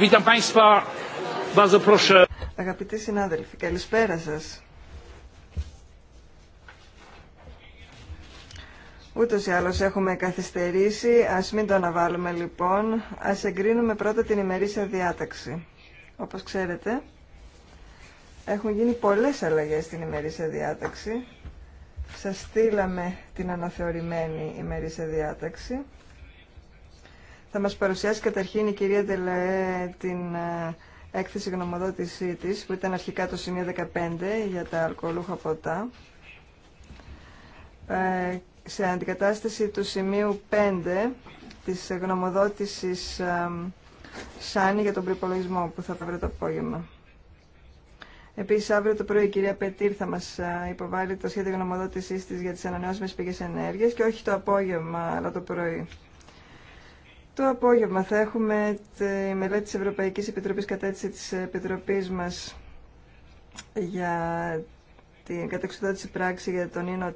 Witam Państwa. Bardzo proszę. Αγαπητοί συνάδελφοι, καλησπέρα σας. Ούτως ή άλλως έχουμε καθυστερήσει, ας μην το αναβάλουμε λοιπόν, ας εγκρίνουμε πρώτα την ημερήσια διάταξη. Όπως ξέρετε, έχουν γίνει πολλές αλλαγές στην ημερήσια διάταξη. Σας στείλαμε την αναθεωρημένη ημερήσια διάταξη. Θα μας παρουσιάσει καταρχήν η κυρία Τελαέ την ε, έκθεση γνωμοδότησή της, που ήταν αρχικά το σημείο 15 για τα αλκοολούχα ποτά, ε, σε αντικατάσταση του σημείου 5 της γνωμοδότησης ε, Σάνι για τον προπολογισμό που θα βρει το απόγευμα. Επίση, αύριο το πρωί η κυρία Πετήρ θα μα υποβάλει το σχέδιο γνωμοδότησή τη για τι ανανεώσιμε πηγέ ενέργεια και όχι το απόγευμα, αλλά το πρωί. Το απόγευμα θα έχουμε τη μελέτη της Ευρωπαϊκής Επιτροπής κατέτηση της Επιτροπής μας για την κατεξοδότηση πράξη για τον Ίνο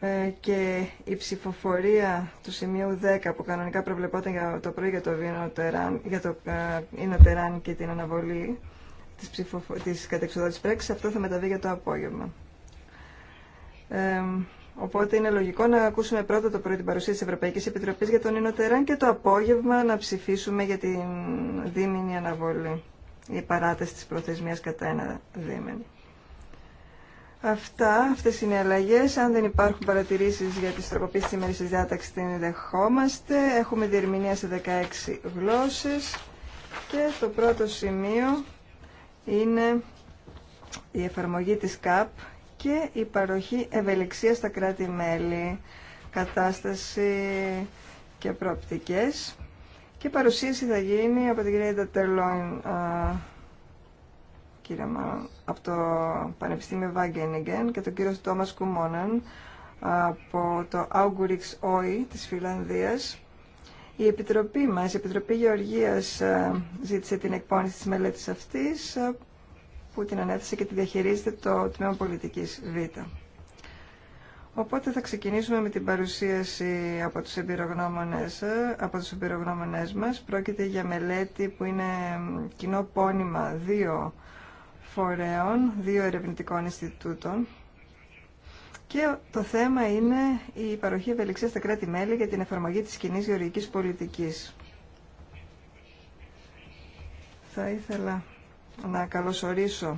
ε, και η ψηφοφορία του σημείου 10 που κανονικά προβλεπόταν για το πρωί για το Ίνο για το ε, Ίνο και την αναβολή της, ψηφοφο... της κατεξοδότησης πράξης, αυτό θα μεταβεί για το απόγευμα. Ε, Οπότε είναι λογικό να ακούσουμε πρώτα το πρωί την παρουσία της Ευρωπαϊκής Επιτροπής για τον Ινωτεράν και το απόγευμα να ψηφίσουμε για την δίμηνη αναβολή, η παράταση τη προθεσμίας κατά ένα δίμηνο. Αυτά, αυτές είναι οι αλλαγές. Αν δεν υπάρχουν παρατηρήσει για τις τροποποίησεις τη ημέρης διάταξη. διάταξης την δεχόμαστε. Έχουμε διερμηνία σε 16 γλώσσε. και το πρώτο σημείο είναι η εφαρμογή της ΚΑΠ και η παροχή ευελιξίας στα κράτη-μέλη, κατάσταση και προοπτικές. Και παρουσίαση θα γίνει από την κυρία Ιντατελόν, κύριε Μάλλον, από το Πανεπιστήμιο Βάγκενιγκεν και τον κύριο Τόμας Κουμόναν από το Augurix OI της Φιλανδίας. Η Επιτροπή μας, η Επιτροπή Γεωργίας, ε, ζήτησε την εκπόνηση της μελέτης αυτής ε, που την ανέθεσε και τη διαχειρίζεται το Τμήμα Πολιτικής Β. Οπότε θα ξεκινήσουμε με την παρουσίαση από τους εμπειρογνώμονες, από τους εμπειρογνώμονες μας. Πρόκειται για μελέτη που είναι κοινό πόνιμα δύο φορέων, δύο ερευνητικών Ινστιτούτων. Και το θέμα είναι η παροχή ευελιξίας στα κράτη-μέλη για την εφαρμογή της κοινή γεωργικής πολιτικής. Θα ήθελα να καλωσορίσω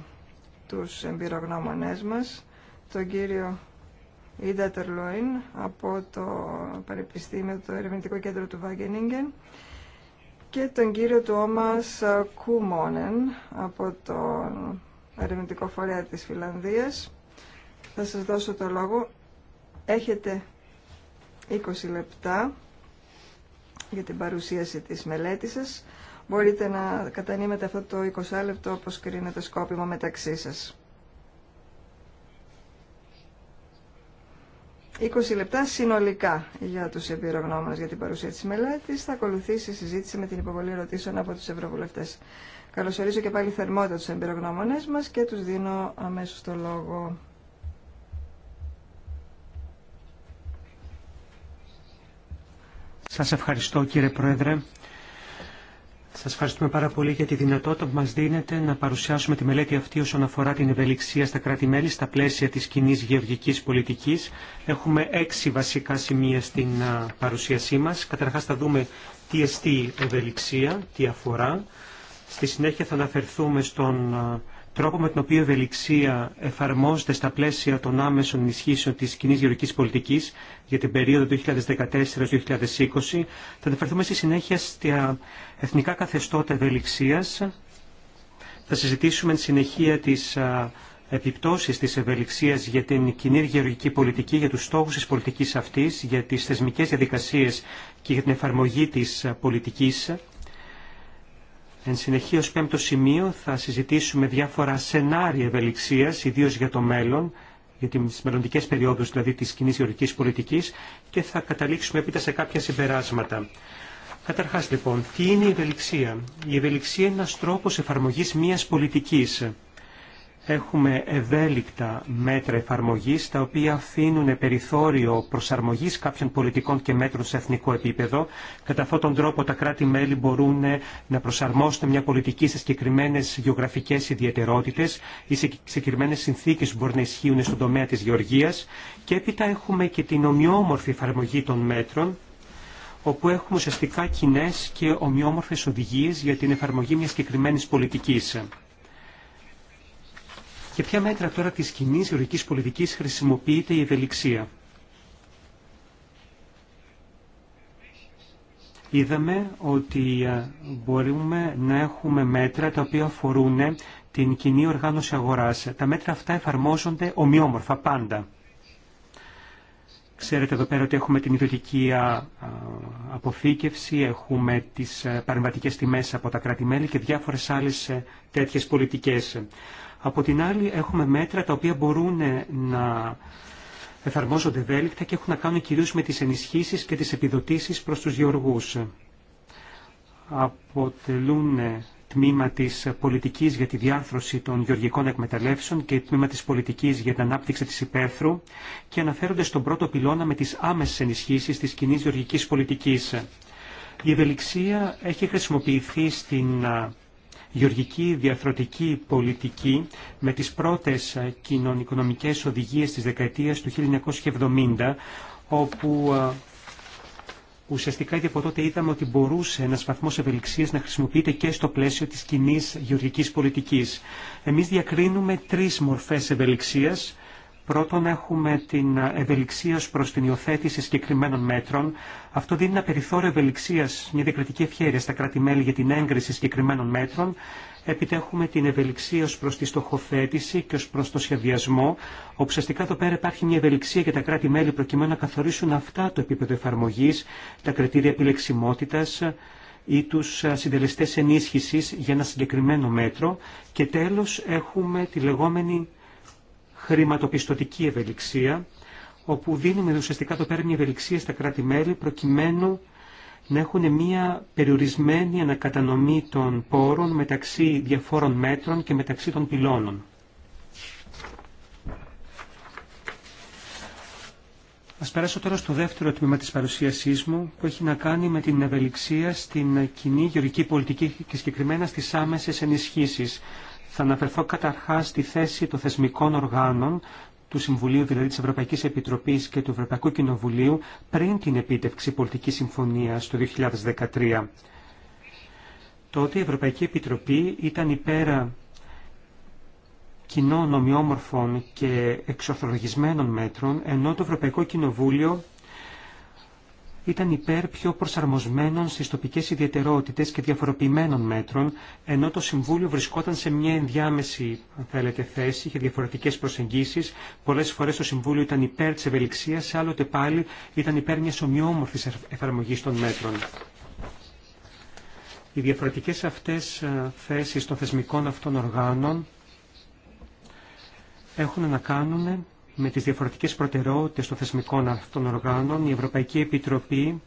τους εμπειρογνώμονές μας, τον κύριο Ίντα Τερλόιν από το Πανεπιστήμιο, το Ερευνητικό Κέντρο του Βάγγενίγκεν και τον κύριο του Όμας Κούμονεν από το Ερευνητικό Φορέα της Φιλανδίας. Θα σας δώσω το λόγο. Έχετε 20 λεπτά για την παρουσίαση της μελέτης σας μπορείτε να κατανείμετε αυτό το 20 λεπτό όπως κρίνετε σκόπιμο μεταξύ σας. 20 λεπτά συνολικά για τους εμπειρογνώμονες για την παρουσία της μελέτης. Θα ακολουθήσει η συζήτηση με την υποβολή ερωτήσεων από τους ευρωβουλευτές. Καλωσορίζω και πάλι θερμότητα τους εμπειρογνώμονες μας και τους δίνω αμέσως το λόγο. Σας ευχαριστώ κύριε Πρόεδρε. Σας ευχαριστούμε πάρα πολύ για τη δυνατότητα που μας δίνετε να παρουσιάσουμε τη μελέτη αυτή όσον αφορά την ευελιξία στα κράτη-μέλη στα πλαίσια της κοινή γεωργικής πολιτικής. Έχουμε έξι βασικά σημεία στην παρουσίασή μας. Καταρχάς θα δούμε τι εστί ευελιξία, τι αφορά. Στη συνέχεια θα αναφερθούμε στον τρόπο με τον οποίο η ευελιξία εφαρμόζεται στα πλαίσια των άμεσων ενισχύσεων της κοινή γεωργικής πολιτικής για την περίοδο 2014-2020, θα αναφερθούμε στη συνέχεια στα εθνικά καθεστώτα ευελιξίας. Θα συζητήσουμε τη συνεχεία της επιπτώσεις της ευελιξίας για την κοινή γεωργική πολιτική, για τους στόχους της πολιτικής αυτής, για τις θεσμικές διαδικασίες και για την εφαρμογή της πολιτικής. Εν συνεχεία, ως πέμπτο σημείο, θα συζητήσουμε διάφορα σενάρια ευελιξίας, ιδίως για το μέλλον, για τις μελλοντικέ περιόδους δηλαδή της κοινή γεωργικής πολιτικής και θα καταλήξουμε έπειτα σε κάποια συμπεράσματα. Καταρχάς λοιπόν, τι είναι η ευελιξία. Η ευελιξία είναι ένας τρόπος εφαρμογής μιας πολιτικής έχουμε ευέλικτα μέτρα εφαρμογής τα οποία αφήνουν περιθώριο προσαρμογής κάποιων πολιτικών και μέτρων σε εθνικό επίπεδο. Κατά αυτόν τον τρόπο τα κράτη-μέλη μπορούν να προσαρμόσουν μια πολιτική σε συγκεκριμένε γεωγραφικές ιδιαιτερότητες ή σε συγκεκριμένε συνθήκες που μπορεί να ισχύουν στον τομέα της γεωργίας και έπειτα έχουμε και την ομοιόμορφη εφαρμογή των μέτρων όπου έχουμε ουσιαστικά κοινέ και ομοιόμορφες οδηγίες για την εφαρμογή μιας συγκεκριμένη πολιτικής. Και ποια μέτρα τώρα της κοινή γεωργικής πολιτικής χρησιμοποιείται η ευελιξία. Είδαμε ότι ε, μπορούμε να έχουμε μέτρα τα οποία αφορούν την κοινή οργάνωση αγοράς. Τα μέτρα αυτά εφαρμόζονται ομοιόμορφα πάντα. Ξέρετε εδώ πέρα ότι έχουμε την ιδιωτική αποθήκευση, έχουμε τις ε, παρεμβατικές τιμές από τα κράτη-μέλη και διάφορες άλλες ε, τέτοιες πολιτικές. Από την άλλη έχουμε μέτρα τα οποία μπορούν να εφαρμόζονται ευέλικτα και έχουν να κάνουν κυρίως με τις ενισχύσεις και τις επιδοτήσεις προς τους γεωργούς. Αποτελούν τμήμα της πολιτικής για τη διάρθρωση των γεωργικών εκμεταλλεύσεων και τμήμα της πολιτικής για την ανάπτυξη της υπαίθρου και αναφέρονται στον πρώτο πυλώνα με τις άμεσες ενισχύσεις της κοινή γεωργικής πολιτικής. Η ευελιξία έχει χρησιμοποιηθεί στην γεωργική διαθροτική πολιτική με τις πρώτες κοινωνικονομικές οδηγίες της δεκαετίας του 1970, όπου Ουσιαστικά ήδη από τότε είδαμε ότι μπορούσε ένας βαθμός ευελιξίας να χρησιμοποιείται και στο πλαίσιο της κοινή γεωργική πολιτικής. Εμείς διακρίνουμε τρεις μορφές ευελιξίας Πρώτον, έχουμε την ευελιξία ως προς την υιοθέτηση συγκεκριμένων μέτρων. Αυτό δίνει ένα περιθώριο ευελιξία, μια διακριτική ευχαίρεια στα κράτη-μέλη για την έγκριση συγκεκριμένων μέτρων. Έπειτα, έχουμε την ευελιξία ως προς τη στοχοθέτηση και ως προς το σχεδιασμό. Ουσιαστικά εδώ πέρα υπάρχει μια ευελιξία για τα κράτη-μέλη προκειμένου να καθορίσουν αυτά το επίπεδο εφαρμογής, τα κριτήρια επιλεξιμότητας, ή τους συντελεστές ενίσχυσης για ένα συγκεκριμένο μέτρο και τέλος έχουμε τη λεγόμενη χρηματοπιστωτική ευελιξία, όπου δίνουμε ουσιαστικά το παίρνει ευελιξία στα κράτη-μέλη προκειμένου να έχουν μια περιορισμένη ανακατανομή των πόρων μεταξύ διαφόρων μέτρων και μεταξύ των πυλώνων. Ας περάσω τώρα στο δεύτερο τμήμα της παρουσίασής μου που έχει να κάνει με την ευελιξία στην κοινή γεωργική πολιτική και συγκεκριμένα στις άμεσες ενισχύσεις. Θα αναφερθώ καταρχάς στη θέση των θεσμικών οργάνων του Συμβουλίου, δηλαδή της Ευρωπαϊκής Επιτροπής και του Ευρωπαϊκού Κοινοβουλίου πριν την επίτευξη πολιτικής συμφωνίας το 2013. Τότε η Ευρωπαϊκή Επιτροπή ήταν υπέρα κοινών ομοιόμορφων και εξορθολογισμένων μέτρων, ενώ το Ευρωπαϊκό Κοινοβούλιο ήταν υπέρ πιο προσαρμοσμένων στις τοπικές ιδιαιτερότητες και διαφοροποιημένων μέτρων, ενώ το Συμβούλιο βρισκόταν σε μια ενδιάμεση θέλετε, θέση, είχε διαφορετικές προσεγγίσεις. Πολλές φορές το Συμβούλιο ήταν υπέρ της ευελιξίας, άλλοτε πάλι ήταν υπέρ μιας ομοιόμορφης εφαρμογής των μέτρων. Οι διαφορετικές αυτές θέσεις των θεσμικών αυτών οργάνων έχουν να κάνουν με τις διαφορετικές προτεραιότητες των θεσμικών αυτών οργάνων, η Ευρωπαϊκή Επιτροπή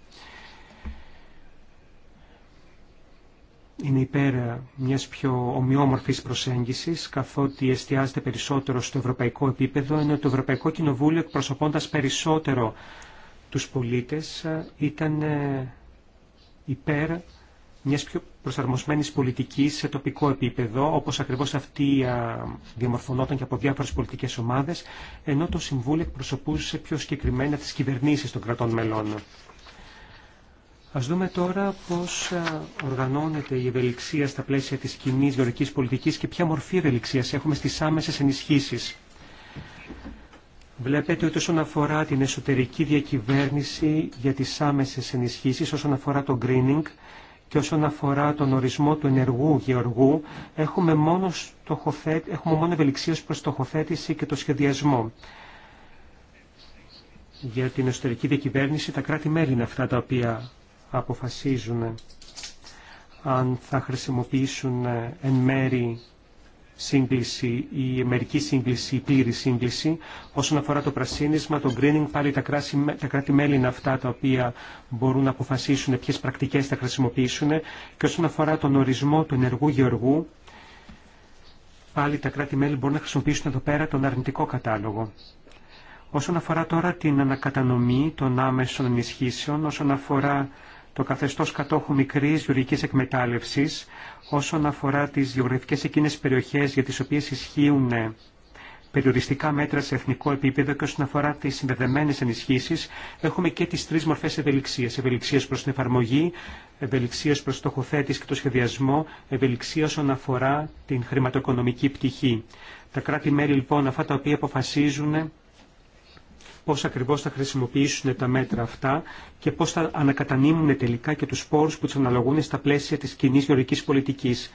είναι υπέρ μιας πιο ομοιόμορφης προσέγγισης, καθότι εστιάζεται περισσότερο στο ευρωπαϊκό επίπεδο, ενώ το Ευρωπαϊκό Κοινοβούλιο εκπροσωπώντας περισσότερο τους πολίτες ήταν ε, υπέρ μιας πιο προσαρμοσμένης πολιτικής σε τοπικό επίπεδο, όπως ακριβώς αυτή διαμορφωνόταν και από διάφορες πολιτικές ομάδες, ενώ το Συμβούλιο εκπροσωπούσε πιο συγκεκριμένα τις κυβερνήσεις των κρατών μελών. Ας δούμε τώρα πώς οργανώνεται η ευελιξία στα πλαίσια της κοινή γεωρικής πολιτικής και ποια μορφή ευελιξίας έχουμε στις άμεσες ενισχύσεις. Βλέπετε ότι όσον αφορά την εσωτερική διακυβέρνηση για τις άμεσες ενισχύσεις, όσον αφορά το greening, και όσον αφορά τον ορισμό του ενεργού γεωργού, έχουμε μόνο, στοχοθέ... έχουμε μόνο ευελιξίες προς στοχοθέτηση και το σχεδιασμό. Για την εσωτερική διακυβέρνηση τα κράτη-μέλη είναι αυτά τα οποία αποφασίζουν αν θα χρησιμοποιήσουν ε, εν μέρη σύγκληση, η μερική σύγκληση, η πλήρη σύγκληση. Όσον αφορά το πρασίνισμα, το greening, πάλι τα, τα κράτη-μέλη είναι αυτά τα οποία μπορούν να αποφασίσουν ποιε πρακτικές θα χρησιμοποιήσουν. Και όσον αφορά τον ορισμό του ενεργού γεωργού, πάλι τα κράτη-μέλη μπορούν να χρησιμοποιήσουν εδώ πέρα τον αρνητικό κατάλογο. Όσον αφορά τώρα την ανακατανομή των άμεσων ενισχύσεων, όσον αφορά το καθεστώς κατόχου μικρής γεωργικής εκμετάλλευσης όσον αφορά τις γεωγραφικές εκείνες περιοχές για τις οποίες ισχύουν περιοριστικά μέτρα σε εθνικό επίπεδο και όσον αφορά τι συνδεδεμένε ενισχύσει, έχουμε και τι τρει μορφέ ευελιξία. Ευελιξία προ την εφαρμογή, ευελιξία προ το στοχοθέτηση και το σχεδιασμό, ευελιξία όσον αφορά την χρηματοοικονομική πτυχή. Τα κράτη-μέλη λοιπόν αυτά τα οποία αποφασίζουν πώς ακριβώς θα χρησιμοποιήσουν τα μέτρα αυτά και πώς θα ανακατανύμουν τελικά και τους πόρους που τους αναλογούν στα πλαίσια της κοινή γεωργικής πολιτικής.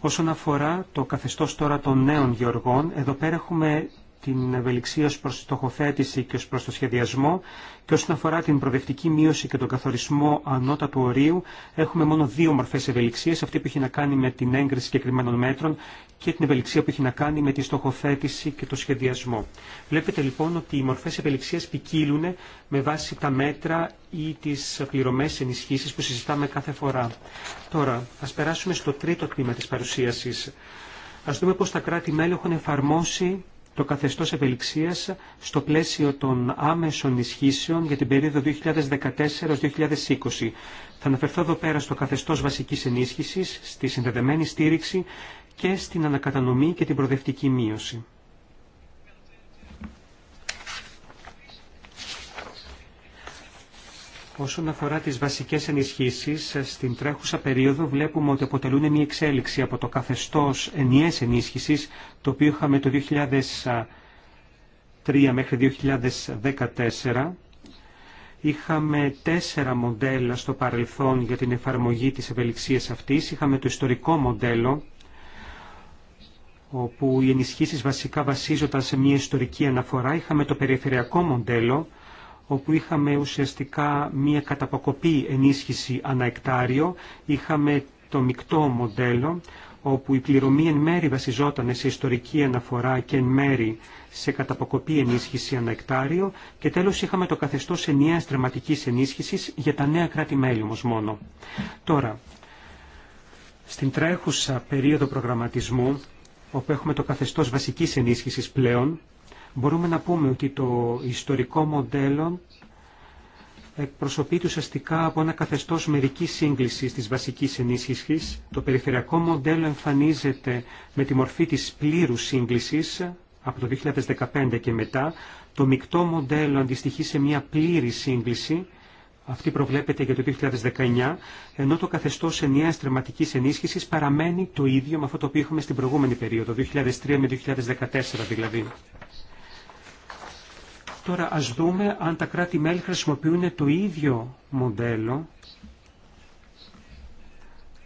Όσον αφορά το καθεστώς τώρα των νέων γεωργών, εδώ πέρα έχουμε την ευελιξία ως προς τη στοχοθέτηση και ως προς το σχεδιασμό και όσον αφορά την προοδευτική μείωση και τον καθορισμό ανώτατου ορίου έχουμε μόνο δύο μορφές ευελιξίας, αυτή που έχει να κάνει με την έγκριση συγκεκριμένων μέτρων και την ευελιξία που έχει να κάνει με τη στοχοθέτηση και το σχεδιασμό. Βλέπετε λοιπόν ότι οι μορφές ευελιξίας ποικίλουν με βάση τα μέτρα ή τις πληρωμές ενισχύσεις που συζητάμε κάθε φορά. Τώρα, ας περάσουμε στο τρίτο τμήμα της παρουσίασης. Ας δούμε πώς τα κράτη-μέλη έχουν εφαρμόσει το καθεστώς ευελιξίας στο πλαίσιο των άμεσων ισχύσεων για την περίοδο 2014-2020. Θα αναφερθώ εδώ πέρα στο καθεστώς βασικής ενίσχυσης, στη συνδεδεμένη στήριξη και στην ανακατανομή και την προοδευτική μείωση. Όσον αφορά τις βασικές ενισχύσεις, στην τρέχουσα περίοδο βλέπουμε ότι αποτελούν μια εξέλιξη από το καθεστώς ενιαίες ενίσχυσης, το οποίο είχαμε το 2003 μέχρι 2014. Είχαμε τέσσερα μοντέλα στο παρελθόν για την εφαρμογή της ευελιξίας αυτής. Είχαμε το ιστορικό μοντέλο, όπου οι ενισχύσεις βασικά βασίζονταν σε μια ιστορική αναφορά. Είχαμε το περιφερειακό μοντέλο, όπου είχαμε ουσιαστικά μία καταποκοπή ενίσχυση αναεκτάριο, είχαμε το μεικτό μοντέλο, όπου η πληρωμή εν μέρη βασιζόταν σε ιστορική αναφορά και εν μέρη σε καταποκοπή ενίσχυση αναεκτάριο και τέλος είχαμε το καθεστώς ενιαίας δραματικής ενίσχυσης για τα νέα κράτη-μέλη όμως μόνο. Τώρα, στην τρέχουσα περίοδο προγραμματισμού, όπου έχουμε το καθεστώς βασικής ενίσχυσης πλέον, μπορούμε να πούμε ότι το ιστορικό μοντέλο εκπροσωπείται ουσιαστικά από ένα καθεστώς μερικής σύγκλησης της βασικής ενίσχυσης. Το περιφερειακό μοντέλο εμφανίζεται με τη μορφή της πλήρους σύγκλησης από το 2015 και μετά. Το μεικτό μοντέλο αντιστοιχεί σε μια πλήρη σύγκληση αυτή προβλέπεται για το 2019, ενώ το καθεστώς ενιαίας τερματικής ενίσχυσης παραμένει το ίδιο με αυτό το οποίο είχαμε στην προηγούμενη περίοδο, 2003 με 2014 δηλαδή. Τώρα ας δούμε αν τα κράτη-μέλη χρησιμοποιούν το ίδιο μοντέλο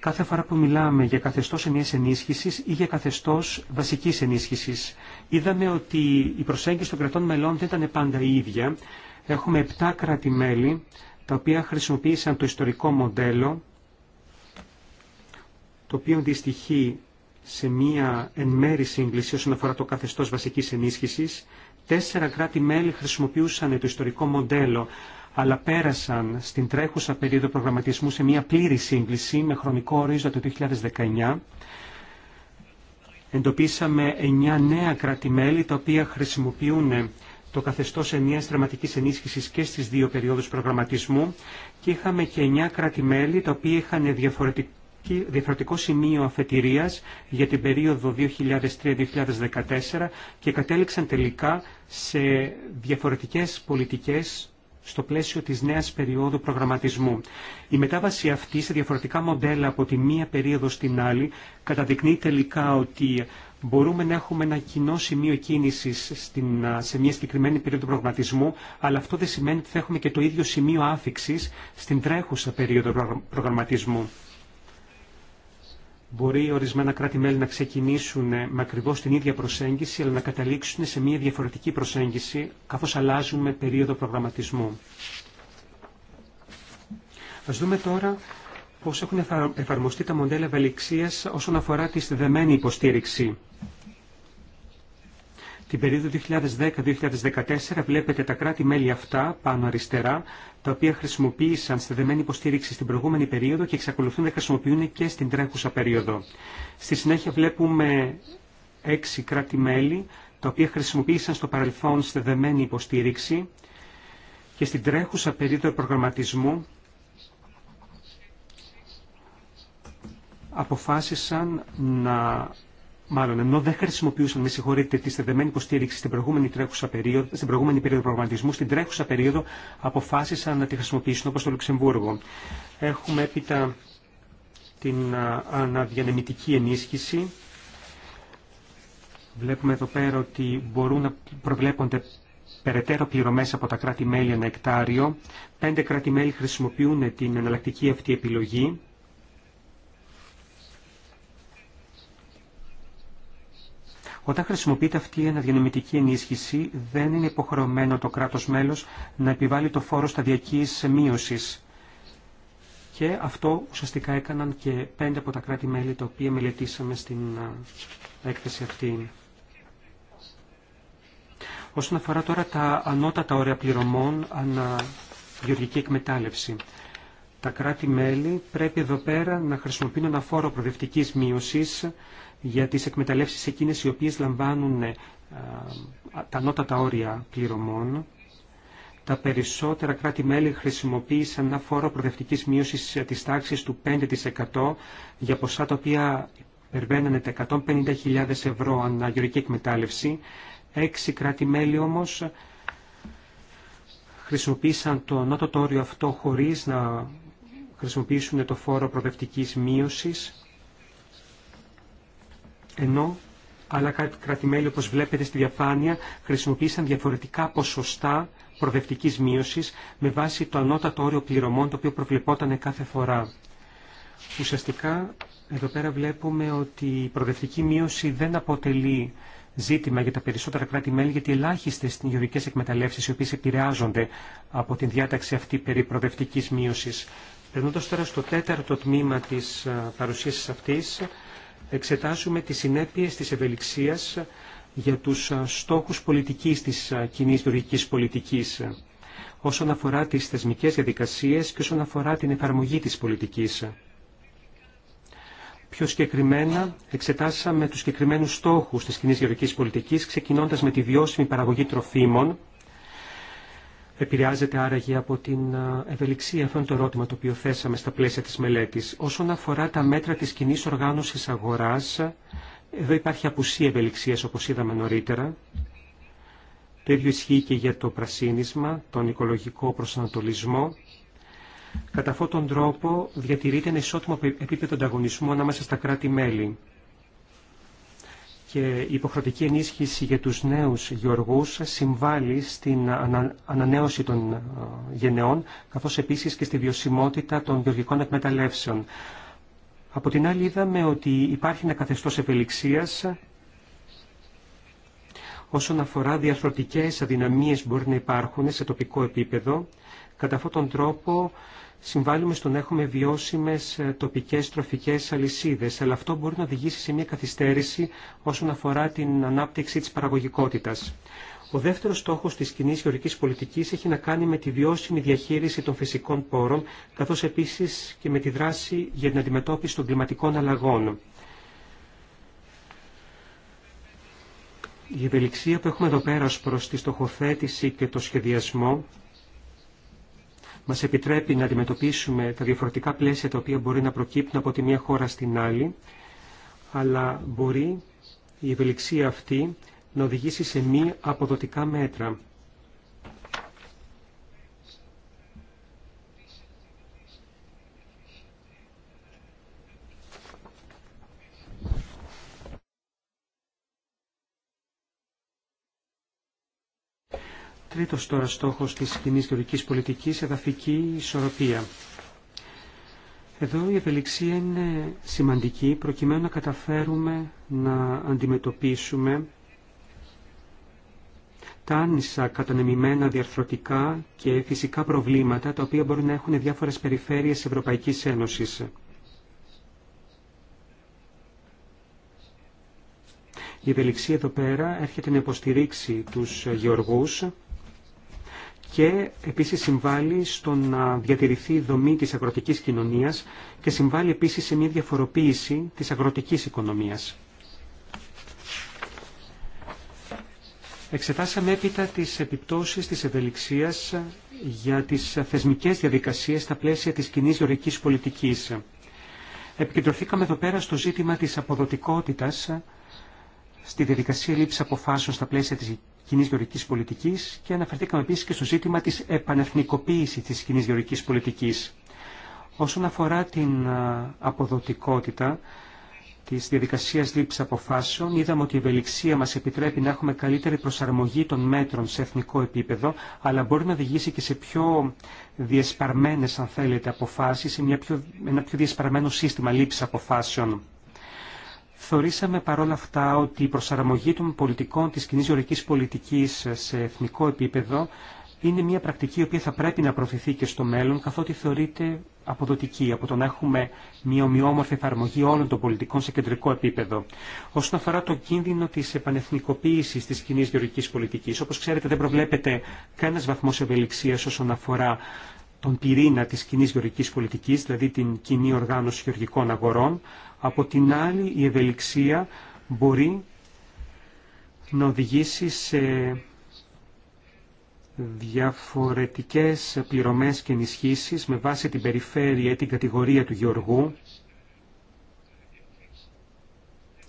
κάθε φορά που μιλάμε για καθεστώς ενιαίας ενίσχυσης ή για καθεστώς βασικής ενίσχυσης. Είδαμε ότι η προσέγγιση των κρατών μελών δεν ήταν πάντα η ίδια. ηταν παντα ιδια εχουμε 7 κράτη-μέλη τα οποία χρησιμοποίησαν το ιστορικό μοντέλο το οποίο δυστυχεί σε μία εν μέρη σύγκληση όσον αφορά το καθεστώς βασικής ενίσχυσης Τέσσερα κράτη-μέλη χρησιμοποιούσαν το ιστορικό μοντέλο, αλλά πέρασαν στην τρέχουσα περίοδο προγραμματισμού σε μια πλήρη σύγκληση με χρονικό ορίζοντα το 2019. Εντοπίσαμε εννιά νέα κράτη-μέλη τα οποία χρησιμοποιούν το καθεστώς ενιαίας δραματικής ενίσχυσης και στις δύο περιόδους προγραμματισμού και είχαμε και εννια κράτη-μέλη τα οποία είχαν διαφορετικό διαφορετικό σημείο αφετηρίας για την περίοδο 2003-2014 και κατέληξαν τελικά σε διαφορετικές πολιτικές στο πλαίσιο της νέας περίοδου προγραμματισμού. Η μετάβαση αυτή σε διαφορετικά μοντέλα από τη μία περίοδο στην άλλη καταδεικνύει τελικά ότι μπορούμε να έχουμε ένα κοινό σημείο κίνηση σε μια συγκεκριμένη περίοδο προγραμματισμού, αλλά αυτό δεν σημαίνει ότι θα έχουμε και το ίδιο σημείο άφηξη στην τρέχουσα περίοδο προγραμματισμού. Μπορεί ορισμένα κράτη-μέλη να ξεκινήσουν ε, με ακριβώ την ίδια προσέγγιση, αλλά να καταλήξουν σε μια διαφορετική προσέγγιση, καθώς αλλάζουμε περίοδο προγραμματισμού. Α δούμε τώρα πώς έχουν εφαρμοστεί τα μοντέλα ευελιξία όσον αφορά τη στεδεμένη υποστήριξη την περίοδο 2010-2014 βλέπετε τα κράτη-μέλη αυτά πάνω αριστερά, τα οποία χρησιμοποίησαν στεδεμένη υποστήριξη στην προηγούμενη περίοδο και εξακολουθούν να χρησιμοποιούν και στην τρέχουσα περίοδο. Στη συνέχεια βλέπουμε έξι κράτη-μέλη, τα οποία χρησιμοποίησαν στο παρελθόν δεμένη υποστήριξη και στην τρέχουσα περίοδο προγραμματισμού αποφάσισαν να μάλλον ενώ δεν χρησιμοποιούσαν, με συγχωρείτε, τη στεδεμένη υποστήριξη στην προηγούμενη, τρέχουσα περίοδο, στην προηγούμενη περίοδο προγραμματισμού, στην τρέχουσα περίοδο αποφάσισαν να τη χρησιμοποιήσουν όπως το Λουξεμβούργο. Έχουμε έπειτα την αναδιανεμητική ενίσχυση. Βλέπουμε εδώ πέρα ότι μπορούν να προβλέπονται περαιτέρω πληρωμές από τα κράτη-μέλη ένα εκτάριο. Πέντε κράτη-μέλη χρησιμοποιούν την εναλλακτική αυτή επιλογή. Όταν χρησιμοποιείται αυτή η αναδιανεμητική ενίσχυση, δεν είναι υποχρεωμένο το κράτος μέλος να επιβάλλει το φόρο σταδιακής μείωσης. Και αυτό ουσιαστικά έκαναν και πέντε από τα κράτη-μέλη τα οποία μελετήσαμε στην έκθεση αυτή. Όσον αφορά τώρα τα ανώτατα όρια πληρωμών ανά γεωργική εκμετάλλευση. Τα κράτη-μέλη πρέπει εδώ πέρα να χρησιμοποιούν ένα φόρο προδευτικής μείωσης για τις εκμεταλλεύσεις εκείνες οι οποίες λαμβάνουν ε, τα ανώτατα όρια πληρωμών. Τα περισσότερα κράτη-μέλη χρησιμοποίησαν ένα φόρο προδευτικής μείωσης ε, της τάξης του 5% για ποσά τα οποία υπερβαίνανε τα 150.000 ευρώ αναγιορική εκμετάλλευση. Έξι κράτη-μέλη όμως χρησιμοποίησαν το ανώτατο όριο αυτό χωρίς να χρησιμοποιήσουν το φόρο προδευτικής μείωσης ενώ άλλα κράτη-μέλη, όπως βλέπετε στη διαφάνεια, χρησιμοποίησαν διαφορετικά ποσοστά προοδευτικής μείωσης με βάση το ανώτατο όριο πληρωμών το οποίο προβλεπόταν κάθε φορά. Ουσιαστικά, εδώ πέρα βλέπουμε ότι η προοδευτική μείωση δεν αποτελεί ζήτημα για τα περισσότερα κράτη-μέλη, γιατί ελάχιστε είναι οι οι οποίε επηρεάζονται από την διάταξη αυτή περί προοδευτικής μείωση. Περνώντα τώρα στο τέταρτο τμήμα τη ε, παρουσίαση αυτή, εξετάσουμε τις συνέπειες της ευελιξίας για τους στόχους πολιτικής της κοινή τουρκικής πολιτικής όσον αφορά τις θεσμικές διαδικασίες και όσον αφορά την εφαρμογή της πολιτικής. Πιο συγκεκριμένα εξετάσαμε τους συγκεκριμένους στόχους της κοινή γεωργικής πολιτικής ξεκινώντας με τη βιώσιμη παραγωγή τροφίμων Επηρεάζεται άραγε από την ε, ευελιξία. Αυτό είναι το ερώτημα το οποίο θέσαμε στα πλαίσια της μελέτης. Όσον αφορά τα μέτρα της κοινή οργάνωσης αγοράς, εδώ υπάρχει απουσία ευελιξίας όπως είδαμε νωρίτερα. Το ίδιο ισχύει και για το πρασίνισμα, τον οικολογικό προσανατολισμό. Κατά αυτόν τον τρόπο διατηρείται ένα ισότιμο επίπεδο ανταγωνισμού ανάμεσα στα κράτη-μέλη και η υποχρεωτική ενίσχυση για τους νέους γεωργούς συμβάλλει στην ανανέωση των ε, γενεών, καθώς επίσης και στη βιωσιμότητα των γεωργικών εκμεταλλεύσεων. Από την άλλη είδαμε ότι υπάρχει ένα καθεστώς ευελιξίας όσον αφορά διαφορετικές αδυναμίες μπορεί να υπάρχουν σε τοπικό επίπεδο. Κατά αυτόν τον τρόπο συμβάλλουμε στο να έχουμε βιώσιμες ε, τοπικές τροφικές αλυσίδες, αλλά αυτό μπορεί να οδηγήσει σε μια καθυστέρηση όσον αφορά την ανάπτυξη της παραγωγικότητας. Ο δεύτερος στόχος της κοινή γεωργικής πολιτικής έχει να κάνει με τη βιώσιμη διαχείριση των φυσικών πόρων, καθώς επίσης και με τη δράση για την αντιμετώπιση των κλιματικών αλλαγών. Η ευελιξία που έχουμε εδώ πέρα προς τη στοχοθέτηση και το σχεδιασμό μας επιτρέπει να αντιμετωπίσουμε τα διαφορετικά πλαίσια τα οποία μπορεί να προκύπτουν από τη μία χώρα στην άλλη, αλλά μπορεί η ευελιξία αυτή να οδηγήσει σε μη αποδοτικά μέτρα. Τρίτος τώρα στόχος της κοινή γεωργικής πολιτικής, εδαφική ισορροπία. Εδώ η ευελιξία είναι σημαντική προκειμένου να καταφέρουμε να αντιμετωπίσουμε τα άνισα κατανεμημένα διαρθρωτικά και φυσικά προβλήματα τα οποία μπορεί να έχουν διάφορες περιφέρειες Ευρωπαϊκής Ένωσης. Η ευελιξία εδώ πέρα έρχεται να υποστηρίξει τους γεωργούς και επίσης συμβάλλει στο να διατηρηθεί η δομή της αγροτικής κοινωνίας και συμβάλλει επίσης σε μια διαφοροποίηση της αγροτικής οικονομίας. Εξετάσαμε έπειτα τις επιπτώσεις της ευελιξίας για τις θεσμικές διαδικασίες στα πλαίσια της κοινή γεωρικής πολιτικής. Επικεντρωθήκαμε εδώ πέρα στο ζήτημα της αποδοτικότητας στη διαδικασία λήψη αποφάσεων στα πλαίσια της κοινή γεωργικής πολιτικής και αναφερθήκαμε επίση και στο ζήτημα τη επανεθνικοποίηση τη κοινή γεωργικής πολιτική. Όσον αφορά την αποδοτικότητα τη διαδικασία λήψη αποφάσεων, είδαμε ότι η ευελιξία μα επιτρέπει να έχουμε καλύτερη προσαρμογή των μέτρων σε εθνικό επίπεδο, αλλά μπορεί να οδηγήσει και σε πιο διασπαρμένε, αν θέλετε, αποφάσει σε πιο, ένα πιο διασπαρμένο σύστημα λήψη αποφάσεων. Θεωρήσαμε παρόλα αυτά ότι η προσαρμογή των πολιτικών της κοινή γεωργικής πολιτικής σε εθνικό επίπεδο είναι μια πρακτική η οποία θα πρέπει να προωθηθεί και στο μέλλον, καθότι θεωρείται αποδοτική από το να έχουμε μια ομοιόμορφη εφαρμογή όλων των πολιτικών σε κεντρικό επίπεδο. Όσον αφορά το κίνδυνο τη επανεθνικοποίηση τη κοινή γεωργική πολιτική, όπω ξέρετε, δεν προβλέπεται κανένα βαθμό ευελιξία όσον αφορά τον πυρήνα τη κοινή γεωργική πολιτική, δηλαδή την κοινή οργάνωση γεωργικών αγορών. Από την άλλη, η ευελιξία μπορεί να οδηγήσει σε διαφορετικές πληρωμές και ενισχύσεις με βάση την περιφέρεια ή την κατηγορία του γεωργού.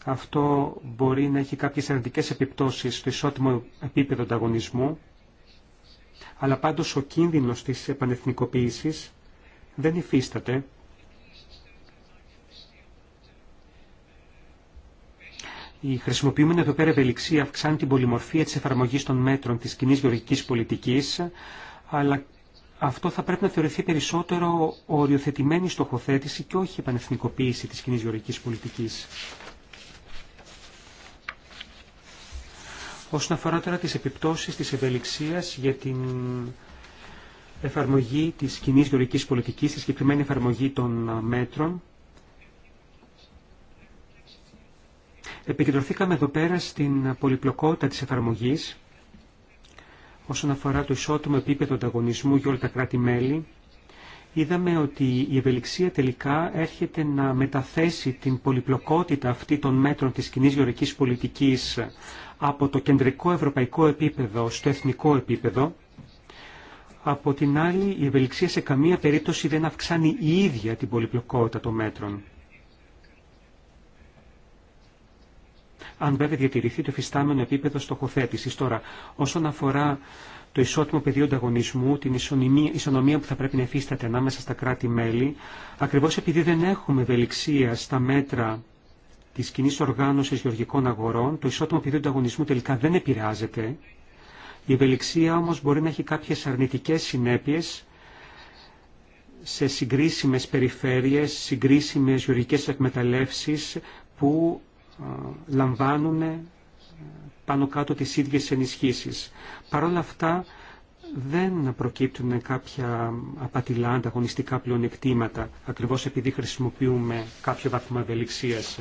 Αυτό μπορεί να έχει κάποιες αρνητικές επιπτώσεις στο ισότιμο επίπεδο ανταγωνισμού, αλλά πάντως ο κίνδυνος της επανεθνικοποίησης δεν υφίσταται Η χρησιμοποιούμενη εδώ πέρα ευελιξία αυξάνει την πολυμορφία της εφαρμογής των μέτρων της κοινή γεωργικής πολιτικής, αλλά αυτό θα πρέπει να θεωρηθεί περισσότερο οριοθετημένη στοχοθέτηση και όχι επανεθνικοποίηση της κοινή γεωργικής πολιτικής. Όσον αφορά τώρα τις επιπτώσεις της ευελιξίας για την εφαρμογή της κοινή γεωργικής πολιτικής, τη συγκεκριμένη εφαρμογή των μέτρων, Επικεντρωθήκαμε εδώ πέρα στην πολυπλοκότητα της εφαρμογής όσον αφορά το ισότιμο επίπεδο ανταγωνισμού για όλα τα κράτη-μέλη. Είδαμε ότι η ευελιξία τελικά έρχεται να μεταθέσει την πολυπλοκότητα αυτή των μέτρων της κοινή γεωρικής πολιτικής από το κεντρικό ευρωπαϊκό επίπεδο στο εθνικό επίπεδο. Από την άλλη, η ευελιξία σε καμία περίπτωση δεν αυξάνει η ίδια την πολυπλοκότητα των μέτρων. αν βέβαια διατηρηθεί το φυστάμενο επίπεδο στοχοθέτηση. Τώρα, όσον αφορά το ισότιμο πεδίο ανταγωνισμού, την ισονομία που θα πρέπει να εφίσταται ανάμεσα στα κράτη-μέλη, ακριβώ επειδή δεν έχουμε ευελιξία στα μέτρα τη κοινή οργάνωση γεωργικών αγορών, το ισότιμο πεδίο ανταγωνισμού τελικά δεν επηρεάζεται. Η ευελιξία όμω μπορεί να έχει κάποιε αρνητικέ συνέπειε σε συγκρίσιμες περιφέρειες, συγκρίσιμες γεωργικές εκμεταλλεύσεις που λαμβάνουν ε, πάνω κάτω τις ίδιες ενισχύσεις. Παρ' όλα αυτά δεν προκύπτουν κάποια απατηλά ανταγωνιστικά πλεονεκτήματα, ακριβώς επειδή χρησιμοποιούμε κάποιο βαθμό ευελιξίας.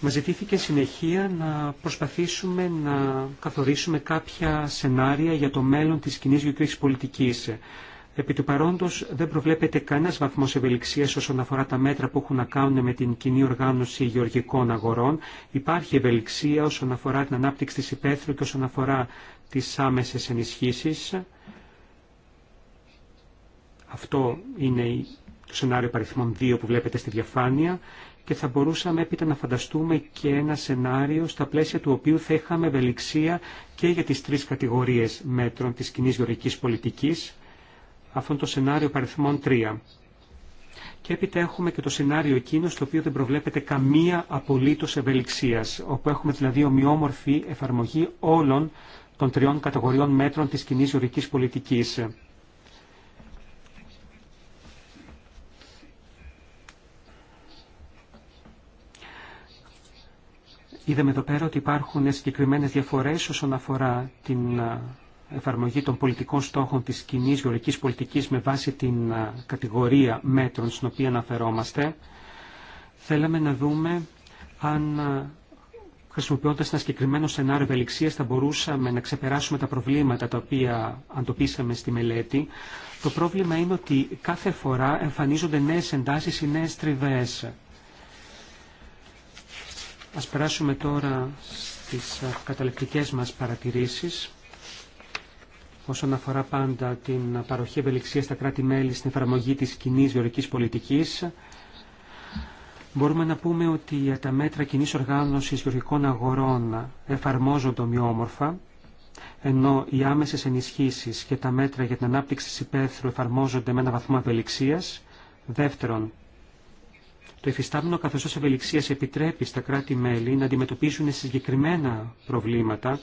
Μα ζητήθηκε συνεχεία να προσπαθήσουμε να καθορίσουμε κάποια σενάρια για το μέλλον της κοινής γεωκρίσης πολιτικής. Επί του παρόντος δεν προβλέπεται κανένα βαθμό ευελιξίας όσον αφορά τα μέτρα που έχουν να κάνουν με την κοινή οργάνωση γεωργικών αγορών. Υπάρχει ευελιξία όσον αφορά την ανάπτυξη της υπαίθρου και όσον αφορά τις άμεσες ενισχύσεις. Αυτό είναι το σενάριο παριθμών 2 που βλέπετε στη διαφάνεια και θα μπορούσαμε έπειτα να φανταστούμε και ένα σενάριο στα πλαίσια του οποίου θα είχαμε ευελιξία και για τις τρεις κατηγορίες μέτρων της κοινή γεωργικής πολιτικής αυτό είναι το σενάριο παριθμών 3. Και έπειτα έχουμε και το σενάριο εκείνο στο οποίο δεν προβλέπεται καμία απολύτως ευελιξίας, όπου έχουμε δηλαδή ομοιόμορφη εφαρμογή όλων των τριών κατηγοριών μέτρων της κοινή ζωρικής πολιτικής. Είδαμε εδώ πέρα ότι υπάρχουν συγκεκριμένες διαφορές όσον αφορά την εφαρμογή των πολιτικών στόχων της κοινή γεωργικής πολιτικής με βάση την κατηγορία μέτρων στην οποία αναφερόμαστε, θέλαμε να δούμε αν χρησιμοποιώντα ένα συγκεκριμένο σενάριο ευελιξίας θα μπορούσαμε να ξεπεράσουμε τα προβλήματα τα οποία αντοπίσαμε στη μελέτη. Το πρόβλημα είναι ότι κάθε φορά εμφανίζονται νέε εντάσει ή νέε τριβέ. Ας περάσουμε τώρα στις καταληκτικές μας παρατηρήσεις όσον αφορά πάντα την παροχή ευελιξίας στα κράτη-μέλη στην εφαρμογή της κοινή γεωρικής πολιτικής. Μπορούμε να πούμε ότι τα μέτρα κοινή οργάνωσης γεωργικών αγορών εφαρμόζονται ομοιόμορφα, ενώ οι άμεσες ενισχύσεις και τα μέτρα για την ανάπτυξη της υπαίθρου εφαρμόζονται με ένα βαθμό ευελιξίας. Δεύτερον, το εφιστάμενο καθεστώς ευελιξίας επιτρέπει στα κράτη-μέλη να αντιμετωπίσουν συγκεκριμένα προβλήματα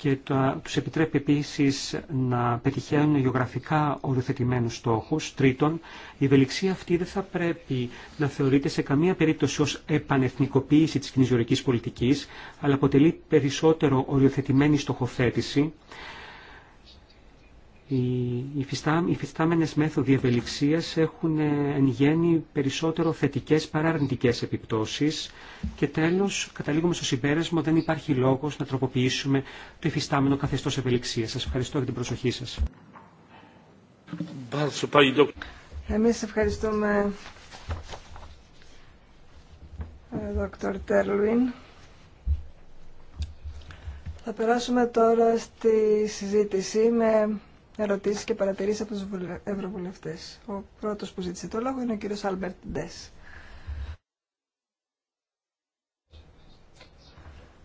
και το, τους επιτρέπει επίσης να πετυχαίνουν γεωγραφικά οριοθετημένους στόχους. Τρίτον, η ευελιξία αυτή δεν θα πρέπει να θεωρείται σε καμία περίπτωση ως επανεθνικοποίηση της κοινής πολιτικής, αλλά αποτελεί περισσότερο οριοθετημένη στοχοθέτηση, οι υφιστάμενες μέθοδοι ευελιξίας έχουν ε, εν γέννη περισσότερο θετικές παρά αρνητικές επιπτώσεις και τέλος καταλήγουμε στο συμπέρασμα δεν υπάρχει λόγος να τροποποιήσουμε το υφιστάμενο καθεστώς ευελιξίας. Σας ευχαριστώ για την προσοχή σας. Εμείς ευχαριστούμε ε, Δόκτωρ Τέρλουιν. Θα περάσουμε τώρα στη συζήτηση με Ερωτήσει και παρατηρήσει από τους ευρωβουλευτέ. Ο πρώτος που ζήτησε το λόγο είναι ο κύριος Άλμπερτ Ντες.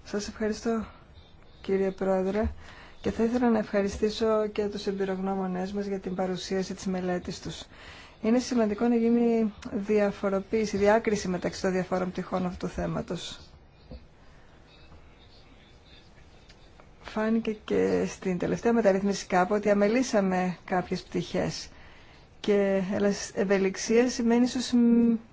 Σας ευχαριστώ κύριε Πρόεδρε και θα ήθελα να ευχαριστήσω και τους εμπειρογνώμονές μας για την παρουσίαση της μελέτης τους. Είναι σημαντικό να γίνει διαφοροποίηση, διάκριση μεταξύ των διαφόρων πτυχών αυτού του θέματος. φάνηκε και στην τελευταία μεταρρύθμιση κάπου ότι αμελήσαμε κάποιες πτυχές και ευελιξία σημαίνει ίσως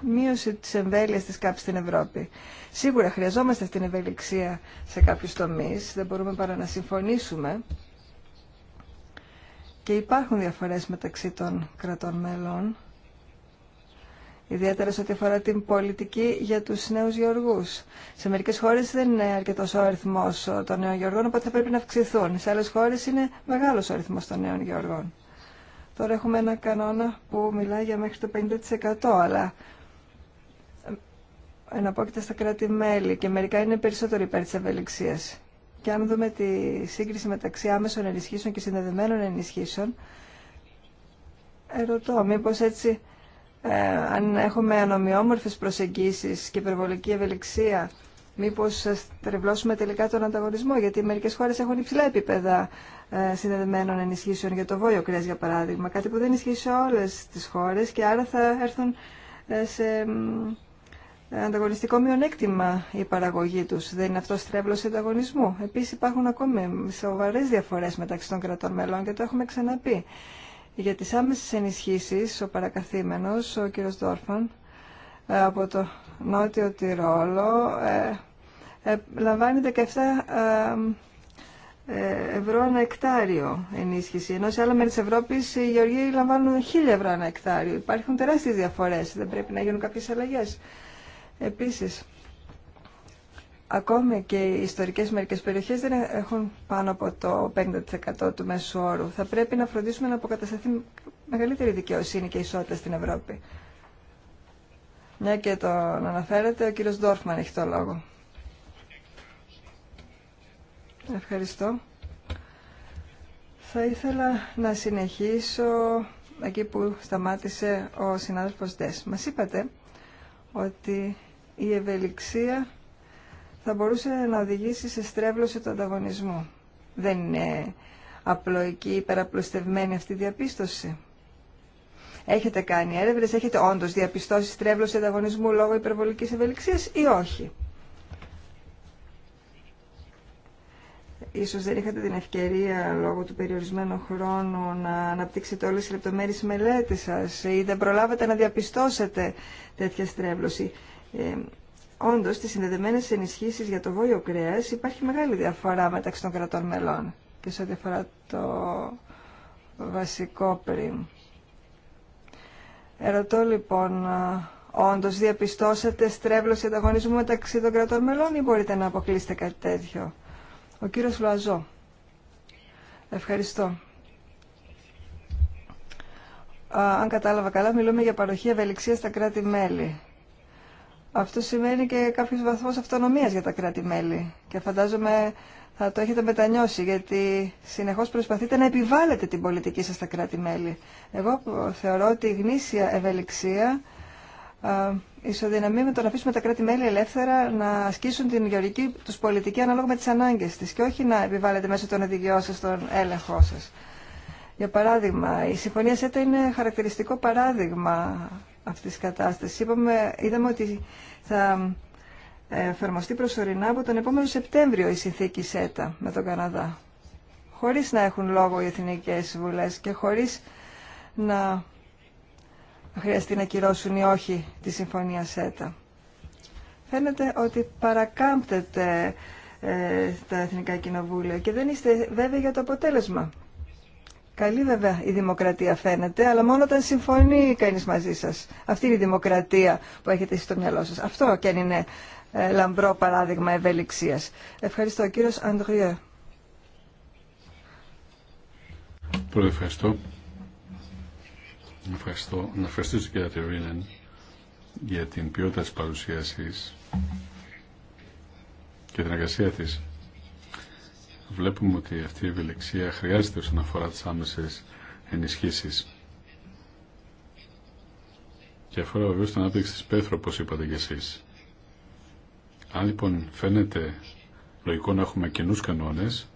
μείωση της εμβέλειας της κάπου στην Ευρώπη. Σίγουρα χρειαζόμαστε αυτήν την ευελιξία σε κάποιους τομείς, δεν μπορούμε παρά να συμφωνήσουμε και υπάρχουν διαφορές μεταξύ των κρατών μελών ιδιαίτερα σε ό,τι αφορά την πολιτική για του νέου γεωργού. Σε μερικέ χώρε δεν είναι αρκετό ο αριθμό ε, των νέων γεωργών, οπότε θα πρέπει να αυξηθούν. Σε άλλε χώρε είναι μεγάλο ο αριθμό των νέων γεωργών. Τώρα έχουμε ένα κανόνα που μιλάει για μέχρι το 50%, αλλά ε, εναπόκειται στα κράτη-μέλη και μερικά είναι περισσότερο υπέρ τη ευελιξία. Και αν δούμε τη σύγκριση μεταξύ άμεσων ενισχύσεων και συνδεδεμένων ενισχύσεων, ερωτώ μήπω έτσι ε, αν έχουμε ανομοιόμορφες προσεγγίσεις και υπερβολική ευελιξία, μήπως τρευλώσουμε τελικά τον ανταγωνισμό, γιατί μερικές χώρες έχουν υψηλά επίπεδα ε, συνδεδεμένων ενισχύσεων για το βόλιο κρέας, για παράδειγμα, κάτι που δεν ισχύει σε όλες τις χώρες και άρα θα έρθουν ε, σε ανταγωνιστικό μειονέκτημα η παραγωγή τους. Δεν είναι αυτό τρεύλος ανταγωνισμού. Επίσης υπάρχουν ακόμη σοβαρές διαφορές μεταξύ των κρατών μελών και το έχουμε ξαναπεί. Για τις άμεσες ενισχύσεις, ο παρακαθήμενος, ο κύριος Δόρφαν, ε, από το Νότιο Τυρόλο, ε, ε, λαμβάνει 17 ευρώ ένα εκτάριο ενίσχυση, ενώ σε άλλα μέρη της Ευρώπης οι γεωργοί λαμβάνουν 1000 ευρώ ένα εκτάριο. Υπάρχουν τεράστιες διαφορές, δεν πρέπει να γίνουν κάποιες αλλαγές. Επίσης, ακόμη και οι ιστορικές μερικές περιοχές δεν έχουν πάνω από το 50% του μέσου όρου. Θα πρέπει να φροντίσουμε να αποκατασταθεί μεγαλύτερη δικαιοσύνη και ισότητα στην Ευρώπη. Μια και τον αναφέρετε, ο κύριος Ντόρφμαν έχει το λόγο. Ευχαριστώ. Θα ήθελα να συνεχίσω εκεί που σταμάτησε ο συνάδελφος Ντες. Μας είπατε ότι η ευελιξία θα μπορούσε να οδηγήσει σε στρέβλωση του ανταγωνισμού. Δεν είναι απλοϊκή, υπεραπλουστευμένη αυτή η διαπίστωση. Έχετε κάνει έρευνε, έχετε όντω διαπιστώσει στρέβλωση ανταγωνισμού λόγω υπερβολική ευελιξία ή όχι. Ίσως δεν είχατε την ευκαιρία λόγω του περιορισμένου χρόνου να αναπτύξετε όλες τις λεπτομέρειες μελέτη σας ή δεν προλάβατε να διαπιστώσετε τέτοια στρέβλωση. Ε, Όντω στις συνδεδεμένε ενισχύσει για το βόλιο κρέα υπάρχει μεγάλη διαφορά μεταξύ των κρατών μελών και σε ό,τι αφορά το βασικό πριν. Ερωτώ λοιπόν, όντω διαπιστώσατε στρέβλωση ανταγωνισμού μεταξύ των κρατών μελών ή μπορείτε να αποκλείσετε κάτι τέτοιο. Ο κύριος Λουαζό. Ευχαριστώ. Αν κατάλαβα καλά, μιλούμε για παροχή ευελιξία στα κράτη-μέλη. Αυτό σημαίνει και κάποιο βαθμό αυτονομία για τα κράτη-μέλη. Και φαντάζομαι θα το έχετε μετανιώσει, γιατί συνεχώ προσπαθείτε να επιβάλλετε την πολιτική σα στα κράτη-μέλη. Εγώ θεωρώ ότι η γνήσια ευελιξία ισοδυναμεί με το να αφήσουμε τα κράτη-μέλη ελεύθερα να ασκήσουν την γεωργική του πολιτική ανάλογα με τι ανάγκε τη και όχι να επιβάλλετε μέσω των οδηγιών σα τον έλεγχό σα. Για παράδειγμα, η Συμφωνία ΣΕΤΑ είναι χαρακτηριστικό παράδειγμα αυτής της κατάστασης. Είπαμε, είδαμε ότι θα ε, εφαρμοστεί προσωρινά από τον επόμενο Σεπτέμβριο η συνθήκη ΣΕΤΑ με τον Καναδά. Χωρίς να έχουν λόγο οι εθνικές βουλές και χωρίς να χρειαστεί να κυρώσουν ή όχι τη συμφωνία ΣΕΤΑ. Φαίνεται ότι παρακάμπτεται ε, τα Εθνικά Κοινοβούλια και δεν είστε βέβαιοι για το αποτέλεσμα. Καλή βέβαια η δημοκρατία φαίνεται, αλλά μόνο όταν συμφωνεί κανείς μαζί σας. Αυτή είναι η δημοκρατία που έχετε στο μυαλό σας. Αυτό και αν είναι ε, λαμπρό παράδειγμα ευελιξίας. Ευχαριστώ. Ο κύριος Αντριέ. Πολύ ευχαριστώ. Ευχαριστώ. Να ευχαριστήσω και Τερίνεν για την ποιότητα της παρουσίασης και την εργασία της βλέπουμε ότι αυτή η ευελιξία χρειάζεται όσον αφορά τις άμεσες ενισχύσεις. Και αφορά βεβαίως την ανάπτυξη της πέθρου, όπως είπατε κι εσείς. Αν λοιπόν φαίνεται λογικό να έχουμε κοινού κανόνες,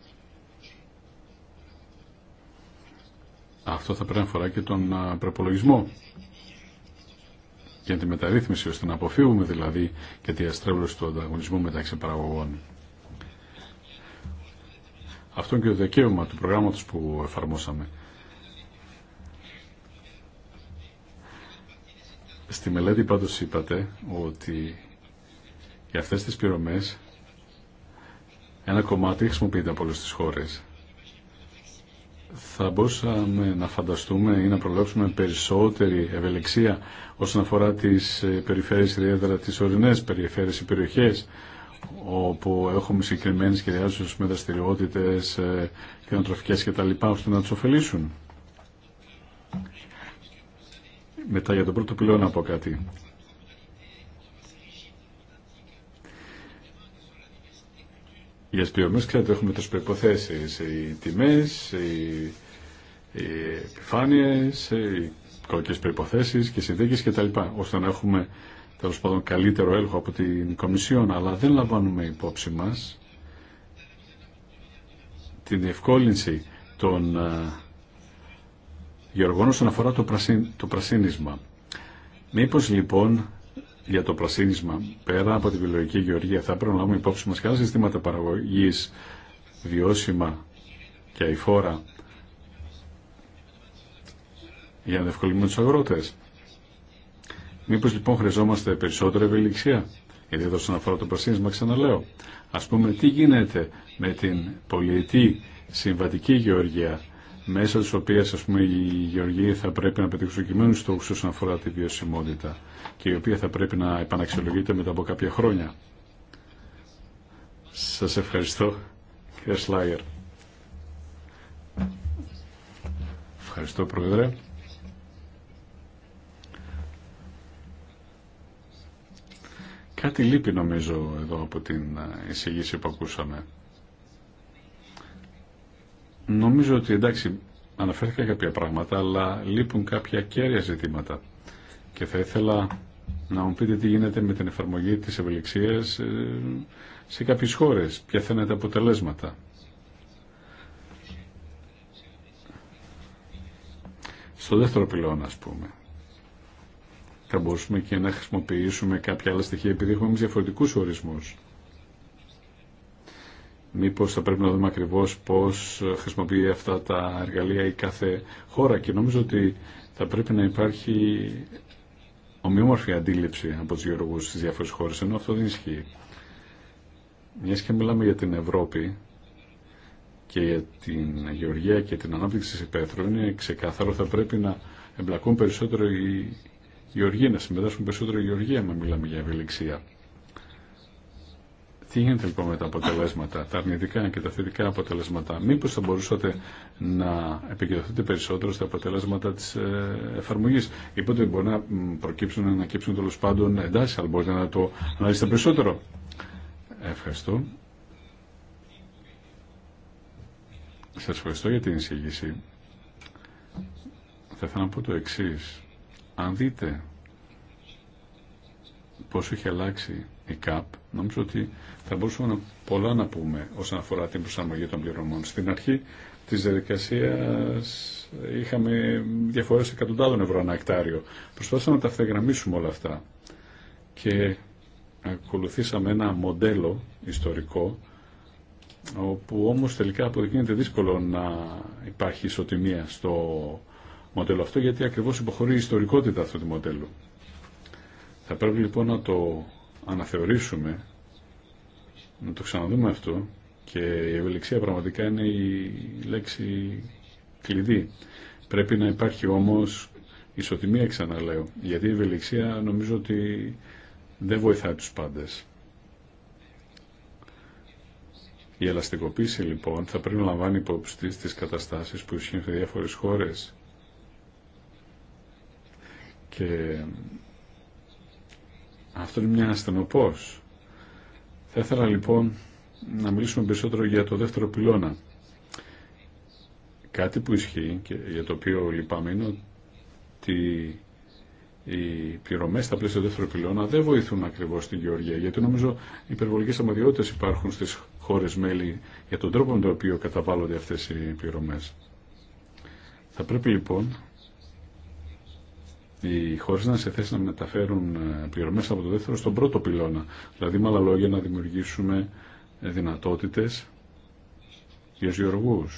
αυτό θα πρέπει να αφορά και τον προπολογισμό για τη μεταρρύθμιση, ώστε να αποφύγουμε δηλαδή και τη αστρέβλωση του ανταγωνισμού μεταξύ παραγωγών. Αυτό είναι και το δικαίωμα του προγράμματος που εφαρμόσαμε. Στη μελέτη πάντως είπατε ότι για αυτές τις πληρωμές ένα κομμάτι χρησιμοποιείται από όλες τις χώρες. Θα μπορούσαμε να φανταστούμε ή να προβλέψουμε περισσότερη ευελιξία όσον αφορά τις ε, περιφέρειες ιδιαίτερα τις ορεινές περιφέρειες ή περιοχές όπου έχουμε συγκεκριμένες σχεδιάσεις με δραστηριότητε ε, κοινοτροφικές και τα ώστε να τους ωφελήσουν. Μετά για τον πρώτο πλέον να πω κάτι. Για τις πληρωμές, ξέρετε, έχουμε τις προποθέσει. οι τιμές, οι, οι επιφάνειες, οι κοκκέ προποθέσει και συνθήκες κτλ. ώστε να έχουμε τέλο πάντων καλύτερο έλεγχο από την Κομισιόν, αλλά δεν λαμβάνουμε υπόψη μας την ευκόλυνση των ε, γεωργών όσον αφορά το, το πρασίνισμα. Μήπως λοιπόν για το πρασίνισμα, πέρα από την βιολογική γεωργία, θα πρέπει να λάβουμε υπόψη μας και άλλα συστήματα παραγωγής βιώσιμα και αηφόρα για να διευκολύνουμε τους αγρότες. Μήπως λοιπόν χρειαζόμαστε περισσότερη ευελιξία. Γιατί εδώ στον αφορά το πρασίνισμα ξαναλέω. Ας πούμε τι γίνεται με την πολιετή συμβατική γεωργία μέσα της οποίας ας πούμε, η γεωργία θα πρέπει να πετύχει συγκεκριμένους στόχους όσον αφορά τη βιωσιμότητα και η οποία θα πρέπει να επαναξιολογείται μετά από κάποια χρόνια. Σας ευχαριστώ κύριε Σλάιερ. Ευχαριστώ Πρόεδρε. Κάτι λείπει νομίζω εδώ από την ε, εισηγήση που ακούσαμε. Νομίζω ότι εντάξει αναφέρθηκα κάποια πράγματα αλλά λείπουν κάποια κέρια ζητήματα και θα ήθελα να μου πείτε τι γίνεται με την εφαρμογή της ευελιξίας ε, σε κάποιες χώρες, ποια θα είναι τα αποτελέσματα. Στο δεύτερο πυλώνα, ας πούμε, θα μπορούσαμε και να χρησιμοποιήσουμε κάποια άλλα στοιχεία επειδή έχουμε εμείς διαφορετικούς ορισμούς. Μήπως θα πρέπει να δούμε ακριβώς πώς χρησιμοποιεί αυτά τα εργαλεία η κάθε χώρα και νομίζω ότι θα πρέπει να υπάρχει ομοιόμορφη αντίληψη από τους γεωργούς στις διάφορες χώρες, ενώ αυτό δεν ισχύει. Μιας και μιλάμε για την Ευρώπη και για την γεωργία και την ανάπτυξη της υπαίθρου, είναι ξεκάθαρο θα πρέπει να εμπλακούν περισσότερο οι Γεωργία. να συμμετάσχουν περισσότερο Γεωργία μα μιλάμε για ευελιξία. Τι γίνεται λοιπόν με τα αποτελέσματα, τα αρνητικά και τα θετικά αποτελέσματα. Μήπως θα μπορούσατε να επικεντρωθείτε περισσότερο στα αποτελέσματα της ε, εφαρμογής. Είπατε ότι μπορεί να προκύψουν, να ανακύψουν τέλο πάντων εντάσεις, αλλά μπορείτε να το αναλύσετε περισσότερο. Ευχαριστώ. Σας ευχαριστώ για την εισηγήση. Θα ήθελα να πω το εξής. Αν δείτε πώς έχει αλλάξει η ΚΑΠ, νομίζω ότι θα μπορούσαμε πολλά να πούμε όσον αφορά την προσαρμογή των πληρωμών. Στην αρχή της διαδικασία είχαμε διαφορές εκατοντάδων ευρώ ένα εκτάριο. Προσπαθήσαμε να τα αυτεγραμμίσουμε όλα αυτά και ακολουθήσαμε ένα μοντέλο ιστορικό όπου όμως τελικά αποδεικνύεται δύσκολο να υπάρχει ισοτιμία στο μοντέλο αυτό γιατί ακριβώς υποχωρεί η ιστορικότητα αυτού του μοντέλου. Θα πρέπει λοιπόν να το αναθεωρήσουμε, να το ξαναδούμε αυτό και η ευελιξία πραγματικά είναι η λέξη κλειδί. Πρέπει να υπάρχει όμως ισοτιμία ξαναλέω, γιατί η ευελιξία νομίζω ότι δεν βοηθάει τους πάντες. Η ελαστικοποίηση λοιπόν θα πρέπει να λαμβάνει υπόψη τις καταστάσεις που ισχύουν σε διάφορες χώρες και αυτό είναι μια ασθενοπός. Θα ήθελα λοιπόν να μιλήσουμε περισσότερο για το δεύτερο πυλώνα. Κάτι που ισχύει και για το οποίο λυπάμαι είναι ότι οι πληρωμέ στα πλαίσια του δεύτερου πυλώνα δεν βοηθούν ακριβώ στην Γεωργία, γιατί νομίζω υπερβολικέ αμοδιότητε υπάρχουν στι χώρε μέλη για τον τρόπο με τον οποίο καταβάλλονται αυτέ οι πληρωμέ. Θα πρέπει λοιπόν οι χώρε να είναι σε θέση να μεταφέρουν ε, πληρωμέ από το δεύτερο στον πρώτο πυλώνα. Δηλαδή, με άλλα λόγια, να δημιουργήσουμε ε, δυνατότητε για γεωργού.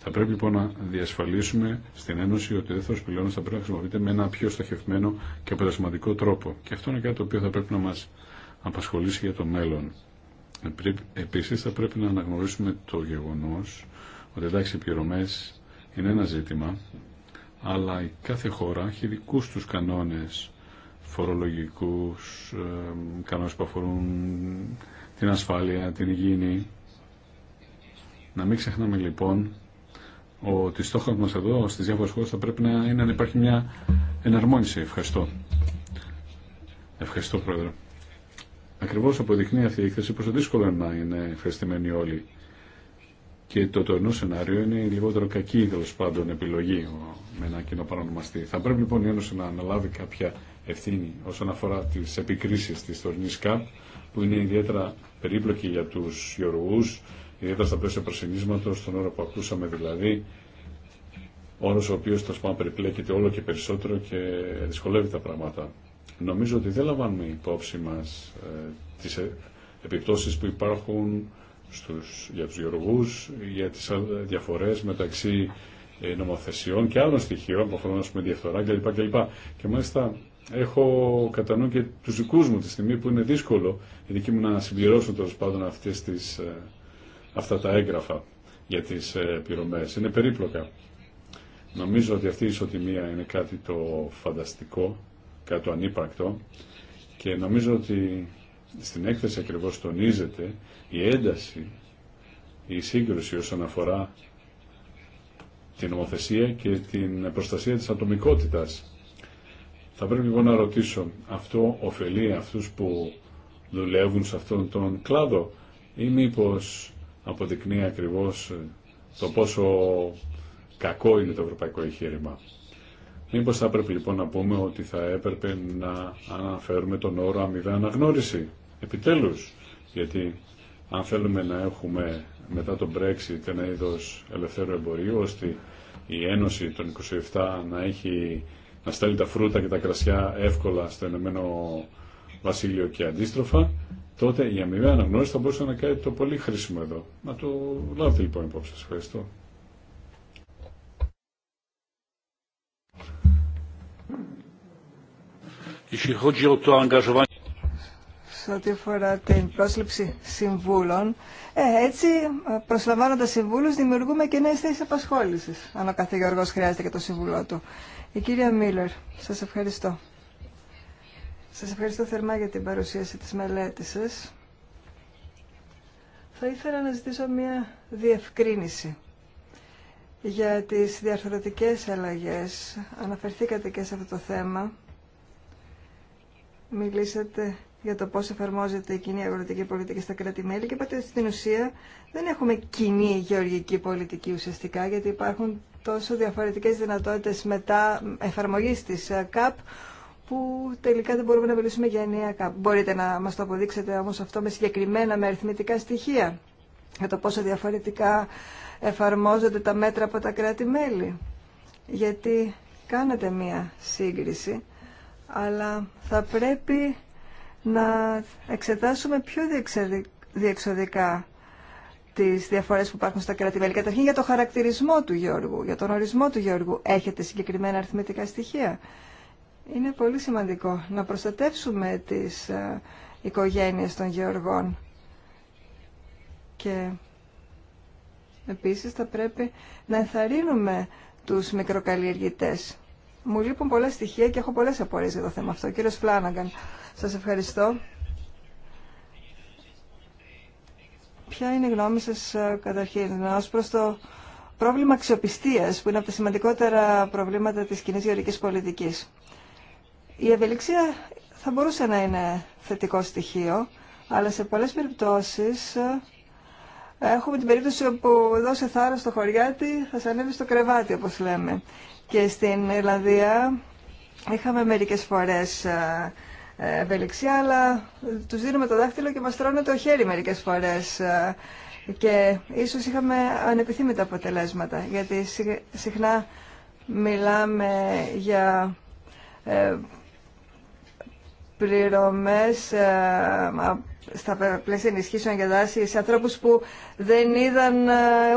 Θα πρέπει λοιπόν να διασφαλίσουμε στην Ένωση ότι ο δεύτερο πυλώνα θα πρέπει να χρησιμοποιείται με ένα πιο στοχευμένο και αποτελεσματικό τρόπο. Και αυτό είναι κάτι το οποίο θα πρέπει να μα απασχολήσει για το μέλλον. Ε, Επίση, θα πρέπει να αναγνωρίσουμε το γεγονό ότι εντάξει, οι πληρωμέ είναι ένα ζήτημα, αλλά η κάθε χώρα έχει δικούς τους κανόνες φορολογικούς, ε, κανόνες που αφορούν την ασφάλεια, την υγιεινή. Να μην ξεχνάμε λοιπόν ότι στόχος μας εδώ στις διάφορες χώρες θα πρέπει να είναι να υπάρχει μια εναρμόνιση. Ευχαριστώ. Ευχαριστώ Πρόεδρε. Ακριβώς αποδεικνύει αυτή η έκθεση πόσο δύσκολο είναι να είναι ευχαριστημένοι όλοι και το τωρινό σενάριο είναι η λιγότερο κακή τέλο πάντων επιλογή με ένα κοινό παρανομαστή. Θα πρέπει λοιπόν η Ένωση να αναλάβει κάποια ευθύνη όσον αφορά τι επικρίσει τη τωρινή ΚΑΠ που είναι ιδιαίτερα περίπλοκη για του γεωργού, ιδιαίτερα στα πλαίσια προσυνείσματο, τον όρο που ακούσαμε δηλαδή, όρο ο οποίο τέλο πάντων περιπλέκεται όλο και περισσότερο και δυσκολεύει τα πράγματα. Νομίζω ότι δεν λαμβάνουμε υπόψη μα ε, τι ε, επιπτώσει που υπάρχουν για τους γεωργούς, για τις διαφορές μεταξύ ε, νομοθεσιών και άλλων στοιχείων που αφορούν με διαφθορά κλπ. Και μάλιστα έχω κατά νου και τους δικούς μου τη στιγμή που είναι δύσκολο οι δικοί μου να συμπληρώσω τέλο πάντων αυτές τις, ε, αυτά τα έγγραφα για τις ε, πυρομές. Είναι περίπλοκα. Νομίζω ότι αυτή η ισοτιμία είναι κάτι το φανταστικό, κάτι το ανύπαρκτο και νομίζω ότι στην έκθεση ακριβώς τονίζεται η ένταση, η σύγκρουση όσον αφορά την νομοθεσία και την προστασία της ατομικότητας. Θα πρέπει λοιπόν να ρωτήσω, αυτό ωφελεί αυτούς που δουλεύουν σε αυτόν τον κλάδο ή μήπω αποδεικνύει ακριβώς το πόσο κακό είναι το ευρωπαϊκό εγχείρημα. Μήπως θα έπρεπε λοιπόν να πούμε ότι θα έπρεπε να αναφέρουμε τον όρο αμοιβαία αναγνώριση. Επιτέλους, γιατί αν θέλουμε να έχουμε μετά τον Brexit ένα είδος ελευθέρου εμπορίου, ώστε η Ένωση των 27 να, έχει, να στέλνει τα φρούτα και τα κρασιά εύκολα στο Ενωμένο Βασίλειο και αντίστροφα, τότε η αμοιβαία αναγνώριση θα μπορούσε να κάνει το πολύ χρήσιμο εδώ. Να το λάβετε λοιπόν υπόψη σας. Ευχαριστώ ό,τι αφορά την πρόσληψη συμβούλων. Ε, έτσι, προσλαμβάνοντα συμβούλου, δημιουργούμε και νέε θέσει απασχόληση, αν ο κάθε χρειάζεται και το συμβουλό του. Η κυρία Μίλλερ, σα ευχαριστώ. Σα ευχαριστώ θερμά για την παρουσίαση τη μελέτη σα. Θα ήθελα να ζητήσω μία διευκρίνηση για τις διαρθρωτικές αλλαγές. Αναφερθήκατε και σε αυτό το θέμα. Μιλήσατε για το πώς εφαρμόζεται η κοινή αγροτική πολιτική στα κράτη-μέλη και είπατε στην ουσία δεν έχουμε κοινή γεωργική πολιτική ουσιαστικά γιατί υπάρχουν τόσο διαφορετικές δυνατότητες μετά εφαρμογής της ε, ΚΑΠ που τελικά δεν μπορούμε να μιλήσουμε για ενιαία ΚΑΠ. Μπορείτε να μας το αποδείξετε όμως αυτό με συγκεκριμένα, με αριθμητικά στοιχεία για το πόσο διαφορετικά εφαρμόζονται τα μέτρα από τα κράτη-μέλη. Γιατί κάνατε μία σύγκριση, αλλά θα πρέπει να εξετάσουμε πιο διεξοδικά τις διαφορές που υπάρχουν στα κράτη-μέλη. Καταρχήν για το χαρακτηρισμό του Γιώργου, για τον ορισμό του Γιώργου Έχετε συγκεκριμένα αριθμητικά στοιχεία. Είναι πολύ σημαντικό να προστατεύσουμε τις ε, οικογένειες των Γεωργών. Και επίσης θα πρέπει να ενθαρρύνουμε τους μικροκαλλιεργητές μου λείπουν πολλά στοιχεία και έχω πολλέ απορίε για το θέμα αυτό. Κύριο Φλάναγκαν, σα ευχαριστώ. Ποια είναι η γνώμη σα ε, καταρχήν ω προ το πρόβλημα αξιοπιστία, που είναι από τα σημαντικότερα προβλήματα τη κοινή γεωρικής πολιτική. Η ευελιξία θα μπορούσε να είναι θετικό στοιχείο, αλλά σε πολλές περιπτώσεις ε, έχουμε την περίπτωση όπου δώσε θάρρος στο χωριάτι, θα σα ανέβει στο κρεβάτι όπως λέμε. Και στην Ιρλανδία είχαμε μερικές φορές ε, ε, ευελιξία, αλλά τους δίνουμε το δάχτυλο και μας τρώνε το χέρι μερικές φορές ε, και ίσως είχαμε ανεπιθύμητα αποτελέσματα, γιατί συχνά μιλάμε για πληρωμές στα πλαίσια ενισχύσεων για δάση σε ανθρώπους που δεν είδαν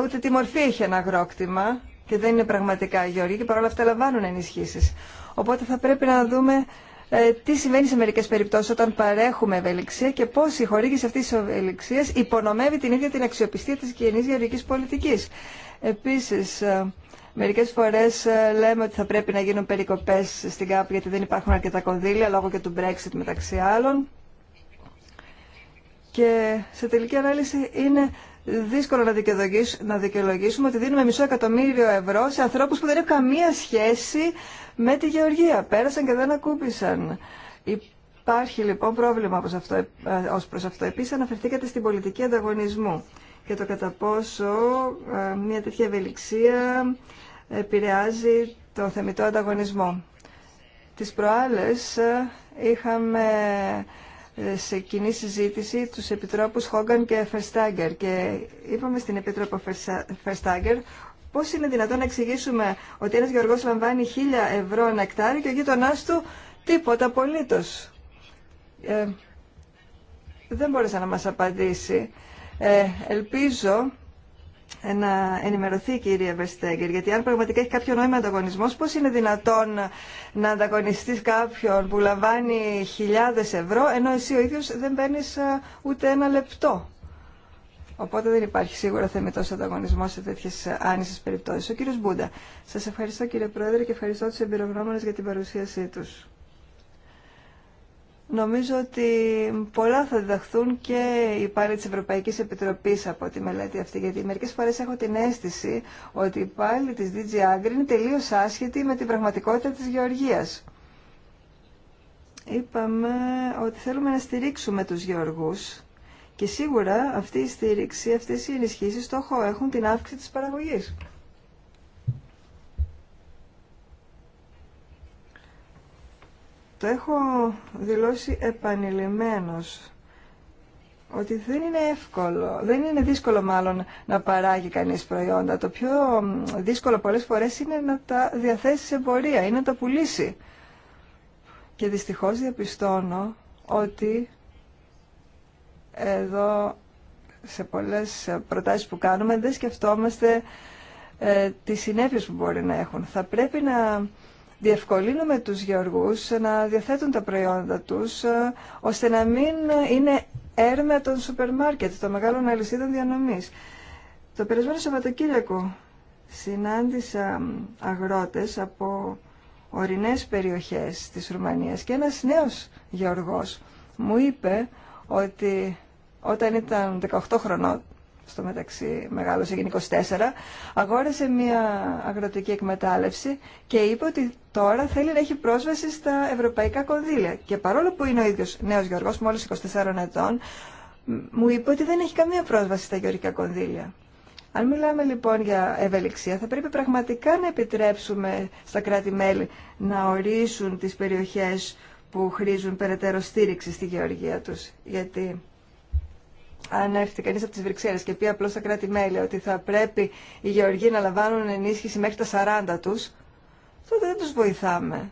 ούτε τι μορφή είχε ένα αγρόκτημα και δεν είναι πραγματικά γεωργοί και παρόλα αυτά λαμβάνουν ενισχύσεις. Οπότε θα πρέπει να δούμε ε, τι συμβαίνει σε μερικές περιπτώσεις όταν παρέχουμε ευελιξία και πώς η χορήγηση αυτής της ευελιξίας υπονομεύει την ίδια την αξιοπιστία της κοινή γεωργικής πολιτικής. Επίσης, ε, μερικές φορές ε, λέμε ότι θα πρέπει να γίνουν περικοπές στην ΚΑΠ γιατί δεν υπάρχουν αρκετά κονδύλια λόγω και του Brexit μεταξύ άλλων. Και σε τελική ανάλυση είναι δύσκολο να, να δικαιολογήσουμε ότι δίνουμε μισό εκατομμύριο ευρώ σε ανθρώπους που δεν έχουν καμία σχέση με τη γεωργία. Πέρασαν και δεν ακούπησαν. Υπάρχει λοιπόν πρόβλημα ως, αυτό, ε, ως προς αυτό. Επίσης αναφερθήκατε στην πολιτική ανταγωνισμού και το κατά πόσο ε, μια τέτοια ευελιξία επηρεάζει το θεμητό ανταγωνισμό. Τις προάλλες ε, είχαμε σε κοινή συζήτηση τους επιτρόπους Χόγκαν και Φερστάγκερ και είπαμε στην Επίτροπο Φερστάγκερ πώς είναι δυνατόν να εξηγήσουμε ότι ένας γεωργός λαμβάνει χίλια ευρώ ένα εκτάρι και ο γείτονάς του τίποτα απολύτως. Ε, δεν μπόρεσα να μας απαντήσει. Ε, ελπίζω ε, να ενημερωθεί η κυρία Βεστέγκερ, γιατί αν πραγματικά έχει κάποιο νόημα ανταγωνισμό, πώ είναι δυνατόν να ανταγωνιστεί κάποιον που λαμβάνει χιλιάδε ευρώ, ενώ εσύ ο ίδιο δεν παίρνει ε, ούτε ένα λεπτό. Οπότε δεν υπάρχει σίγουρα θεμητό ανταγωνισμό σε τέτοιε άνισε περιπτώσει. Ο κύριο Μπούντα. Σα ευχαριστώ κύριε Πρόεδρε και ευχαριστώ του εμπειρογνώμονε για την παρουσίασή του. Νομίζω ότι πολλά θα διδαχθούν και οι υπάλληλοι της Ευρωπαϊκής Επιτροπής από τη μελέτη αυτή, γιατί μερικές φορές έχω την αίσθηση ότι οι υπάλληλοι της DG Agri είναι τελείως άσχετοι με την πραγματικότητα της γεωργίας. Είπαμε ότι θέλουμε να στηρίξουμε τους γεωργούς και σίγουρα αυτή η στήριξη, αυτές οι ενισχύσεις στόχο έχουν την αύξηση της παραγωγής. Το έχω δηλώσει επανειλημμένος ότι δεν είναι εύκολο, δεν είναι δύσκολο μάλλον να παράγει κανείς προϊόντα. Το πιο δύσκολο πολλές φορές είναι να τα διαθέσει σε εμπορία ή να τα πουλήσει. Και δυστυχώς διαπιστώνω ότι εδώ σε πολλές προτάσεις που κάνουμε δεν σκεφτόμαστε ε, τις συνέπειες που μπορεί να έχουν. Θα πρέπει να διευκολύνουμε τους γεωργούς να διαθέτουν τα προϊόντα τους, ε, ώστε να μην είναι έρμεα των σούπερ μάρκετ, των μεγάλων αλυσίδων διανομής. Το περασμένο Σαββατοκύριακο συνάντησα αγρότες από ορεινές περιοχές της Ρουμανίας και ένας νέος γεωργός μου είπε ότι όταν ήταν 18 χρονών στο μεταξύ μεγάλος έγινε 24, αγόρασε μια αγροτική εκμετάλλευση και είπε ότι τώρα θέλει να έχει πρόσβαση στα ευρωπαϊκά κονδύλια. Και παρόλο που είναι ο ίδιος νέος Γεωργός, μόλις 24 ετών, μου είπε ότι δεν έχει καμία πρόσβαση στα γεωργικά κονδύλια. Αν μιλάμε λοιπόν για ευελιξία, θα πρέπει πραγματικά να επιτρέψουμε στα κράτη-μέλη να ορίσουν τις περιοχές που χρήζουν περαιτέρω στήριξη στη γεωργία τους. Γιατί αν έρθει κανεί από τι Βρυξέλλε και πει απλώ στα κράτη-μέλη ότι θα πρέπει οι γεωργοί να λαμβάνουν ενίσχυση μέχρι τα 40 του, τότε δεν του βοηθάμε.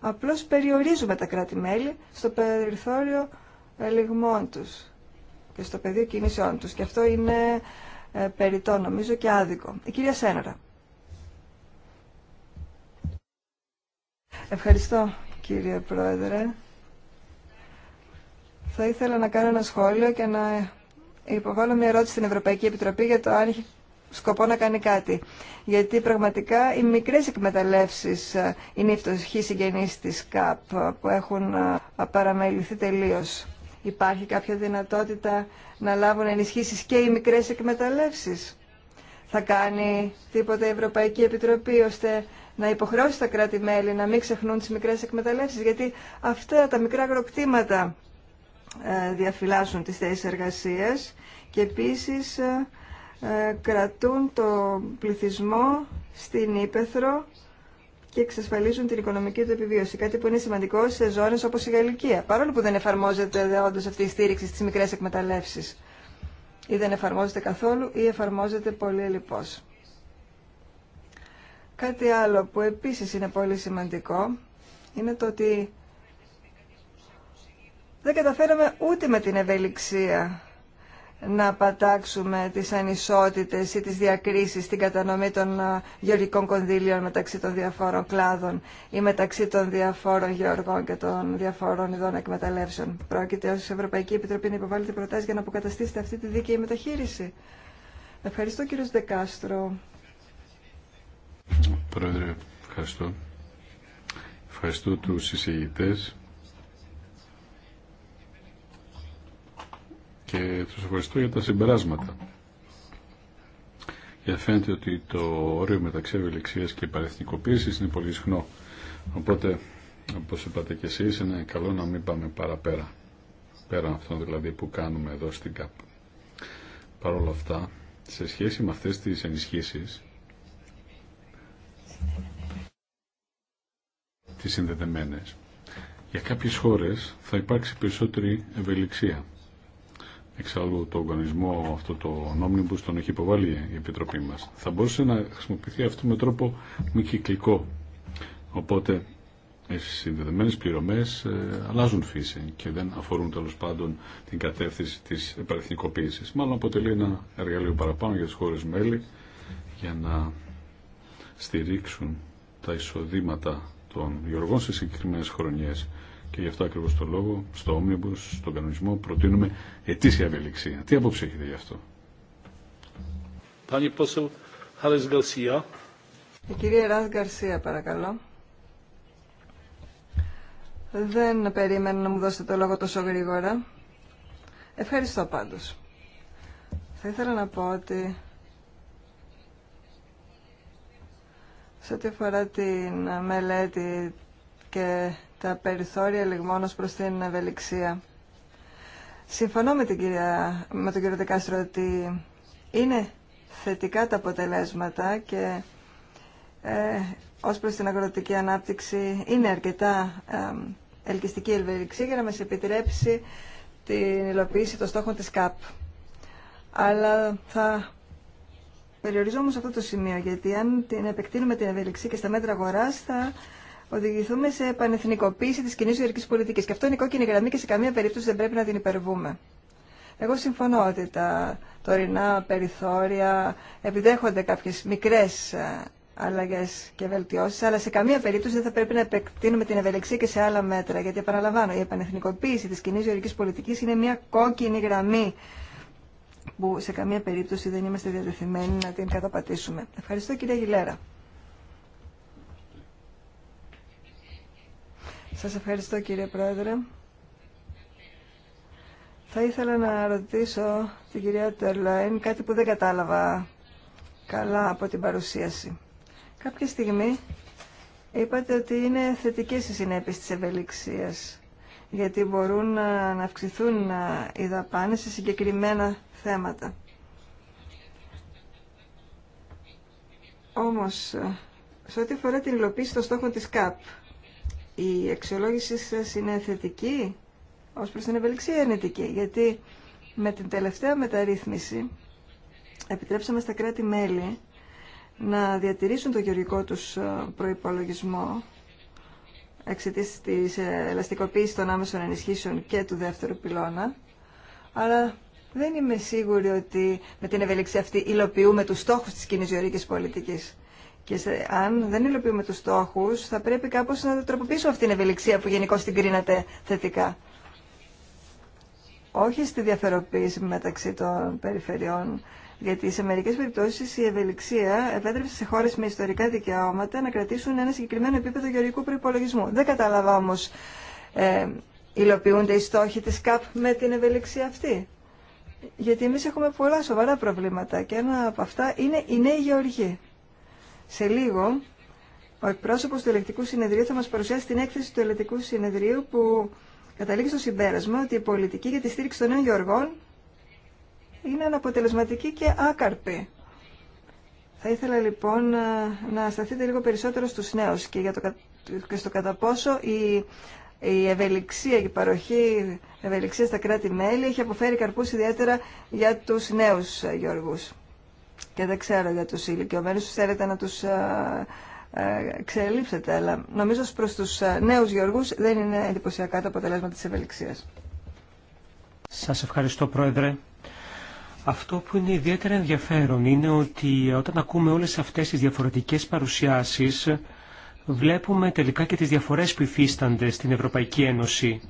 Απλώ περιορίζουμε τα κράτη-μέλη στο περιθώριο ελιγμών του και στο πεδίο κινήσεών του. Και αυτό είναι ε, περιττό, νομίζω, και άδικο. Η κυρία Σένορα. Ευχαριστώ, κύριε Πρόεδρε. Θα ήθελα να κάνω ένα σχόλιο και να υποβάλω μια ερώτηση στην Ευρωπαϊκή Επιτροπή για το αν έχει σκοπό να κάνει κάτι. Γιατί πραγματικά οι μικρές εκμεταλλεύσεις ε, είναι οι φτωχοί συγγενείς της ΚΑΠ ε, που έχουν ε, παραμεληθεί τελείως. Υπάρχει κάποια δυνατότητα να λάβουν ενισχύσεις και οι μικρές εκμεταλλεύσεις. Θα κάνει τίποτα η Ευρωπαϊκή Επιτροπή ώστε να υποχρεώσει τα κράτη-μέλη να μην ξεχνούν τις μικρές εκμεταλλεύσεις. Γιατί αυτά τα μικρά αγροκτήματα ε, διαφυλάσσουν τις θέσεις εργασίας και επίσης ε, ε, κρατούν το πληθυσμό στην Ήπεθρο και εξασφαλίζουν την οικονομική του επιβίωση. Κάτι που είναι σημαντικό σε ζώνες όπως η Γαλλικία. Παρόλο που δεν εφαρμόζεται όντω αυτή η στήριξη στις μικρές εκμεταλλεύσεις. Ή δεν εφαρμόζεται καθόλου ή εφαρμόζεται πολύ λοιπώς. Κάτι άλλο που επίσης είναι πολύ σημαντικό είναι το ότι δεν καταφέραμε ούτε με την ευελιξία να πατάξουμε τις ανισότητες ή τις διακρίσεις στην κατανομή των ε, γεωργικών κονδύλιων μεταξύ των διαφόρων κλάδων ή μεταξύ των διαφόρων γεωργών και των διαφόρων ειδών εκμεταλλεύσεων. Πρόκειται ως Ευρωπαϊκή Επιτροπή να υποβάλλετε προτάσεις για να αποκαταστήσετε αυτή τη δίκαιη μεταχείριση. Ευχαριστώ κύριο Δεκάστρο. Πρόεδρε, ευχαριστώ. Ευχαριστώ τους εισηγητές και του ευχαριστώ για τα συμπεράσματα. Γιατί φαίνεται ότι το όριο μεταξύ ευελιξία και παρεθνικοποίηση είναι πολύ συχνό. Οπότε, όπω είπατε και εσεί είναι καλό να μην πάμε παραπέρα. από αυτό δηλαδή που κάνουμε εδώ στην ΚΑΠ. Παρ' όλα αυτά, σε σχέση με αυτές τις ενισχύσεις, τις συνδεδεμένες, για κάποιες χώρες θα υπάρξει περισσότερη ευελιξία. Εξάλλου το οργανισμό αυτό το νόμιμο τον έχει υποβάλει η Επιτροπή μας. Θα μπορούσε να χρησιμοποιηθεί αυτό με τρόπο μη κυκλικό. Οπότε οι συνδεδεμένες πληρωμές ε, αλλάζουν φύση και δεν αφορούν τέλο πάντων την κατεύθυνση της επαρεθνικοποίησης. Μάλλον αποτελεί ένα εργαλείο παραπάνω για τις χώρε μέλη για να στηρίξουν τα εισοδήματα των γεωργών σε συγκεκριμένες χρονιές. Και γι' αυτό ακριβώ το λόγο, στο όμοιο, στον κανονισμό, προτείνουμε ετήσια ευελιξία. Τι άποψη έχετε γι' αυτό. Η κυρία Ράς Γκαρσία, παρακαλώ. Δεν περίμενα να μου δώσετε το λόγο τόσο γρήγορα. Ευχαριστώ πάντω. Θα ήθελα να πω ότι σε ό,τι αφορά την μελέτη και τα περιθώρια λιγμόνως προς την ευελιξία. Συμφωνώ με, κυρία, τον κύριο Δεκάστρο ότι είναι θετικά τα αποτελέσματα και ε, ως προς την αγροτική ανάπτυξη είναι αρκετά ε, ελκυστική ευελιξία για να μας επιτρέψει την υλοποίηση των στόχων της ΚΑΠ. Αλλά θα περιορίζω σε αυτό το σημείο, γιατί αν την επεκτείνουμε την ευελιξία και στα μέτρα αγοράς θα οδηγηθούμε σε πανεθνικοποίηση τη κοινή γεωργική πολιτική. Και αυτό είναι η κόκκινη γραμμή και σε καμία περίπτωση δεν πρέπει να την υπερβούμε. Εγώ συμφωνώ ότι τα τωρινά περιθώρια επιδέχονται κάποιε μικρέ ε, αλλαγέ και βελτιώσει, αλλά σε καμία περίπτωση δεν θα πρέπει να επεκτείνουμε την ευελιξία και σε άλλα μέτρα. Γιατί, επαναλαμβάνω, η επανεθνικοποίηση τη κοινή γεωργική πολιτική είναι μια κόκκινη γραμμή που σε καμία περίπτωση δεν είμαστε διατεθειμένοι να την καταπατήσουμε. Ευχαριστώ, κυρία Γιλέρα. Σας ευχαριστώ κύριε Πρόεδρε. Θα ήθελα να ρωτήσω την κυρία Τερλάιν κάτι που δεν κατάλαβα καλά από την παρουσίαση. Κάποια στιγμή είπατε ότι είναι θετικές οι συνέπειες της ευελιξίας, γιατί μπορούν να αυξηθούν οι δαπάνες σε συγκεκριμένα θέματα. Όμως, σε ό,τι αφορά την υλοποίηση των στόχων της ΚΑΠ, η αξιολόγηση σας είναι θετική ως προς την ευελιξία αρνητική, γιατί με την τελευταία μεταρρύθμιση επιτρέψαμε στα κράτη-μέλη να διατηρήσουν το γεωργικό τους ε, προϋπολογισμό εξαιτίας της ε, ελαστικοποίησης των άμεσων ενισχύσεων και του δεύτερου πυλώνα, αλλά δεν είμαι σίγουρη ότι με την ευελιξία αυτή υλοποιούμε τους στόχους της κοινής γεωργικής πολιτικής. Και σε, αν δεν υλοποιούμε του στόχου, θα πρέπει κάπω να τροποποιήσουμε αυτή την ευελιξία που γενικώ την κρίνατε θετικά. Όχι στη διαφεροποίηση μεταξύ των περιφερειών, γιατί σε μερικέ περιπτώσει η ευελιξία επέτρεψε σε χώρε με ιστορικά δικαιώματα να κρατήσουν ένα συγκεκριμένο επίπεδο γεωργικού προπολογισμού. Δεν κατάλαβα όμω, ε, υλοποιούνται οι στόχοι τη ΚΑΠ με την ευελιξία αυτή. Γιατί εμεί έχουμε πολλά σοβαρά προβλήματα και ένα από αυτά είναι η νέοι γεωργία. Σε λίγο, ο εκπρόσωπος του Ελεκτικού Συνεδρίου θα μας παρουσιάσει την έκθεση του Ελεκτικού Συνεδρίου που καταλήγει στο συμπέρασμα ότι η πολιτική για τη στήριξη των νέων γεωργών είναι αναποτελεσματική και άκαρπη. Θα ήθελα λοιπόν να σταθείτε λίγο περισσότερο στους νέους και, για το, και στο κατά πόσο η, ευελιξία και η παροχή ευελιξία στα κράτη-μέλη έχει αποφέρει καρπούς ιδιαίτερα για τους νέους γεωργούς και δεν ξέρω για τους ηλικιωμένους, θέλετε να τους ε, ε, ξελείψετε, αλλά νομίζω προς τους ε, νέους γεωργούς δεν είναι εντυπωσιακά το αποτελέσμα της ευελιξίας. Σας ευχαριστώ Πρόεδρε. Αυτό που είναι ιδιαίτερα ενδιαφέρον είναι ότι όταν ακούμε όλες αυτές τις διαφορετικές παρουσιάσεις βλέπουμε τελικά και τις διαφορές που υφίστανται στην Ευρωπαϊκή Ένωση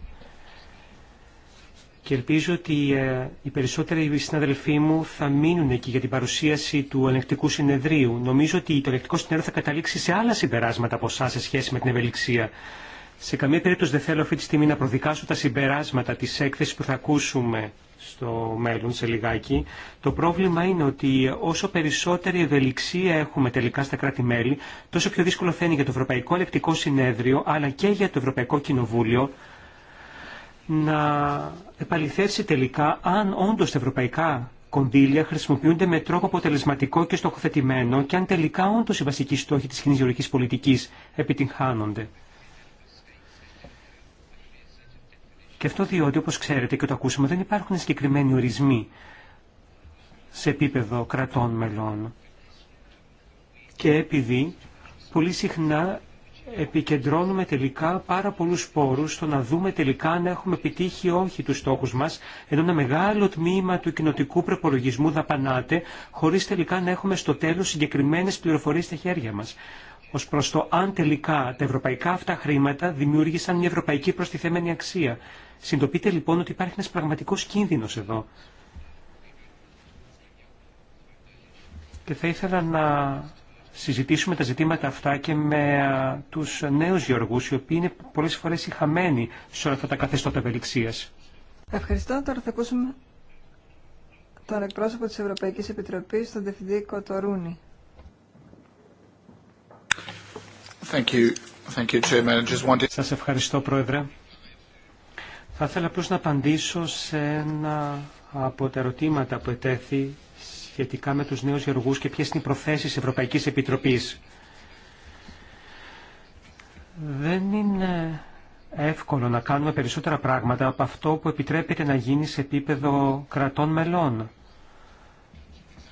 και ελπίζω ότι ε, οι περισσότεροι συναδελφοί μου θα μείνουν εκεί για την παρουσίαση του ελεκτικού συνεδρίου. Νομίζω ότι το ελεκτικό συνέδριο θα καταλήξει σε άλλα συμπεράσματα από εσά σε σχέση με την ευελιξία. Σε καμία περίπτωση δεν θέλω αυτή τη στιγμή να προδικάσω τα συμπεράσματα τη έκθεση που θα ακούσουμε στο μέλλον σε λιγάκι. Το πρόβλημα είναι ότι ε, όσο περισσότερη ευελιξία έχουμε τελικά στα κράτη-μέλη, τόσο πιο δύσκολο θα είναι για το Ευρωπαϊκό Ελεκτικό Συνέδριο, αλλά και για το Ευρωπαϊκό Κοινοβούλιο, να επαληθεύσει τελικά αν όντως τα ευρωπαϊκά κονδύλια χρησιμοποιούνται με τρόπο αποτελεσματικό και στοχοθετημένο και αν τελικά όντως οι βασικοί στόχοι της κοινής γεωργικής πολιτικής επιτυγχάνονται. Και αυτό διότι, όπως ξέρετε και το ακούσαμε, δεν υπάρχουν συγκεκριμένοι ορισμοί σε επίπεδο κρατών μελών. Και επειδή πολύ συχνά επικεντρώνουμε τελικά πάρα πολλούς σπόρους στο να δούμε τελικά αν έχουμε επιτύχει ή όχι τους στόχους μας, ενώ ένα μεγάλο τμήμα του κοινοτικού προπολογισμού δαπανάται, χωρίς τελικά να έχουμε στο τέλος συγκεκριμένες πληροφορίες στα χέρια μας. Ω προ το αν τελικά τα ευρωπαϊκά αυτά χρήματα δημιούργησαν μια ευρωπαϊκή προστιθέμενη αξία. Συντοπείτε λοιπόν ότι υπάρχει ένα πραγματικό κίνδυνο εδώ. Και θα να συζητήσουμε τα ζητήματα αυτά και με τους νέους γεωργούς, οι οποίοι είναι πολλές φορές οι χαμένοι σε όλα αυτά τα καθεστώτα ευελιξίας. Ευχαριστώ. Τώρα θα ακούσουμε τον εκπρόσωπο της Ευρωπαϊκής Επιτροπής, τον Δευθυντή Κοτορούνη. Thank Σας ευχαριστώ, Πρόεδρε. Θα ήθελα απλώς να απαντήσω σε ένα από τα ερωτήματα που ετέθη σχετικά με τους νέους γεωργούς και ποιες είναι οι προθέσεις Ευρωπαϊκής Επιτροπής. Δεν είναι εύκολο να κάνουμε περισσότερα πράγματα από αυτό που επιτρέπεται να γίνει σε επίπεδο κρατών μελών.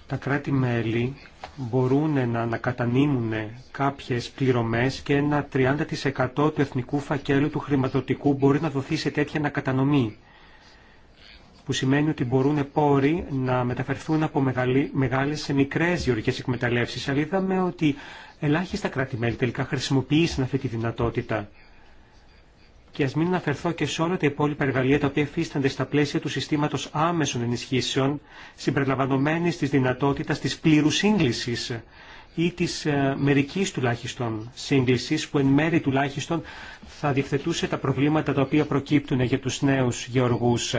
Τα κράτη-μέλη μπορούν να ανακατανείμουν κάποιες πληρωμές και ένα 30% του εθνικού φακέλου του χρηματοτικού μπορεί να δοθεί σε τέτοια ανακατανομή που σημαίνει ότι μπορούν πόροι να μεταφερθούν από μεγάλες σε μικρές γεωργικές εκμεταλλεύσεις. Αλλά είδαμε ότι ελάχιστα κράτη-μέλη τελικά χρησιμοποίησαν αυτή τη δυνατότητα. Και ας μην αναφερθώ και σε όλα τα υπόλοιπα εργαλεία τα οποία εφίστανται στα πλαίσια του συστήματος άμεσων ενισχύσεων, συμπεριλαμβανομένης της δυνατότητα, της πλήρου σύγκλησης ή της ε, μερικής τουλάχιστον σύγκλησης που εν μέρη τουλάχιστον θα διευθετούσε τα προβλήματα τα οποία προκύπτουν για του νέου γεωργούς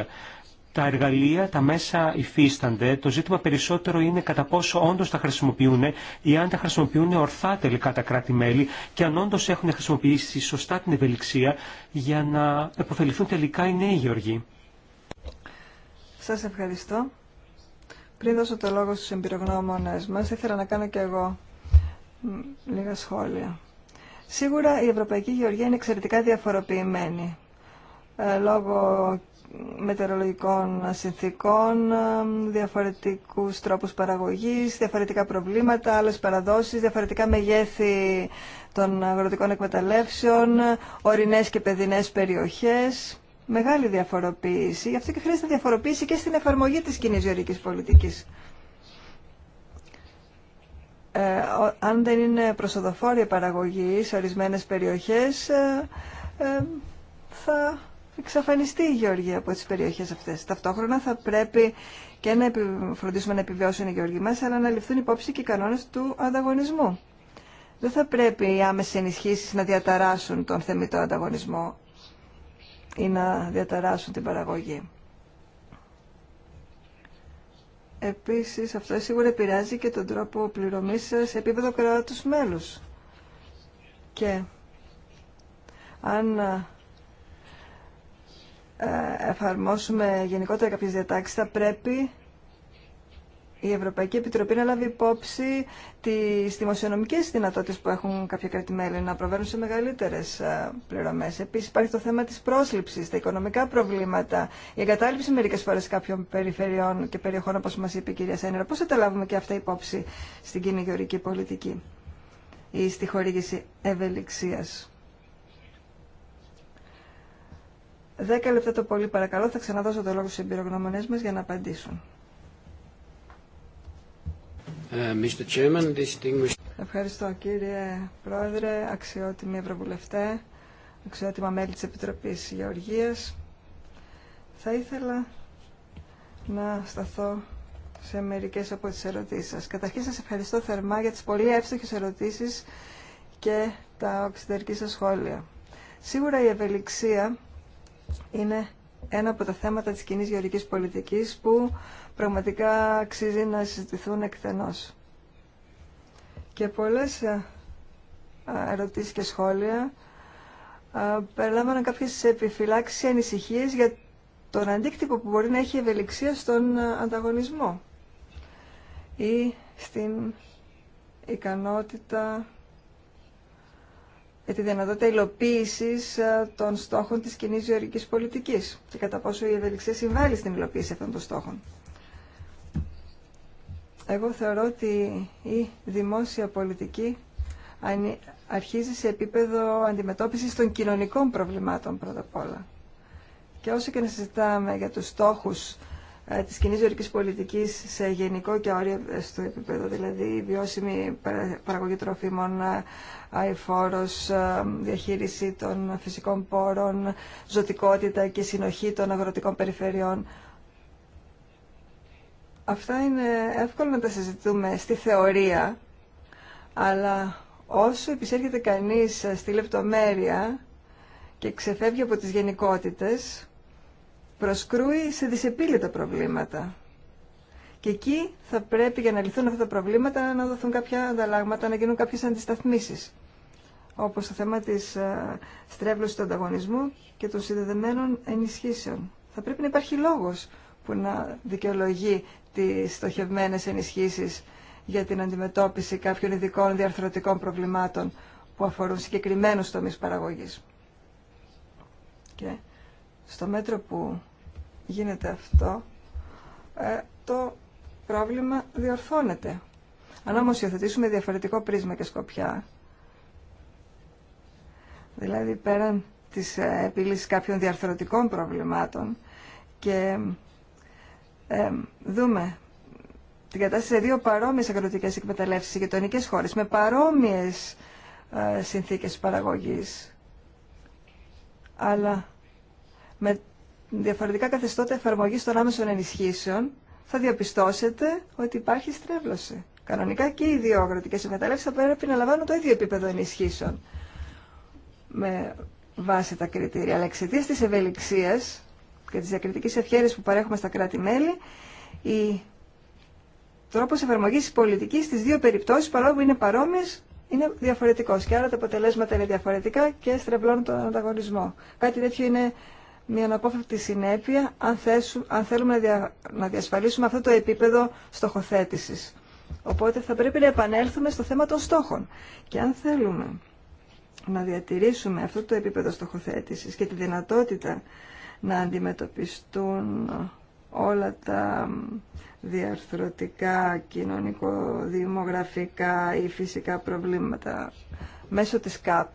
τα εργαλεία, τα μέσα υφίστανται. Το ζήτημα περισσότερο είναι κατά πόσο όντω τα χρησιμοποιούν ή αν τα χρησιμοποιούν ορθά τελικά τα κράτη-μέλη και αν όντω έχουν χρησιμοποιήσει σωστά την ευελιξία για να επωφεληθούν τελικά οι νέοι γεωργοί. Σας ευχαριστώ. Πριν δώσω το λόγο στους εμπειρογνώμονε μα ήθελα να κάνω και εγώ λίγα σχόλια. Σίγουρα η Ευρωπαϊκή Γεωργία είναι εξαιρετικά διαφοροποιημένη ε, λόγω μετεωρολογικών συνθήκων, διαφορετικούς τρόπους παραγωγής, διαφορετικά προβλήματα, άλλες παραδόσεις, διαφορετικά μεγέθη των αγροτικών εκμεταλλεύσεων, ορεινές και παιδινές περιοχές. Μεγάλη διαφοροποίηση. Γι' αυτό και χρειάζεται διαφοροποίηση και στην εφαρμογή της κοινή πολιτικής. Ε, αν δεν είναι προσοδοφόρια παραγωγή σε ορισμένες περιοχές, ε, ε θα εξαφανιστεί η γεωργία από τις περιοχές αυτές. Ταυτόχρονα θα πρέπει και να φροντίσουμε να επιβιώσουν οι γεωργοί μας, αλλά να ληφθούν υπόψη και οι κανόνες του ανταγωνισμού. Δεν θα πρέπει οι άμεσες ενισχύσεις να διαταράσουν τον θεμητό ανταγωνισμό ή να διαταράσουν την παραγωγή. Επίσης, αυτό σίγουρα επηρεάζει και τον τρόπο πληρωμής σε επίπεδο κράτους μέλους. Και αν ε, εφαρμόσουμε γενικότερα κάποιε διατάξει, θα πρέπει η Ευρωπαϊκή Επιτροπή να λάβει υπόψη τι δημοσιονομικέ δυνατότητε που έχουν κάποια κράτη-μέλη να προβαίνουν σε μεγαλύτερε ε, πληρωμές. Επίση υπάρχει το θέμα τη πρόσληψης, τα οικονομικά προβλήματα, η εγκατάλειψη μερικέ φορέ κάποιων περιφερειών και περιοχών όπω μα είπε η κυρία Σένερα. Πώ θα τα λάβουμε και αυτά υπόψη στην κοινή γεωρική πολιτική ή στη χορήγηση ευελιξίας. Δέκα λεπτά το πολύ παρακαλώ, θα ξαναδώσω το λόγο στους εμπειρογνώμονές μας για να απαντήσουν. Ε, ευχαριστώ κύριε Πρόεδρε, αξιότιμοι Ευρωβουλευτέ, αξιότιμα μέλη της Επιτροπής Γεωργίας. Θα ήθελα να σταθώ σε μερικές από τις ερωτήσεις σας. Καταρχήν σας ευχαριστώ θερμά για τις πολύ εύστοχες ερωτήσεις και τα οξυντερική σας σχόλια. Σίγουρα η ευελιξία είναι ένα από τα θέματα της κοινή γεωργικής πολιτικής που πραγματικά αξίζει να συζητηθούν εκτενώς. Και πολλές ε, ερωτήσεις και σχόλια περιλάμβαναν κάποιες επιφυλάξεις και ανησυχίες για τον αντίκτυπο που μπορεί να έχει ευελιξία στον ε, ανταγωνισμό ή στην ικανότητα για ε, τη δυνατότητα υλοποίηση ε, των στόχων τη κοινή γεωργική πολιτική και κατά πόσο η ευελιξία συμβάλλει στην υλοποίηση αυτών των στόχων. Εγώ θεωρώ ότι η δημόσια πολιτική αρχίζει σε επίπεδο αντιμετώπισης των κοινωνικών προβλημάτων πρώτα απ' όλα. Και όσο και να συζητάμε για τους στόχους ε, της κοινή ζωρικής πολιτικής σε γενικό και όριο ε, στο επίπεδο, δηλαδή βιώσιμη παραγωγή τροφίμων, ε, αηφόρος, διαχείριση των φυσικών πόρων, ζωτικότητα και συνοχή των αγροτικών περιφερειών. Αυτά είναι εύκολο να τα συζητούμε στη θεωρία, αλλά όσο επισέρχεται κανείς στη λεπτομέρεια και ξεφεύγει από τις γενικότητες, προσκρούει σε δυσεπίλητα προβλήματα. Και εκεί θα πρέπει για να λυθούν αυτά τα προβλήματα να δοθούν κάποια ανταλλάγματα, να γίνουν κάποιες αντισταθμίσεις. Όπως το θέμα της ε, στρέβλωσης του ανταγωνισμού και των συνδεδεμένων ενισχύσεων. Θα πρέπει να υπάρχει λόγος που να δικαιολογεί τις στοχευμένες ενισχύσεις για την αντιμετώπιση κάποιων ειδικών διαρθρωτικών προβλημάτων που αφορούν συγκεκριμένους τομείς παραγωγής. Και στο μέτρο που γίνεται αυτό, ε, το πρόβλημα διορθώνεται. Αν όμως υιοθετήσουμε διαφορετικό πρίσμα και σκοπιά, δηλαδή πέραν της ε, επίλυσης κάποιων διαρθρωτικών προβλημάτων και ε, δούμε την κατάσταση σε δύο παρόμοιες αγροτικές εκμεταλλεύσεις σε γειτονικές χώρες με παρόμοιες συνθήκες παραγωγής αλλά με διαφορετικά καθεστώτα εφαρμογή των άμεσων ενισχύσεων, θα διαπιστώσετε ότι υπάρχει στρέβλωση. Κανονικά και οι δύο αγροτικέ εκμεταλλεύσει θα πρέπει να λαμβάνουν το ίδιο επίπεδο ενισχύσεων με βάση τα κριτήρια. Αλλά εξαιτία τη ευελιξία και τη διακριτική ευχαίρεια που παρέχουμε στα κράτη-μέλη, η τρόπο εφαρμογή τη πολιτική στι δύο περιπτώσει, παρόλο που είναι παρόμοιε, είναι διαφορετικό. Και άρα τα αποτελέσματα είναι διαφορετικά και στρεβλώνουν τον ανταγωνισμό. Κάτι τέτοιο είναι μια αναπόφευκτη συνέπεια αν, αν θέλουμε να, διασφαλίσουμε αυτό το επίπεδο στοχοθέτησης. Οπότε θα πρέπει να επανέλθουμε στο θέμα των στόχων. Και αν θέλουμε να διατηρήσουμε αυτό το επίπεδο στοχοθέτησης και τη δυνατότητα να αντιμετωπιστούν όλα τα διαρθρωτικά, κοινωνικο-δημογραφικά ή φυσικά προβλήματα μέσω της ΚΑΠ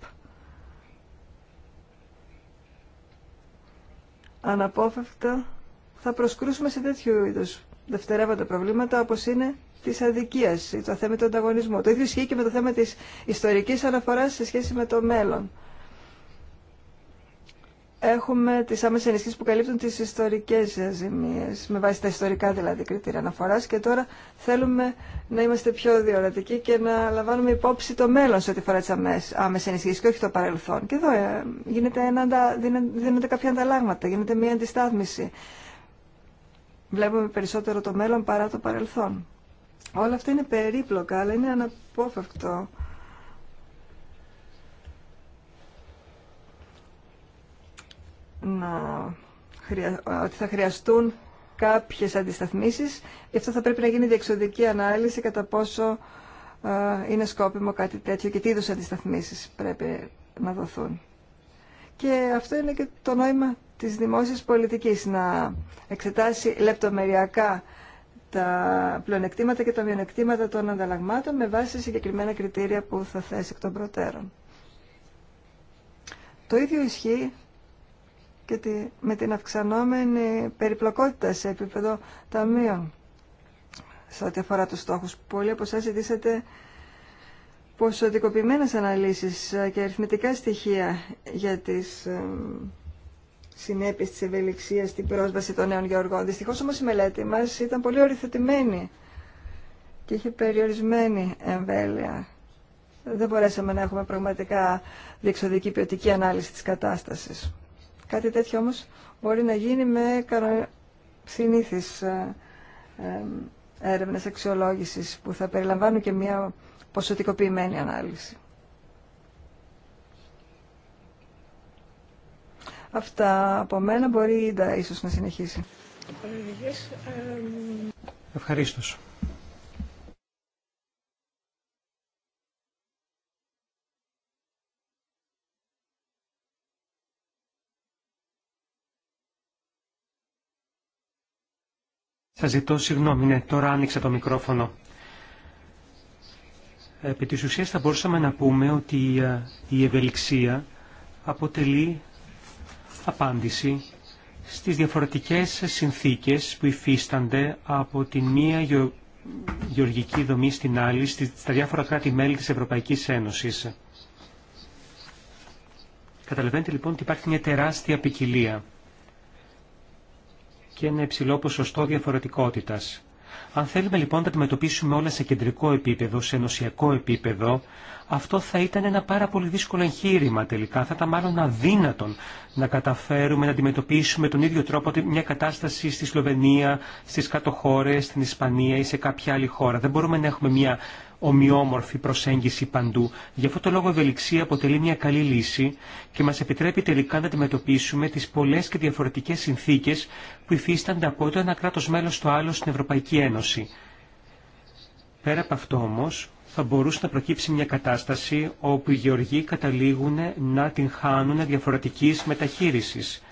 αναπόφευκτα θα προσκρούσουμε σε τέτοιου είδου δευτερεύοντα προβλήματα όπω είναι τη αδικία, το θέμα του ανταγωνισμού. Το ίδιο ισχύει και με το θέμα τη ιστορική αναφορά σε σχέση με το μέλλον έχουμε τι άμεσε ενισχύσει που καλύπτουν τι ιστορικέ ζημίε, με βάση τα ιστορικά δηλαδή κριτήρια αναφορά. και τώρα θέλουμε να είμαστε πιο διορατικοί και να λαμβάνουμε υπόψη το μέλλον σε ό,τι φορά τι άμεσε ενισχύσει και όχι το παρελθόν. Και εδώ ε, γίνεται ένα, δίνονται κάποια ανταλλάγματα, γίνεται μια αντιστάθμιση. Βλέπουμε περισσότερο το μέλλον παρά το παρελθόν. Όλα αυτά είναι περίπλοκα, αλλά είναι αναπόφευκτο να, ότι θα χρειαστούν κάποιες αντισταθμίσεις. Γι' αυτό θα πρέπει να γίνει διεξοδική ανάλυση κατά πόσο ε, είναι σκόπιμο κάτι τέτοιο και τι είδους αντισταθμίσεις πρέπει να δοθούν. Και αυτό είναι και το νόημα της δημόσιας πολιτικής, να εξετάσει λεπτομεριακά τα πλεονεκτήματα και τα μειονεκτήματα των ανταλλαγμάτων με βάση συγκεκριμένα κριτήρια που θα θέσει εκ των προτέρων. Το ίδιο ισχύει και με την αυξανόμενη περιπλοκότητα σε επίπεδο ταμείων σε ό,τι αφορά τους στόχους. Πολλοί από εσάς ζητήσατε ποσοτικοποιημένες αναλύσεις και αριθμητικά στοιχεία για τις συνέπειες της ευελιξίας στην πρόσβαση των νέων γεωργών. Δυστυχώς όμως η μελέτη μας ήταν πολύ οριθετημένη και είχε περιορισμένη εμβέλεια. Δεν μπορέσαμε να έχουμε πραγματικά διεξοδική ποιοτική ανάλυση της κατάστασης. Κάτι τέτοιο όμως μπορεί να γίνει με συνήθεις ε, έρευνες αξιολόγησης που θα περιλαμβάνουν και μια ποσοτικοποιημένη ανάλυση. Αυτά από μένα μπορεί η ίσως να συνεχίσει. Ευχαριστώ. Θα ζητώ συγγνώμη, ναι, τώρα άνοιξα το μικρόφωνο. Επί της ουσίας θα μπορούσαμε να πούμε ότι ε, η ευελιξία αποτελεί απάντηση στις διαφορετικές συνθήκες που υφίστανται από τη μία γεω... γεωργική δομή στην άλλη στα διάφορα κράτη-μέλη της Ευρωπαϊκής Ένωσης. Καταλαβαίνετε λοιπόν ότι υπάρχει μια γεωργικη δομη στην αλλη στα διαφορα κρατη μελη της ποικιλία και ένα υψηλό ποσοστό διαφορετικότητας. Αν θέλουμε λοιπόν να αντιμετωπίσουμε όλα σε κεντρικό επίπεδο, σε ενωσιακό επίπεδο, αυτό θα ήταν ένα πάρα πολύ δύσκολο εγχείρημα τελικά. Θα ήταν μάλλον αδύνατον να καταφέρουμε να αντιμετωπίσουμε τον ίδιο τρόπο μια κατάσταση στη Σλοβενία, στι κάτω χώρε, στην Ισπανία ή σε κάποια άλλη χώρα. Δεν μπορούμε να έχουμε μια ομοιόμορφη προσέγγιση παντού. Γι' αυτό το λόγο ευελιξία αποτελεί μια καλή λύση και μας επιτρέπει τελικά να αντιμετωπίσουμε τις πολλές και διαφορετικές συνθήκες που υφίστανται από το ένα κράτος μέλος στο άλλο στην Ευρωπαϊκή Ένωση. Πέρα από αυτό όμως, θα μπορούσε να προκύψει μια κατάσταση όπου οι γεωργοί καταλήγουν να την χάνουν διαφορετικής μεταχείρισης.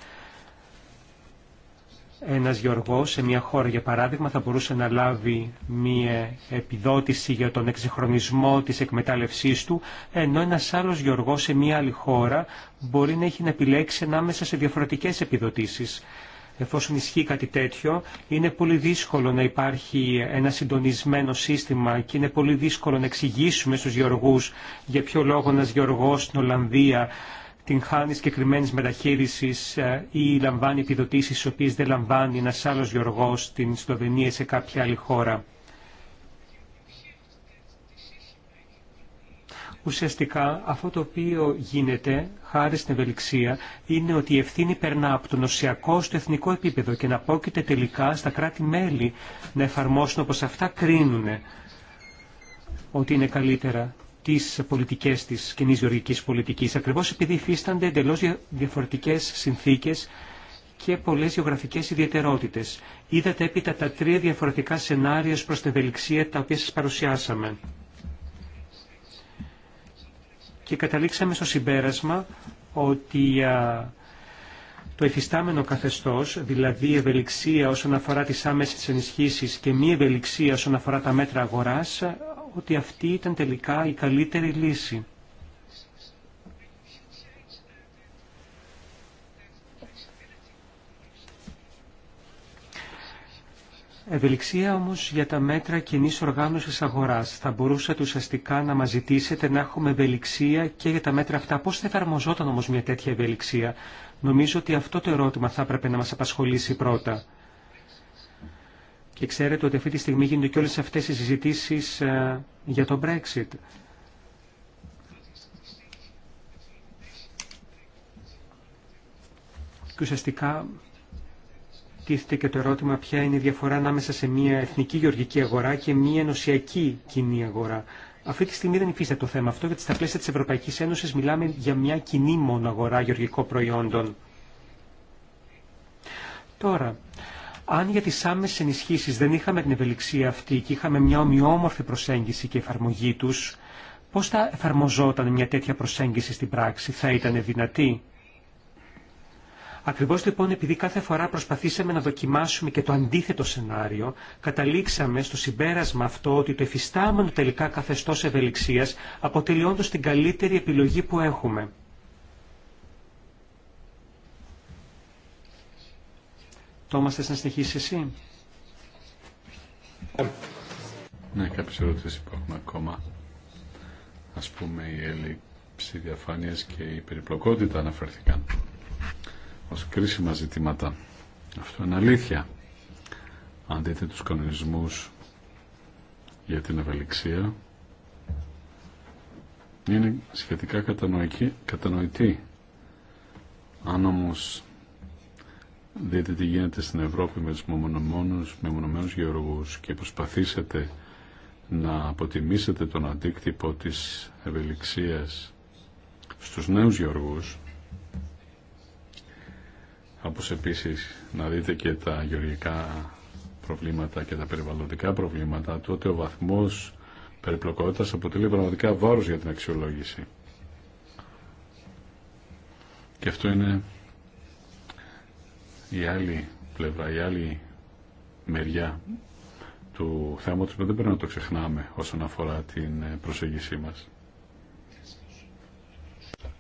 Ένας γεωργός σε μια χώρα, για παράδειγμα, θα μπορούσε να λάβει μια επιδότηση για τον εξυγχρονισμό της εκμετάλλευσής του, ενώ ένας άλλος γεωργός σε μια άλλη χώρα μπορεί να έχει να επιλέξει ανάμεσα σε διαφορετικές επιδοτήσεις. Εφόσον ισχύει κάτι τέτοιο, είναι πολύ δύσκολο να υπάρχει ένα συντονισμένο σύστημα και είναι πολύ δύσκολο να εξηγήσουμε στους γεωργούς για ποιο λόγο ένας γεωργός στην Ολλανδία την χάνει συγκεκριμένη μεταχείριση ε, ή λαμβάνει επιδοτήσει τι οποίε δεν λαμβάνει ένα άλλο γεωργό στην Σλοβενία ή σε κάποια άλλη χώρα. Ουσιαστικά αυτό το οποίο γίνεται χάρη στην ευελιξία είναι ότι η ευθύνη περνά από το νοσιακό στο εθνικό επίπεδο και να πόκειται τελικά στα κράτη-μέλη να εφαρμόσουν όπως αυτά κρίνουν ότι είναι καλύτερα τις πολιτικές της κοινή γεωργικής πολιτικής, ακριβώς επειδή υφίστανται εντελώ διαφορετικές συνθήκες και πολλές γεωγραφικές ιδιαιτερότητες. Είδατε έπειτα τα τρία διαφορετικά σενάρια προς την ευελιξία τα οποία σας παρουσιάσαμε. Και καταλήξαμε στο συμπέρασμα ότι το εφιστάμενο καθεστώς, δηλαδή η ευελιξία όσον αφορά τις άμεσες ενισχύσεις και μη ευελιξία όσον αφορά τα μέτρα αγορά ότι αυτή ήταν τελικά η καλύτερη λύση. Ευελιξία όμως για τα μέτρα κοινή οργάνωση αγοράς. Θα μπορούσατε ουσιαστικά να μας ζητήσετε να έχουμε ευελιξία και για τα μέτρα αυτά. Πώς θα εφαρμοζόταν όμως μια τέτοια ευελιξία. Νομίζω ότι αυτό το ερώτημα θα έπρεπε να μας απασχολήσει πρώτα. Και ξέρετε ότι αυτή τη στιγμή γίνονται και όλες αυτές οι συζητήσεις ε, για το Brexit. Και ουσιαστικά τίθεται και το ερώτημα ποια είναι η διαφορά ανάμεσα σε μια εθνική γεωργική αγορά και μια ενωσιακή κοινή αγορά. Αυτή τη στιγμή δεν υφίσταται το θέμα αυτό, γιατί στα πλαίσια της Ευρωπαϊκής Ένωσης μιλάμε για μια κοινή μόνο αγορά γεωργικών προϊόντων. Τώρα, αν για τι άμεσε ενισχύσει δεν είχαμε την ευελιξία αυτή και είχαμε μια ομοιόμορφη προσέγγιση και εφαρμογή τους, πώς θα εφαρμοζόταν μια τέτοια προσέγγιση στην πράξη, θα ήταν δυνατή. Ακριβώς λοιπόν επειδή κάθε φορά προσπαθήσαμε να δοκιμάσουμε και το αντίθετο σενάριο, καταλήξαμε στο συμπέρασμα αυτό ότι το εφιστάμενο τελικά καθεστώς ευελιξίας αποτελεί όντως την καλύτερη επιλογή που έχουμε. Τόμας, θες να συνεχίσεις εσύ. Ναι, κάποιες ερωτήσεις υπάρχουν ακόμα. Ας πούμε η έλλειψη διαφάνειας και η περιπλοκότητα αναφερθήκαν ως κρίσιμα ζητήματα. Αυτό είναι αλήθεια. Αν δείτε τους κανονισμούς για την ευελιξία, είναι σχετικά κατανοητή. Αν όμως δείτε τι γίνεται στην Ευρώπη με τους μεμονωμένους, μεμονωμένους γεωργούς και προσπαθήσετε να αποτιμήσετε τον αντίκτυπο της ευελιξίας στους νέους γεωργούς όπως επίσης να δείτε και τα γεωργικά προβλήματα και τα περιβαλλοντικά προβλήματα τότε ο βαθμός περιπλοκότητας αποτελεί πραγματικά βάρος για την αξιολόγηση και αυτό είναι η άλλη πλευρά, η άλλη μεριά του θέματος που δεν πρέπει να το ξεχνάμε όσον αφορά την ε, προσέγγισή μας.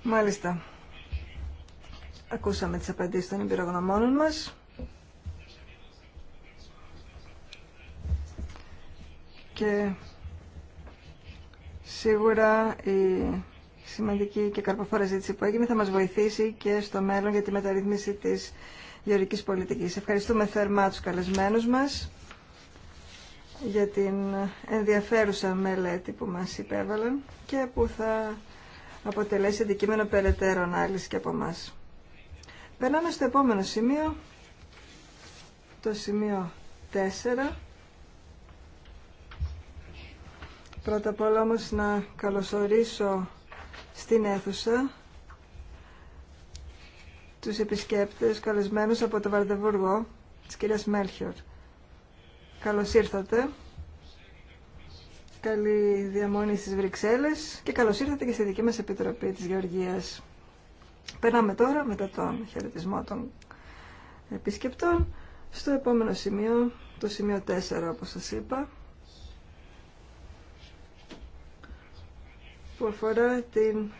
Μάλιστα. Ακούσαμε τις απαντήσεις των εμπειρογνωμόνων μας. Και σίγουρα η σημαντική και καρποφόρα ζήτηση που έγινε θα μας βοηθήσει και στο μέλλον για τη μεταρρύθμιση της γεωρικής πολιτικής. Ευχαριστούμε θερμά τους καλεσμένους μας για την ενδιαφέρουσα μελέτη που μας υπέβαλαν και που θα αποτελέσει αντικείμενο περαιτέρω ανάλυση και από εμά. Περνάμε στο επόμενο σημείο, το σημείο 4. Πρώτα απ' όλα όμως να καλωσορίσω στην αίθουσα τους επισκέπτες καλεσμένους από το Βαρδεβούργο της κυρίας Μέλχιορ. Καλώς ήρθατε. Καλή διαμονή στις Βρυξέλλες και καλώς ήρθατε και στη δική μας Επιτροπή της Γεωργίας. Περνάμε τώρα μετά τον χαιρετισμό των επισκεπτών στο επόμενο σημείο, το σημείο 4 όπως σας είπα. που αφορά την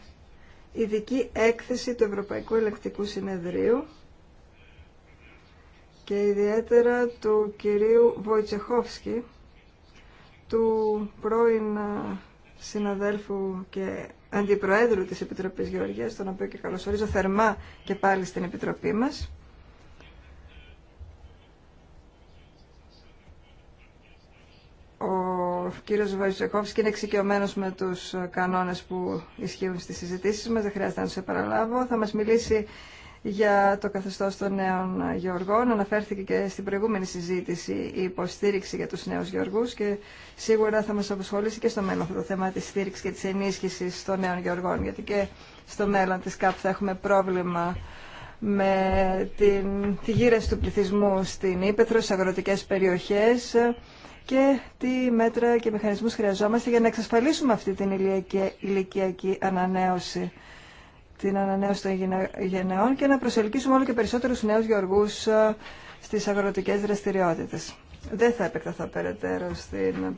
ειδική έκθεση του Ευρωπαϊκού Ελεκτικού Συνεδρίου και ιδιαίτερα του κυρίου Βοητσεχόφσκι, του πρώην συναδέλφου και αντιπροέδρου της Επιτροπής Γεωργίας, τον οποίο και καλωσορίζω θερμά και πάλι στην Επιτροπή μας. κύριος Βοητσεκόφσκι είναι εξοικειωμένος με τους ε, κανόνες που ισχύουν στις συζητήσεις μας, δεν χρειάζεται να σε παραλάβω. Θα μας μιλήσει για το καθεστώς των νέων ε, γεωργών. Αναφέρθηκε και στην προηγούμενη συζήτηση η υποστήριξη για τους νέους γεωργούς και σίγουρα θα μας απασχολήσει και στο μέλλον αυτό το θέμα της στήριξης και της ενίσχυσης των νέων γεωργών, γιατί και στο μέλλον της ΚΑΠ θα έχουμε πρόβλημα με την, τη γύρεση του πληθυσμού στην Ήπεθρο, στις αγροτικές περιοχές και τι μέτρα και μηχανισμούς χρειαζόμαστε για να εξασφαλίσουμε αυτή την ηλικιακή ανανέωση την ανανέωση των γενεών και να προσελκύσουμε όλο και περισσότερους νέους γεωργούς ε, στις αγροτικές δραστηριότητες. Δεν θα επεκταθώ περαιτέρω στην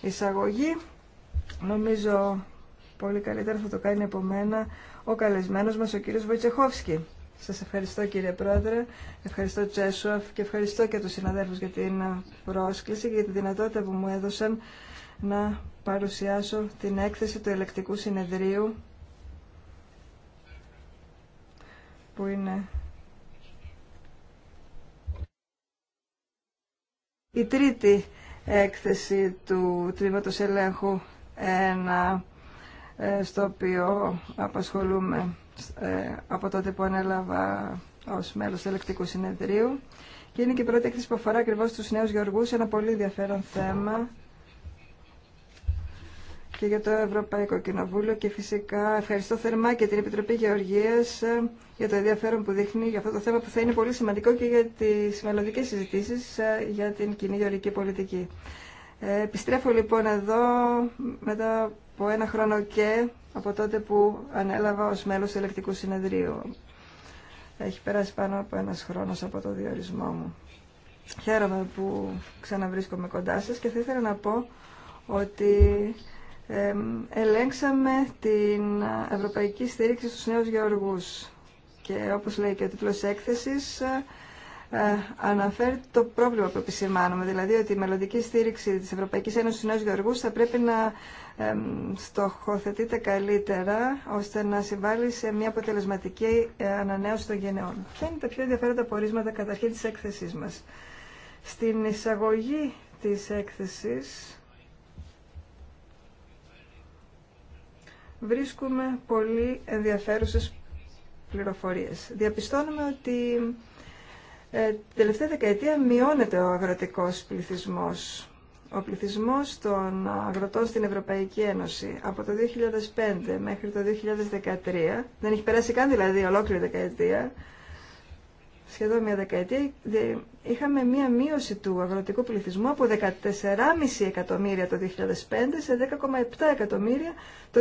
εισαγωγή. Νομίζω πολύ καλύτερα θα το κάνει από μένα ο καλεσμένος μας ο κύριος Βοητσεχόφσκι σας ευχαριστώ κύριε Πρόεδρε, ευχαριστώ Τσέσουαφ και ευχαριστώ και τους συναδέλφους για την πρόσκληση και για τη δυνατότητα που μου έδωσαν να παρουσιάσω την έκθεση του ελεκτικού συνεδρίου που είναι η τρίτη έκθεση του Τμήματος Ελέγχου ένα ε, στο οποίο απασχολούμε ε, από τότε που ανέλαβα ως μέλος του Ελεκτικού Συνεδρίου και είναι και η πρώτη έκθεση που αφορά ακριβώς τους νέους γεωργούς, ένα πολύ ενδιαφέρον θέμα και για το Ευρωπαϊκό Κοινοβούλιο και φυσικά ευχαριστώ θερμά και την Επιτροπή Γεωργίας ε, για το ενδιαφέρον που δείχνει για αυτό το θέμα που θα είναι πολύ σημαντικό και για τις μελλοντικές συζητήσεις ε, για την κοινή γεωργική πολιτική. επιστρέφω λοιπόν εδώ μετά από ένα χρόνο και από τότε που ανέλαβα ως μέλος του ελεκτικού συνεδρίου. Έχει περάσει πάνω από ένας χρόνος από το διορισμό μου. Χαίρομαι που ξαναβρίσκομαι κοντά σας και θα ήθελα να πω ότι ελέγξαμε την ευρωπαϊκή στήριξη στους νέους γεωργούς και όπως λέει και ο τίτλος έκθεσης ε, αναφέρει το πρόβλημα που επισημάνουμε, δηλαδή ότι η μελλοντική στήριξη της Ευρωπαϊκής Ένωσης στους νέους γεωργούς θα πρέπει να στοχοθετείται καλύτερα ώστε να συμβάλλει σε μια αποτελεσματική ε, ανανέωση των γενεών. Ποια είναι τα πιο ενδιαφέροντα πορίσματα καταρχήν της έκθεσής μας. Στην εισαγωγή της έκθεσης βρίσκουμε πολύ ενδιαφέρουσες πληροφορίες. Διαπιστώνουμε ότι ε, τελευταία δεκαετία μειώνεται ο αγροτικός πληθυσμός ο πληθυσμός των αγροτών στην Ευρωπαϊκή Ένωση από το 2005 μέχρι το 2013, δεν έχει περάσει καν δηλαδή ολόκληρη δεκαετία, σχεδόν μια δεκαετία, είχαμε μια μείωση του αγροτικού πληθυσμού από 14,5 εκατομμύρια το 2005 σε 10,7 εκατομμύρια το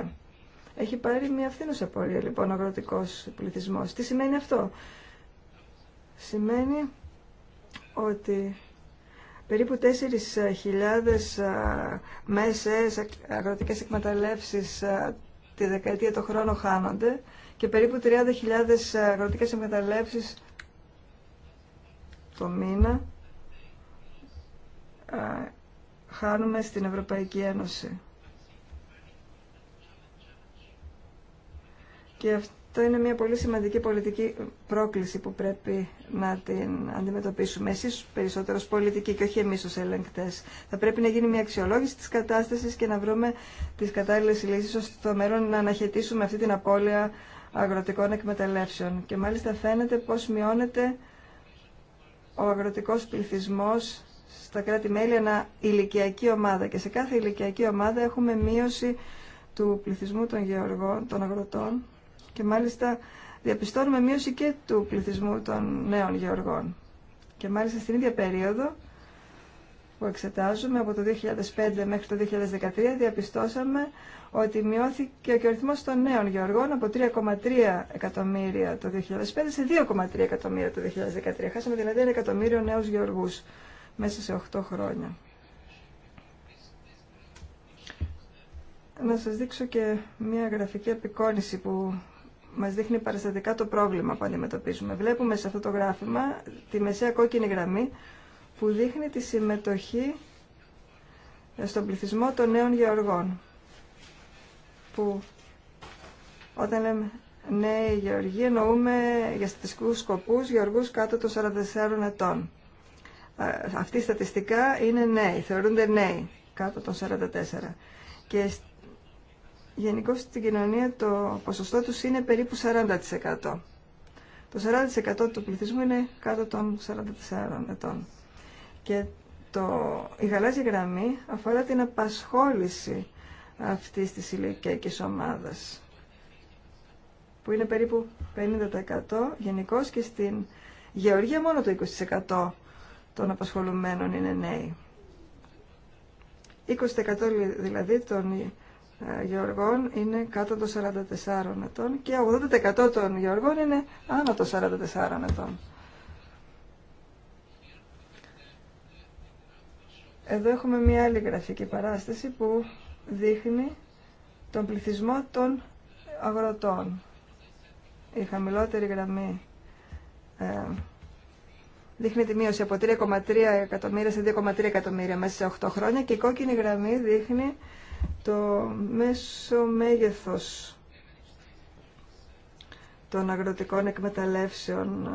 2013. Έχει πάρει μια φθήνουσα πορεία λοιπόν ο αγροτικός πληθυσμός. Τι σημαίνει αυτό. Σημαίνει ότι Περίπου 4.000 μέσες αγροτικές εκμεταλλεύσεις τη δεκαετία το χρόνο χάνονται και περίπου 30.000 αγροτικές εκμεταλλεύσεις το μήνα χάνουμε στην Ευρωπαϊκή Ένωση. Και αυτό είναι μια πολύ σημαντική πολιτική πρόκληση που πρέπει να την αντιμετωπίσουμε εσεί περισσότερο πολιτικοί και όχι εμεί ω ελεγκτέ. Θα πρέπει να γίνει μια αξιολόγηση τη κατάσταση και να βρούμε τι κατάλληλε λύσει ώστε το μέλλον να αναχαιτήσουμε αυτή την απώλεια αγροτικών εκμεταλλεύσεων. Και μάλιστα φαίνεται πώ μειώνεται ο αγροτικό πληθυσμό στα κράτη-μέλη ανά ηλικιακή ομάδα και σε κάθε ηλικιακή ομάδα έχουμε μείωση του πληθυσμού των γεωργών, των αγροτών και μάλιστα διαπιστώνουμε μείωση και του πληθυσμού των νέων γεωργών. Και μάλιστα στην ίδια περίοδο που εξετάζουμε, από το 2005 μέχρι το 2013, διαπιστώσαμε ότι μειώθηκε και ο ρυθμός των νέων γεωργών από 3,3 εκατομμύρια το 2005 σε 2,3 εκατομμύρια το 2013. Χάσαμε δηλαδή ένα εκατομμύριο νέους γεωργούς μέσα σε 8 χρόνια. Να σας δείξω και μια γραφική απεικόνηση που μας δείχνει παραστατικά το πρόβλημα που αντιμετωπίζουμε. Βλέπουμε σε αυτό το γράφημα τη μεσαία κόκκινη γραμμή που δείχνει τη συμμετοχή στον πληθυσμό των νέων γεωργών. Που όταν λέμε νέοι γεωργοί εννοούμε για στατιστικούς σκοπούς γεωργούς κάτω των 44 ετών. Αυτή στατιστικά είναι νέοι, θεωρούνται νέοι κάτω των 44. Και γενικώ στην κοινωνία το ποσοστό τους είναι περίπου 40%. Το 40% του πληθυσμού είναι κάτω των 44 ετών. Και το, η γαλάζια γραμμή αφορά την απασχόληση αυτής της ηλικιακής ομάδας που είναι περίπου 50% γενικώ και στην γεωργία μόνο το 20% των απασχολουμένων είναι νέοι. 20% δηλαδή των ε, γεωργών είναι κάτω των 44 ετών και 80% των γεωργών είναι άνω των 44 ετών. Εδώ έχουμε μια άλλη γραφική παράσταση που δείχνει τον πληθυσμό των αγροτών. Η χαμηλότερη γραμμή ε, δείχνει τη μείωση από 3,3 εκατομμύρια σε 2,3 εκατομμύρια μέσα σε 8 χρόνια και η κόκκινη γραμμή δείχνει το μέσο μέγεθος των αγροτικών εκμεταλλεύσεων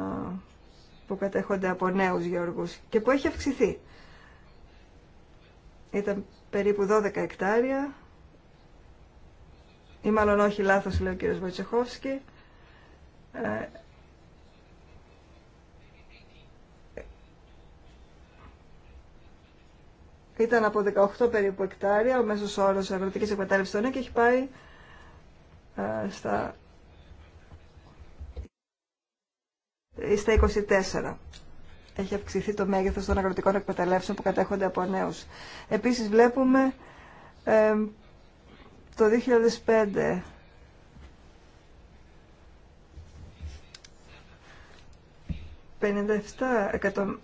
που κατέχονται από νέους γεωργούς και που έχει αυξηθεί. Ήταν περίπου 12 εκτάρια ή μάλλον όχι λάθος λέει ο κύριος Βοτσεχόφσκι ε, Ήταν από 18 περίπου εκτάρια ο μέσος όρος αγροτικής εκμετάλλευσης των και έχει πάει ε, στα, 24. Έχει αυξηθεί το μέγεθος των αγροτικών εκμεταλλεύσεων που κατέχονται από νέους. Επίσης βλέπουμε ε, το 2005 57,7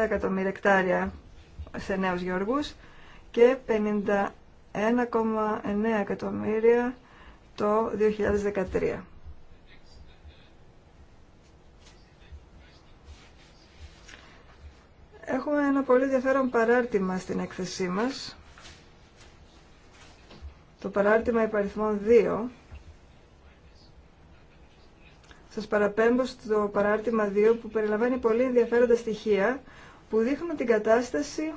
εκατομμύρια εκτάρια σε νέους Γιώργους και 51,9 εκατομμύρια το 2013. Έχουμε ένα πολύ ενδιαφέρον παράρτημα στην έκθεσή μας. Το παράρτημα υπαριθμών 2. Σας παραπέμπω στο παράρτημα 2 που περιλαμβάνει πολύ ενδιαφέροντα στοιχεία που δείχνουν την κατάσταση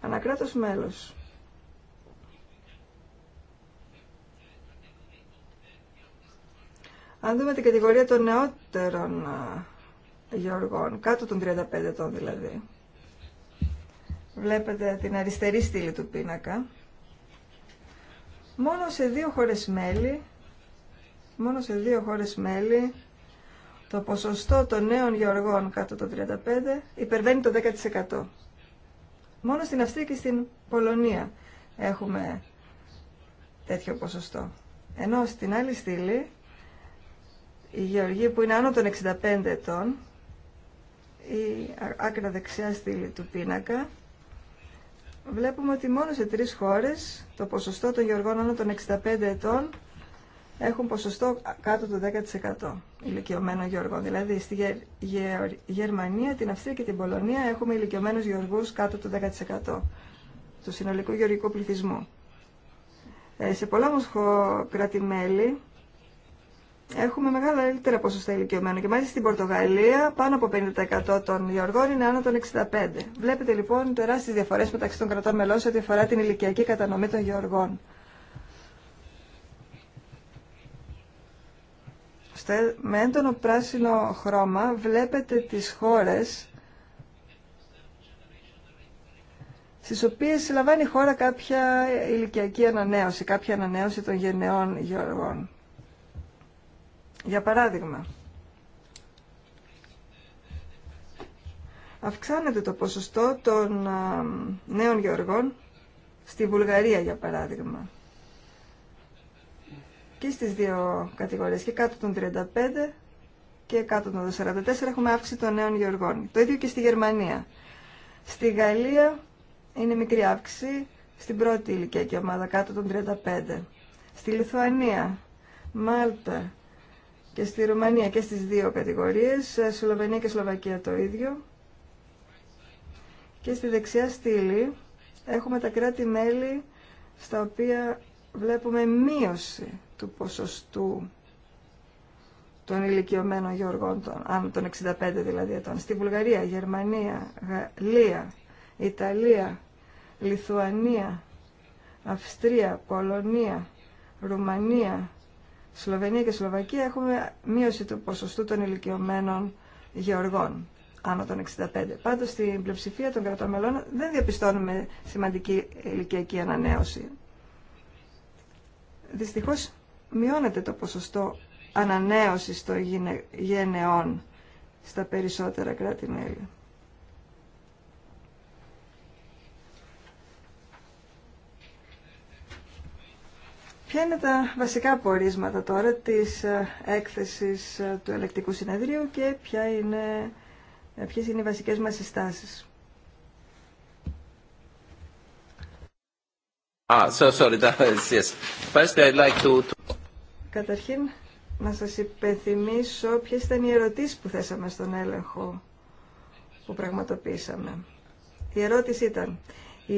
ανακράτος μέλος. Αν δούμε την κατηγορία των νεότερων γεωργών, κάτω των 35 ετών δηλαδή, βλέπετε την αριστερή στήλη του πίνακα, μόνο σε δύο χώρες μέλη, μόνο σε δύο χώρες μέλη το ποσοστό των νέων γεωργών κάτω των 35 υπερβαίνει το 10%. Μόνο στην Αυστρία και στην Πολωνία έχουμε τέτοιο ποσοστό. Ενώ στην άλλη στήλη, η γεωργοί που είναι άνω των 65 ετών, η άκρα δεξιά στήλη του πίνακα, βλέπουμε ότι μόνο σε τρεις χώρες το ποσοστό των γεωργών άνω των 65 ετών έχουν ποσοστό κάτω του 10% ηλικιωμένων γεωργών. Δηλαδή στη Γερμανία, την Αυστρία και την Πολωνία έχουμε ηλικιωμένου γεωργού κάτω του 10% του συνολικού γεωργικού πληθυσμού. Ε, σε πολλά όμως κράτη-μέλη έχουμε μεγάλα ελύτερα ποσοστά ηλικιωμένων και μάλιστα στην Πορτογαλία πάνω από 50% των γεωργών είναι άνω των 65. Βλέπετε λοιπόν τεράστιες διαφορές μεταξύ των κρατών μελών σε ό,τι αφορά την ηλικιακή κατανομή των γεωργών. με έντονο πράσινο χρώμα βλέπετε τις χώρες στις οποίες λαμβάνει η χώρα κάποια ηλικιακή ανανέωση, κάποια ανανέωση των γενναιών γεωργών. Για παράδειγμα, αυξάνεται το ποσοστό των νέων γεωργών στη Βουλγαρία, για παράδειγμα και στις δύο κατηγορίες, και κάτω των 35 και κάτω των 44 έχουμε αύξηση των νέων γεωργών. Το ίδιο και στη Γερμανία. Στη Γαλλία είναι μικρή αύξηση στην πρώτη ηλικία και ομάδα, κάτω των 35. Στη Λιθουανία, Μάλτα και στη Ρουμανία και στις δύο κατηγορίες, ε, Σλοβενία και Σλοβακία το ίδιο. Και στη δεξιά στήλη έχουμε τα κράτη-μέλη στα οποία βλέπουμε μείωση του ποσοστού των ηλικιωμένων γεωργών, των, άνω των 65 δηλαδή ετών, στη Βουλγαρία, Γερμανία, Γαλλία, Ιταλία, Λιθουανία, Αυστρία, Πολωνία, Ρουμανία, Σλοβενία και Σλοβακία έχουμε μείωση του ποσοστού των ηλικιωμένων γεωργών άνω των 65. Πάντως στην πλειοψηφία των κρατών μελών δεν διαπιστώνουμε σημαντική ηλικιακή ανανέωση. Δυστυχώς μειώνεται το ποσοστό ανανέωσης των γενεών στα περισσότερα κράτη-μέλη. Ποια είναι τα βασικά πορίσματα τώρα της ε, έκθεσης ε, του Ελεκτικού Συνεδρίου και ποια είναι, ε, ποιες είναι οι βασικές μας συστάσεις. Ah, sorry, that is, yes. First I'd like to... Καταρχήν, να σας υπενθυμίσω ποιες ήταν οι ερωτήσεις που θέσαμε στον έλεγχο που πραγματοποίησαμε. Η ερώτηση ήταν, η,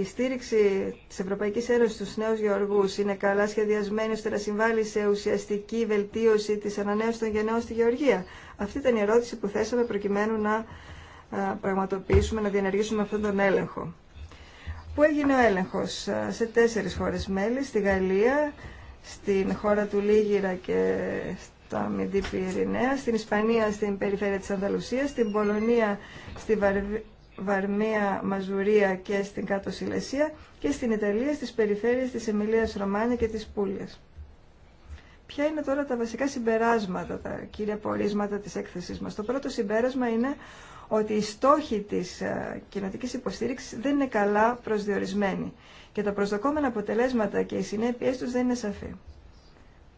η στήριξη της Ευρωπαϊκής Ένωσης στους νέους γεωργούς είναι καλά σχεδιασμένη ώστε να συμβάλλει σε ουσιαστική βελτίωση της ανανέωσης των γενναιών στη γεωργία. Αυτή ήταν η ερώτηση που θέσαμε προκειμένου να πραγματοποιήσουμε, να διενεργήσουμε αυτόν τον έλεγχο. Πού έγινε ο έλεγχος σε τέσσερις χώρες μέλη, στη Γαλλία, στην χώρα του Λίγυρα και στα Μιντή Πυρηναία, στην Ισπανία στην περιφέρεια της Ανταλουσίας, στην Πολωνία στη Βαρμία, Μαζουρία και στην Κάτω Σιλεσία και στην Ιταλία στις περιφέρειες της Εμιλίας Ρωμάνια και της Πούλιας. Ποια είναι τώρα τα βασικά συμπεράσματα, τα κύρια πορίσματα της έκθεσής μας. Το πρώτο συμπέρασμα είναι ότι οι στόχοι της ε, κοινοτικής υποστήριξης δεν είναι καλά προσδιορισμένοι και τα προσδοκόμενα αποτελέσματα και οι συνέπειές τους δεν είναι σαφή.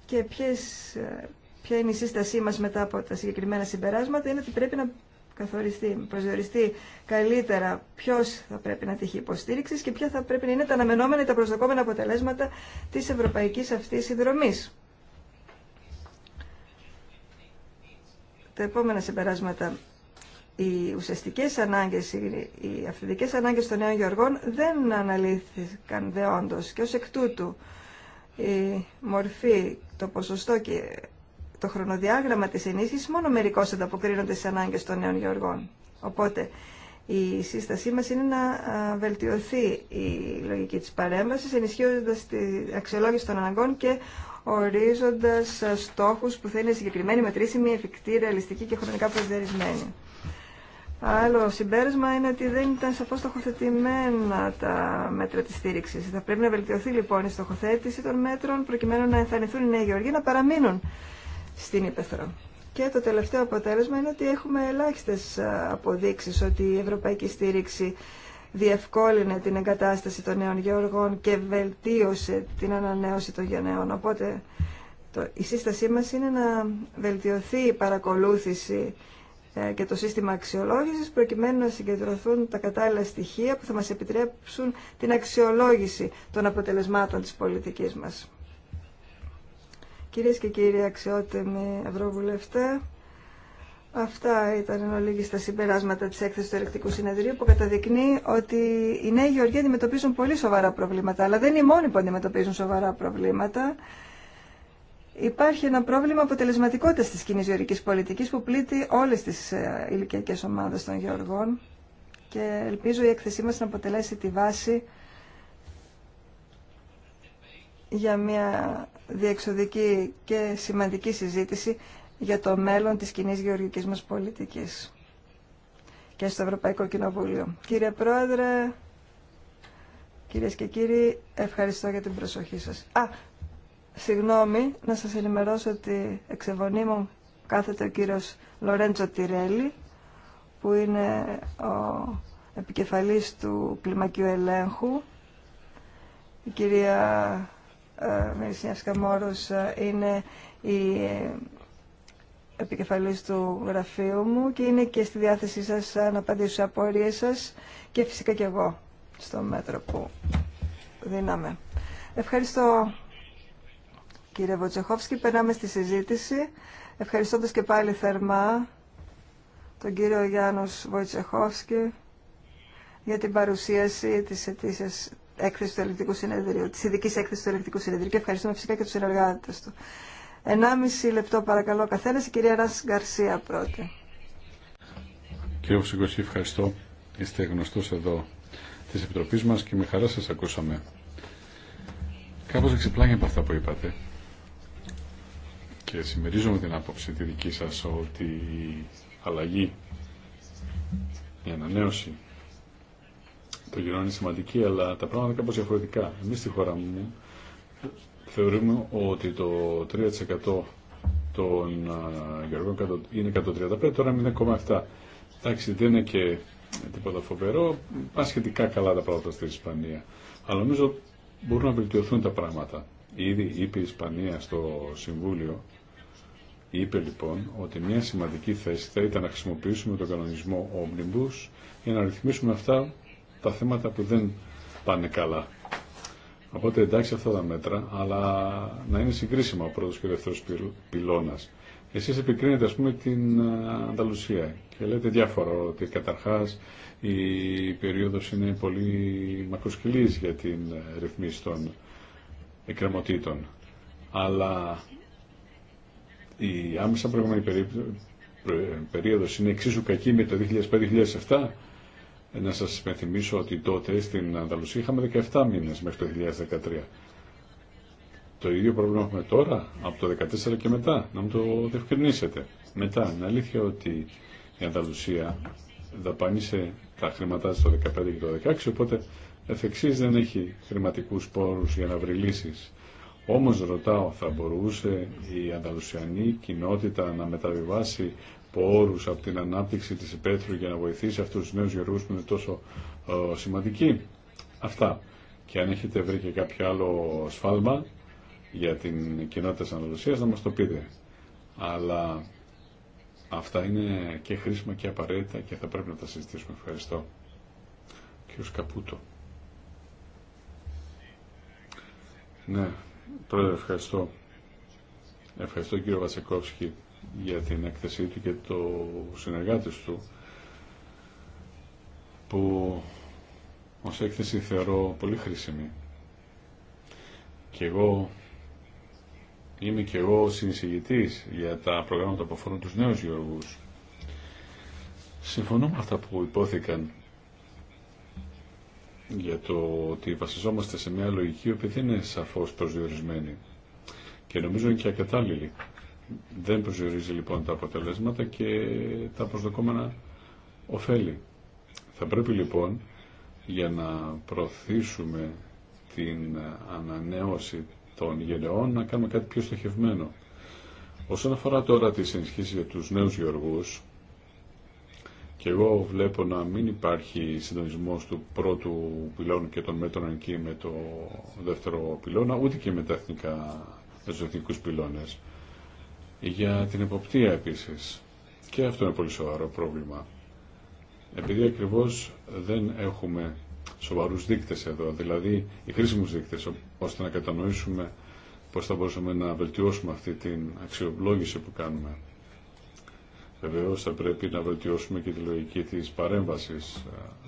Και ποιες, ε, ποια είναι η σύστασή μας μετά από τα συγκεκριμένα συμπεράσματα είναι ότι πρέπει να καθοριστεί, προσδιοριστεί καλύτερα ποιο θα πρέπει να τύχει υποστήριξη και ποια θα πρέπει να είναι τα αναμενόμενα ή τα προσδοκόμενα αποτελέσματα τη ευρωπαϊκή αυτή συνδρομή. Τα επόμενα συμπεράσματα οι ουσιαστικές ανάγκες, οι αυθεντικές ανάγκες των νέων γεωργών δεν αναλύθηκαν δεόντως και ως εκ τούτου η μορφή, το ποσοστό και το χρονοδιάγραμμα της ενίσχυσης μόνο μερικώς ανταποκρίνονται στις ανάγκες των νέων γεωργών. Οπότε η σύστασή μας είναι να βελτιωθεί η λογική της παρέμβασης ενισχύοντας τη αξιολόγηση των αναγκών και ορίζοντας στόχους που θα είναι συγκεκριμένοι, μετρήσιμοι, εφικτοί, ρεαλιστικοί και χρονικά προσδιορισμένοι. Άλλο συμπέρασμα είναι ότι δεν ήταν σαφω στοχοθετημένα τα μέτρα τη στήριξη. Θα πρέπει να βελτιωθεί λοιπόν η στοχοθέτηση των μέτρων προκειμένου να εμφανιστούν οι νέοι γεωργοί να παραμείνουν στην Ήπεθρο. Και το τελευταίο αποτέλεσμα είναι ότι έχουμε ελάχιστε αποδείξει ότι η ευρωπαϊκή στήριξη διευκόλυνε την εγκατάσταση των νέων γεωργών και βελτίωσε την ανανέωση των γενναίων. Οπότε η σύστασή μας είναι να βελτιωθεί η παρακολούθηση ε, και το σύστημα αξιολόγησης προκειμένου να συγκεντρωθούν τα κατάλληλα στοιχεία που θα μας επιτρέψουν την αξιολόγηση των αποτελεσμάτων της πολιτικής μας. Κυρίες και κύριοι αξιότιμοι Ευρωβουλευτέ, αυτά ήταν εν ολίγη τα συμπεράσματα της έκθεσης του Ελεκτικού Συνεδρίου που καταδεικνύει ότι οι νέοι Γεωργοί αντιμετωπίζουν πολύ σοβαρά προβλήματα, αλλά δεν είναι οι μόνοι που αντιμετωπίζουν σοβαρά προβλήματα υπάρχει ένα πρόβλημα αποτελεσματικότητας τη κοινή γεωργική πολιτική που πλήττει όλες τις ε, ηλικιακές ομάδες των γεωργών και ελπίζω η έκθεσή μας να αποτελέσει τη βάση για μια διεξοδική και σημαντική συζήτηση για το μέλλον της κοινή γεωργικής μας πολιτικής και στο Ευρωπαϊκό Κοινοβούλιο. Κύριε Πρόεδρε, κυρίες και κύριοι, ευχαριστώ για την προσοχή σας. Συγγνώμη, να σας ενημερώσω ότι μου κάθεται ο κύριος Λορέντζο Τιρέλη, που είναι ο επικεφαλής του κλιμακίου ελέγχου. Η κυρία ε, Καμόρους ε, είναι η ε, επικεφαλής του γραφείου μου και είναι και στη διάθεσή σας να απαντήσω σε απορίες σας και φυσικά και εγώ στο μέτρο που δίναμε. Ευχαριστώ κύριε Βοτσεχόφσκι. Περνάμε στη συζήτηση, ευχαριστώντας και πάλι θερμά τον κύριο Γιάννος Βοτσεχόφσκι για την παρουσίαση της αιτήσιας έκθεσης του Ελληνικού Συνεδρίου, της ειδικής έκθεσης του Ελληνικού Συνεδρίου και ευχαριστούμε φυσικά και τους συνεργάτες του. 1,5 λεπτό παρακαλώ καθένα. η κυρία Ράς Γκαρσία πρώτη. Κύριε Βοτσεχόφσκι, ευχαριστώ. Είστε γνωστός εδώ της Επιτροπής μας και με χαρά σας ακούσαμε. Κάπως εξεπλάγει από αυτά που είπατε και συμμερίζομαι την άποψη τη δική σας ότι η αλλαγή, η ανανέωση το γυρών είναι σημαντική, αλλά τα πράγματα είναι κάπως διαφορετικά. Εμείς στη χώρα μου θεωρούμε ότι το 3% των ε, γεωργών είναι 135, τώρα είναι 0,7. Εντάξει, δεν είναι και τίποτα φοβερό, πάνε σχετικά καλά τα πράγματα στην Ισπανία. Αλλά νομίζω μπορούν να βελτιωθούν τα πράγματα. Ήδη είπε η Ισπανία στο Συμβούλιο Είπε λοιπόν ότι μια σημαντική θέση θα ήταν να χρησιμοποιήσουμε τον κανονισμό Omnibus για να ρυθμίσουμε αυτά τα θέματα που δεν πάνε καλά. Οπότε εντάξει αυτά τα μέτρα, αλλά να είναι συγκρίσιμα ο πρώτος και ο δεύτερος πυλώνας. Εσείς επικρίνετε ας πούμε την Ανταλουσία και λέτε διάφορα ότι καταρχάς η περίοδος είναι πολύ μακροσκυλής για την ε, ρυθμίση των εκκρεμωτήτων. Αλλά η άμεσα προηγούμενη περίοδος είναι εξίσου κακή με το 2005-2007. Να σας υπενθυμίσω ότι τότε στην Ανταλουσία είχαμε 17 μήνες μέχρι το 2013. Το ίδιο πρόβλημα έχουμε τώρα, από το 2014 και μετά, να μου το διευκρινίσετε. Μετά, είναι αλήθεια ότι η Ανταλουσία δαπάνησε τα χρήματά στο 2015 και το 2016, οπότε εφ' δεν έχει χρηματικούς πόρους για να βρει λύσεις. Όμως ρωτάω, θα μπορούσε η ανταλουσιανή κοινότητα να μεταβιβάσει πόρους από την ανάπτυξη της υπέθρου για να βοηθήσει αυτούς τους νέους γεωργούς που είναι τόσο ε, σημαντικοί. Αυτά. Και αν έχετε βρει και κάποιο άλλο σφάλμα για την κοινότητα της Ανταλουσίας, να μας το πείτε. Αλλά αυτά είναι και χρήσιμα και απαραίτητα και θα πρέπει να τα συζητήσουμε. Ευχαριστώ. Κύριος Καπούτο. Ναι, Πρόεδρε, ευχαριστώ. Ευχαριστώ κύριο Βασεκόφσκι για την έκθεσή του και το συνεργάτης του που ως έκθεση θεωρώ πολύ χρήσιμη. Και εγώ είμαι και εγώ συνεισηγητής για τα προγράμματα που αφορούν τους νέους γεωργούς. Συμφωνώ με αυτά που υπόθηκαν για το ότι βασιζόμαστε σε μια λογική που δεν είναι σαφώ προσδιορισμένη και νομίζω είναι και ακατάλληλη. Δεν προσδιορίζει λοιπόν τα αποτελέσματα και τα προσδοκόμενα ωφέλη. Θα πρέπει λοιπόν για να προωθήσουμε την ανανέωση των γενεών να κάνουμε κάτι πιο στοχευμένο. Όσον αφορά τώρα τις ενισχύσεις για τους νέους γεωργούς, και εγώ βλέπω να μην υπάρχει συντονισμό του πρώτου πυλώνα και των μέτρων εκεί με το δεύτερο πυλώνα, ούτε και με τα εθνικά, με τους πυλώνες. Για την εποπτεία επίσης. Και αυτό είναι πολύ σοβαρό πρόβλημα. Επειδή ακριβώς δεν έχουμε σοβαρούς δείκτες εδώ, δηλαδή οι χρήσιμους δείκτες, ώστε να κατανοήσουμε πώς θα μπορούσαμε να βελτιώσουμε αυτή την αξιολόγηση που κάνουμε. Βεβαίω θα πρέπει να βελτιώσουμε και τη λογική της παρέμβασης, ε,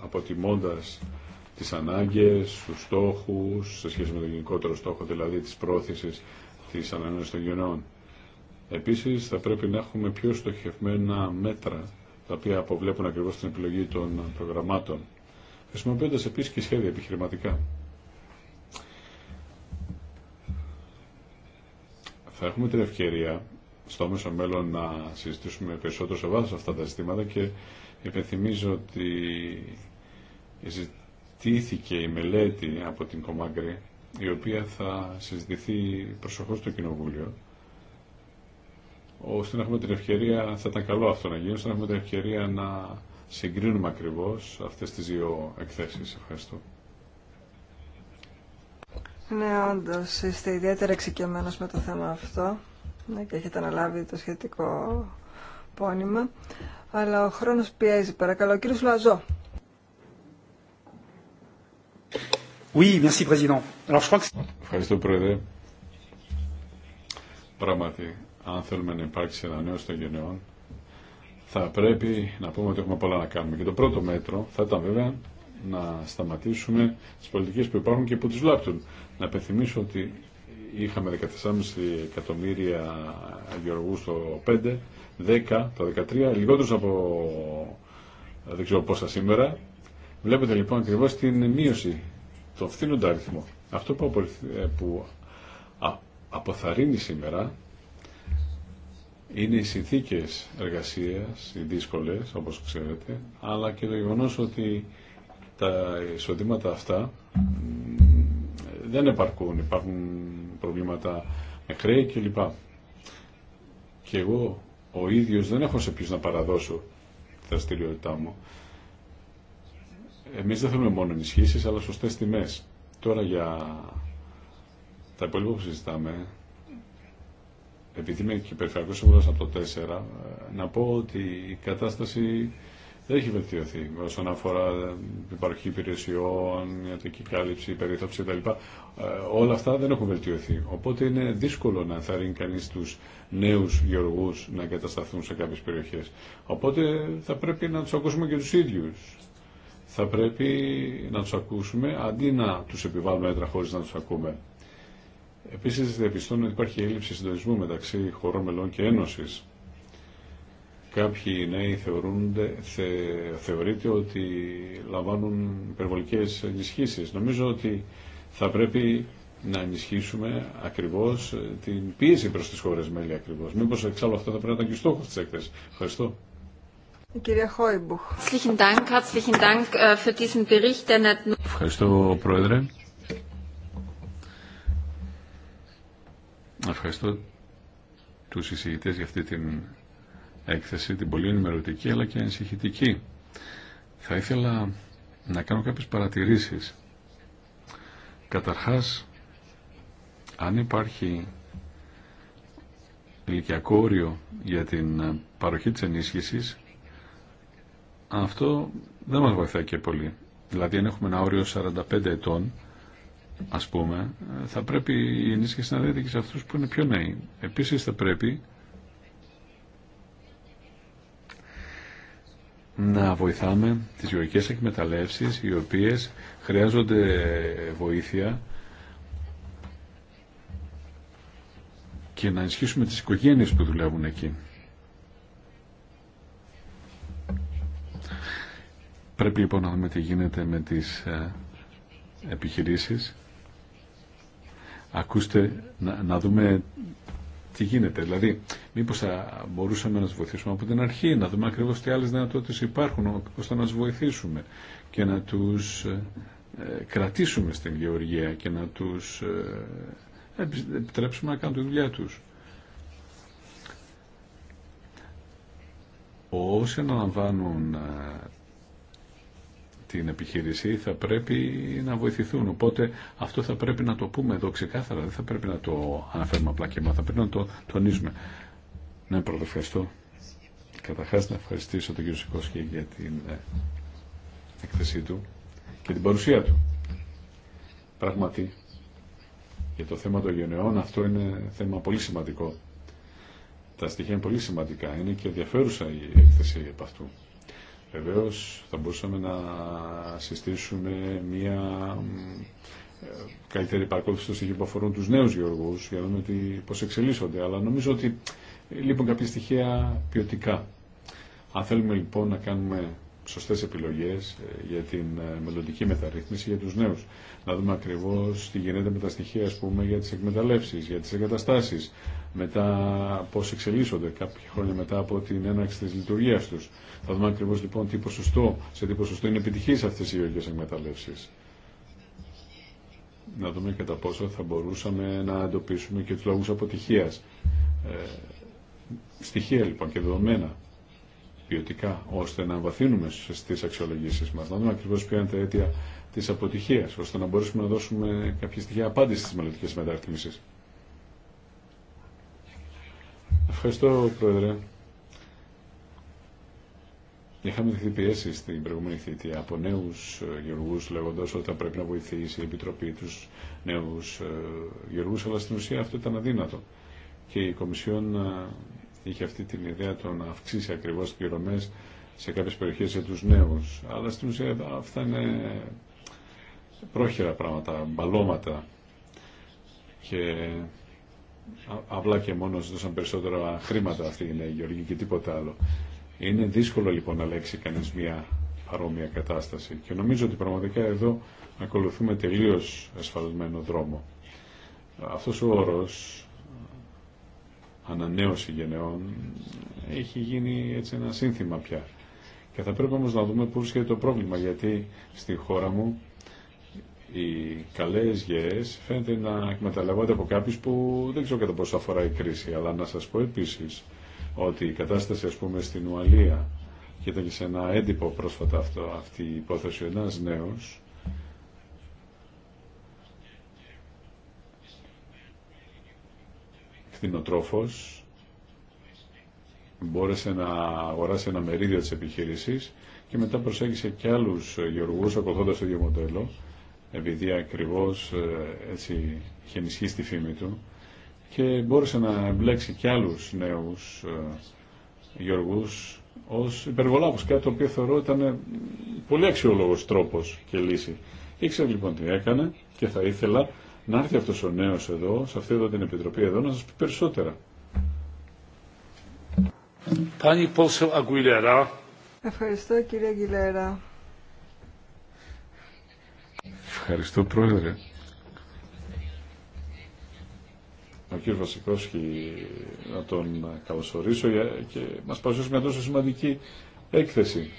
αποτιμώντας τις ανάγκες, τους στόχους, σε σχέση με τον γενικότερο στόχο, δηλαδή της πρόθεσης της ανανέωσης των γενναιών. Επίσης θα πρέπει να έχουμε πιο στοχευμένα μέτρα, τα οποία αποβλέπουν ακριβώς την επιλογή των προγραμμάτων, χρησιμοποιώντα επίσης και σχέδια επιχειρηματικά. Θα έχουμε την ευκαιρία στο μέσο μέλλον να συζητήσουμε περισσότερο σε βάθος αυτά τα ζητήματα και υπενθυμίζω ότι ζητήθηκε η μελέτη από την Κομάγκρη η οποία θα συζητηθεί προσεχώς στο Κοινοβούλιο ώστε να έχουμε την ευκαιρία, θα ήταν καλό αυτό να γίνει, ώστε να έχουμε την ευκαιρία να συγκρίνουμε ακριβώς αυτές τις δύο εκθέσεις. Ευχαριστώ. Ναι, όντω είστε ιδιαίτερα εξοικειωμένο με το θέμα αυτό. Ναι, και έχετε αναλάβει το σχετικό πόνημα. Αλλά ο χρόνος πιέζει. Παρακαλώ, κύριος Λαζό. Oui, Ευχαριστώ, Πρόεδρε. Πράγματι, αν θέλουμε να υπάρξει ένα νέο των γενεών, θα πρέπει να πούμε ότι έχουμε πολλά να κάνουμε. Και το πρώτο μέτρο θα ήταν βέβαια να σταματήσουμε τις πολιτικές που υπάρχουν και που τις βλάπτουν. Να υπενθυμίσω ότι είχαμε 14,5 εκατομμύρια γεωργού το 5, 10, το 13, λιγότερου από δεν ξέρω πόσα σήμερα. Βλέπετε λοιπόν ακριβώ την μείωση, το φθήνοντα αριθμό. Αυτό που ε, αποθαρρύνει σήμερα είναι οι συνθήκε εργασίας, οι δύσκολε, όπως ξέρετε, αλλά και το γεγονό ότι τα εισοδήματα αυτά δεν επαρκούν. Υπάρχουν προβλήματα με χρέη κλπ. Και εγώ ο ίδιος δεν έχω σε ποιους να παραδώσω τη δραστηριότητά μου. Εμείς δεν θέλουμε μόνο ενισχύσεις, αλλά σωστές τιμές. Τώρα για τα υπόλοιπα που συζητάμε, επειδή είμαι και περιφερειακό σύμβουλο από το 4, ε, να πω ότι η κατάσταση δεν έχει βελτιωθεί όσον αφορά την παροχή υπηρεσιών, ιατρική κάλυψη, περίθαψη κτλ. Ε, όλα αυτά δεν έχουν βελτιωθεί. Οπότε είναι δύσκολο να ενθαρρύνει κανεί του νέου γεωργού να εγκατασταθούν σε κάποιε περιοχέ. Οπότε θα πρέπει να του ακούσουμε και του ίδιου. Θα πρέπει να του ακούσουμε αντί να του επιβάλλουμε έντρα χωρί να του ακούμε. Επίση, διαπιστώνω ότι υπάρχει έλλειψη συντονισμού μεταξύ χωρών μελών και ένωση Κάποιοι νέοι θεωρούνται, θε, θεωρείται ότι λαμβάνουν υπερβολικές ενισχύσεις. Νομίζω ότι θα πρέπει να ενισχύσουμε ακριβώς την πίεση προς τις χώρες μέλη ακριβώς. Μήπως εξάλλου αυτό θα πρέπει να ήταν και στόχος της έκθεσης. Ευχαριστώ. Äh, Ευχαριστώ, Πρόεδρε. Ευχαριστώ τους εισηγητές για αυτή την έκθεση, την πολύ ενημερωτική αλλά και ενσυχητική. Θα ήθελα να κάνω κάποιες παρατηρήσεις. Καταρχάς, αν υπάρχει ηλικιακό όριο για την παροχή της ενίσχυσης, αυτό δεν μας βοηθάει και πολύ. Δηλαδή, αν έχουμε ένα όριο 45 ετών, ας πούμε, θα πρέπει η ενίσχυση να δίνεται και σε αυτούς που είναι πιο νέοι. Επίσης, θα πρέπει να βοηθάμε τις γεωργικές εκμεταλλεύσεις οι οποίες χρειάζονται βοήθεια και να ενισχύσουμε τις οικογένειες που δουλεύουν εκεί. Πρέπει λοιπόν να δούμε τι γίνεται με τις ε, επιχειρήσεις. Ακούστε, να δούμε τι γίνεται. Δηλαδή, μήπω θα μπορούσαμε να του βοηθήσουμε από την αρχή, να δούμε ακριβώ τι άλλε δυνατότητε υπάρχουν, ώστε να του βοηθήσουμε και να του ε, κρατήσουμε στην γεωργία και να του ε, επιτρέψουμε να κάνουν τη δουλειά του. Όσοι αναλαμβάνουν ε, την επιχείρηση θα πρέπει να βοηθηθούν. Οπότε αυτό θα πρέπει να το πούμε εδώ ξεκάθαρα. Δεν θα πρέπει να το αναφέρουμε απλά και μα. Θα πρέπει να το τονίζουμε. Ναι, πρώτα ευχαριστώ. Καταρχάς να ευχαριστήσω τον κύριο Σικώσκη για την ε, έκθεσή του και την παρουσία του. Πράγματι, για το θέμα των γενεών αυτό είναι θέμα πολύ σημαντικό. Τα στοιχεία είναι πολύ σημαντικά. Είναι και ενδιαφέρουσα η έκθεση από αυτού. Βεβαίω, θα μπορούσαμε να συστήσουμε μια ε, καλύτερη παρακολούθηση στο στοιχείων που αφορούν τους νέους γεωργούς για να δούμε πώς εξελίσσονται. Αλλά νομίζω ότι λείπουν κάποια στοιχεία ποιοτικά. Αν θέλουμε λοιπόν να κάνουμε σωστές επιλογές ε, για την ε, μελλοντική μεταρρύθμιση για τους νέους. Να δούμε ακριβώς τι γίνεται με τα στοιχεία ας πούμε, για τις εκμεταλλεύσεις, για τις εγκαταστάσεις, μετά πώς εξελίσσονται κάποια χρόνια μετά από την έναρξη της λειτουργίας τους. Θα δούμε ακριβώς λοιπόν τι ποσοστό, σε τι ποσοστό είναι επιτυχής αυτές οι ιδιωτικές εκμεταλλεύσεις. Να δούμε κατά πόσο θα μπορούσαμε να εντοπίσουμε και τους λόγους αποτυχίας. Ε, στοιχεία λοιπόν και δεδομένα ποιοτικά ώστε να βαθύνουμε στι αξιολογήσει μα. να δούμε ακριβώς ποια είναι τα αίτια τη αποτυχία, ώστε να μπορέσουμε να δώσουμε κάποια στοιχεία απάντηση στι μελλοντικέ μεταρρυθμίσει. Ευχαριστώ, Πρόεδρε. Είχαμε δεχθεί πιέσει στην προηγούμενη θητεία από νέου ε, γεωργού λέγοντα ότι θα πρέπει να βοηθήσει η Επιτροπή του νέου ε, γεωργού, αλλά στην ουσία αυτό ήταν αδύνατο. Και η Κομισιόν ε, είχε αυτή την ιδέα το να αυξήσει ακριβώ τι πληρωμέ σε κάποιε περιοχέ για του νέου. Αλλά στην ουσία αυτά είναι πρόχειρα πράγματα, μπαλώματα. Και απλά και μόνο δώσαν περισσότερα χρήματα αυτή η Νέα Γεωργία και τίποτα άλλο. Είναι δύσκολο λοιπόν να λέξει κανεί μια παρόμοια κατάσταση. Και νομίζω ότι πραγματικά εδώ ακολουθούμε τελείω ασφαλμένο δρόμο. Αυτό ο όρο ανανέωση γενεών έχει γίνει έτσι ένα σύνθημα πια. Και θα πρέπει όμως να δούμε πού βρίσκεται το πρόβλημα, γιατί στη χώρα μου οι καλές γεές φαίνεται να εκμεταλλεύονται από κάποιους που δεν ξέρω κατά πόσο αφορά η κρίση, αλλά να σας πω επίσης ότι η κατάσταση ας πούμε στην Ουαλία και ήταν και σε ένα έντυπο πρόσφατα αυτό, αυτή η υπόθεση ο ένας κτηνοτρόφος μπόρεσε να αγοράσει ένα μερίδιο της επιχείρησης και μετά προσέγγισε και άλλους γεωργούς ακολουθώντας το ίδιο μοντέλο επειδή ακριβώς ε, έτσι είχε ενισχύσει τη φήμη του και μπόρεσε να εμπλέξει και άλλους νέους ε, γεωργούς ως υπεργολάβους, κάτι το οποίο θεωρώ ήταν ε, πολύ αξιόλογος τρόπος και λύση. Ήξερε λοιπόν τι έκανε και θα ήθελα να έρθει αυτός ο νέος εδώ, σε αυτή εδώ την Επιτροπή εδώ, να σας πει περισσότερα. Ευχαριστώ κύριε Αγγιλέρα. Ευχαριστώ πρόεδρε. Ο κύριος Βασικόσκη να τον καλωσορίσω και μας παρουσιάσει μια τόσο σημαντική έκθεση.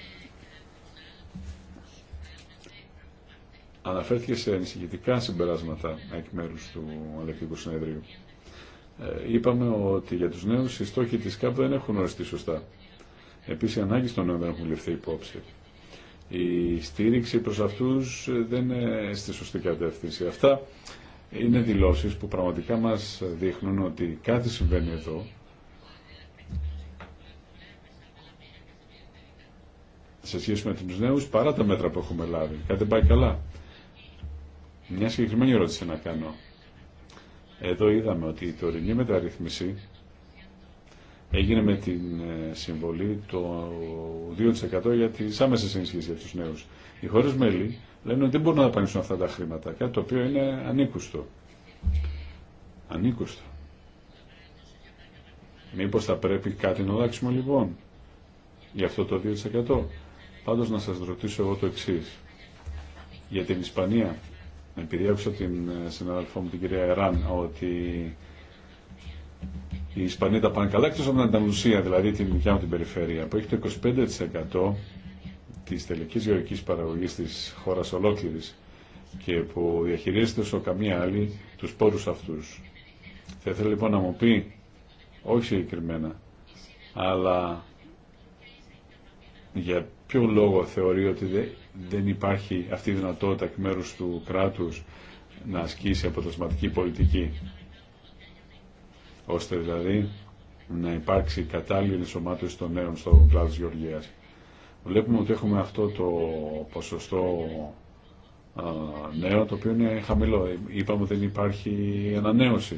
αναφέρθηκε σε ανησυχητικά συμπεράσματα εκ μέρους του Ολεκτικού Συνεδρίου. Ε, είπαμε ότι για τους νέους οι στόχοι της ΚΑΠ δεν έχουν οριστεί σωστά. Επίσης οι ανάγκες των νέων δεν έχουν ληφθεί υπόψη. Η στήριξη προς αυτούς δεν είναι στη σωστή κατεύθυνση. Αυτά είναι δηλώσεις που πραγματικά μας δείχνουν ότι κάτι συμβαίνει εδώ σε σχέση με τους νέους παρά τα μέτρα που έχουμε λάβει. Κάτι πάει καλά. Μια συγκεκριμένη ερώτηση να κάνω. Εδώ είδαμε ότι η τωρινή μεταρρύθμιση έγινε με την ε, συμβολή το 2% για τι άμεσε ενισχύσει για του νέου. Οι χώρε μέλη λένε ότι δεν μπορούν να δαπανίσουν αυτά τα χρήματα, κάτι το οποίο είναι ανήκουστο. Ανήκουστο. Μήπως θα πρέπει κάτι να αλλάξουμε λοιπόν για αυτό το 2%. Πάντως να σας ρωτήσω εγώ το εξής. Για την Ισπανία εμπειρία την ε, συναδελφό μου την κυρία Εράν ότι η Ισπανία τα πάνε καλά εκτός από την Ανταλουσία, δηλαδή την δικιά μου την περιφέρεια, που έχει το 25% της τελικής γεωργικής παραγωγής της χώρας ολόκληρης και που διαχειρίζεται όσο καμία άλλη τους πόρους αυτούς. Θα ήθελα λοιπόν να μου πει, όχι συγκεκριμένα, αλλά για ποιο λόγο θεωρεί ότι δεν υπάρχει αυτή η δυνατότητα εκ μέρου του κράτους να ασκήσει αποτελεσματική πολιτική ώστε δηλαδή να υπάρξει κατάλληλη ενσωμάτωση των νέων στο κλάδο της Γεωργίας. Βλέπουμε ότι έχουμε αυτό το ποσοστό νέο το οποίο είναι χαμηλό. Είπαμε ότι δεν υπάρχει ανανέωση.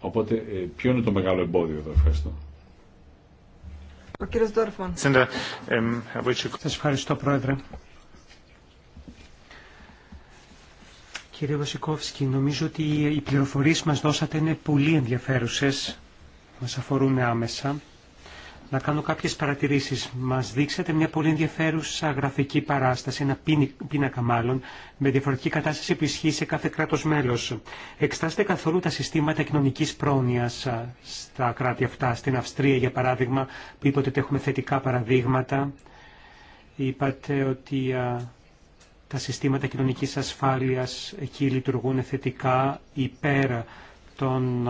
Οπότε ε, ποιο είναι το μεγάλο εμπόδιο εδώ. Ευχαριστώ. Ο Σας ευχαριστώ, Πρόεδρε. Κύριε Βασικόφσκι, νομίζω ότι οι πληροφορίες μας δώσατε είναι πολύ ενδιαφέρουσες, μας αφορούν άμεσα να κάνω κάποιες παρατηρήσεις. Μας δείξατε μια πολύ ενδιαφέρουσα γραφική παράσταση, ένα πίνακα μάλλον, με διαφορετική κατάσταση που ισχύει σε κάθε κράτος μέλος. Εξτάστε καθόλου τα συστήματα κοινωνικής πρόνοιας στα κράτη αυτά. Στην Αυστρία, για παράδειγμα, που είπατε ότι έχουμε θετικά παραδείγματα. Είπατε ότι τα συστήματα κοινωνικής ασφάλειας εκεί λειτουργούν θετικά υπέρ των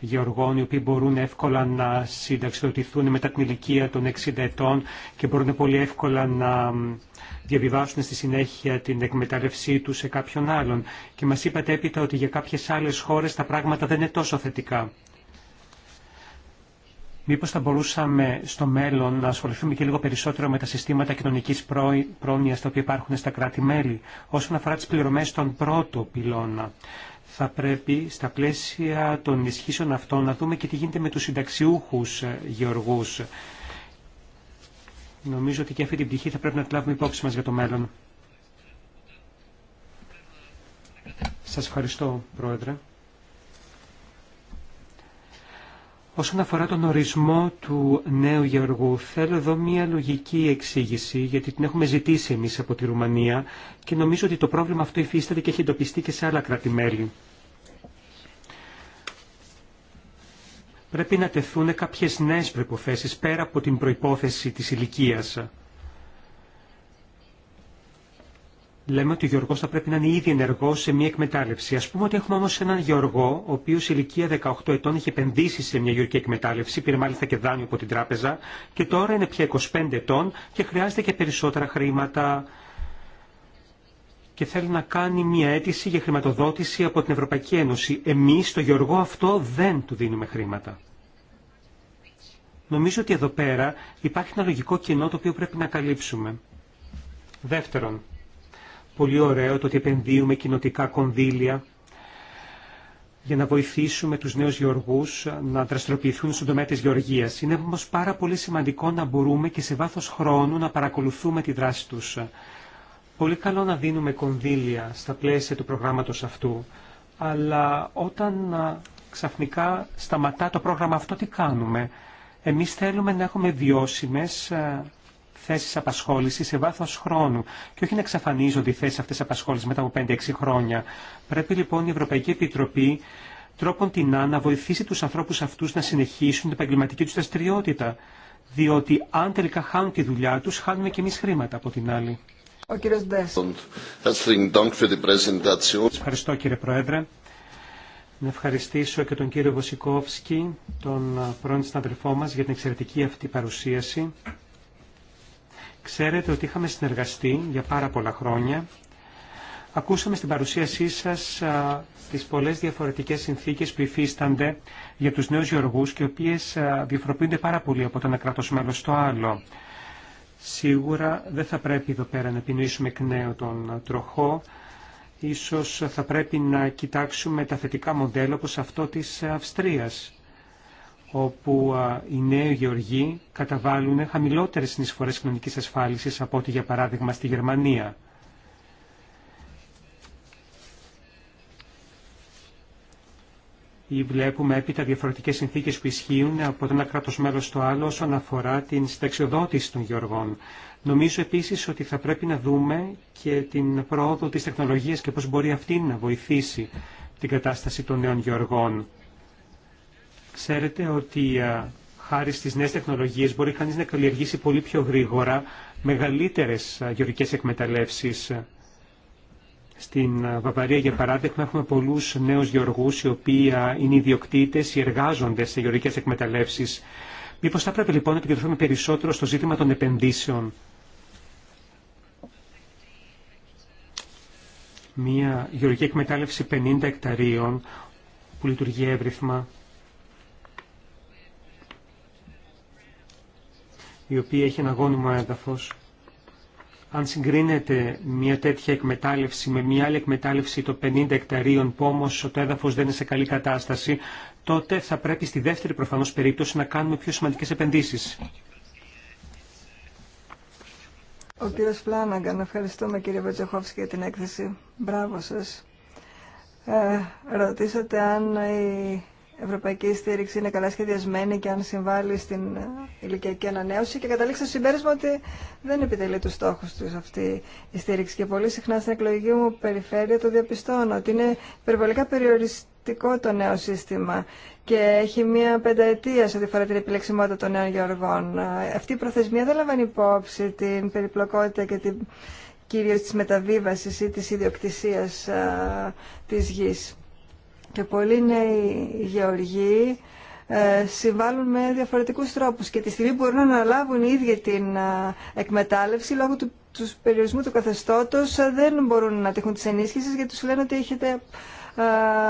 γεωργών οι οποίοι μπορούν εύκολα να συνταξιδοτηθούν μετά την ηλικία των 60 ετών και μπορούν πολύ εύκολα να διαβιβάσουν στη συνέχεια την εκμεταλλευσή του σε κάποιον άλλον. Και μας είπατε έπειτα ότι για κάποιες άλλες χώρες τα πράγματα δεν είναι τόσο θετικά. Μήπως θα μπορούσαμε στο μέλλον να ασχοληθούμε και λίγο περισσότερο με τα συστήματα κοινωνική πρόνοιας τα οποία υπάρχουν στα κράτη-μέλη όσον αφορά τις πληρωμές των πρώτο πυλώνα θα πρέπει στα πλαίσια των ενισχύσεων αυτών να δούμε και τι γίνεται με τους συνταξιούχους ε, γεωργούς. Νομίζω ότι και αυτή την πτυχή θα πρέπει να τη λάβουμε υπόψη μας για το μέλλον. Σας ευχαριστώ, Πρόεδρε. Όσον αφορά τον ορισμό του νέου Γεωργού, θέλω εδώ μία λογική εξήγηση, γιατί την έχουμε ζητήσει εμείς από τη Ρουμανία και νομίζω ότι το πρόβλημα αυτό υφίσταται και έχει εντοπιστεί και σε άλλα κράτη-μέλη. πρέπει να τεθούν κάποιες νέες προϋποθέσεις πέρα από την προϋπόθεση της ηλικία. Λέμε ότι ο γεωργός θα πρέπει να είναι ήδη ενεργό σε μια εκμετάλλευση. Ας πούμε ότι έχουμε όμως έναν Γεωργό, ο οποίο ηλικία 18 ετών είχε επενδύσει σε μια γεωργική εκμετάλλευση, πήρε μάλιστα και δάνειο από την τράπεζα, και τώρα είναι πια 25 ετών και χρειάζεται και περισσότερα χρήματα, και θέλει να κάνει μια αίτηση για χρηματοδότηση από την Ευρωπαϊκή Ένωση. Εμείς, το Γεωργό αυτό, δεν του δίνουμε χρήματα. Νομίζω ότι εδώ πέρα υπάρχει ένα λογικό κενό το οποίο πρέπει να καλύψουμε. Δεύτερον, πολύ ωραίο το ότι επενδύουμε κοινοτικά κονδύλια για να βοηθήσουμε τους νέους γεωργούς να δραστηριοποιηθούν στον τομέα της γεωργίας. Είναι όμως πάρα πολύ σημαντικό να μπορούμε και σε βάθος χρόνου να παρακολουθούμε τη δράση τους πολύ καλό να δίνουμε κονδύλια στα πλαίσια του προγράμματος αυτού, αλλά όταν ξαφνικά σταματά το πρόγραμμα αυτό, τι κάνουμε. Εμείς θέλουμε να έχουμε βιώσιμες θέσεις απασχόλησης σε βάθος χρόνου και όχι να εξαφανίζονται οι θέσεις αυτές απασχόλησης μετά από 5-6 χρόνια. Πρέπει λοιπόν η Ευρωπαϊκή Επιτροπή τρόπον την να, να βοηθήσει τους ανθρώπους αυτούς να συνεχίσουν την επαγγελματική τους δραστηριότητα. Διότι αν τελικά χάνουν τη δουλειά τους, χάνουμε και εμείς χρήματα από την άλλη. Ο κύριος Ευχαριστώ κύριε Πρόεδρε. Να ευχαριστήσω και τον κύριο Βοσικόφσκι, τον ε, πρώην συναδελφό μας, για την εξαιρετική αυτή παρουσίαση. Ξέρετε ότι είχαμε συνεργαστεί για πάρα πολλά χρόνια. Ακούσαμε στην παρουσίασή σας ε, τις πολλές διαφορετικές συνθήκες που υφίστανται για τους νέους γεωργούς και οι οποίες ε, διαφοροποιούνται πάρα πολύ από το ένα κράτος μέλος στο άλλο. Σίγουρα δεν θα πρέπει εδώ πέρα να επινοήσουμε εκ νέου τον τροχό. Ίσως θα πρέπει να κοιτάξουμε τα θετικά μοντέλα όπως αυτό της Αυστρίας, όπου οι νέοι γεωργοί καταβάλουν χαμηλότερες συνεισφορές κοινωνικής ασφάλισης από ό,τι για παράδειγμα στη Γερμανία. ή βλέπουμε έπειτα διαφορετικές συνθήκες που ισχύουν από το ένα κράτος μέλος στο άλλο όσον αφορά την συνταξιοδότηση των γεωργών. Νομίζω επίσης ότι θα πρέπει να δούμε και την πρόοδο της τεχνολογίας και πώς μπορεί αυτή να βοηθήσει την κατάσταση των νέων γεωργών. Ξέρετε ότι χάρη στις νέες τεχνολογίες μπορεί κανείς να καλλιεργήσει πολύ πιο γρήγορα μεγαλύτερες γεωργικές εκμεταλλεύσεις. Στην ε, Βαβαρία, για παράδειγμα, έχουμε πολλούς νέους γεωργούς οι οποίοι ε, είναι ιδιοκτήτες ή εργάζονται σε γεωργικές εκμεταλλεύσεις. Μήπως θα πρέπει λοιπόν να επικεντρωθούμε περισσότερο στο ζήτημα των επενδύσεων. Μία γεωργική εκμετάλλευση 50 εκταρίων που λειτουργεί εύρυθμα, η οποία έχει ένα γόνιμο έδαφος. Αν συγκρίνεται μια τέτοια εκμετάλλευση με μια άλλη εκμετάλλευση των 50 εκταρίων που όμω το έδαφο δεν είναι σε καλή κατάσταση, τότε θα πρέπει στη δεύτερη προφανώ περίπτωση να κάνουμε πιο σημαντικέ επενδύσει. Ο κύριο Φλάναγκαν, ευχαριστούμε κύριε Βετζεχόφσκι για την έκθεση. Μπράβο Ε, ρωτήσατε αν ευρωπαϊκή στήριξη είναι καλά σχεδιασμένη και αν συμβάλλει στην ηλικιακή ανανέωση και καταλήξα στο συμπέρασμα ότι δεν επιτελεί του στόχους του αυτή η στήριξη. Και πολύ συχνά στην εκλογική μου περιφέρεια το διαπιστώνω ότι είναι υπερβολικά περιοριστικό το νέο σύστημα και έχει μία πενταετία σε ό,τι αφορά την επιλεξιμότητα των νέων γεωργών. Αυτή η προθεσμία δεν λαμβάνει υπόψη την περιπλοκότητα και την κυρίως της μεταβίβασης ή της ιδιοκτησίας α, ε, της γης και πολλοί νέοι γεωργοί ε, συμβάλλουν με διαφορετικούς τρόπους και τη στιγμή μπορούν να αναλάβουν οι ίδιοι την ε, εκμετάλλευση λόγω του, του περιορισμού του καθεστώτος ε, δεν μπορούν να τέχουν τις ενίσχυσεις γιατί τους λένε ότι έχετε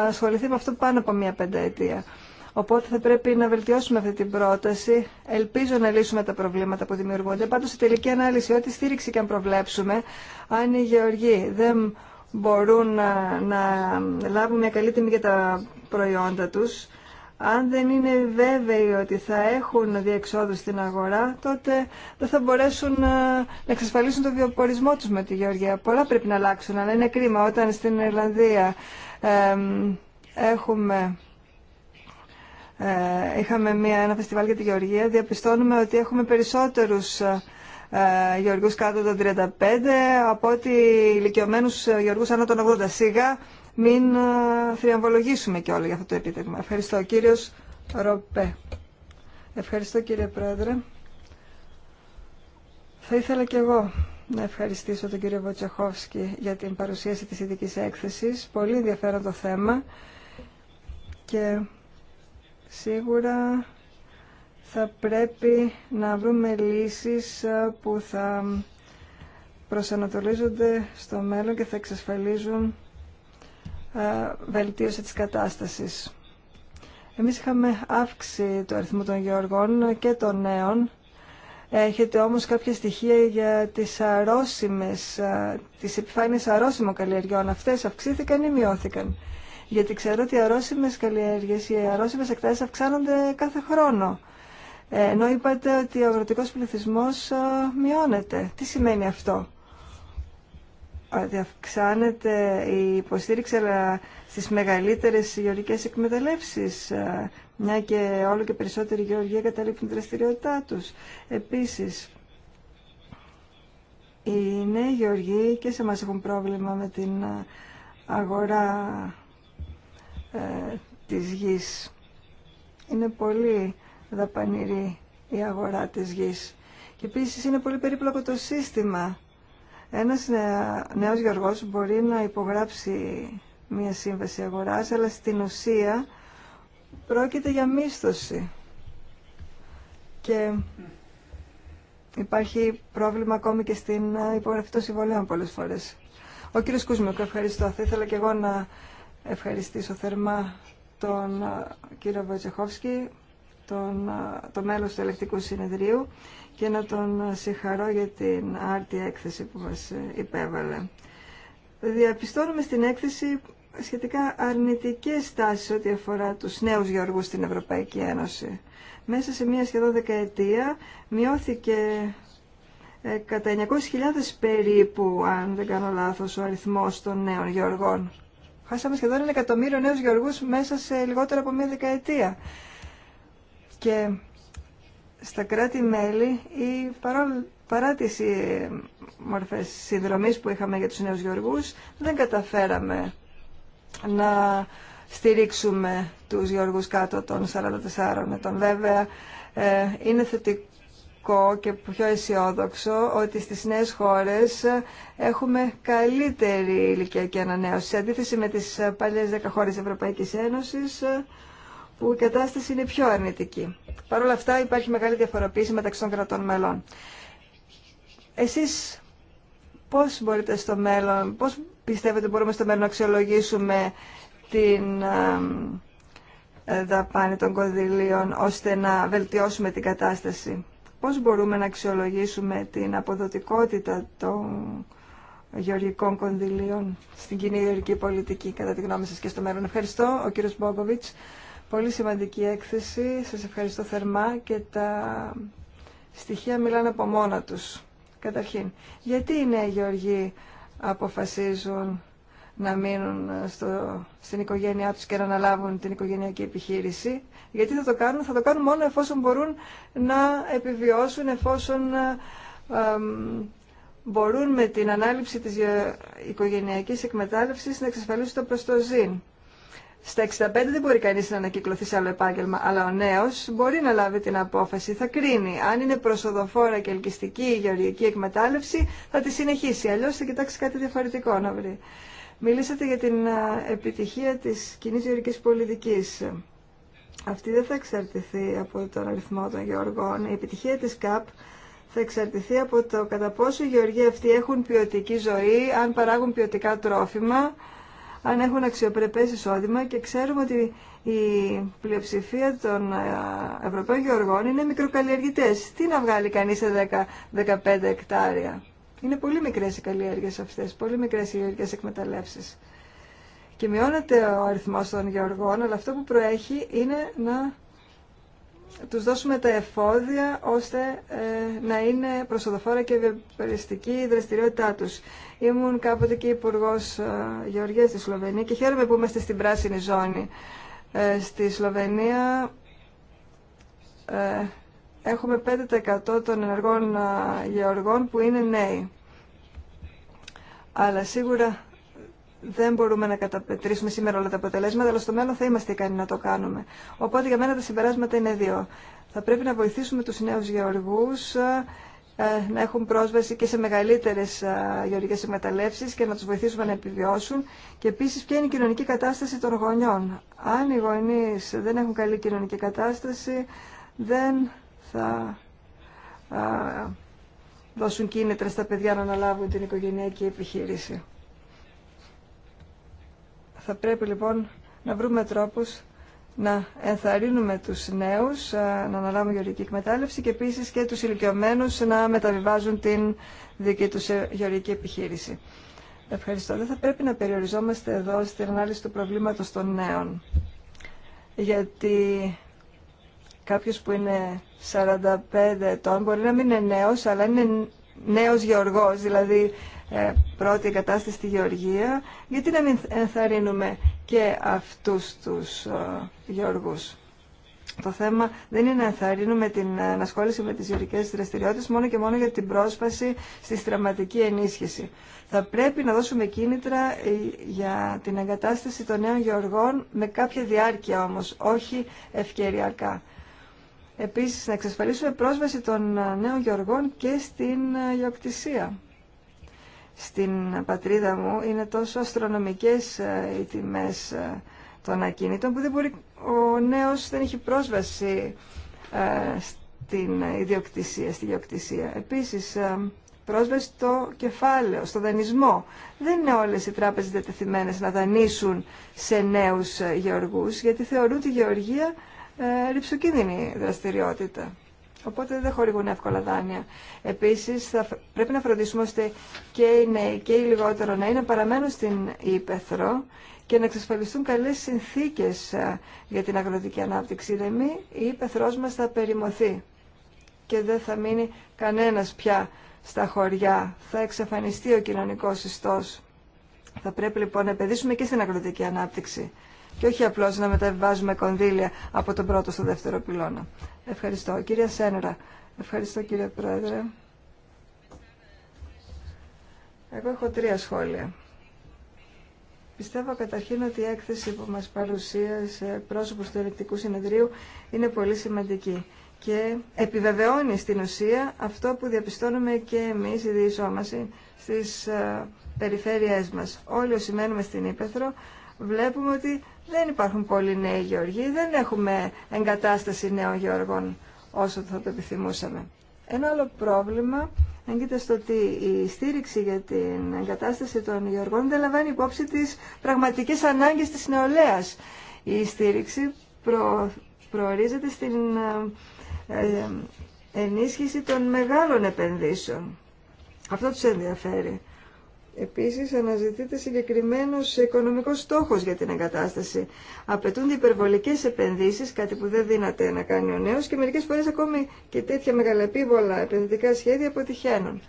ασχοληθεί με αυτό πάνω από μία πενταετία. Οπότε θα πρέπει να βελτιώσουμε αυτή την πρόταση. Ελπίζω να λύσουμε τα προβλήματα που δημιουργούνται. Πάντως, σε τελική ανάλυση, ό,τι στήριξη και αν προβλέψουμε, αν οι γεωργοί δεν μπορούν να, να λάβουν μια καλή τιμή για τα προϊόντα τους. Αν δεν είναι βέβαιοι ότι θα έχουν διεξόδου στην αγορά, τότε δεν θα μπορέσουν ε, να εξασφαλίσουν το βιοπορισμό τους με τη Γεωργία. Πολλά πρέπει να αλλάξουν, αλλά είναι κρίμα όταν στην Ιρλανδία έχουμε... Ε, είχαμε μια, ένα φεστιβάλ για τη Γεωργία, διαπιστώνουμε ότι έχουμε περισσότερους ε, ε, γεωργούς κάτω των 35 από ότι ηλικιωμένους ε, γεωργούς άνω των 80. Σιγά μην ε, θριαμβολογήσουμε και όλα για αυτό το επίτευγμα. Ευχαριστώ κύριος Ροπέ. Ευχαριστώ κύριε Πρόεδρε. Θα ήθελα και εγώ να ευχαριστήσω τον κύριο Βοτσεχόφσκι για την παρουσίαση της ειδική έκθεσης. Πολύ ενδιαφέρον το θέμα και σίγουρα θα πρέπει να βρούμε λύσεις ε, που θα προσανατολίζονται στο μέλλον και θα εξασφαλίζουν ε, βελτίωση της κατάστασης. Εμείς είχαμε αύξηση του αριθμού των γεωργών και των νέων. Έχετε όμως κάποια στοιχεία για τις αρρώσιμες, ε, τις επιφάνειες αρρώσιμων καλλιεργιών. Αυτές αυξήθηκαν ή μειώθηκαν. Γιατί ξέρω ότι οι αρρώσιμες καλλιέργειες, οι αρρώσιμες εκτάσεις αυξάνονται κάθε χρόνο ενώ είπατε ότι ο αγροτικός πληθυσμός ε, μειώνεται. Τι σημαίνει αυτό? Ότι αυξάνεται η υποστήριξη αλλά στις μεγαλύτερες γεωργικές εκμεταλλεύσεις, ε, μια και όλο και περισσότεροι γεωργία καταλήγουν τη δραστηριότητά τους. Επίσης, οι νέοι γεωργοί και σε μας έχουν πρόβλημα με την ε, αγορά ε, της γης. Είναι πολύ δαπανηρή η αγορά της γης. Και επίσης είναι πολύ περίπλοκο το σύστημα. Ένας νέος γεωργός μπορεί να υπογράψει μια σύμβαση αγοράς, αλλά στην ουσία πρόκειται για μίσθωση. Και υπάρχει πρόβλημα ακόμη και στην ε, υπογραφή των συμβολέων πολλές φορές. Ο κύριος Κούσμικο, ευχαριστώ. Θα ήθελα και εγώ να ευχαριστήσω θερμά τον ε, κύριο Βοτσεχόφσκι τον, το μέλος του ελεκτικού συνεδρίου και να τον συγχαρώ για την άρτια έκθεση που μας ε, υπέβαλε. Διαπιστώνουμε στην έκθεση σχετικά αρνητικές στάσεις ό,τι αφορά τους νέους γεωργούς στην Ευρωπαϊκή Ένωση. Μέσα σε μία σχεδόν δεκαετία μειώθηκε ε, κατά 900.000 περίπου, αν δεν κάνω λάθος, ο αριθμός των νέων γεωργών. Χάσαμε σχεδόν ένα εκατομμύριο νέους γεωργούς μέσα σε λιγότερο από μία δεκαετία. Και στα κράτη-μέλη ή παρά τις μορφές συνδρομής που είχαμε για τους νέους γεωργούς, δεν καταφέραμε να στηρίξουμε τους γεωργούς κάτω των 44 ετών. Βέβαια, ε, είναι θετικό και πιο αισιόδοξο ότι στις νέες χώρες έχουμε καλύτερη ηλικιακή ανανέωση. Σε αντίθεση με τις παλιές 10 χώρες Ευρωπαϊκής Ένωσης, που η κατάσταση είναι πιο αρνητική. Παρ' όλα αυτά υπάρχει μεγάλη διαφοροποίηση μεταξύ των κρατών μελών. Εσείς πώς μπορείτε στο μέλλον, πώς πιστεύετε μπορούμε στο μέλλον να αξιολογήσουμε την ε, δαπάνη των κονδυλίων ώστε να βελτιώσουμε την κατάσταση. Πώς μπορούμε να αξιολογήσουμε την αποδοτικότητα των γεωργικών κονδυλίων στην κοινή γεωργική πολιτική κατά τη γνώμη σας και στο μέλλον. Ευχαριστώ. Ο κύριος Μπόγκοβιτς Πολύ σημαντική έκθεση. Σας ευχαριστώ θερμά και τα στοιχεία μιλάνε από μόνα τους. Καταρχήν, γιατί οι νέοι Γεωργοί αποφασίζουν να μείνουν στο, στην οικογένειά τους και να αναλάβουν την οικογενειακή επιχείρηση. Γιατί θα το κάνουν, θα το κάνουν μόνο εφόσον μπορούν να επιβιώσουν, εφόσον μπορούν με την ανάληψη της οικογενειακής εκμετάλλευσης να εξασφαλίσουν το προστοζήν. Στα 65 δεν μπορεί κανείς να ανακυκλωθεί σε άλλο επάγγελμα, αλλά ο νέος μπορεί να λάβει την απόφαση, θα κρίνει. Αν είναι προσοδοφόρα και ελκυστική η γεωργική εκμετάλλευση, θα τη συνεχίσει. Αλλιώς θα κοιτάξει κάτι διαφορετικό να βρει. Μιλήσατε για την επιτυχία της κοινή γεωργικής πολιτικής. Αυτή δεν θα εξαρτηθεί από τον αριθμό των γεωργών. Η επιτυχία της ΚΑΠ θα εξαρτηθεί από το κατά πόσο οι γεωργοί αυτοί έχουν ποιοτική ζωή, αν παράγουν ποιοτικά τρόφιμα, αν έχουν αξιοπρεπέ εισόδημα και ξέρουμε ότι η πλειοψηφία των ε, Ευρωπαίων Γεωργών είναι μικροκαλλιεργητέ. Τι να βγάλει κανεί σε 10-15 εκτάρια. Είναι πολύ μικρές οι καλλιέργειες αυτές, πολύ μικρές οι γεωργικές εκμεταλλεύσεις. Και μειώνεται ο αριθμός των γεωργών, αλλά αυτό που προέχει είναι να τους δώσουμε τα εφόδια ώστε ε, να είναι προσοδοφόρα και βιοπεριστική η δραστηριότητά τους. Ήμουν κάποτε και υπουργό ε, Γεωργία στη Σλοβενία και χαίρομαι που είμαστε στην πράσινη ζώνη. Ε, στη Σλοβενία ε, έχουμε 5% των ενεργών γεωργών που είναι νέοι. Αλλά σίγουρα δεν μπορούμε να καταπετρίσουμε σήμερα όλα τα αποτελέσματα, αλλά στο μέλλον θα είμαστε ικανοί να το κάνουμε. Οπότε για μένα τα συμπεράσματα είναι δύο. Θα πρέπει να βοηθήσουμε τους νέους γεωργούς ε, να έχουν πρόσβαση και σε μεγαλύτερες ε, γεωργικές εκμεταλλεύσει και να τους βοηθήσουμε να επιβιώσουν και επίση ποια είναι η κοινωνική κατάσταση των γονιών. Αν οι γονείς δεν έχουν καλή κοινωνική κατάσταση δεν θα ε, δώσουν κίνητρα στα παιδιά να αναλάβουν την οικογενειακή επιχείρηση. Θα πρέπει λοιπόν να βρούμε τρόπους να ενθαρρύνουμε τους νέους να αναλάβουν γεωργική εκμετάλλευση και επίσης και τους ηλικιωμένους να μεταβιβάζουν την δική τους ε, γεωργική επιχείρηση. Ευχαριστώ. Δεν θα πρέπει να περιοριζόμαστε εδώ στην ανάλυση του προβλήματος των νέων. Γιατί κάποιος που είναι 45 ετών μπορεί να μην είναι νέος, αλλά είναι νέος γεωργός, δηλαδή ε, πρώτη εγκατάσταση στη γεωργία. Γιατί να μην ενθαρρύνουμε και αυτούς τους ε, γεωργούς. Το θέμα δεν είναι να ενθαρρύνουμε την ανασχόληση με τις γεωργικές δραστηριότητες μόνο και μόνο για την πρόσβαση στη στραματική ενίσχυση. Θα πρέπει να δώσουμε κίνητρα ε, για την εγκατάσταση των νέων γεωργών με κάποια διάρκεια όμως, όχι ευκαιριακά. Επίσης, να εξασφαλίσουμε πρόσβαση των ε, νέων γεωργών και στην γεωκτησία στην πατρίδα μου είναι τόσο αστρονομικές ε, οι τιμές ε, των ακινήτων που δεν μπορεί, ο νέος δεν έχει πρόσβαση ε, στην ιδιοκτησία, στη ιδιοκτησία. Επίσης, πρόσβαση στο κεφάλαιο, στο δανεισμό. Δεν είναι όλες οι τράπεζες διατεθειμένες να δανείσουν σε νέους γεωργούς, γιατί θεωρούν τη γεωργία ρηψοκίνδυνη δραστηριότητα. Οπότε δεν χορηγούν εύκολα δάνεια. Επίση, πρέπει να φροντίσουμε ώστε και οι νέοι και οι λιγότερο νέοι να παραμένουν στην Ήπεθρο και να εξασφαλιστούν καλέ συνθήκε ε, για την αγροτική ανάπτυξη. Δηλαδή, η Ήπεθρό μα θα περιμωθεί και δεν θα μείνει κανένα πια στα χωριά. Θα εξαφανιστεί ο κοινωνικό ιστό. Θα πρέπει λοιπόν να επενδύσουμε και στην αγροτική ανάπτυξη και όχι απλώς να μεταβάζουμε κονδύλια από τον πρώτο στο δεύτερο πυλώνα. Ευχαριστώ. Κυρία Σένερα. Ευχαριστώ κύριε Πρόεδρε. Εγώ έχω τρία σχόλια. Πιστεύω καταρχήν ότι η έκθεση που μας παρουσίασε πρόσωπος του Ελεκτικού Συνεδρίου είναι πολύ σημαντική και επιβεβαιώνει στην ουσία αυτό που διαπιστώνουμε και εμείς οι διεισόμαστε στις ε, περιφέρειές μας. Όλοι όσοι μένουμε στην Ήπεθρο βλέπουμε ότι δεν υπάρχουν πολλοί νέοι γεωργοί, δεν έχουμε εγκατάσταση νέων γεωργών όσο θα το επιθυμούσαμε. Ένα άλλο πρόβλημα έγκυται στο ότι η στήριξη για την εγκατάσταση των γεωργών δεν λαμβάνει υπόψη τις πραγματικές ανάγκες της νεολαίας. Η στήριξη προ, προορίζεται στην ε, ε, ενίσχυση των μεγάλων επενδύσεων. Αυτό τους ενδιαφέρει. Επίσης αναζητείται συγκεκριμένος οικονομικός στόχος για την εγκατάσταση. Απαιτούνται υπερβολικές επενδύσεις, κάτι που δεν δύναται να κάνει ο νέος και μερικές φορές ακόμη και τέτοια μεγαλεπίβολα επενδυτικά σχέδια αποτυχαίνουν.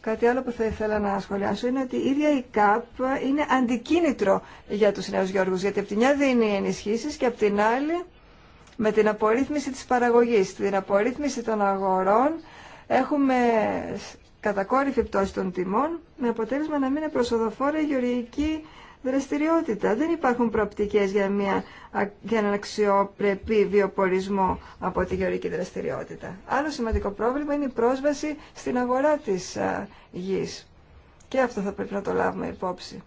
Κάτι άλλο που θα ήθελα να σχολιάσω είναι ότι η ίδια η ΚΑΠ είναι αντικίνητρο για τους νέους Γιώργους, γιατί από τη μια δίνει ενισχύσεις και από την άλλη με την απορρίθμιση της παραγωγής, την απορρίθμιση των αγορών έχουμε κατακόρυφη πτώση των τιμών με αποτέλεσμα να μην είναι προσοδοφόρα η γεωργική δραστηριότητα. Δεν υπάρχουν προοπτικές για, μια, για έναν αξιοπρεπή βιοπορισμό από τη γεωργική δραστηριότητα. Άλλο σημαντικό πρόβλημα είναι η πρόσβαση στην αγορά της γη. Και αυτό θα πρέπει να το λάβουμε υπόψη.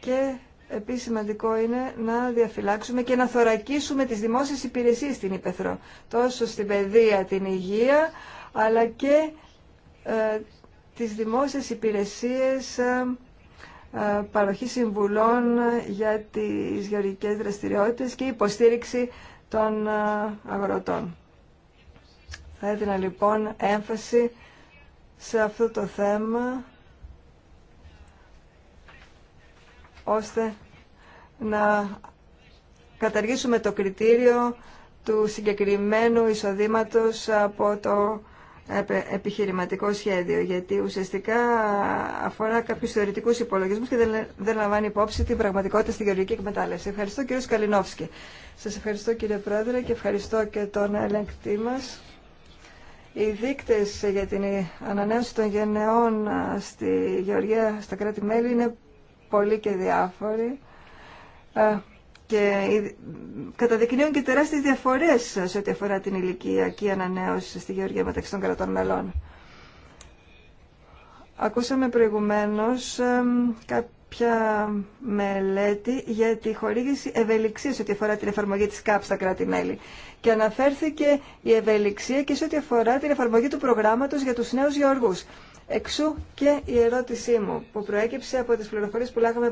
Και επίσης σημαντικό είναι να διαφυλάξουμε και να θωρακίσουμε τις δημόσιες υπηρεσίες στην Ήπεθρο. Τόσο στην παιδεία, την υγεία, αλλά και ε, τις δημόσιες υπηρεσίες ε, ε, παροχή συμβουλών για τις γεωργικές δραστηριότητες και υποστήριξη των αγροτών. Θα έδινα λοιπόν έμφαση σε αυτό το θέμα ώστε να καταργήσουμε το κριτήριο του συγκεκριμένου εισοδήματος από το επιχειρηματικό σχέδιο, γιατί ουσιαστικά αφορά κάποιου θεωρητικού υπολογισμού και δεν, δεν λαμβάνει υπόψη την πραγματικότητα στη γεωργική εκμετάλλευση. Ευχαριστώ κύριο Σκαλινόφσκι. Σα ευχαριστώ κύριε Πρόεδρε και ευχαριστώ και τον ελεγκτή μα. Οι δείκτε για την ανανέωση των γενεών στη Γεωργία, στα κράτη-μέλη, είναι πολλοί και διάφοροι και καταδεικνύουν και τεράστιες διαφορές σε ό,τι αφορά την ηλικιακή ανανέωση στη Γεωργία μεταξύ των κρατών μελών. Ακούσαμε προηγουμένως κάποια μελέτη για τη χορήγηση ευελιξίας ό,τι αφορά την εφαρμογή της ΚΑΠ στα κράτη-μέλη. Και αναφέρθηκε η ευελιξία και σε ό,τι αφορά την εφαρμογή του προγράμματος για τους νέους γεωργούς. Εξού και η ερώτησή μου που προέκυψε από τις πληροφορίες που λάγαμε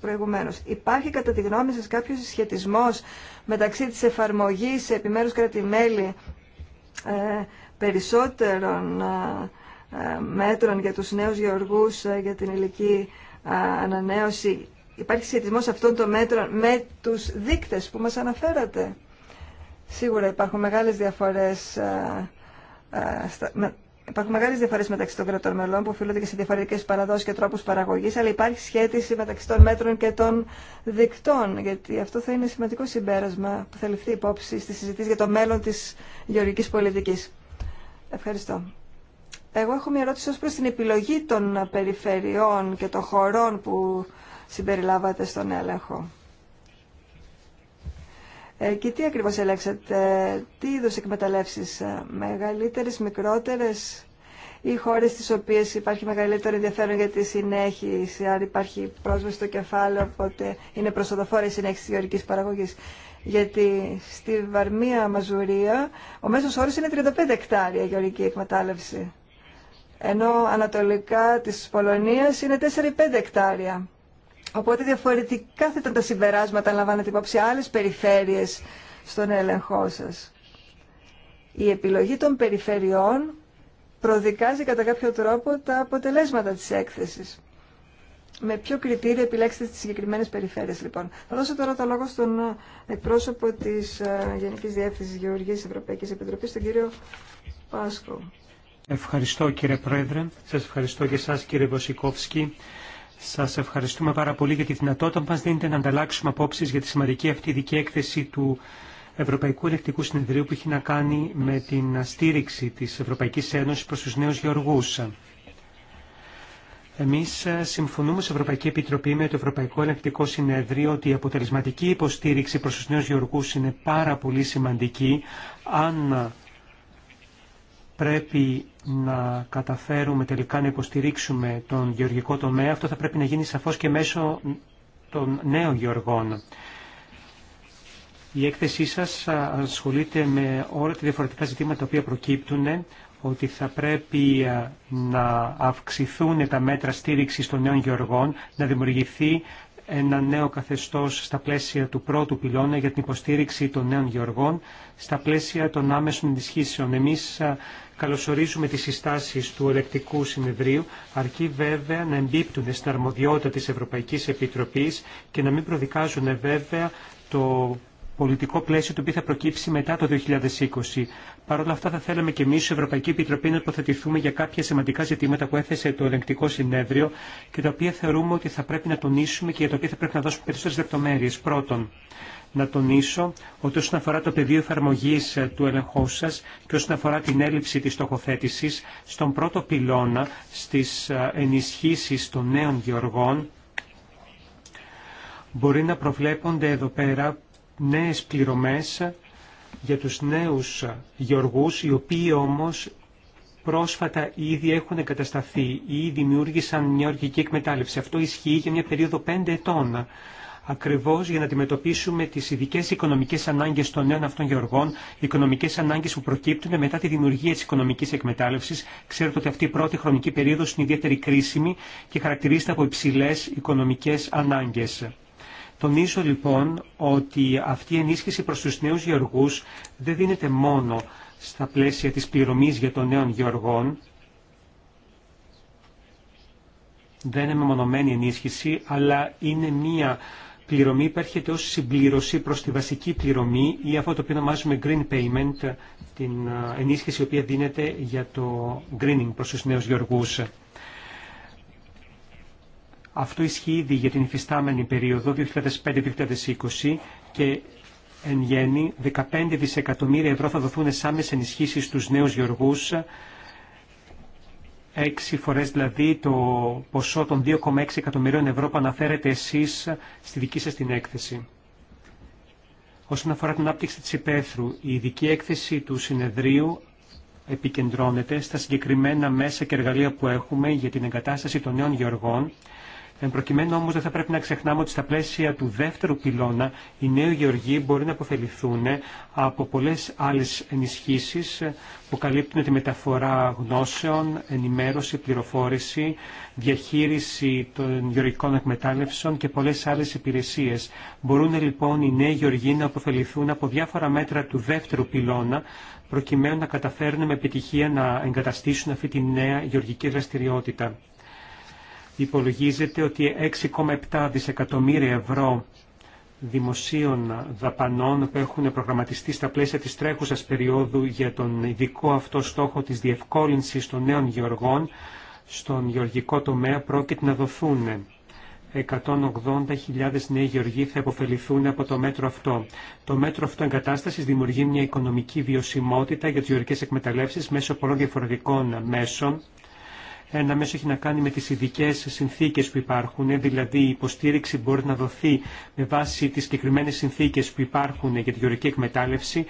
προηγουμένως. Υπάρχει κατά τη γνώμη σας κάποιος συσχετισμός μεταξύ της εφαρμογής σε επιμερους κρατημέλη ε, περισσότερων ε, μέτρων για τους νέους γεωργούς ε, για την ηλική ε, ανανέωση. Υπάρχει συσχετισμός αυτών των μέτρων με τους δείκτες που μας αναφέρατε. Σίγουρα υπάρχουν μεγάλες διαφορές Υπάρχουν μεγάλε διαφορέ μεταξύ των κρατών μελών που οφείλονται και σε διαφορετικέ παραδόσει και τρόπου παραγωγή, αλλά υπάρχει σχέση μεταξύ των μέτρων και των δικτών. Γιατί αυτό θα είναι σημαντικό συμπέρασμα που θα ληφθεί υπόψη στη συζήτηση για το μέλλον τη γεωργική πολιτική. Ευχαριστώ. Εγώ έχω μια ερώτηση ω προ την επιλογή των περιφερειών και των χωρών που συμπεριλάβατε στον έλεγχο. Ε, και τι ακριβώς ελέγξατε, τι είδους εκμεταλλεύσεις, ε, μεγαλύτερες, μικρότερες ή χώρες στις οποίες υπάρχει μεγαλύτερο ενδιαφέρον για τη συνέχιση, αν υπάρχει πρόσβαση στο κεφάλαιο, οπότε είναι προσοδοφόρα η συνέχιση της γεωρικής παραγωγής. Γιατί στη Βαρμία Μαζουρία ο μέσος όρος είναι 35 εκτάρια γεωρική εκμετάλλευση. Ενώ ανατολικά της Πολωνίας είναι 4-5 εκτάρια. Οπότε διαφορετικά θα ήταν τα συμπεράσματα, λαμβάνετε υπόψη άλλε περιφέρειες στον έλεγχό σα. Η επιλογή των περιφερειών προδικάζει κατά κάποιο τρόπο τα αποτελέσματα της έκθεσης. Με ποιο κριτήριο επιλέξετε τις συγκεκριμένες περιφέρειες, λοιπόν. Θα δώσω τώρα το λόγο στον εκπρόσωπο της ε, Γενικής Διεύθυνσης Γεωργίας Ευρωπαϊκής Επιτροπής, τον κύριο Πάσκο. Ευχαριστώ κύριε Πρόεδρε, σας ευχαριστώ και εσάς κύριε Βοσικόφσκι. Σας ευχαριστούμε πάρα πολύ για τη δυνατότητα που μας δίνετε να ανταλλάξουμε απόψεις για τη σημαντική αυτή ειδική έκθεση του Ευρωπαϊκού Ελεκτικού Συνεδρίου που έχει να κάνει με την στήριξη της Ευρωπαϊκής Ένωσης προς τους νέους γεωργούς. Εμείς συμφωνούμε σε Ευρωπαϊκή Επιτροπή με το Ευρωπαϊκό Ελεκτικό Συνέδριο ότι η αποτελεσματική υποστήριξη προς τους νέους γεωργούς είναι πάρα πολύ σημαντική αν πρέπει να καταφέρουμε τελικά να υποστηρίξουμε τον γεωργικό τομέα, αυτό θα πρέπει να γίνει σαφώς και μέσω των νέων γεωργών. Η έκθεσή σας ασχολείται με όλα τα διαφορετικά ζητήματα τα οποία προκύπτουν, ότι θα πρέπει ε, να αυξηθούν τα μέτρα στήριξης των νέων γεωργών, να δημιουργηθεί ένα νέο καθεστώς στα πλαίσια του πρώτου πυλώνα για την υποστήριξη των νέων γεωργών, στα πλαίσια των άμεσων ενισχύσεων. Ε, καλωσορίζουμε τις συστάσεις του ελεκτικού συνεδρίου, αρκεί βέβαια να εμπίπτουν στην αρμοδιότητα της Ευρωπαϊκής Επιτροπής και να μην προδικάζουν βέβαια το πολιτικό πλαίσιο το οποίο θα προκύψει μετά το 2020. Παρ' όλα αυτά θα θέλαμε και εμείς η Ευρωπαϊκή Επιτροπή να υποθετηθούμε για κάποια σημαντικά ζητήματα που έθεσε το Ελεκτικό συνέδριο και τα οποία θεωρούμε ότι θα πρέπει να τονίσουμε και για τα οποία θα πρέπει να δώσουμε περισσότερες λεπτομέρειες. Πρώτον, να τονίσω ότι όσον αφορά το πεδίο εφαρμογή ε, του ελεγχού σα και όσον αφορά την έλλειψη τη στοχοθέτηση, στον πρώτο πυλώνα στι ε, ενισχύσει των νέων γεωργών, μπορεί να προβλέπονται εδώ πέρα νέε πληρωμέ για τους νέους γεωργούς, οι οποίοι όμως πρόσφατα ήδη έχουν εγκατασταθεί ή δημιούργησαν μια οργική εκμετάλλευση. Αυτό ισχύει για μια περίοδο πέντε ετών. Ακριβώ για να αντιμετωπίσουμε τις ειδικέ οικονομικές ανάγκες των νέων αυτών γεωργών, οικονομικές ανάγκες που προκύπτουν μετά τη δημιουργία της οικονομικής εκμετάλλευσης. Ξέρετε ότι αυτή η πρώτη χρονική περίοδος είναι ιδιαίτερη κρίσιμη και χαρακτηρίζεται από υψηλέ οικονομικές ανάγκες. Τονίζω λοιπόν ότι αυτή η ενίσχυση προς τους νέους γεωργούς δεν δίνεται μόνο στα πλαίσια της πληρωμής για των νέων γεωργών, δεν είναι μεμονωμένη ενίσχυση, αλλά είναι μία πληρωμή υπέρχεται ως συμπλήρωση προς τη βασική πληρωμή ή αυτό το οποίο ονομάζουμε green payment, την ε, ενίσχυση η οποία δίνεται για το greening προς τους νέους γεωργούς. Αυτό ισχύει ήδη για την υφιστάμενη περίοδο 2005-2020 και εν γέννη 15 δισεκατομμύρια ευρώ θα δοθούν σάμες ενισχύσεις στους νέους γεωργούς Έξι φορές δηλαδή το ποσό των 2,6 εκατομμυρίων ευρώ που αναφέρετε εσείς στη δική σας την έκθεση. Όσον αφορά την άπτυξη της υπαίθρου, η ειδική έκθεση του συνεδρίου επικεντρώνεται στα συγκεκριμένα μέσα και εργαλεία που έχουμε για την εγκατάσταση των νέων γεωργών Εν προκειμένου όμω δεν θα πρέπει να ξεχνάμε ότι στα πλαίσια του δεύτερου πυλώνα οι νέοι γεωργοί μπορεί να αποφεληθούν από πολλέ άλλε ενισχύσει που καλύπτουν τη μεταφορά γνώσεων, ενημέρωση, πληροφόρηση, διαχείριση των γεωργικών εκμετάλλευσεων και πολλέ άλλε υπηρεσίε. Μπορούν λοιπόν οι νέοι γεωργοί να αποφεληθούν από διάφορα μέτρα του δεύτερου πυλώνα προκειμένου να καταφέρουν με επιτυχία να εγκαταστήσουν αυτή τη νέα γεωργική δραστηριότητα υπολογίζεται ότι 6,7 δισεκατομμύρια ευρώ δημοσίων δαπανών που έχουν προγραμματιστεί στα πλαίσια της τρέχουσας περίοδου για τον ειδικό αυτό στόχο της διευκόλυνσης των νέων γεωργών στον γεωργικό τομέα πρόκειται να δοθούν. 180.000 νέοι γεωργοί θα υποφεληθούν από το μέτρο αυτό. Το μέτρο αυτό εγκατάστασης δημιουργεί μια οικονομική βιωσιμότητα για τις γεωργικές εκμεταλλεύσεις μέσω πολλών διαφορετικών μέσων ένα μέσο έχει να κάνει με τις ειδικέ συνθήκες που υπάρχουν, δηλαδή η υποστήριξη μπορεί να δοθεί με βάση τις συγκεκριμένε συνθήκες που υπάρχουν για τη γεωρική εκμετάλλευση,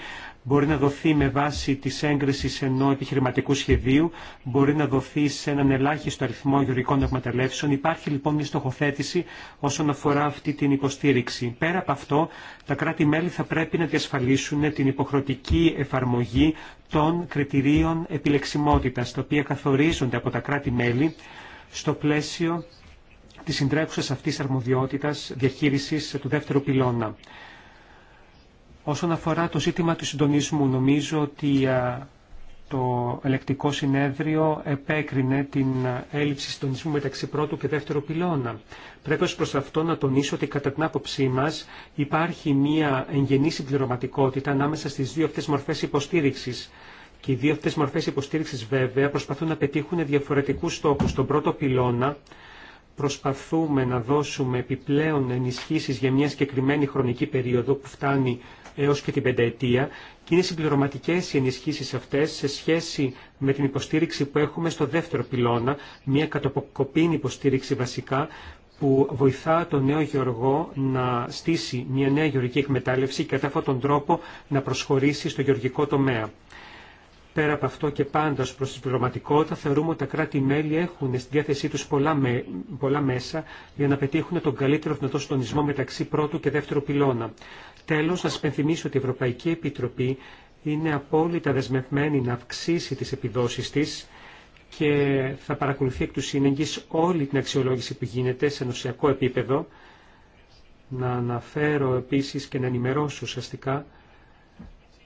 μπορεί να δοθεί με βάση τη έγκριση ενό επιχειρηματικού σχεδίου, μπορεί να δοθεί σε έναν ελάχιστο αριθμό γεωργικών εκμεταλλεύσεων. Υπάρχει λοιπόν μια στοχοθέτηση όσον αφορά αυτή την υποστήριξη. Πέρα από αυτό, τα κράτη-μέλη θα πρέπει να διασφαλίσουν την υποχρεωτική εφαρμογή των κριτηρίων επιλεξιμότητας, τα οποία καθορίζονται από τα κράτη-μέλη στο πλαίσιο της συντρέχουσας αυτής αρμοδιότητας διαχείρισης του δεύτερου πυλώνα. Όσον αφορά το ζήτημα του συντονισμού, νομίζω ότι το ελεκτικό συνέδριο επέκρινε την έλλειψη συντονισμού μεταξύ πρώτου και δεύτερου πυλώνα. Πρέπει ως προς αυτό να τονίσω ότι κατά την άποψή μας υπάρχει μια εγγενή συμπληρωματικότητα ανάμεσα στις δύο αυτές μορφές υποστήριξης. Και οι δύο αυτές μορφές υποστήριξης βέβαια προσπαθούν να πετύχουν διαφορετικούς στόχους. Στον πρώτο πυλώνα προσπαθούμε να δώσουμε επιπλέον ενισχύσεις για μια συγκεκριμένη χρονική περίοδο που φτάνει έως και την πενταετία και είναι συμπληρωματικές οι ενισχύσεις αυτές σε σχέση με την υποστήριξη που έχουμε στο δεύτερο πυλώνα, μια κατοποκοπήν υποστήριξη βασικά που βοηθά τον νέο γεωργό να στήσει μια νέα γεωργική εκμετάλλευση και κατά αυτόν τον τρόπο να προσχωρήσει στο γεωργικό τομέα. Πέρα από αυτό και πάντα ως προς την πληρωματικότητα θεωρούμε ότι τα κράτη-μέλη έχουν στην διάθεσή τους πολλά, με, μέσα για να πετύχουν τον καλύτερο δυνατό συντονισμό μεταξύ πρώτου και δεύτερου πυλώνα. Τέλος, να σας πενθυμίσω ότι η Ευρωπαϊκή Επιτροπή είναι απόλυτα δεσμευμένη να αυξήσει τις επιδόσεις της και θα παρακολουθεί εκ του σύνεγγυς όλη την αξιολόγηση που γίνεται σε νοσιακό επίπεδο. Να αναφέρω επίσης και να ενημερώσω ουσιαστικά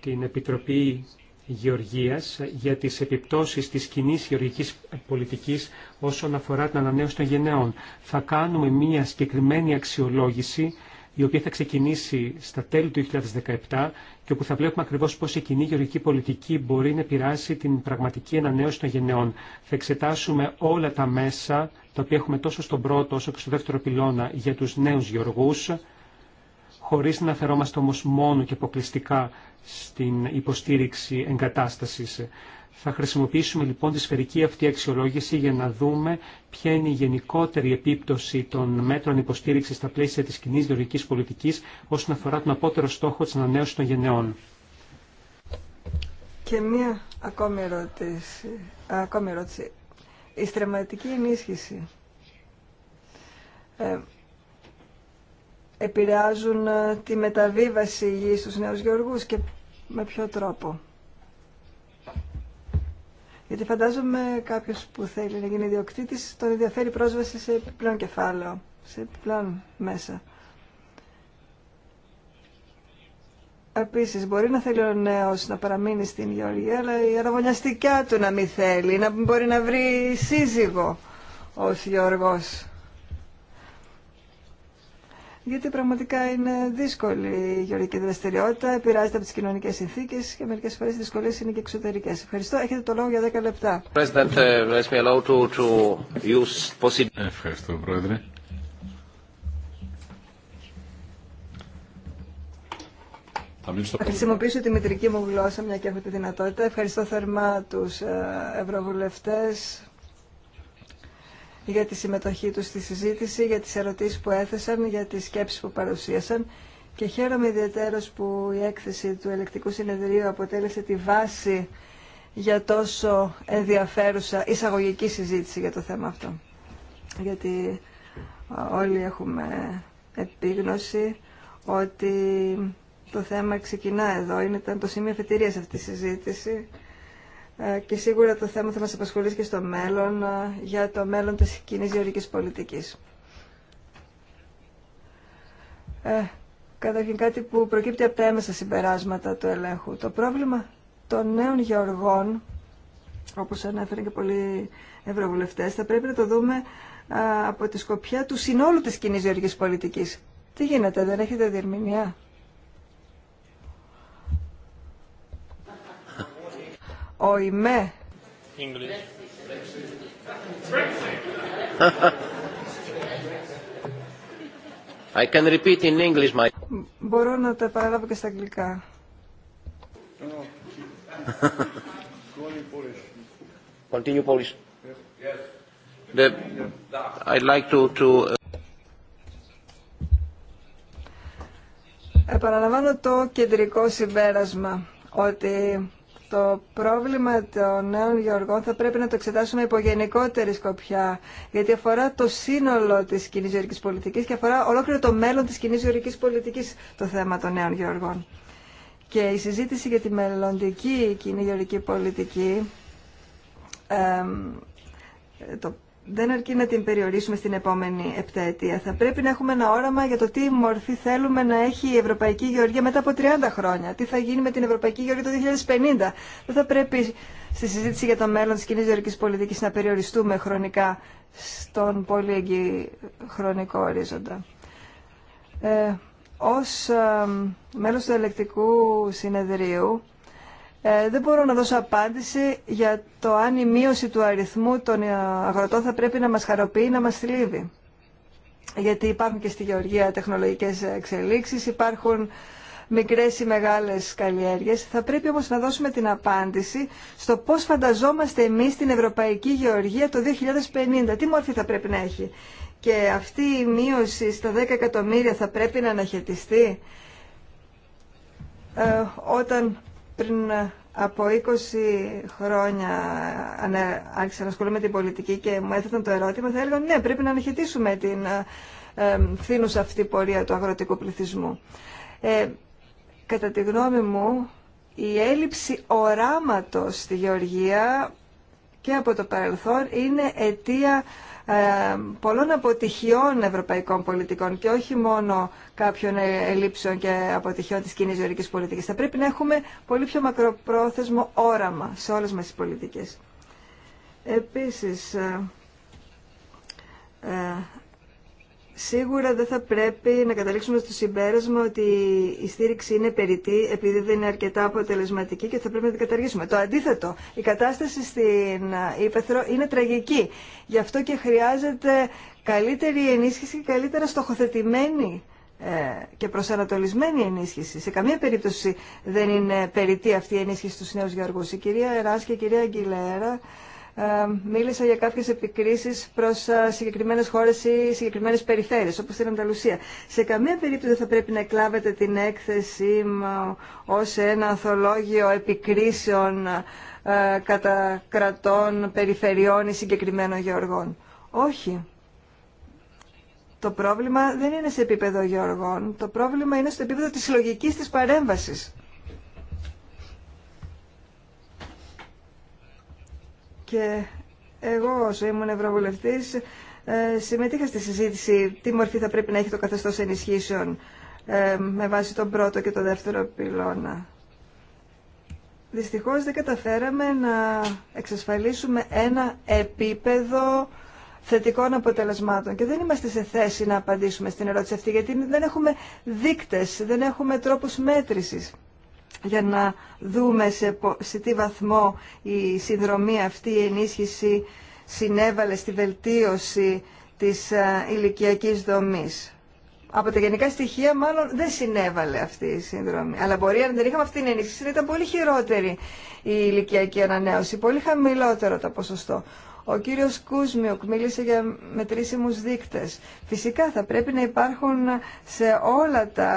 την Επιτροπή Γεωργίας για τις επιπτώσεις της κοινή γεωργικής πολιτικής όσον αφορά την ανανέωση των γενναιών. Θα κάνουμε μια συγκεκριμένη αξιολόγηση η οποία θα ξεκινήσει στα τέλη του 2017 και όπου θα βλέπουμε ακριβώς πώς η κοινή γεωργική πολιτική μπορεί να επηρεάσει την πραγματική ανανέωση των γενναιών. Θα εξετάσουμε όλα τα μέσα τα οποία έχουμε τόσο στον πρώτο όσο και στο δεύτερο πυλώνα για του νέου γεωργού χωρίς να αφαιρόμαστε όμως μόνο και αποκλειστικά στην υποστήριξη εγκατάστασης. Θα χρησιμοποιήσουμε λοιπόν τη σφαιρική αυτή αξιολόγηση για να δούμε ποια είναι η γενικότερη επίπτωση των μέτρων υποστήριξης στα πλαίσια της κοινή διοργικής πολιτικής όσον αφορά τον απότερο στόχο της ανανέωσης των γενεών. Και μία ακόμη ερώτηση. Ακόμη Η στρεματική ενίσχυση. Ε, επηρεάζουν ε, τη μεταβίβαση γης στους νέους γεωργούς και με ποιο τρόπο. Γιατί φαντάζομαι κάποιος που θέλει να γίνει ιδιοκτήτης τον ενδιαφέρει πρόσβαση σε επιπλέον κεφάλαιο, σε επιπλέον μέσα. Επίση, μπορεί να θέλει ο νέος να παραμείνει στην Γεωργία, αλλά η αραβωνιαστικιά του να μην θέλει, να μπορεί να βρει σύζυγο ως Γεωργός γιατί πραγματικά είναι δύσκολη η γεωργική δραστηριότητα, επηρεάζεται από τι κοινωνικέ συνθήκε και μερικέ φορέ οι δυσκολίε είναι και εξωτερικέ. Ευχαριστώ. Έχετε το λόγο για 10 λεπτά. Uh, Ευχαριστώ, Πρόεδρε. Θα χρησιμοποιήσω τη μητρική μου γλώσσα, μια και έχω τη δυνατότητα. Ευχαριστώ θερμά τους ε, ευρωβουλευτές για τη συμμετοχή τους στη συζήτηση, για τις ερωτήσεις που έθεσαν, για τις σκέψεις που παρουσίασαν και χαίρομαι ιδιαίτερος που η έκθεση του Ελεκτικού Συνεδρίου αποτέλεσε τη βάση για τόσο ενδιαφέρουσα εισαγωγική συζήτηση για το θέμα αυτό. Γιατί όλοι έχουμε επίγνωση ότι το θέμα ξεκινά εδώ, είναι, ήταν το σημείο αφετηρίας αυτή τη συζήτηση ε, και σίγουρα το θέμα θα μας απασχολήσει και στο μέλλον ε, για το μέλλον της κοινή γεωργικής πολιτικής. Ε, καταρχήν κάτι που προκύπτει από τα έμεσα συμπεράσματα του ελέγχου. Το πρόβλημα των νέων γεωργών, όπως ανέφεραν και πολλοί ευρωβουλευτές, θα πρέπει να το δούμε ε, από τη σκοπιά του συνόλου της κοινή γεωργικής πολιτικής. Τι γίνεται, δεν έχετε διερμηνία. ο English. Ε. I can repeat in English my... Μπορώ να τα επαναλάβω και στα αγγλικά. Continue Polish. Yes. The, I'd like to, to... Uh- Επαναλαμβάνω το κεντρικό συμπέρασμα ότι το πρόβλημα των νέων γεωργών θα πρέπει να το εξετάσουμε υπό γενικότερη σκοπιά, γιατί αφορά το σύνολο της κοινή γεωργική πολιτικής και αφορά ολόκληρο το μέλλον της κοινή γεωργική πολιτικής το θέμα των νέων γεωργών. Και η συζήτηση για τη μελλοντική κοινή γεωργική πολιτική, το δεν αρκεί να την περιορίσουμε στην επόμενη επταετία. Θα πρέπει να έχουμε ένα όραμα για το τι μορφή θέλουμε να έχει η Ευρωπαϊκή Γεωργία μετά από 30 χρόνια. Τι θα γίνει με την Ευρωπαϊκή Γεωργία το 2050. Δεν θα πρέπει στη συζήτηση για το μέλλον τη κοινή γεωργική πολιτικής να περιοριστούμε χρονικά στον πολύ χρονικό ορίζοντα. Ε, ως ε, μέλος του ελεκτικού συνεδρίου ε, δεν μπορώ να δώσω απάντηση για το αν η μείωση του αριθμού των ε, αγροτών θα πρέπει να μας χαροποιεί να μας θλίβει. Γιατί υπάρχουν και στη γεωργία τεχνολογικές εξελίξεις, υπάρχουν μικρές ή μεγάλες καλλιέργειες. Θα πρέπει όμως να δώσουμε την απάντηση στο πώς φανταζόμαστε εμείς την Ευρωπαϊκή Γεωργία το 2050. Τι μόρφη θα πρέπει να έχει. Και αυτή η μείωση στα 10 εκατομμύρια θα πρέπει να αναχαιτιστεί ε, όταν πριν από 20 χρόνια άρχισα να ασχολούμαι με την πολιτική και μου έθεταν το ερώτημα, θα έλεγα ναι, πρέπει να αναχαιτήσουμε την ε, φθήνουσα αυτή πορεία του αγροτικού πληθυσμού. Ε, κατά τη γνώμη μου, η έλλειψη οράματος στη γεωργία και από το παρελθόν είναι αιτία ε, πολλών αποτυχιών ευρωπαϊκών πολιτικών και όχι μόνο κάποιων ελλείψεων και αποτυχιών της κοινή ζωρικής πολιτικής. Θα πρέπει να έχουμε πολύ πιο μακροπρόθεσμο όραμα σε όλες μας τις πολιτικές. Επίσης, ε, ε, Σίγουρα δεν θα πρέπει να καταλήξουμε στο συμπέρασμα ότι η στήριξη είναι περιττή επειδή δεν είναι αρκετά αποτελεσματική και θα πρέπει να την καταργήσουμε. Το αντίθετο, η κατάσταση στην Ήπεθρο είναι τραγική. Γι' αυτό και χρειάζεται καλύτερη ενίσχυση και καλύτερα στοχοθετημένη ε, και προσανατολισμένη ενίσχυση. Σε καμία περίπτωση δεν είναι περιττή αυτή η ενίσχυση στους νέους γεωργούς. Η κυρία Εράς και η κυρία Αγγιλέρα ε, μίλησα για κάποιες επικρίσεις προς ε, συγκεκριμένες χώρες ή συγκεκριμένες περιφέρειες, όπως τα Ανταλουσία. Σε καμία περίπτωση δεν θα πρέπει να εκλάβετε την έκθεσή ως ένα ανθολόγιο επικρίσεων ε, κατά κρατών, περιφερειών ή συγκεκριμένων γεωργών. Όχι. Το πρόβλημα δεν είναι σε επίπεδο γεωργών. Το πρόβλημα είναι στο επίπεδο της συλλογική της παρέμβασης. Και εγώ όσο ήμουν Ευρωβουλευτής ε, συμμετείχα στη συζήτηση τι μορφή θα πρέπει να έχει το καθεστώς ενισχύσεων ε, με βάση τον πρώτο και τον δεύτερο πυλώνα. Δυστυχώς δεν καταφέραμε να εξασφαλίσουμε ένα επίπεδο θετικών αποτελεσμάτων και δεν είμαστε σε θέση να απαντήσουμε στην ερώτηση αυτή γιατί δεν έχουμε δείκτες, δεν έχουμε τρόπους μέτρησης για να δούμε σε, σε τι βαθμό η συνδρομή αυτή, η ενίσχυση συνέβαλε στη βελτίωση της ε, ηλικιακής δομής. Από τα γενικά στοιχεία μάλλον δεν συνέβαλε αυτή η σύνδρομη. Αλλά μπορεί αν δεν είχαμε αυτή την ενίσχυση να ήταν πολύ χειρότερη η ηλικιακή ανανέωση, πολύ χαμηλότερο το ποσοστό. Ο κύριος Κούσμιουκ μίλησε για μετρήσιμους δείκτες. Φυσικά θα πρέπει να υπάρχουν σε όλα τα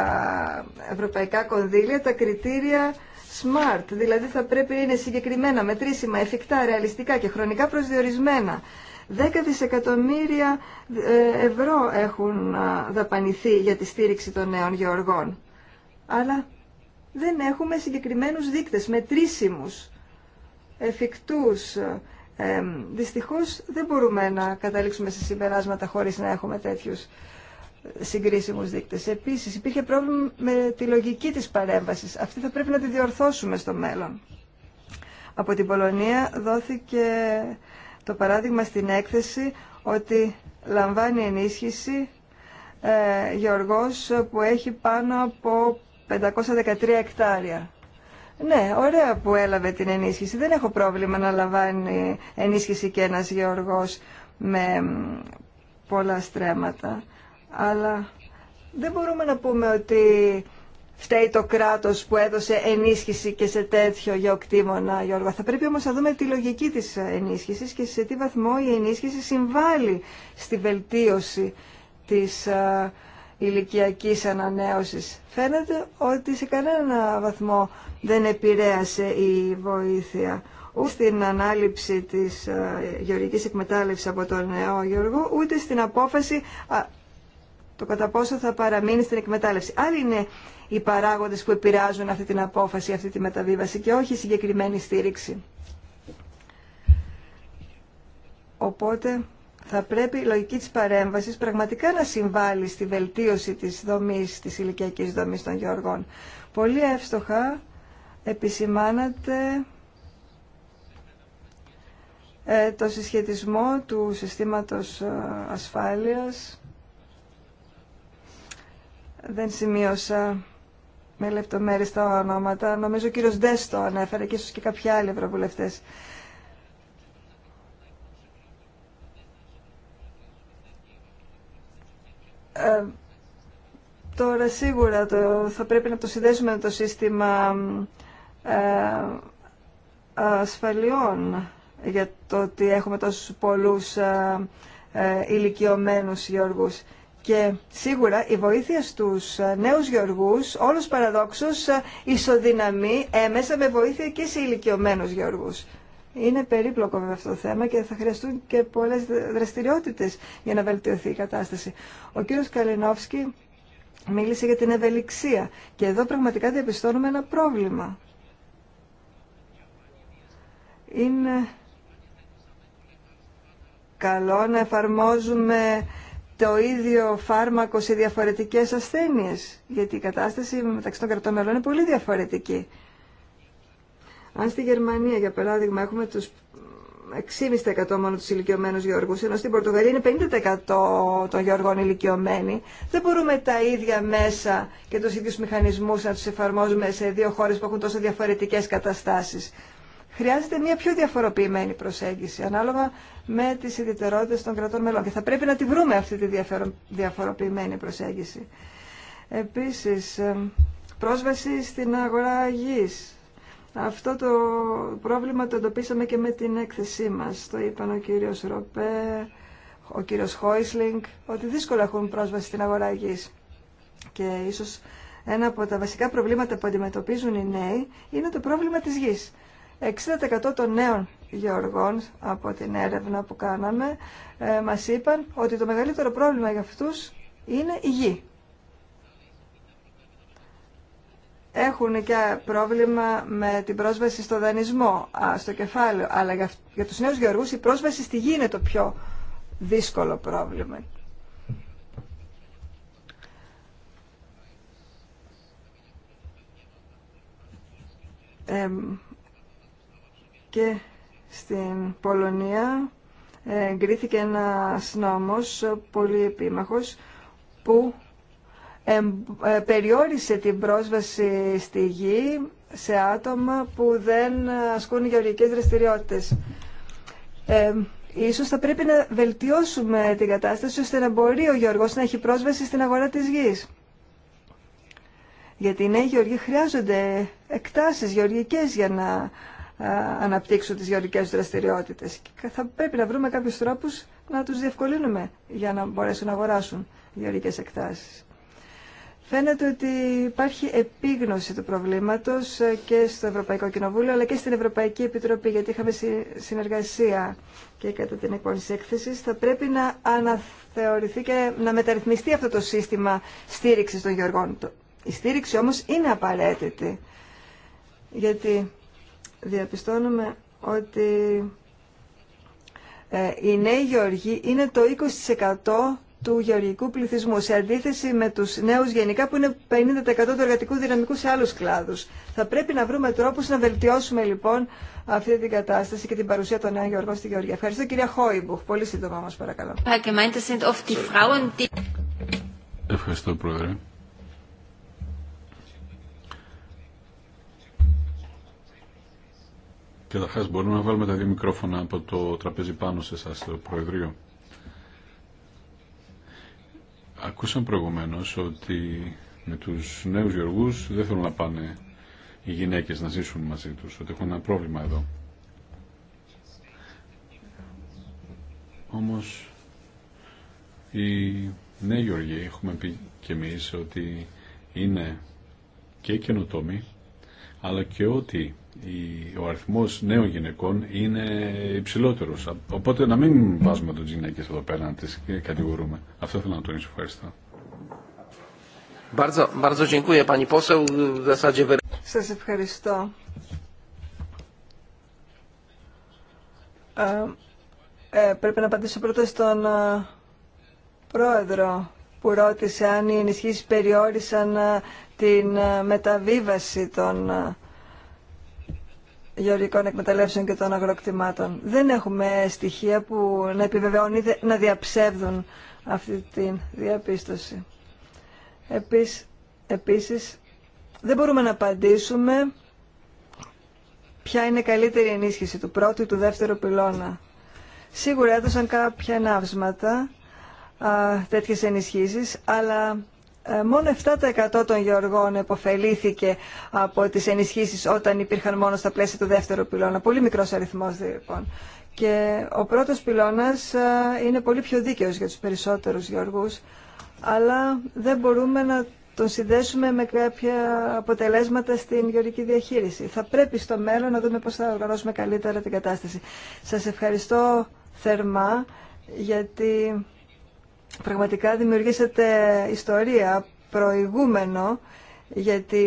ευρωπαϊκά κονδύλια τα κριτήρια SMART, δηλαδή θα πρέπει να είναι συγκεκριμένα, μετρήσιμα, εφικτά, ρεαλιστικά και χρονικά προσδιορισμένα. Δέκα δισεκατομμύρια ε, ευρώ έχουν δαπανηθεί για τη στήριξη των νέων γεωργών. Αλλά δεν έχουμε συγκεκριμένους δείκτες, μετρήσιμους, εφικτούς, ε, δυστυχώς δεν μπορούμε να καταλήξουμε σε συμπεράσματα χωρίς να έχουμε τέτοιους συγκρίσιμους δείκτες. Επίσης υπήρχε πρόβλημα με τη λογική της παρέμβασης. Αυτή θα πρέπει να τη διορθώσουμε στο μέλλον. Από την Πολωνία δόθηκε το παράδειγμα στην έκθεση ότι λαμβάνει ενίσχυση ε, που έχει πάνω από 513 εκτάρια. Ναι, ωραία που έλαβε την ενίσχυση. Δεν έχω πρόβλημα να λαμβάνει ενίσχυση και ένας γεωργός με πολλά στρέμματα. Αλλά δεν μπορούμε να πούμε ότι φταίει το κράτος που έδωσε ενίσχυση και σε τέτοιο γεωκτήμονα Γιώργο. Θα πρέπει όμως να δούμε τη λογική της ενίσχυσης και σε τι βαθμό η ενίσχυση συμβάλλει στη βελτίωση της ε, ηλικιακής ανανέωσης. Φαίνεται ότι σε κανένα βαθμό δεν επηρέασε η βοήθεια ούτε στην ανάληψη της ε, γεωργικής εκμετάλλευσης από τον νέο Γεωργό, ούτε στην απόφαση το κατά πόσο θα παραμείνει στην εκμετάλλευση. Άλλοι είναι οι παράγοντες που επηρεάζουν αυτή την απόφαση, αυτή τη μεταβίβαση και όχι η συγκεκριμένη στήριξη. Οπότε θα πρέπει η λογική της παρέμβασης πραγματικά να συμβάλλει στη βελτίωση της δομής, της ηλικιακής δομής των γεωργών. Πολύ εύστοχα επισημάνατε ε, το συσχετισμό του συστήματος ε, ασφάλειας. Δεν σημείωσα με λεπτομέρειες τα ονόματα. Νομίζω ο κύριος Ντες το ανέφερε και ίσως και κάποιοι άλλοι ευρωβουλευτές. Ε, τώρα σίγουρα το, θα πρέπει να το συνδέσουμε με το σύστημα ε, ε, ασφαλιών για το ότι έχουμε τόσους πολλούς ε, ηλικιωμένους γεωργούς. Και σίγουρα η βοήθεια στους νέους γεωργούς, όλους παραδόξως, ισοδυναμεί έμεσα με βοήθεια και σε ηλικιωμένους γεωργούς. Είναι περίπλοκο βέβαια αυτό το θέμα και θα χρειαστούν και πολλές δραστηριότητες για να βελτιωθεί η κατάσταση. Ο κύριος Καλινόφσκι μίλησε για την ευελιξία και εδώ πραγματικά διαπιστώνουμε ένα πρόβλημα είναι καλό να εφαρμόζουμε το ίδιο φάρμακο σε διαφορετικές ασθένειες, γιατί η κατάσταση μεταξύ των κρατών μελών είναι πολύ διαφορετική. Αν στη Γερμανία, για παράδειγμα, έχουμε τους 6,5% μόνο τους ηλικιωμένους γεωργούς, ενώ στην Πορτογαλία είναι 50% των γεωργών ηλικιωμένοι, δεν μπορούμε τα ίδια μέσα και τους ίδιους μηχανισμούς να τους εφαρμόζουμε σε δύο χώρες που έχουν τόσο διαφορετικές καταστάσεις χρειάζεται μια πιο διαφοροποιημένη προσέγγιση ανάλογα με τις ιδιαιτερότητες των κρατών μελών και θα πρέπει να τη βρούμε αυτή τη διαφοροποιημένη προσέγγιση. Επίσης, ε, πρόσβαση στην αγορά γη. Αυτό το πρόβλημα το εντοπίσαμε και με την έκθεσή μας. Το είπαν ο κύριο Ροπέ, ο κύριος Χόισλινγκ, ότι δύσκολα έχουν πρόσβαση στην αγορά γη. Και ίσω, ένα από τα βασικά προβλήματα που αντιμετωπίζουν οι νέοι είναι το πρόβλημα της γης. 60% των νέων γεωργών από την έρευνα που κάναμε ε, μας είπαν ότι το μεγαλύτερο πρόβλημα για αυτούς είναι η γη. Έχουν και πρόβλημα με την πρόσβαση στο δανεισμό, στο κεφάλαιο, αλλά για, τους νέους γεωργούς η πρόσβαση στη γη είναι το πιο δύσκολο πρόβλημα και στην Πολωνία εγκρίθηκε ένας νόμος πολύ επίμαχος που ε, περιόρισε την πρόσβαση στη γη σε άτομα που δεν ασκούν γεωργικές δραστηριότητες. Ε, ίσως θα πρέπει να βελτιώσουμε την κατάσταση ώστε να μπορεί ο Γεωργός να έχει πρόσβαση στην αγορά της γης. Γιατί οι νέοι Γεωργοί χρειάζονται εκτάσεις γεωργικές για να αναπτύξουν τις γεωρικές δραστηριότητες. Και θα πρέπει να βρούμε κάποιους τρόπους να τους διευκολύνουμε για να μπορέσουν να αγοράσουν γεωρικές εκτάσεις. Φαίνεται ότι υπάρχει επίγνωση του προβλήματος ε, και στο Ευρωπαϊκό Κοινοβούλιο αλλά και στην Ευρωπαϊκή Επιτροπή γιατί είχαμε συνεργασία και κατά την εκπόνηση έκθεση. Θα πρέπει να αναθεωρηθεί και να μεταρρυθμιστεί αυτό το σύστημα στήριξης των γεωργών. Η στήριξη όμως είναι απαραίτητη γιατί διαπιστώνουμε ότι ε, οι νέοι γεωργοί είναι το 20% του γεωργικού πληθυσμού, σε αντίθεση με τους νέους γενικά που είναι 50% του εργατικού δυναμικού σε άλλους κλάδους. Θα πρέπει να βρούμε τρόπους να βελτιώσουμε λοιπόν αυτή την κατάσταση και την παρουσία των νέων γεωργών στη Γεωργία. Ευχαριστώ κυρία Χόιμπουχ. Πολύ σύντομα μας παρακαλώ. Ευχαριστώ πρόεδρε. Καταρχά, μπορούμε να βάλουμε τα δύο μικρόφωνα από το τραπέζι πάνω σε εσά, το Προεδρείο. Ακούσαμε προηγουμένω ότι με του νέου γεωργού δεν θέλουν να πάνε οι γυναίκε να ζήσουν μαζί του, ότι έχουν ένα πρόβλημα εδώ. Όμω, οι νέοι γεωργοί έχουμε πει και εμεί ότι είναι και καινοτόμοι, αλλά και ότι ο αριθμός νέων γυναικών είναι υψηλότερος. Οπότε να μην βάζουμε τις γυναίκες εδώ πέρα να τις κατηγορούμε. Αυτό θέλω να τονίσω. Ευχαριστώ. Σας ευχαριστώ. Ε, ε, πρέπει να απαντήσω πρώτα στον ε, πρόεδρο που ρώτησε αν οι ενισχύσεις περιόρισαν ε, την μεταβίβαση των γεωργικών εκμεταλλεύσεων και των αγροκτημάτων. Δεν έχουμε στοιχεία που να επιβεβαιώνουν ή να διαψεύδουν αυτή τη διαπίστωση. Επίσης, επίσης, δεν μπορούμε να απαντήσουμε ποια είναι καλύτερη ενίσχυση του πρώτου ή του δεύτερου πυλώνα. Σίγουρα έδωσαν κάποια ναύσματα τέτοιες ενισχύσεις, αλλά ε, μόνο 7% των γεωργών επωφελήθηκε από τις ενισχύσεις όταν υπήρχαν μόνο στα πλαίσια του δεύτερου πυλώνα. Πολύ μικρός αριθμός λοιπόν. Και ο πρώτος πυλώνας ε, είναι πολύ πιο δίκαιος για τους περισσότερους γεωργούς, αλλά δεν μπορούμε να τον συνδέσουμε με κάποια αποτελέσματα στην γεωργική διαχείριση. Θα πρέπει στο μέλλον να δούμε πώς θα οργανώσουμε καλύτερα την κατάσταση. Σας ευχαριστώ θερμά γιατί πραγματικά δημιουργήσατε ιστορία, προηγούμενο, γιατί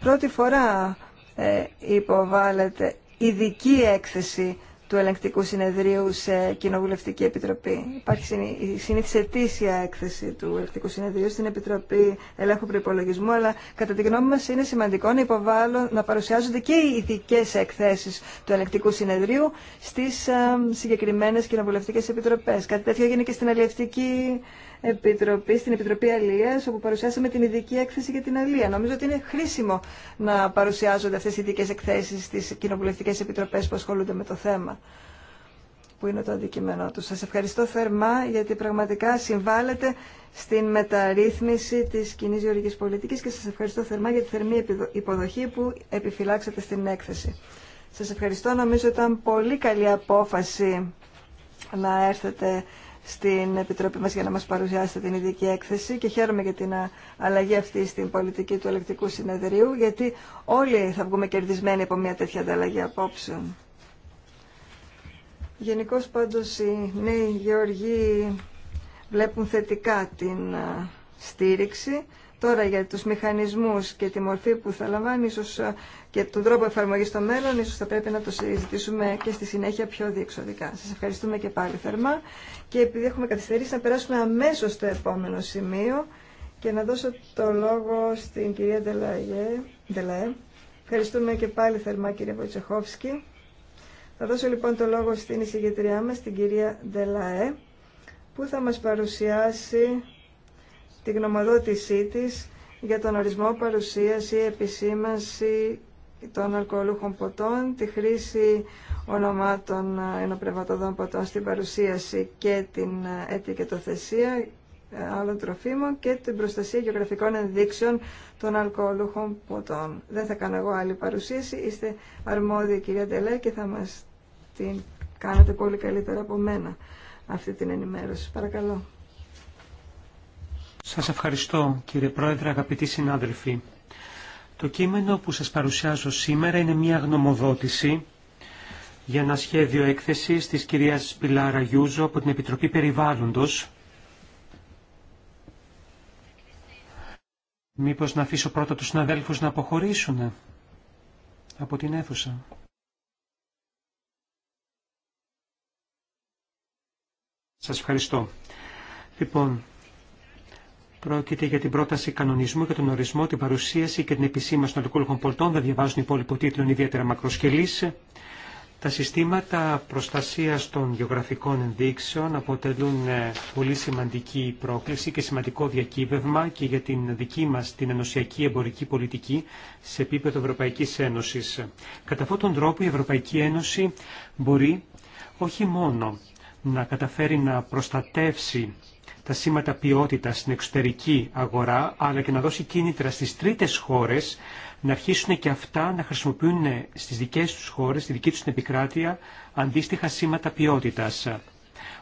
πρώτη φορά ε, υποβάλλεται ειδική έκθεση του Ελεγκτικού Συνεδρίου σε Κοινοβουλευτική Επιτροπή. Υπάρχει η συνήθιση ετήσια έκθεση του Ελεγκτικού Συνεδρίου στην Επιτροπή Ελέγχου Προπολογισμού, αλλά κατά τη γνώμη μα είναι σημαντικό να, υποβάλλω, να παρουσιάζονται και οι ειδικέ εκθέσει του Ελεγκτικού Συνεδρίου στι ε, συγκεκριμένε κοινοβουλευτικέ επιτροπέ. Κάτι τέτοιο έγινε και στην Αλλιευτική Επιτροπή, στην Επιτροπή Αλίας, όπου παρουσιάσαμε την ειδική έκθεση για την Αλία. Νομίζω ότι είναι χρήσιμο να παρουσιάζονται αυτές οι ειδικέ εκθέσεις στις κοινοβουλευτικέ επιτροπές που ασχολούνται με το θέμα που είναι το αντικείμενό του. Σας ευχαριστώ θερμά γιατί πραγματικά συμβάλλετε στην μεταρρύθμιση της κοινή γεωργικής πολιτικής και σας ευχαριστώ θερμά για τη θερμή υποδοχή που επιφυλάξατε στην έκθεση. Σας ευχαριστώ. Νομίζω ήταν πολύ καλή απόφαση να έρθετε στην Επιτροπή μας για να μας παρουσιάσετε την ειδική έκθεση και χαίρομαι για την αλλαγή αυτή στην πολιτική του ελεκτικού συνεδρίου γιατί όλοι θα βγούμε κερδισμένοι από μια τέτοια ανταλλαγή απόψεων. Γενικώ πάντως οι νέοι γεωργοί βλέπουν θετικά την στήριξη. Τώρα για τους μηχανισμούς και τη μορφή που θα λαμβάνει ίσως και τον τρόπο εφαρμογής στο μέλλον ίσως θα πρέπει να το συζητήσουμε και στη συνέχεια πιο διεξοδικά. Σας ευχαριστούμε και πάλι θερμά και επειδή έχουμε καθυστερήσει να περάσουμε αμέσως στο επόμενο σημείο και να δώσω το λόγο στην κυρία Ντελαέ. Ευχαριστούμε και πάλι θερμά κύριε Βοητσεχόφσκη. Θα δώσω λοιπόν το λόγο στην εισηγητριά μας, την κυρία Ντελαέ, που θα μας παρουσιάσει τη γνωμοδότησή της για τον ορισμό, παρουσίαση, επισήμανση των αλκοολούχων ποτών, τη χρήση ονομάτων ε, ενοπνευματοδών ποτών στην παρουσίαση και την ε, ετικετοθεσία ε, άλλων τροφίμων και την προστασία γεωγραφικών ενδείξεων των αλκοολούχων ποτών. Δεν θα κάνω εγώ άλλη παρουσίαση, είστε αρμόδιοι κυρία Ντελέ και θα μας την κάνετε πολύ καλύτερα από μένα αυτή την ενημέρωση. Παρακαλώ. Σας ευχαριστώ κύριε Πρόεδρε, αγαπητοί συνάδελφοι. Το κείμενο που σας παρουσιάζω σήμερα είναι μια γνωμοδότηση για ένα σχέδιο έκθεσης της κυρίας Πιλάρα Γιούζο από την Επιτροπή Περιβάλλοντος. Μήπως να αφήσω πρώτα τους συναδέλφους να αποχωρήσουν από την αίθουσα. Σας ευχαριστώ. Λοιπόν, Πρόκειται για την πρόταση κανονισμού για τον ορισμό, την παρουσίαση και την επισήμαση των αλκοόλικων πολιτών. Δεν διαβάζουν υπόλοιπο τίτλων ιδιαίτερα μακροσκελή. Τα συστήματα προστασία των γεωγραφικών ενδείξεων αποτελούν ε, πολύ σημαντική πρόκληση και σημαντικό διακύβευμα και για την δική μα την ενωσιακή εμπορική πολιτική σε επίπεδο Ευρωπαϊκή Ένωση. Κατά αυτόν τον τρόπο η Ευρωπαϊκή Ένωση μπορεί όχι μόνο να καταφέρει να προστατεύσει τα σήματα ποιότητα στην εξωτερική αγορά, αλλά και να δώσει κίνητρα στις τρίτες χώρες να αρχίσουν και αυτά να χρησιμοποιούν στις δικές τους χώρες, στη δική τους επικράτεια, αντίστοιχα σήματα ποιότητα.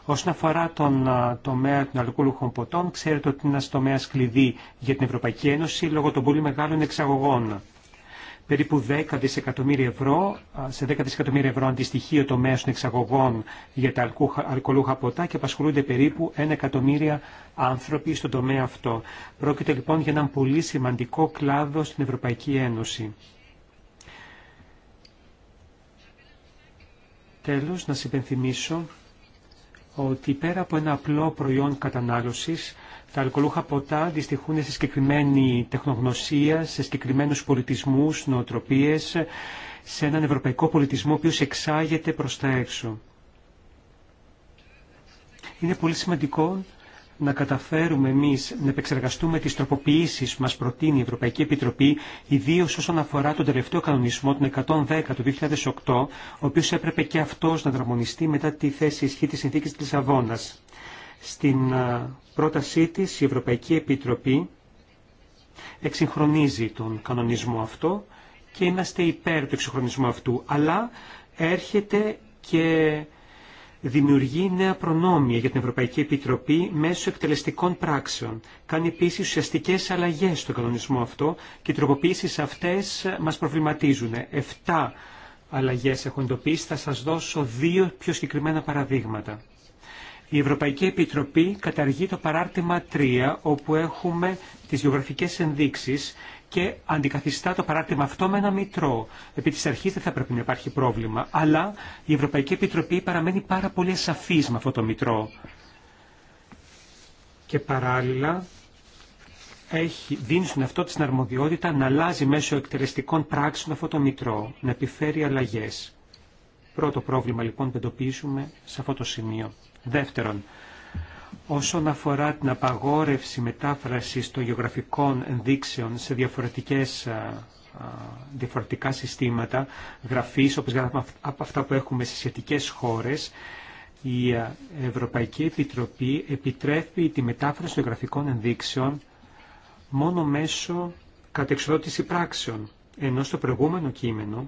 Όσον αφορά τον τομέα των αλκοόλουχων ποτών, ξέρετε ότι είναι ένα τομέα κλειδί για την Ευρωπαϊκή Ένωση λόγω των πολύ μεγάλων εξαγωγών περίπου 10 δισεκατομμύρια ευρώ, σε 10 δισεκατομμύρια ευρώ αντιστοιχείο το των εξαγωγών για τα αλκοολούχα ποτά και απασχολούνται περίπου 1 εκατομμύρια άνθρωποι στον τομέα αυτό. Πρόκειται λοιπόν για έναν πολύ σημαντικό κλάδο στην Ευρωπαϊκή Ένωση. Τέλος, να υπενθυμίσω ότι πέρα από ένα απλό προϊόν κατανάλωσης, τα αλκοολούχα ποτά αντιστοιχούν σε συγκεκριμένη τεχνογνωσία, σε συγκεκριμένους πολιτισμούς, νοοτροπίες, σε έναν ευρωπαϊκό πολιτισμό ο οποίος εξάγεται προς τα έξω. Είναι πολύ σημαντικό να καταφέρουμε εμείς να επεξεργαστούμε τις τροποποιήσεις που μας προτείνει η Ευρωπαϊκή Επιτροπή, ιδίως όσον αφορά τον τελευταίο κανονισμό, τον 110 του 2008, ο οποίος έπρεπε και αυτός να δραμονιστεί μετά τη θέση ισχύ της συνθήκης της Λισαβόνας. Στην πρότασή της η Ευρωπαϊκή Επιτροπή εξυγχρονίζει τον κανονισμό αυτό και είμαστε υπέρ του εξυγχρονισμού αυτού, αλλά έρχεται και δημιουργεί νέα προνόμια για την Ευρωπαϊκή Επιτροπή μέσω εκτελεστικών πράξεων. Κάνει επίση ουσιαστικέ αλλαγέ στον κανονισμό αυτό και οι τροποποιήσει αυτέ μα προβληματίζουν. Εφτά αλλαγέ έχω εντοπίσει. Θα σα δώσω δύο πιο συγκεκριμένα παραδείγματα. Η Ευρωπαϊκή Επιτροπή καταργεί το παράρτημα 3, όπου έχουμε τι γεωγραφικέ ενδείξει και αντικαθιστά το παράρτημα αυτό με ένα μητρό. Επί της αρχής δεν θα πρέπει να υπάρχει πρόβλημα, αλλά η Ευρωπαϊκή Επιτροπή παραμένει πάρα πολύ ασαφής με αυτό το μητρό. Και παράλληλα έχει, δίνει στον εαυτό της την αρμοδιότητα να αλλάζει μέσω εκτελεστικών πράξεων αυτό το μητρό, να επιφέρει αλλαγές. Πρώτο πρόβλημα λοιπόν που εντοπίζουμε σε αυτό το σημείο. Δεύτερον, όσον αφορά την απαγόρευση μετάφρασης των γεωγραφικών ενδείξεων σε διαφορετικές διαφορετικά συστήματα γραφής, όπως γράφουμε από αυτά που έχουμε σε σχετικές χώρες, η Ευρωπαϊκή Επιτροπή επιτρέπει τη μετάφραση των γραφικών ενδείξεων μόνο μέσω κατεξοδότηση πράξεων, ενώ στο προηγούμενο κείμενο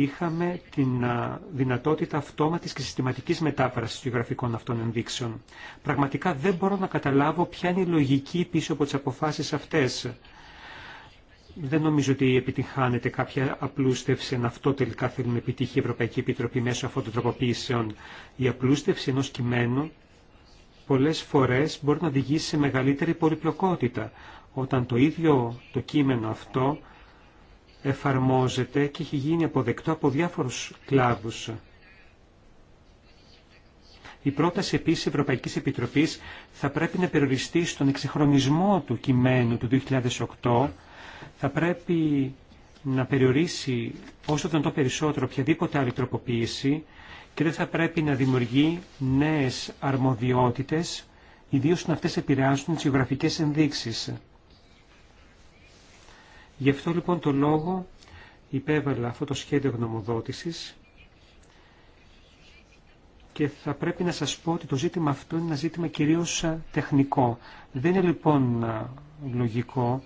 είχαμε την δυνατότητα αυτόματης και συστηματικής μετάφρασης των γραφικών αυτών ενδείξεων. Πραγματικά δεν μπορώ να καταλάβω ποια είναι η λογική πίσω από τις αποφάσεις αυτές. Δεν νομίζω ότι επιτυχάνεται κάποια απλούστευση, αν αυτό τελικά θέλει να επιτύχει η Ευρωπαϊκή Επιτροπή μέσω αυτών των τροποποιήσεων. Η απλούστευση ενός κειμένου πολλές φορές μπορεί να οδηγήσει σε μεγαλύτερη πολυπλοκότητα, όταν το ίδιο το κείμενο αυτό εφαρμόζεται και έχει γίνει αποδεκτό από διάφορους κλάδους. Η πρόταση επίσης Ευρωπαϊκής Επιτροπής θα πρέπει να περιοριστεί στον εξεχρονισμό του κειμένου του 2008, θα πρέπει να περιορίσει όσο τον το περισσότερο οποιαδήποτε άλλη τροποποίηση και δεν θα πρέπει να δημιουργεί νέες αρμοδιότητες, ιδίως όταν αυτές επηρεάζουν τις γεωγραφικές ενδείξεις. Γι' αυτό λοιπόν το λόγο υπέβαλα αυτό το σχέδιο γνωμοδότησης και θα πρέπει να σας πω ότι το ζήτημα αυτό είναι ένα ζήτημα κυρίως τεχνικό. Δεν είναι λοιπόν λογικό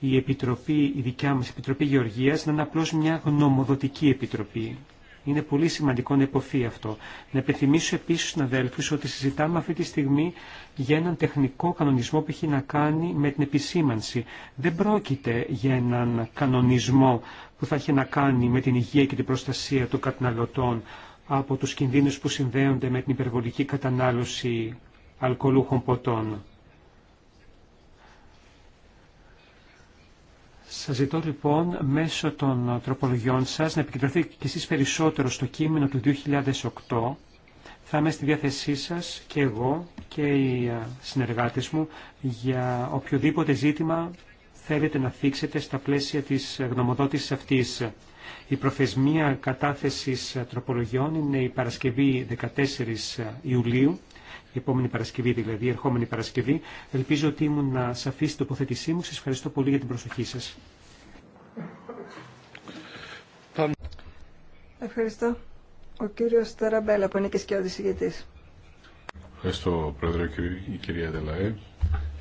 η Επιτροπή, η δικιά μας Επιτροπή Γεωργίας, να είναι απλώς μια γνωμοδοτική επιτροπή. Είναι πολύ σημαντικό να υποθεί αυτό. Να επιθυμίσω επίση στου αδέλφου ότι συζητάμε αυτή τη στιγμή για έναν τεχνικό κανονισμό που έχει να κάνει με την επισήμανση. Δεν πρόκειται για έναν κανονισμό που θα έχει να κάνει με την υγεία και την προστασία των καταναλωτών από τους κινδύνους που συνδέονται με την υπερβολική κατανάλωση αλκοολούχων ποτών. Σας ζητώ λοιπόν μέσω των τροπολογιών σας να επικεντρωθείτε κι εσείς περισσότερο στο κείμενο του 2008. Θα είμαι στη διάθεσή σας και εγώ και οι συνεργάτες μου για οποιοδήποτε ζήτημα θέλετε να θίξετε στα πλαίσια της γνωμοδότησης αυτής. Η προθεσμία κατάθεσης τροπολογιών είναι η Παρασκευή 14 Ιουλίου η επόμενη Παρασκευή δηλαδή, η ερχόμενη Παρασκευή. Ελπίζω ότι ήμουν να σαφή στην τοποθέτησή μου. Σας ευχαριστώ πολύ για την προσοχή σας. Ευχαριστώ. Ο κύριος Ταραμπέλα που είναι και σκιώδης ηγετής. Ευχαριστώ Πρόεδρε η κυρία Δελαέ.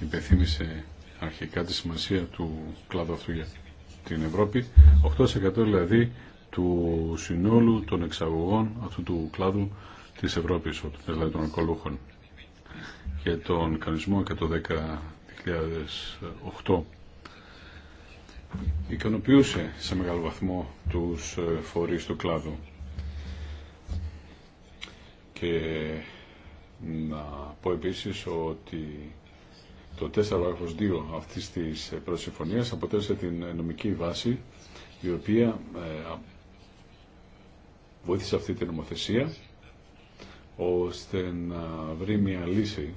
Υπενθύμησε αρχικά τη σημασία του κλάδου αυτού για την Ευρώπη. 8% δηλαδή του συνόλου των εξαγωγών αυτού του κλάδου της Ευρώπης, δηλαδή των ακολούχων για τον κανονισμό 110-2008 ικανοποιούσε σε μεγάλο βαθμό τους ε, φορείς του κλάδου και να πω επίσης ότι το 4 2 αυτής της ε, προσυμφωνίας αποτέλεσε την ε, νομική βάση η οποία βοήθησε αυτή την νομοθεσία ώστε να βρει μια λύση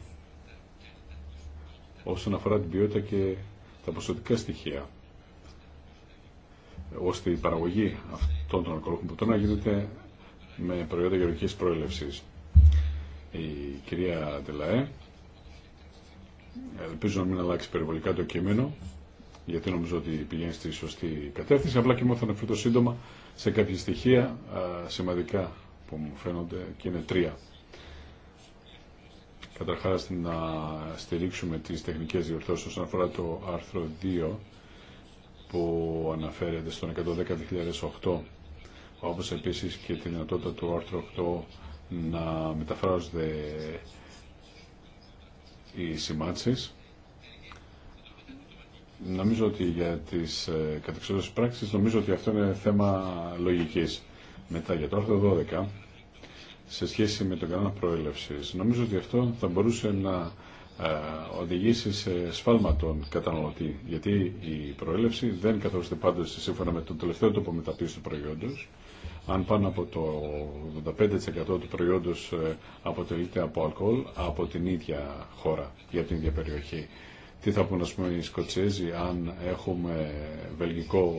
όσον αφορά την ποιότητα και τα ποσοτικά στοιχεία ώστε η παραγωγή αυτών των αλκοολούχων ποτών να γίνεται με προϊόντα γεωργικής προέλευσης. Η κυρία Τελαέ, ελπίζω να μην αλλάξει περιβολικά το κείμενο, γιατί νομίζω ότι πηγαίνει στη σωστή κατεύθυνση, απλά και μόνο θα αναφερθώ σύντομα σε κάποια στοιχεία σημαντικά που μου φαίνονται και είναι τρία καταρχάς να στηρίξουμε τις τεχνικές διορθώσεις όσον αφορά το άρθρο 2 που αναφέρεται στον 110.008 όπως επίσης και τη δυνατότητα του άρθρου 8 να μεταφράζονται οι σημάτσεις. Νομίζω ότι για τις ε, κατεξοδότητες πράξεις νομίζω ότι αυτό είναι θέμα λογικής. Μετά για το άρθρο 12 σε σχέση με τον κανόνα πρόελευση. Νομίζω ότι αυτό θα μπορούσε να ε, οδηγήσει σε σφάλμα τον καταναλωτή, γιατί η προέλευση δεν καθορίζεται πάντως σύμφωνα με τον τελευταίο τόπο μεταποίηση του προϊόντο, Αν πάνω από το 85% του προϊόντο ε, αποτελείται από αλκοόλ από την ίδια χώρα ή από την ίδια περιοχή. Τι θα πούμε, α πούμε, οι Σκοτσέζοι αν έχουμε βελγικό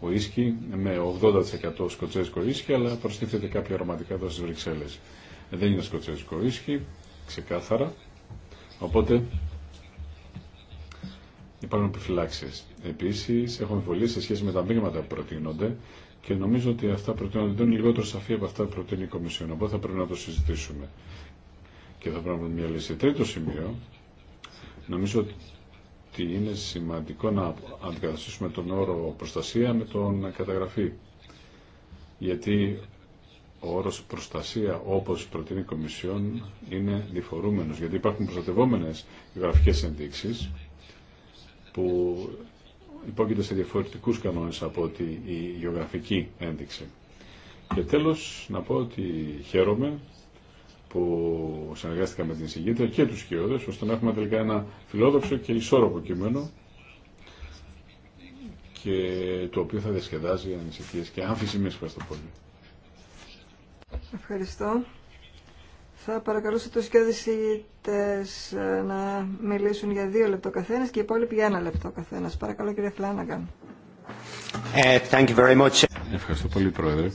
ουίσκι με 80% σκοτσέζικο ουίσκι, αλλά προστίθεται κάποια αρωματικά εδώ στι Βρυξέλλε. Δεν είναι σκοτσέζικο ουίσκι, ξεκάθαρα. Οπότε υπάρχουν επιφυλάξει. Επίση, έχουμε βολή σε σχέση με τα μείγματα που προτείνονται και νομίζω ότι αυτά προτείνονται είναι λιγότερο σαφή από αυτά που προτείνει η Κομισιόν. Οπότε θα πρέπει να το συζητήσουμε και θα πρέπει να βρούμε μια λύση. Τρίτο σημείο, νομίζω ότι είναι σημαντικό να αντικαταστήσουμε τον όρο προστασία με τον καταγραφή. Γιατί ο όρος προστασία όπως προτείνει η Κομισιόν είναι διφορούμενος γιατί υπάρχουν προστατευόμενες γραφικές ενδείξεις που υπόκειται σε διαφορετικούς κανόνες από ότι η γεωγραφική ένδειξη. Και τέλος να πω ότι χαίρομαι που συνεργάστηκα με την συγκέντρια και τους κοιόδε, ώστε να έχουμε τελικά ένα φιλόδοξο και ισόρροπο κείμενο και το οποίο θα διασκεδάζει ανησυχίες και μέσα στο πολύ. Ευχαριστώ. Θα παρακαλούσα τους κέντες ε, να μιλήσουν για δύο λεπτό καθένας και οι υπόλοιποι για ένα λεπτό καθένας. Παρακαλώ κύριε Φλάνναγκαν. Ε, Ευχαριστώ πολύ Πρόεδρε.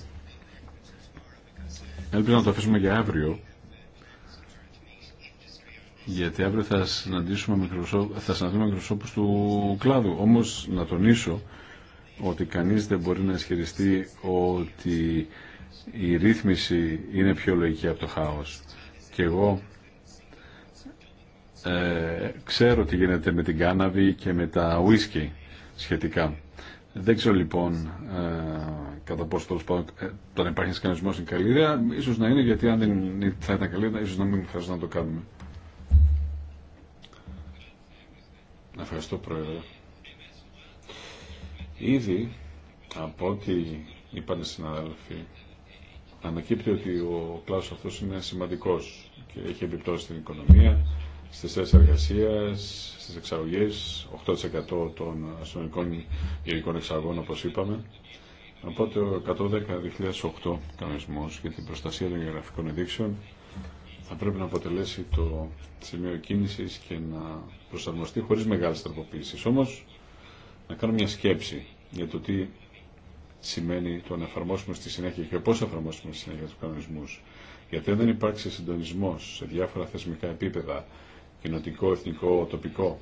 Ελπίζω να το αφήσουμε για αύριο γιατί αύριο θα συναντήσουμε μικροσώπους, Microsoft του κλάδου. Όμως να τονίσω ότι κανείς δεν μπορεί να ισχυριστεί ότι η ρύθμιση είναι πιο λογική από το χάος. Και εγώ ε, ξέρω τι γίνεται με την κάναβη και με τα ουίσκι σχετικά. Δεν ξέρω λοιπόν ε, κατά πόσο τέλο πάντων ε, τον υπάρχει ένα στην καλλιέργεια, να είναι γιατί αν δεν θα ήταν καλή ιδέα, ίσω να μην χρειαζόταν να το κάνουμε. Ευχαριστώ, Πρόεδρε. Ήδη από ό,τι είπαν οι συναδέλφοι, ανακύπτει ότι ο κλάδο αυτό είναι σημαντικό και έχει επιπτώσει στην οικονομία, στι θέσει εργασία, στις εξαγωγές, 8% των αστυνομικών υλικών εξαγωγών, όπω είπαμε. Οπότε ο 110-2008 για την προστασία των γεωγραφικών ενδείξεων θα πρέπει να αποτελέσει το σημείο κίνηση και να προσαρμοστεί χωρίς μεγάλε τροποποιήσει. Όμως, να κάνω μια σκέψη για το τι σημαίνει το να εφαρμόσουμε στη συνέχεια και πώ εφαρμόσουμε στη συνέχεια του κανονισμούς. Γιατί αν δεν υπάρξει συντονισμό σε διάφορα θεσμικά επίπεδα, κοινοτικό, εθνικό, τοπικό,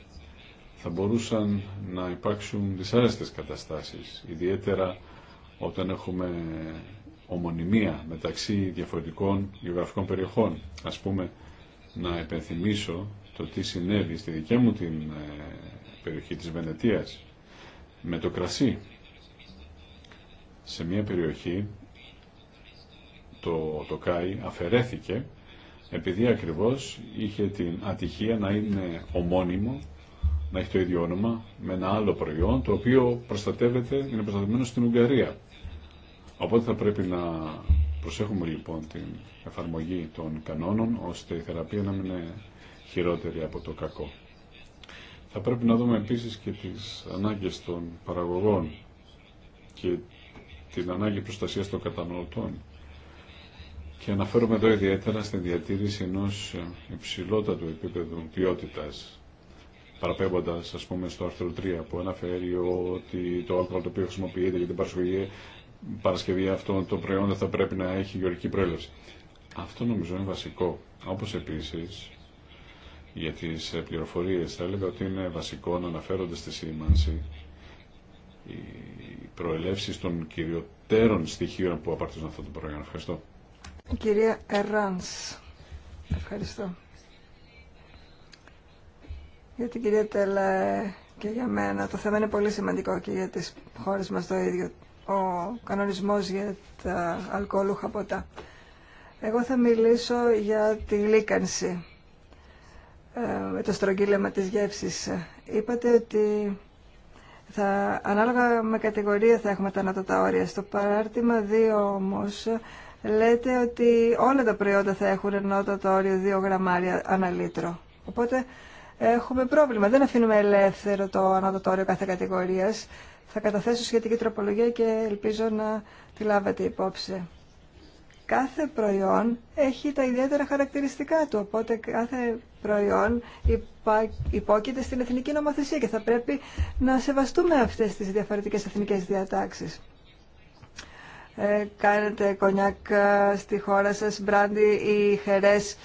θα μπορούσαν να υπάρξουν δυσάρεστε καταστάσει, ιδιαίτερα όταν έχουμε ομονιμία μεταξύ διαφορετικών γεωγραφικών περιοχών. Ας πούμε, να επενθυμίσω το τι συνέβη στη δική μου την ε, περιοχή της Βενετίας με το κρασί. Σε μια περιοχή το, το ΚΑΙ αφαιρέθηκε επειδή ακριβώς είχε την ατυχία να είναι ομώνυμο, να έχει το ίδιο όνομα, με ένα άλλο προϊόν, το οποίο προστατεύεται, είναι προστατευμένο στην Ουγγαρία. Οπότε θα πρέπει να προσέχουμε λοιπόν την εφαρμογή των κανόνων ώστε η θεραπεία να μην είναι χειρότερη από το κακό. Θα πρέπει να δούμε επίσης και τις ανάγκες των παραγωγών και την ανάγκη προστασίας των καταναλωτών. Και αναφέρομαι εδώ ιδιαίτερα στην διατήρηση ενός υψηλότατου επίπεδου ποιότητας παραπέμποντα, α πούμε, στο άρθρο 3, που αναφέρει ότι το αλκοόλ το οποίο χρησιμοποιείται για την παρασχολή παρασκευή αυτών των προϊόντων θα πρέπει να έχει γεωρική προέλευση. Αυτό νομίζω είναι βασικό. Όπως επίσης για τι πληροφορίε θα έλεγα ότι είναι βασικό να αναφέρονται στη σήμανση οι προελεύσεις των κυριοτέρων στοιχείων που απαρτίζουν αυτό το προϊόν. Ευχαριστώ. Κυρία Εράνς, ευχαριστώ. Για την κυρία Τελε και για μένα το θέμα είναι πολύ σημαντικό και για τις χώρες μας το ίδιο ο κανονισμός για τα αλκοόλουχα ποτά. Εγώ θα μιλήσω για τη λίκανση, ε, με το στρογγύλεμα της γεύσης. Είπατε ότι θα, ανάλογα με κατηγορία θα έχουμε τα ανώτατα όρια. Στο παράρτημα 2 όμως λέτε ότι όλα τα προϊόντα θα έχουν ανώτατο όριο 2 γραμμάρια ανά λίτρο. Οπότε έχουμε πρόβλημα. Δεν αφήνουμε ελεύθερο το ανώτατο όριο κάθε κατηγορίας. Θα καταθέσω σχετική τροπολογία και ελπίζω να τη λάβετε υπόψη. Κάθε προϊόν έχει τα ιδιαίτερα χαρακτηριστικά του, οπότε κάθε προϊόν υπόκειται στην εθνική νομοθεσία και θα πρέπει να σεβαστούμε αυτές τις διαφορετικές εθνικές διατάξεις. Ε, κάνετε κονιάκ ε, στη χώρα σας, μπράντι ή χερές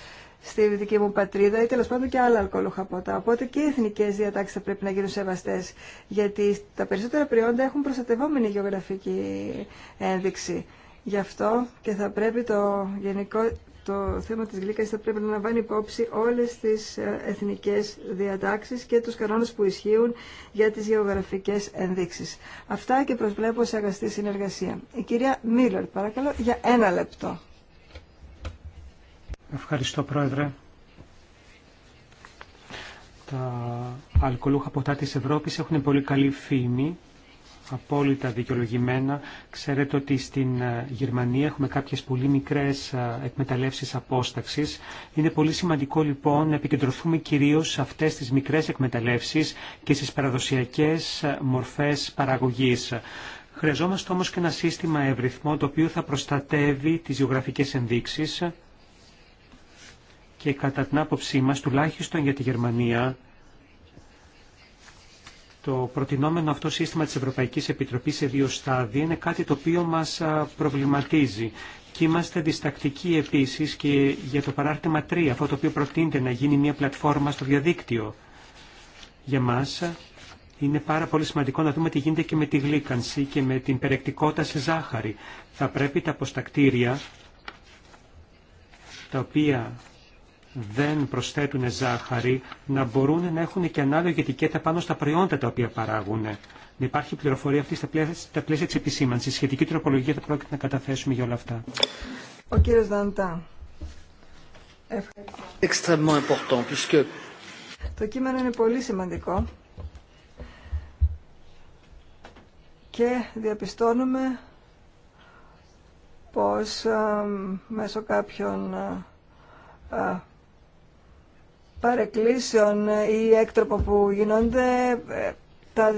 στη δική μου πατρίδα ή τέλο πάντων και άλλα αλκοόλουχα ποτά. Οπότε και οι εθνικέ διατάξει θα πρέπει να γίνουν σεβαστέ, γιατί τα περισσότερα προϊόντα έχουν προστατευόμενη γεωγραφική ένδειξη. Γι' αυτό και θα πρέπει το γενικό το θέμα της γλύκας θα πρέπει να λαμβάνει υπόψη όλες τις ε, εθνικές διατάξεις και τους κανόνες που ισχύουν για τις γεωγραφικές ενδείξεις. Αυτά και προσβλέπω σε αγαστή συνεργασία. Η κυρία Μίλλορ παρακαλώ, για ένα λεπτό. Ευχαριστώ, Πρόεδρε. Τα αλκοολούχα ποτά της Ευρώπης έχουν πολύ καλή φήμη, απόλυτα δικαιολογημένα. Ξέρετε ότι στην ε, Γερμανία έχουμε κάποιες πολύ μικρές ε, εκμεταλλεύσεις απόσταξης. Είναι πολύ σημαντικό λοιπόν να επικεντρωθούμε κυρίως σε αυτές τις μικρές εκμεταλλεύσεις και στις παραδοσιακές ε, μορφές παραγωγής. Χρειαζόμαστε όμως και ένα σύστημα ευρυθμό το οποίο θα προστατεύει τις γεωγραφικές ενδείξεις και κατά την άποψή μας, τουλάχιστον για τη Γερμανία, το προτινόμενο αυτό σύστημα της Ευρωπαϊκής Επιτροπής σε δύο στάδια είναι κάτι το οποίο μας προβληματίζει. Και είμαστε διστακτικοί επίσης και για το παράρτημα 3, αυτό το οποίο προτείνεται να γίνει μια πλατφόρμα στο διαδίκτυο. Για μας είναι πάρα πολύ σημαντικό να δούμε τι γίνεται και με τη γλύκανση και με την περιεκτικότητα σε ζάχαρη. Θα πρέπει τα αποστακτήρια, τα οποία δεν προσθέτουν ζάχαρη να μπορούν να έχουν και ανάλογη ετικέτα πάνω στα προϊόντα τα οποία παράγουν. Να υπάρχει πληροφορία αυτή στα πλαίσια, τη πλαίσια επισήμανσης. Σχετική τροπολογία θα πρόκειται να καταθέσουμε για όλα αυτά. Ο κύριος Δαντά. Ευχαριστώ. Το κείμενο είναι πολύ σημαντικό και διαπιστώνουμε πως ε, μέσω κάποιων α, ε, ε, παρεκκλήσεων ή έκτροπο που γινόνται, ε, τα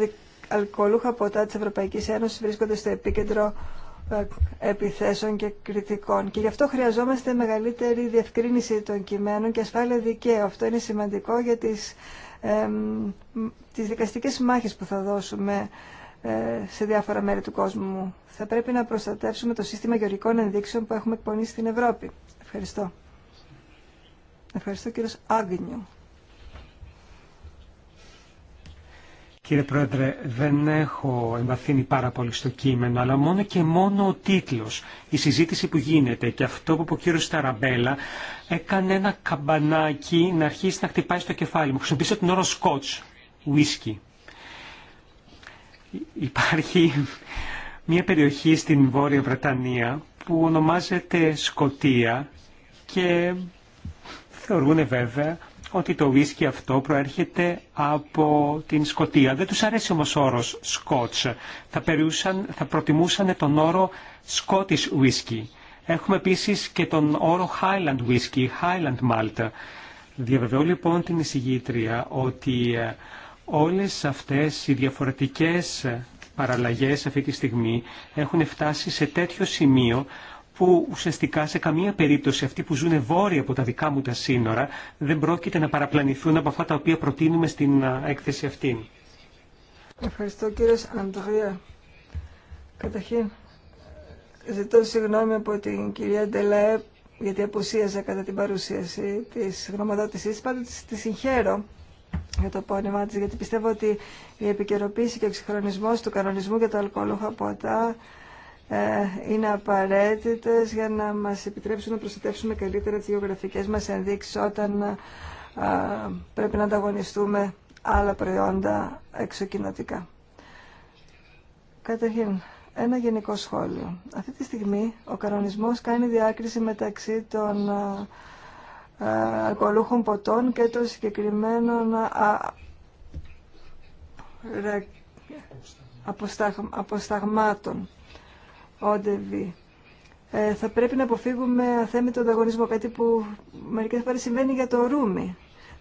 αλκοολούχα ποτά της Ευρωπαϊκής Ένωσης βρίσκονται στο επίκεντρο ε, επιθέσεων και κριτικών. Και γι' αυτό χρειαζόμαστε μεγαλύτερη διευκρίνηση των κειμένων και ασφάλεια δικαίου. Αυτό είναι σημαντικό για τις, ε, τις δικαστικές μάχες που θα δώσουμε ε, σε διάφορα μέρη του κόσμου. Θα πρέπει να προστατεύσουμε το σύστημα γεωργικών ενδείξεων που έχουμε εκπονήσει στην Ευρώπη. Ευχαριστώ. Ευχαριστώ κύριος Άγνιο. Κύριε Πρόεδρε, δεν έχω εμβαθύνει πάρα πολύ στο κείμενο, αλλά μόνο και μόνο ο τίτλος, η συζήτηση που γίνεται και αυτό που ο κύριο Ταραμπέλα έκανε ένα καμπανάκι να αρχίσει να χτυπάει στο κεφάλι μου. Χρησιμοποίησα τον όρο σκότς, ουίσκι. Υπάρχει μια περιοχή στην Βόρεια Βρετανία που ονομάζεται Σκοτία και Θεωρούν βέβαια ότι το ουίσκι αυτό προέρχεται από την Σκοτία. Δεν τους αρέσει όμως ο όρος σκότς. Θα, περιούσαν, θα προτιμούσαν τον όρο Scottish ουίσκι. Έχουμε επίσης και τον όρο Highland Whisky, Highland Malt. Διαβεβαιώ λοιπόν την εισηγήτρια ότι ε, όλες αυτές οι διαφορετικές παραλλαγές αυτή τη στιγμή έχουν φτάσει σε τέτοιο σημείο που ουσιαστικά σε καμία περίπτωση αυτοί που ζουν βόρεια από τα δικά μου τα σύνορα δεν πρόκειται να παραπλανηθούν από αυτά τα οποία προτείνουμε στην έκθεση αυτή. Ευχαριστώ κύριε Αντρία. Καταρχήν, ζητώ συγγνώμη από την κυρία Ντελαέ γιατί αποσίαζα κατά την παρουσίαση της γνωμοδότησής. Πάντως τη συγχαίρω για το πόνημά της, γιατί πιστεύω ότι η επικαιροποίηση και ο εξυγχρονισμός του κανονισμού για το αλκοόλουχα ποτά ε, είναι απαραίτητες για να μας επιτρέψουν να προστατεύσουμε καλύτερα τι γεωγραφικές μας ενδείξεις όταν ε, πρέπει να ανταγωνιστούμε άλλα προϊόντα εξοκοινωτικά. Καταρχήν, ένα γενικό σχόλιο. Αυτή τη στιγμή ο κανονισμός κάνει διάκριση μεταξύ των ε, αλκοολούχων ποτών και των συγκεκριμένων αποσταγμάτων. Ε, θα πρέπει να αποφύγουμε αθέμητο ανταγωνισμό, κάτι που μερικές φορές συμβαίνει για το ρούμι.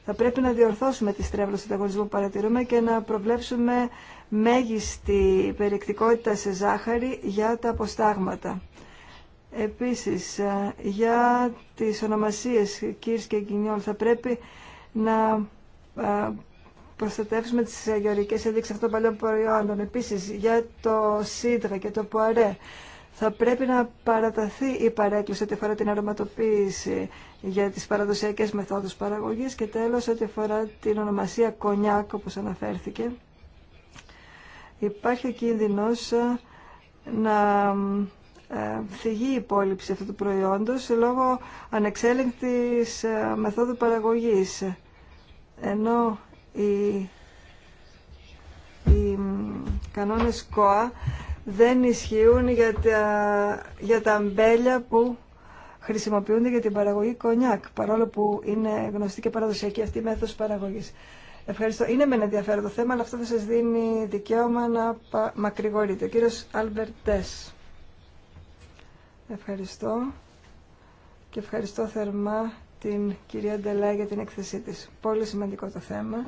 Θα πρέπει να διορθώσουμε τη στρέβλωση του ανταγωνισμού που παρατηρούμε και να προβλέψουμε μέγιστη περιεκτικότητα σε ζάχαρη για τα αποστάγματα. Επίσης, ε, για τις ονομασίες Κύρς και Γκινιόλ θα πρέπει να ε, προστατεύσουμε τις γεωρικές ενδείξεις αυτών των παλιών προϊόντων. Επίσης, για το Σίδρα και το Πουαρέ θα πρέπει να παραταθεί η παρέκκληση ό,τι αφορά την αρωματοποίηση για τις παραδοσιακές μεθόδους παραγωγής και τέλος ό,τι αφορά την ονομασία κονιάκ όπως αναφέρθηκε. Υπάρχει κίνδυνος ε, να θυγεί ε, η υπόλοιψη αυτού του προϊόντος λόγω ανεξέλεγκτης ε, μεθόδου παραγωγής. Ενώ οι, οι κανόνες ΚΟΑ δεν ισχύουν για τα, για τα αμπέλια που χρησιμοποιούνται για την παραγωγή κονιάκ, παρόλο που είναι γνωστή και παραδοσιακή αυτή η μέθοδος παραγωγής. Ευχαριστώ. Είναι με ενδιαφέρον το θέμα, αλλά αυτό θα σας δίνει δικαίωμα να μακρηγορείτε. Ο κύριος αλβέρτες. Ευχαριστώ. Και ευχαριστώ θερμά την κυρία Ντελά για την έκθεσή της. Πολύ σημαντικό το θέμα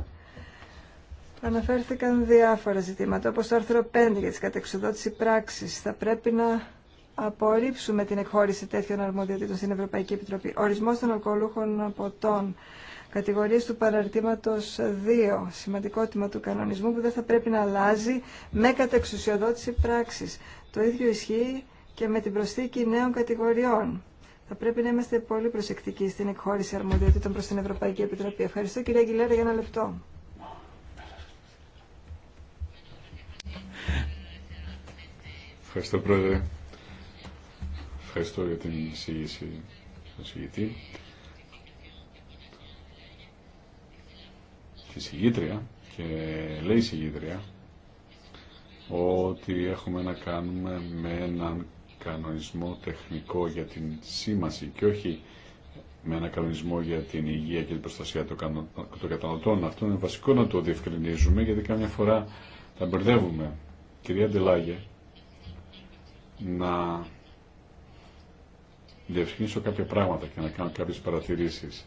αναφέρθηκαν διάφορα ζητήματα, όπως το άρθρο 5 για τις κατεξοδότηση πράξης. Θα πρέπει να απορρίψουμε την εκχώρηση τέτοιων αρμοδιοτήτων στην Ευρωπαϊκή Επιτροπή. Ορισμός των αλκοολούχων τον κατηγορίες του παραρτήματος 2, σημαντικότημα του κανονισμού που δεν θα πρέπει να αλλάζει με κατεξουσιοδότηση πράξης. Το ίδιο ισχύει και με την προσθήκη νέων κατηγοριών. Θα πρέπει να είμαστε πολύ προσεκτικοί στην εκχώρηση αρμοδιοτήτων προς την Ευρωπαϊκή Επιτροπή. Ευχαριστώ κυρία Αγγιλέρα για ένα λεπτό. Ευχαριστώ πρόεδρε. Ευχαριστώ για την εισήγηση του συγγητή. Τη συγγήτρια και λέει η συγγήτρια ότι έχουμε να κάνουμε με έναν κανονισμό τεχνικό για την σήμαση και όχι με έναν κανονισμό για την υγεία και την προστασία των καταναλωτών. Αυτό είναι βασικό να το διευκρινίζουμε γιατί καμιά φορά τα μπερδεύουμε. Κυρία Ντελάγε, να διευκρινίσω κάποια πράγματα και να κάνω κάποιες παρατηρήσεις.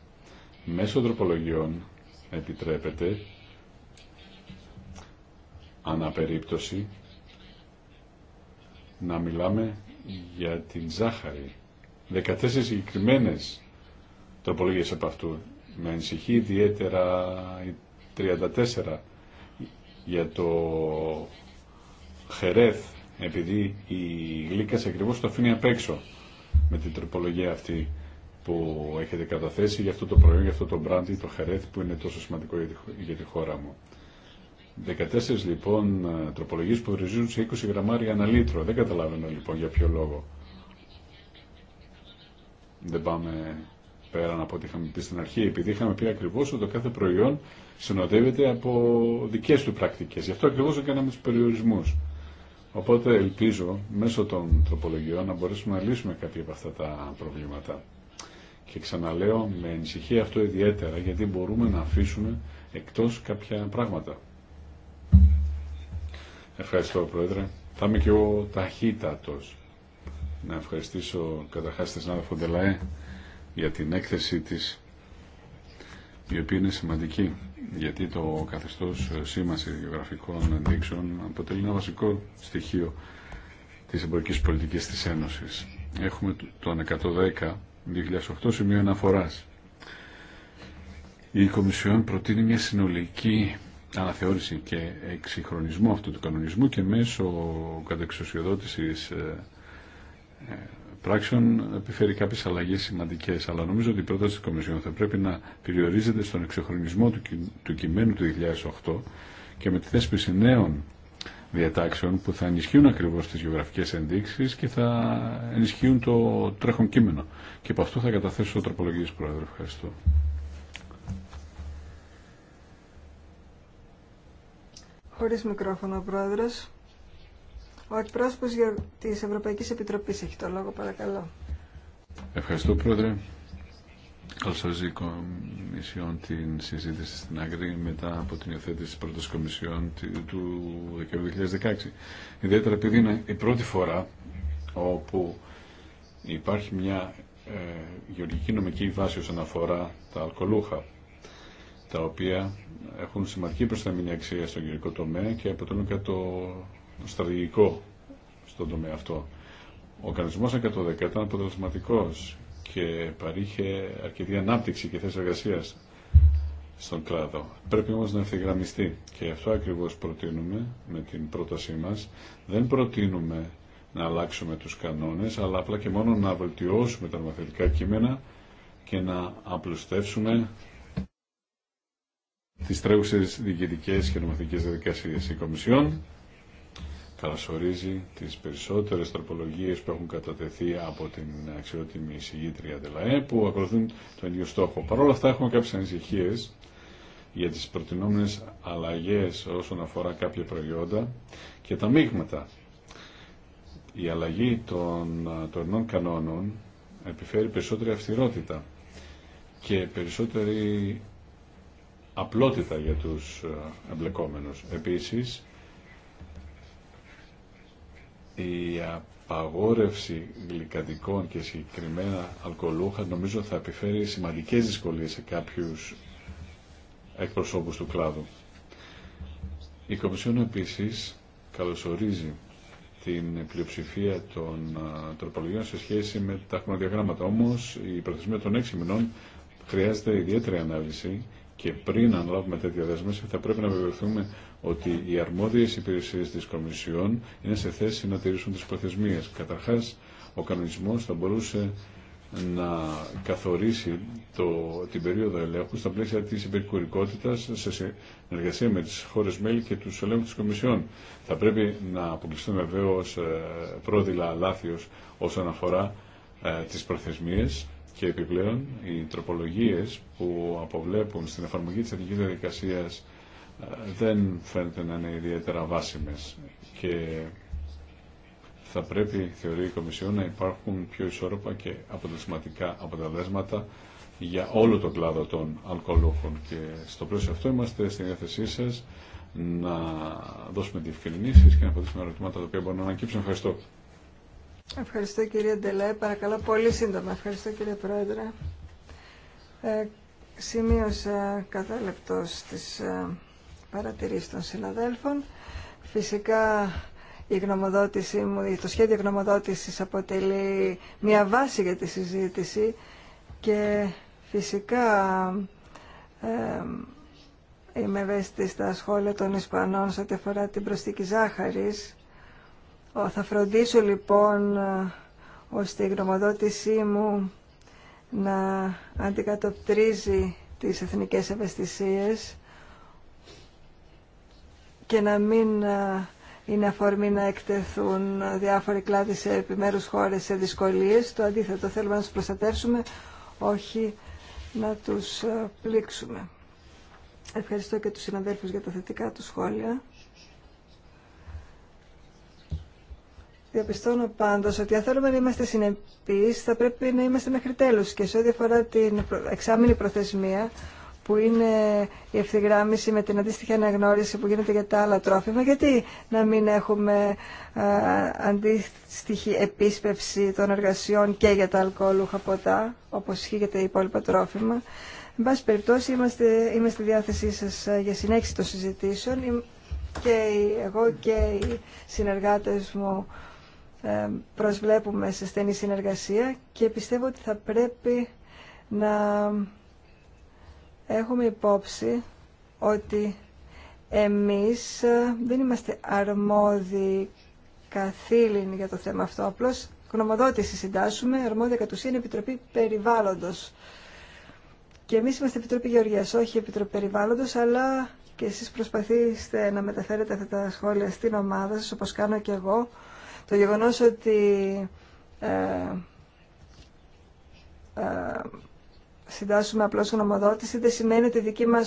Μέσω τροπολογιών επιτρέπεται αναπερίπτωση να μιλάμε για την ζάχαρη. 14 συγκεκριμένε τροπολογίες από αυτού. Με ανησυχεί ιδιαίτερα η 34 για το Χερέθ επειδή η Γλύκας ακριβώς το αφήνει απ' έξω με την τροπολογία αυτή που έχετε καταθέσει για αυτό το προϊόν, για αυτό το μπράντι, το χαρέθ που είναι τόσο σημαντικό για τη χώρα μου. 14 λοιπόν ε, τροπολογίες που οριζούν σε 20 γραμμάρια ένα λίτρο. Δεν καταλαβαίνω λοιπόν για ποιο λόγο. Δεν πάμε πέραν από ό,τι είχαμε πει στην αρχή, επειδή είχαμε πει ακριβώ ότι το κάθε προϊόν συνοδεύεται από δικέ του πρακτικέ. Γι' αυτό ακριβώ έκαναμε του περιορισμού. Οπότε ελπίζω μέσω των τροπολογιών να μπορέσουμε να λύσουμε κάποια από αυτά τα προβλήματα. Και ξαναλέω, με ενισχύει αυτό ιδιαίτερα, γιατί μπορούμε να αφήσουμε εκτός κάποια πράγματα. Ευχαριστώ, Πρόεδρε. Θα είμαι και εγώ ταχύτατος. Να ευχαριστήσω καταρχάς τη συνάδελφο Ντελαέ για την έκθεσή της, η οποία είναι σημαντική γιατί το καθεστώς ε, σήμανση γεωγραφικών ενδείξεων αποτελεί ένα βασικό στοιχείο της εμπορικής πολιτικής της Ένωσης. Έχουμε το 110 2008 σημείο αναφοράς. Η Κομισιόν προτείνει μια συνολική αναθεώρηση και εξυγχρονισμό αυτού του κανονισμού και μέσω κατεξουσιοδότησης ε, ε, πράξεων επιφέρει κάποιες αλλαγές σημαντικές, αλλά νομίζω ότι η πρόταση τη Κομισιόν θα πρέπει να περιορίζεται στον εξοχρονισμό του, κειμένου του 2008 και με τη θέσπιση νέων διατάξεων που θα ενισχύουν ακριβώς τις γεωγραφικές ενδείξει και θα ενισχύουν το τρέχον κείμενο. Και από αυτό θα καταθέσω τροπολογίες, Πρόεδρε. Ευχαριστώ. Χωρίς μικρόφωνο, Πρόεδρος. Ο εκπρόσωπος της Ευρωπαϊκής Επιτροπής έχει το λόγο, παρακαλώ. Ευχαριστώ, Πρόεδρε. Καλωσορίζει η Κομισιόν την συζήτηση στην Άγκρη μετά από την υιοθέτηση της πρώτης Κομισιόν του Δεκεμβρίου 2016. Ιδιαίτερα επειδή είναι η πρώτη φορά όπου υπάρχει μια ε, γεωργική νομική βάση όσον αφορά τα αλκοολούχα, τα οποία έχουν σημαντική προσταμινή αξία στον γεωργικό τομέα και αποτελούν και το στρατηγικό στον τομέα αυτό. Ο οργανισμό 110 ήταν αποτελεσματικό και παρήχε αρκετή ανάπτυξη και θέση εργασία στον κλάδο. Πρέπει όμω να ευθυγραμμιστεί και αυτό ακριβώ προτείνουμε με την πρότασή μα. Δεν προτείνουμε να αλλάξουμε τους κανόνες, αλλά απλά και μόνο να βελτιώσουμε τα μαθητικά κείμενα και να απλουστεύσουμε τις τρέχουσες διοικητικές και νομοθετικές διαδικασίες. Η Κομισιόν καλωσορίζει τις περισσότερες τροπολογίες που έχουν κατατεθεί από την αξιότιμη εισηγήτρια ΔΕΛΑΕ που ακολουθούν τον ίδιο στόχο. Παρ' όλα αυτά έχουμε κάποιες ανησυχίες για τις προτινόμενες αλλαγές όσον αφορά κάποια προϊόντα και τα μείγματα. Η αλλαγή των τωρινών κανόνων επιφέρει περισσότερη αυστηρότητα και περισσότερη απλότητα για τους εμπλεκόμενους. Επίσης, η απαγόρευση γλυκαντικών και συγκεκριμένα αλκοολούχα νομίζω θα επιφέρει σημαντικές δυσκολίες σε κάποιους εκπροσώπους του κλάδου. Η Κομισιόν επίσης καλωσορίζει την πλειοψηφία των τροπολογιών σε σχέση με τα χρονοδιαγράμματα. Όμως η προθεσμία των έξι μηνών χρειάζεται ιδιαίτερη ανάλυση και πριν αναλάβουμε τέτοια δέσμευση θα πρέπει να βεβαιωθούμε ότι οι αρμόδιες υπηρεσίες της Κομισιόν είναι σε θέση να τηρήσουν τις προθεσμίες. Καταρχάς, ο κανονισμός θα μπορούσε να καθορίσει το, την περίοδο ελέγχου στα πλαίσια της υπερκουρικότητας σε συνεργασία με τις χώρες μέλη και τους ελέγχους της Κομισιόν. Θα πρέπει να αποκλειστούν βεβαίω ε, πρόδειλα λάθιος όσον αφορά ε, τις προθεσμίες και επιπλέον οι τροπολογίες που αποβλέπουν στην εφαρμογή της αρχικής διαδικασίας δεν φαίνεται να είναι ιδιαίτερα βάσιμες και θα πρέπει, θεωρεί η Κομισιόν, να υπάρχουν πιο ισόρροπα και αποτελεσματικά αποτελέσματα για όλο τον κλάδο των αλκοολούχων. Και στο πλαίσιο αυτό είμαστε στην διάθεσή σα να δώσουμε διευκρινήσεις και να απαντήσουμε ερωτήματα τα οποία μπορούν να ανακύψουν. Ευχαριστώ. Ευχαριστώ κύριε Ντελέ. Παρακαλώ πολύ σύντομα. Ευχαριστώ κύριε Πρόεδρε. Ε, σημείωσα κατά λεπτό στις ε, Παρατηρήσει των συναδέλφων. Φυσικά η γνωμοδότησή μου, το σχέδιο γνωμοδότησης αποτελεί μια βάση για τη συζήτηση και φυσικά ε, είμαι ευαίσθητη στα σχόλια των Ισπανών σε ό,τι αφορά την προσθήκη ζάχαρης. Θα φροντίσω λοιπόν ώστε η γνωμοδότησή μου να αντικατοπτρίζει τις εθνικές ευαισθησίες και να μην ε, είναι αφορμή να εκτεθούν διάφοροι κλάδοι σε επιμέρους χώρες σε δυσκολίες. Το αντίθετο θέλουμε να τους προστατεύσουμε, όχι να τους ε, πλήξουμε. Ευχαριστώ και τους συναδέλφους για τα θετικά του σχόλια. Διαπιστώνω πάντως ότι αν θέλουμε να είμαστε συνεπείς θα πρέπει να είμαστε μέχρι τέλους και σε ό,τι αφορά την εξάμεινη προθεσμία που είναι η ευθυγράμμιση με την αντίστοιχη αναγνώριση που γίνεται για τα άλλα τρόφιμα, γιατί να μην έχουμε αντίστοιχη επίσπευση των εργασιών και για τα αλκοόλουχα ποτά, όπως ισχύει για τα υπόλοιπα τρόφιμα. Εν πάση περιπτώσει, είμαστε, είμαι στη διάθεσή σας για συνέχιση των συζητήσεων και εγώ και οι συνεργάτες μου ε, προσβλέπουμε σε στενή συνεργασία και πιστεύω ότι θα πρέπει να έχουμε υπόψη ότι εμείς δεν είμαστε αρμόδιοι καθήλυνοι για το θέμα αυτό. Απλώς γνωμοδότηση συντάσσουμε, αρμόδια κατ' ουσίαν Επιτροπή Περιβάλλοντος. Και εμείς είμαστε Επιτροπή Γεωργίας, όχι Επιτροπή Περιβάλλοντος, αλλά και εσείς προσπαθήστε να μεταφέρετε αυτά τα σχόλια στην ομάδα σας, όπως κάνω και εγώ. Το γεγονός ότι ε, ε, συντάσσουμε απλώ γνωμοδότηση δεν σημαίνει ότι η δική μα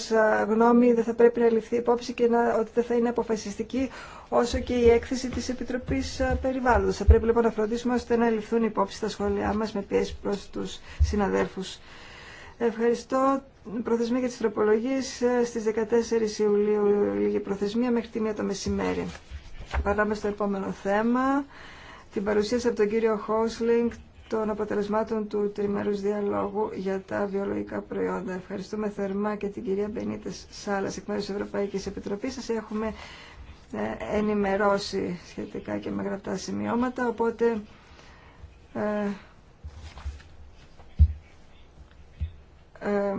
γνώμη δεν θα πρέπει να ληφθεί υπόψη και να, ότι δεν θα είναι αποφασιστική όσο και η έκθεση τη επιτροπή Περιβάλλοντος. Θα πρέπει λοιπόν να φροντίσουμε ώστε να ληφθούν υπόψη τα σχόλιά μα με πιέση προ του συναδέλφους. Ευχαριστώ. Προθεσμία για τι τροπολογίες ε, στι 14 Ιουλίου λίγη προθεσμία μέχρι τη 1 το μεσημέρι. Παράμε στο επόμενο θέμα. Την παρουσίαση από τον κύριο Χόσλινγκ των αποτελεσμάτων του τριμερούς διαλόγου για τα βιολογικά προϊόντα. Ευχαριστούμε θερμά και την κυρία Μπενίτες Σάλας. εκ μέρους της Ευρωπαϊκής Επιτροπής. Σας έχουμε ε, ενημερώσει σχετικά και με γραπτά σημειώματα, οπότε ε, ε,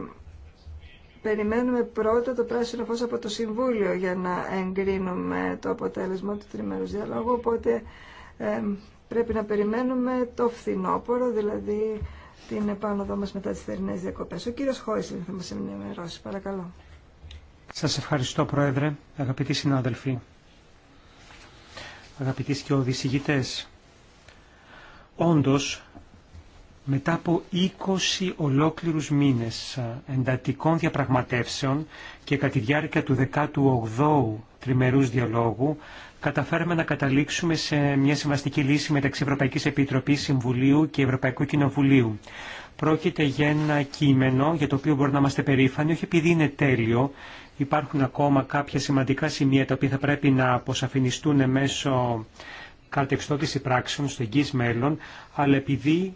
περιμένουμε πρώτα το πράσινο φως από το Συμβούλιο για να εγκρίνουμε το αποτέλεσμα του τριμερούς διαλόγου, οπότε ε, πρέπει να περιμένουμε το φθινόπωρο, δηλαδή την επάνωδό μας μετά τις θερινές διακοπές. Ο κύριος Χόισλιν θα μας ενημερώσει. Παρακαλώ. Σας ευχαριστώ Πρόεδρε, αγαπητοί συνάδελφοι, αγαπητοί και οδησυγητές. Όντως, μετά από 20 ολόκληρους μήνες εντατικών διαπραγματεύσεων και κατά τη διάρκεια του 18ου τριμερούς διαλόγου, καταφέραμε να καταλήξουμε σε μια συμβαστική λύση μεταξύ Ευρωπαϊκής Επιτροπής Συμβουλίου και Ευρωπαϊκού Κοινοβουλίου. Πρόκειται για ένα κείμενο για το οποίο μπορούμε να είμαστε περήφανοι, όχι επειδή είναι τέλειο, υπάρχουν ακόμα κάποια σημαντικά σημεία τα οποία θα πρέπει να αποσαφινιστούν μέσω κατεξότηση πράξεων στο εγγύς μέλλον, αλλά επειδή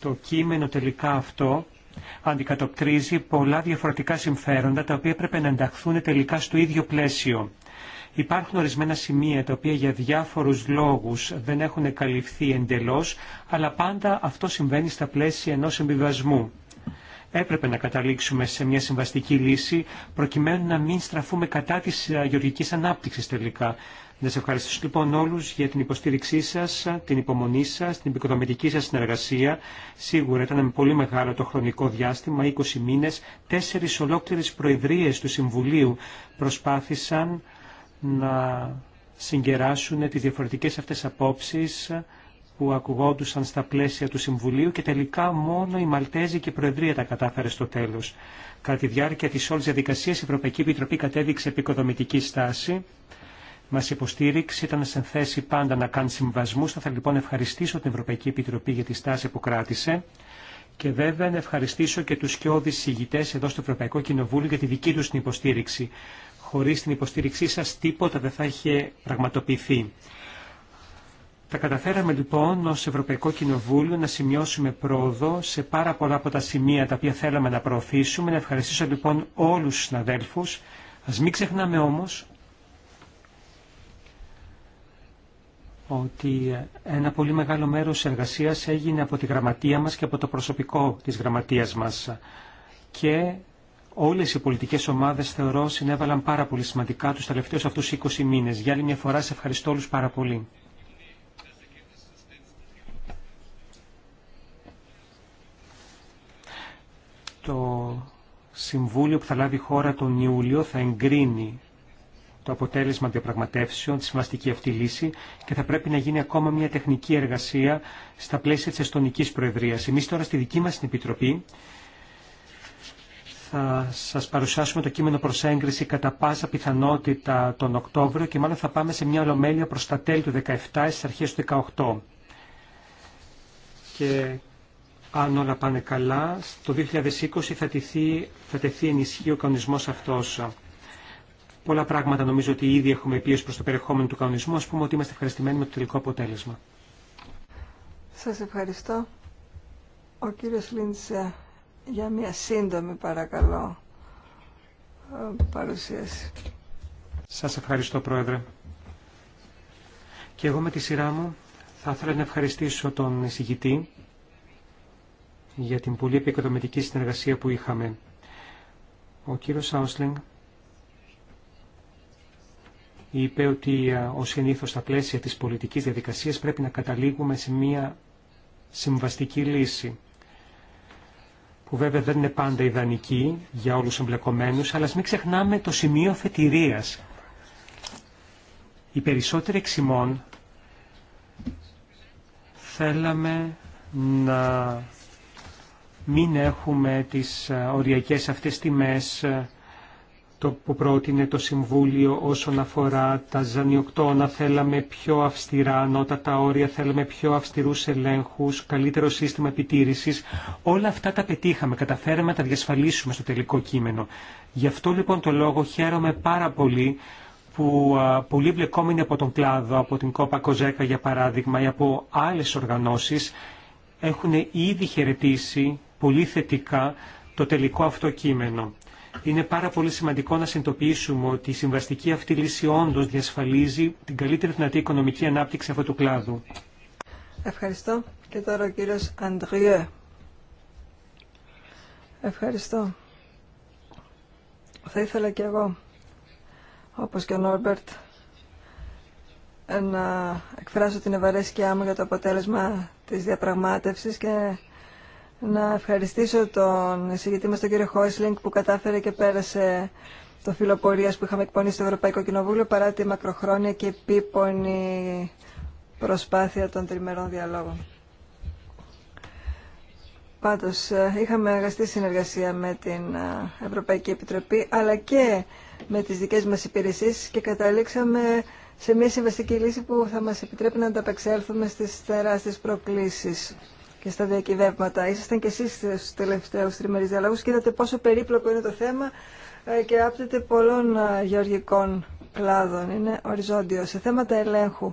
το κείμενο τελικά αυτό αντικατοπτρίζει πολλά διαφορετικά συμφέροντα τα οποία πρέπει να ενταχθούν τελικά στο ίδιο πλαίσιο. Υπάρχουν ορισμένα σημεία τα οποία για διάφορους λόγους δεν έχουν καλυφθεί εντελώς, αλλά πάντα αυτό συμβαίνει στα πλαίσια ενός συμβιβασμού. Έπρεπε να καταλήξουμε σε μια συμβαστική λύση, προκειμένου να μην στραφούμε κατά της ε, γεωργικής ανάπτυξης τελικά. Να σε ευχαριστήσω λοιπόν όλους για την υποστήριξή σας, την υπομονή σας, την επικοδομητική σας συνεργασία. Σίγουρα ήταν με πολύ μεγάλο το χρονικό διάστημα, 20 μήνες, τέσσερις ολόκληρες προεδρίες του Συμβουλίου προσπάθησαν να συγκεράσουν τις διαφορετικές αυτές απόψεις που ακουγόντουσαν στα πλαίσια του Συμβουλίου και τελικά μόνο η Μαλτέζικη Προεδρία τα κατάφερε στο τέλος. Κατά τη διάρκεια της όλης διαδικασίας η Ευρωπαϊκή Επιτροπή κατέδειξε επικοδομητική στάση. Μας υποστήριξε, ήταν σε θέση πάντα να κάνει συμβασμούς. Θα, θα λοιπόν ευχαριστήσω την Ευρωπαϊκή Επιτροπή για τη στάση που κράτησε. Και βέβαια να ευχαριστήσω και τους σκιώδεις συγητές εδώ στο Ευρωπαϊκό Κοινοβούλιο για τη δική τους την υποστήριξη χωρίς την υποστήριξή σας τίποτα δεν θα είχε πραγματοποιηθεί. Τα καταφέραμε λοιπόν ως Ευρωπαϊκό Κοινοβούλιο να σημειώσουμε πρόοδο σε πάρα πολλά από τα σημεία τα οποία θέλαμε να προωθήσουμε. Να ευχαριστήσω λοιπόν όλους τους συναδέλφους. Ας μην ξεχνάμε όμως ότι ένα πολύ μεγάλο μέρος εργασίας έγινε από τη γραμματεία μας και από το προσωπικό της γραμματείας μας. Και Όλε οι πολιτικέ ομάδε θεωρώ συνέβαλαν πάρα πολύ σημαντικά του τελευταίου αυτού 20 μήνε. Για άλλη μια φορά σε ευχαριστώ όλου πάρα πολύ. Το συμβούλιο που θα λάβει η χώρα τον Ιούλιο θα εγκρίνει το αποτέλεσμα διαπραγματεύσεων, τη σημαντική αυτή λύση και θα πρέπει να γίνει ακόμα μια τεχνική εργασία στα πλαίσια τη Εστονική Προεδρία. Εμεί τώρα στη δική μα την Επιτροπή θα σας παρουσιάσουμε το κείμενο προς έγκριση κατά πάσα πιθανότητα τον Οκτώβριο και μάλλον θα πάμε σε μια ολομέλεια προς τα τέλη του 17 στις αρχές του 18. Και αν όλα πάνε καλά, το 2020 θα τεθεί, θα ο κανονισμός αυτός. Πολλά πράγματα νομίζω ότι ήδη έχουμε πει ως προς το περιεχόμενο του κανονισμού, ας πούμε ότι είμαστε ευχαριστημένοι με το τελικό αποτέλεσμα. Σας ευχαριστώ. Ο κύριος Λίντσε για μια σύντομη παρακαλώ ε, παρουσίαση. Σας ευχαριστώ Πρόεδρε. Και εγώ με τη σειρά μου θα ήθελα να ευχαριστήσω τον εισηγητή για την πολύ επικοδομητική συνεργασία που είχαμε. Ο κύριος Σάουσλινγκ είπε ότι ο ε, συνήθω στα πλαίσια της πολιτικής διαδικασίας πρέπει να καταλήγουμε σε μια συμβαστική λύση που βέβαια δεν είναι πάντα ιδανική για όλους τους εμπλεκομένους, αλλά μην ξεχνάμε το σημείο θετηρίας. Οι περισσότεροι εξημών θέλαμε να μην έχουμε τις ε, οριακές αυτές τιμές ε, το που πρότεινε το Συμβούλιο όσον αφορά τα ζανιοκτώνα. Θέλαμε πιο αυστηρά ανώτατα όρια, θέλαμε πιο αυστηρούς ελέγχους, καλύτερο σύστημα επιτήρησης. Όλα αυτά τα πετύχαμε, καταφέραμε να τα διασφαλίσουμε στο τελικό κείμενο. Γι' αυτό λοιπόν το λόγο χαίρομαι πάρα πολύ που πολλοί βλεκόμενοι από τον κλάδο, από την Κόπα Κοζέκα για παράδειγμα ή από άλλες οργανώσεις έχουν ήδη χαιρετήσει πολύ θετικά το τελικό αυτό κείμενο. Είναι πάρα πολύ σημαντικό να συνειδητοποιήσουμε ότι η συμβαστική αυτή λύση όντω διασφαλίζει την καλύτερη δυνατή οικονομική ανάπτυξη αυτού του κλάδου. Ευχαριστώ. Και τώρα ο κύριος Αντριέ. Ευχαριστώ. Θα ήθελα και εγώ, όπως και ο Νόρμπερτ, να εκφράσω την ευαρέσκειά μου για το αποτέλεσμα της διαπραγμάτευσης και να ευχαριστήσω τον εισηγητή μας τον κύριο Χόισλινγκ που κατάφερε και πέρασε το φιλοπορίας που είχαμε εκπονήσει στο Ευρωπαϊκό Κοινοβούλιο παρά τη μακροχρόνια και επίπονη προσπάθεια των τριμερών διαλόγων. Πάντως, ε, είχαμε αγαστή συνεργασία με την ε, Ευρωπαϊκή Επιτροπή αλλά και με τις δικές μας υπηρεσίες και καταλήξαμε σε μια συμβαστική λύση που θα μας επιτρέπει να ανταπεξέλθουμε στις τεράστιες προκλήσεις και στα διακυβεύματα. Ήσασταν και εσείς στους τελευταίους τριμερείς διαλόγους και είδατε πόσο περίπλοκο είναι το θέμα ε, και άπτεται πολλών ε, γεωργικών κλάδων. Είναι οριζόντιο. Σε θέματα ελέγχου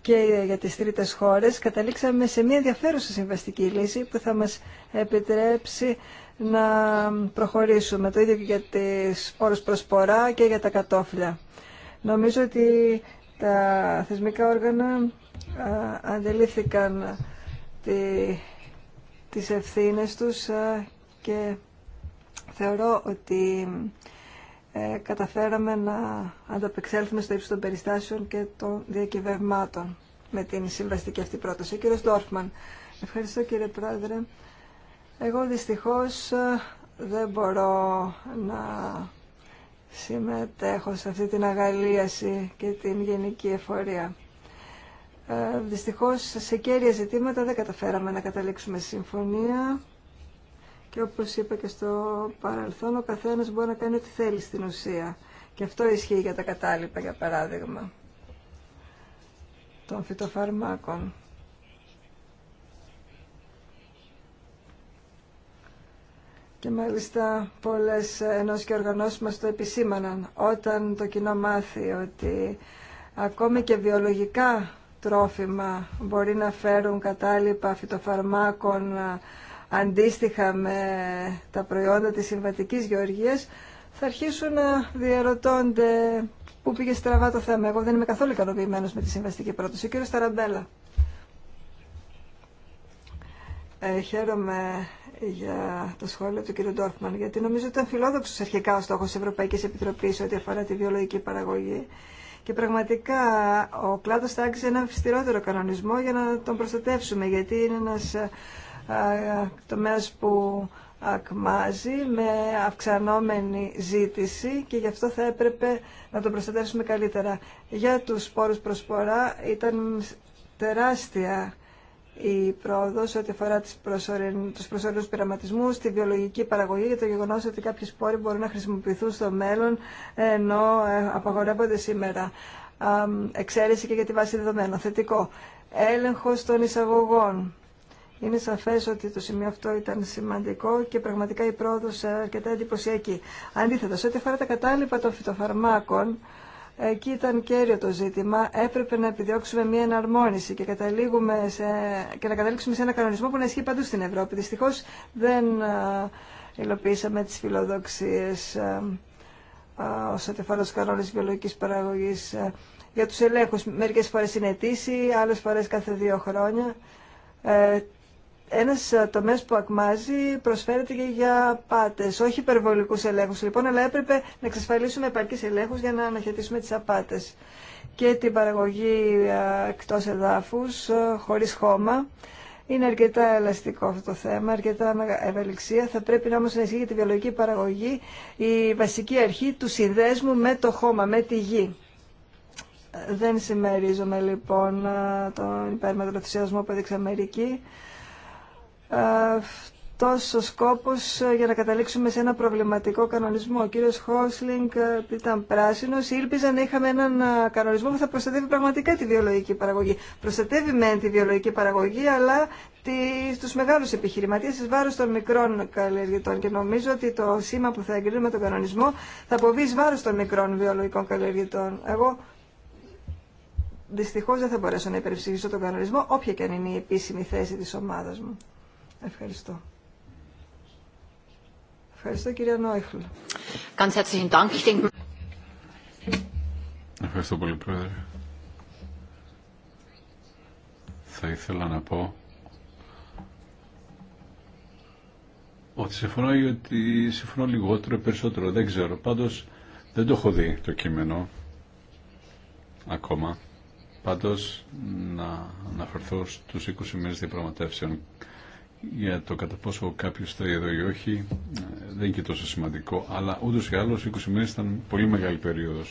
και για τις τρίτες χώρες καταλήξαμε σε μια ενδιαφέρουσα συμβαστική λύση που θα μας επιτρέψει να προχωρήσουμε. Το ίδιο και για τις όρους προσπορά και για τα κατόφλια. Νομίζω ότι τα θεσμικά όργανα ε, αντελήφθηκαν τη, τις ευθύνες τους ε, και θεωρώ ότι ε, καταφέραμε να ανταπεξέλθουμε στο ύψος των περιστάσεων και των διακυβευμάτων με την συμβαστική αυτή πρόταση. Ο κύριος Ντόρφμαν, ευχαριστώ κύριε Πρόεδρε. Εγώ δυστυχώς ε, δεν μπορώ να συμμετέχω σε αυτή την αγαλίαση και την γενική εφορία. Ε, δυστυχώς σε κέρια ζητήματα δεν καταφέραμε να καταλήξουμε συμφωνία και όπως είπα και στο παρελθόν ο καθένας μπορεί να κάνει ό,τι θέλει στην ουσία και αυτό ισχύει για τα κατάλοιπα για παράδειγμα των φυτοφαρμάκων. Και μάλιστα πολλές ενός και οργανώσεις μας το επισήμαναν όταν το κοινό μάθει ότι ακόμη και βιολογικά τρόφιμα μπορεί να φέρουν κατάλοιπα φυτοφαρμάκων αντίστοιχα με τα προϊόντα της συμβατικής γεωργίας θα αρχίσουν να διαρωτώνται πού πήγε στραβά το θέμα. Εγώ δεν είμαι καθόλου ικανοποιημένο με τη συμβαστική πρόταση. Ο κύριο Ταραμπέλα. Ε, χαίρομαι για το σχόλιο του κύριου Ντόρφμαν, γιατί νομίζω ότι ήταν φιλόδοξο αρχικά ο στόχο τη Ευρωπαϊκή Επιτροπή ό,τι αφορά τη βιολογική παραγωγή και πραγματικά ο κλάδο θα ένα αυστηρότερο κανονισμό για να τον προστατεύσουμε, γιατί είναι ένας ε, ε, τομέα που ακμάζει με αυξανόμενη ζήτηση και γι' αυτό θα έπρεπε να τον προστατεύσουμε καλύτερα. Για τους πόρους προσφορά ήταν τεράστια η πρόοδο ό,τι αφορά του προσωρινού πειραματισμού, τη βιολογική παραγωγή και το γεγονό ότι κάποιε πόροι μπορούν να χρησιμοποιηθούν στο μέλλον ενώ ε, απαγορεύονται σήμερα. Εξαίρεση και για τη βάση δεδομένων. Θετικό. Έλεγχο των εισαγωγών. Είναι σαφέ ότι το σημείο αυτό ήταν σημαντικό και πραγματικά η πρόοδο αρκετά εντυπωσιακή. Αντίθετα, σε ό,τι αφορά τα κατάλοιπα των φυτοφαρμάκων, εκεί ήταν κέριο το ζήτημα. Έπρεπε να επιδιώξουμε μια εναρμόνιση και, καταλήγουμε σε, και να καταλήξουμε σε ένα κανονισμό που να ισχύει παντού στην Ευρώπη. Δυστυχώ δεν ε, υλοποιήσαμε τι φιλοδοξίε ε, ε, όσο αφορά του κανόνε βιολογική παραγωγή για τους ελέγχους. Μερικές φορές είναι αιτήσιοι, άλλες φορές κάθε δύο χρόνια ένας ε, τομέας που ακμάζει προσφέρεται και για πάτες, όχι υπερβολικούς ελέγχους λοιπόν, αλλά έπρεπε να εξασφαλίσουμε επαρκείς ελέγχους για να αναχαιτήσουμε τις απάτες και την παραγωγή ε, εκτό εδάφου ε, χωρίς χώμα. Είναι αρκετά ελαστικό αυτό το θέμα, αρκετά ευελιξία. Θα πρέπει να όμως να ισχύει για τη βιολογική παραγωγή η βασική αρχή του συνδέσμου με το χώμα, με τη γη. Δεν συμμερίζομαι λοιπόν τον υπέρμετρο θυσιασμό που έδειξε αυτό ο σκόπος ε, για να καταλήξουμε σε ένα προβληματικό κανονισμό. Ο κύριος Χόσλινγκ ε, ήταν πράσινος. Ήλπιζα να είχαμε έναν ε, κανονισμό που θα προστατεύει πραγματικά τη βιολογική παραγωγή. Προστατεύει μεν τη βιολογική παραγωγή, αλλά στους μεγάλους επιχειρηματίες ει βάρος των μικρών καλλιεργητών και νομίζω ότι το σήμα που θα εγκρίνουμε τον κανονισμό θα αποβεί εις βάρος των μικρών βιολογικών καλλιεργητών. Εγώ δυστυχώς δεν θα μπορέσω να υπερψηφίσω τον κανονισμό όποια και αν είναι η επίσημη θέση της ομάδας μου. Ευχαριστώ. Ευχαριστώ κυρία Νόιχλ. Ευχαριστώ πολύ πρόεδρε. Θα ήθελα να πω ότι συμφωνώ ή ότι συμφωνώ λιγότερο ή περισσότερο. Δεν ξέρω. Πάντως δεν το έχω δει το κείμενο ακόμα. Πάντως να αναφερθώ στους 20 μήνες διαπραγματεύσεων για το κατά πόσο κάποιο θα εδώ ή όχι ε, δεν είναι και τόσο σημαντικό, αλλά ούτω ή άλλω 20 μήνε ήταν πολύ μεγάλη περίοδο,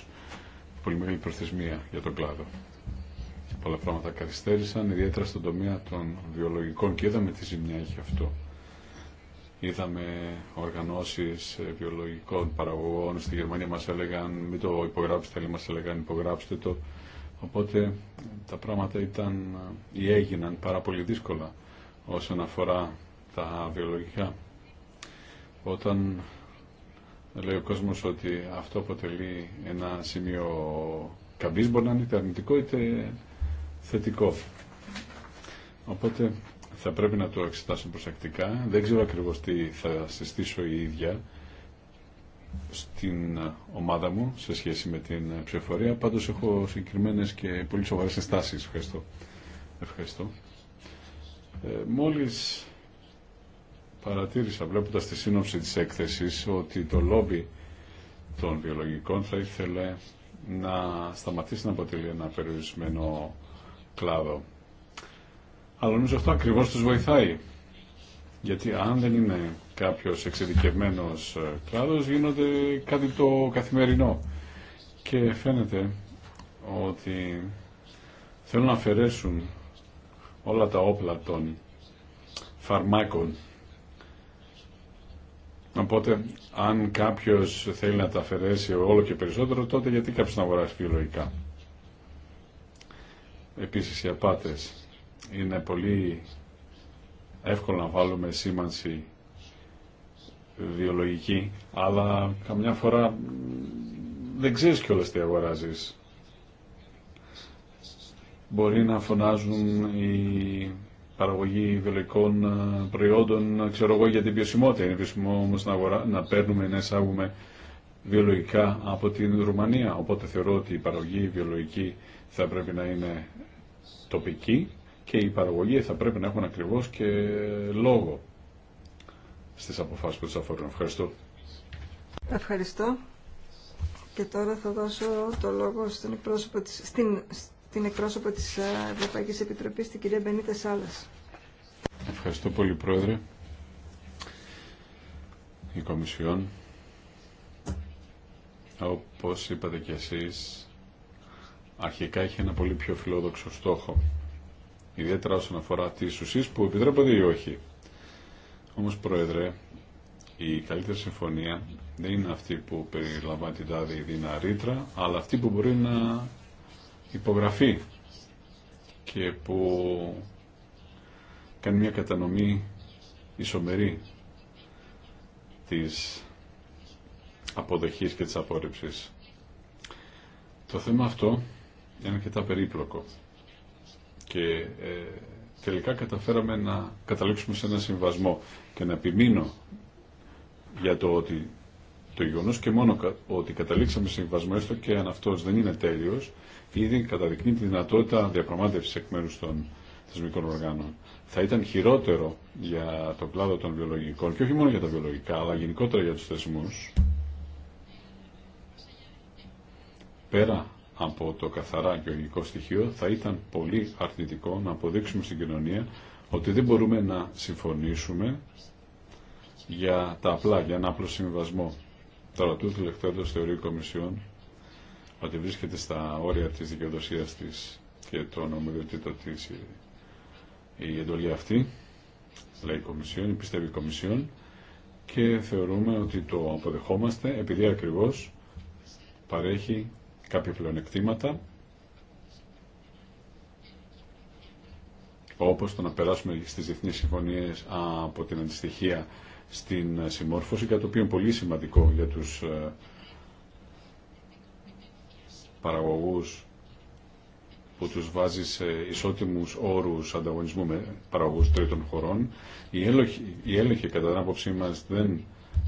πολύ μεγάλη προθεσμία για τον κλάδο. Πολλά πράγματα καθυστέρησαν, ιδιαίτερα στον τομέα των βιολογικών και είδαμε τι ζημιά έχει αυτό. Είδαμε οργανώσει ε, βιολογικών παραγωγών στη Γερμανία μα έλεγαν μην το υπογράψετε, αλλά μα έλεγαν υπογράψτε το. Οπότε ε, τα πράγματα ήταν ή έγιναν πάρα πολύ δύσκολα όσον αφορά τα βιολογικά. Όταν λέει ο κόσμος ότι αυτό αποτελεί ένα σημείο καμπής, μπορεί να είναι είτε αρνητικό είτε θετικό. Οπότε θα πρέπει να το εξετάσω προσεκτικά. Δεν ξέρω ακριβώς τι θα συστήσω η ίδια στην ομάδα μου σε σχέση με την ψηφορία. Πάντως έχω συγκεκριμένες και πολύ σοβαρές στάσεις. Ευχαριστώ. Ευχαριστώ. Ε, μόλις παρατήρησα βλέποντας τη σύνοψη της έκθεσης ότι το λόμπι των βιολογικών θα ήθελε να σταματήσει να αποτελεί ένα περιορισμένο κλάδο. Αλλά νομίζω αυτό ακριβώς τους βοηθάει. Γιατί αν δεν είναι κάποιος εξειδικευμένος ε, κλάδος γίνονται κάτι το καθημερινό. Και φαίνεται ότι θέλουν να αφαιρέσουν όλα τα όπλα των φαρμάκων. Οπότε, αν κάποιος θέλει να τα αφαιρέσει όλο και περισσότερο, τότε γιατί κάποιος να αγοράσει βιολογικά. Επίσης, οι απάτες. Είναι πολύ εύκολο να βάλουμε σήμανση βιολογική, αλλά καμιά φορά δεν ξέρεις κιόλας τι αγοράζεις μπορεί να φωνάζουν η παραγωγή βιολογικών ε, προϊόντων, ξέρω εγώ, για την ποιοσιμότητα. Είναι όμω να, να παίρνουμε, να εισάγουμε βιολογικά από την Ρουμανία. Οπότε θεωρώ ότι η παραγωγή βιολογική θα πρέπει να είναι τοπική και η παραγωγή θα πρέπει να έχουν ακριβώ και λόγο στι αποφάσει που του αφορούν. Ευχαριστώ. Ευχαριστώ. Και τώρα θα δώσω το λόγο στην εκπρόσωπο της, την εκπρόσωπο της ε, Ευρωπαϊκής Επιτροπής, την κυρία Μπενίτα Σάλλας. Ευχαριστώ πολύ, Πρόεδρε. Η Κομισιόν, όπως είπατε κι εσείς, αρχικά είχε ένα πολύ πιο φιλόδοξο στόχο. Ιδιαίτερα όσον αφορά τις ουσίες που επιτρέπονται ή όχι. Όμως, Πρόεδρε, η καλύτερη συμφωνία δεν είναι αυτή που περιλαμβάνει την τάδη ή ρήτρα, αλλά αυτή που μπορεί να υπογραφή και που κάνει μια κατανομή ισομερή της αποδοχής και της απόρριψης. Το θέμα αυτό είναι αρκετά περίπλοκο και ε, τελικά καταφέραμε να καταλήξουμε σε ένα συμβασμό και να επιμείνω για το ότι το γεγονό και μόνο ότι καταλήξαμε σε συμβασμό έστω και αν αυτός δεν είναι τέλειος ήδη καταδεικνύει τη δυνατότητα διαπραγμάτευση εκ μέρου των θεσμικών οργάνων. Θα ήταν χειρότερο για το κλάδο των βιολογικών και όχι μόνο για τα βιολογικά, αλλά γενικότερα για του θεσμού. Πέρα από το καθαρά γεωργικό στοιχείο, θα ήταν πολύ αρνητικό να αποδείξουμε στην κοινωνία ότι δεν μπορούμε να συμφωνήσουμε για τα απλά, για ένα απλό συμβασμό. Τώρα, τούτο λεχθέντος θεωρεί η Κομισιόν ότι βρίσκεται στα όρια της δικαιοδοσία της και των ομοιοτήτων της η εντολή αυτή, λέει η Κομισιόν, πιστεύει η Κομισιόν και θεωρούμε ότι το αποδεχόμαστε επειδή ακριβώς παρέχει κάποια πλεονεκτήματα όπως το να περάσουμε στις διεθνείς συμφωνίες από την αντιστοιχεία στην συμμόρφωση, κάτι το οποίο είναι πολύ σημαντικό για τους ε, παραγωγούς που τους βάζει σε ισότιμους όρους ανταγωνισμού με παραγωγούς τρίτων χωρών. Οι έλεγχοι, οι κατά την άποψή μας δεν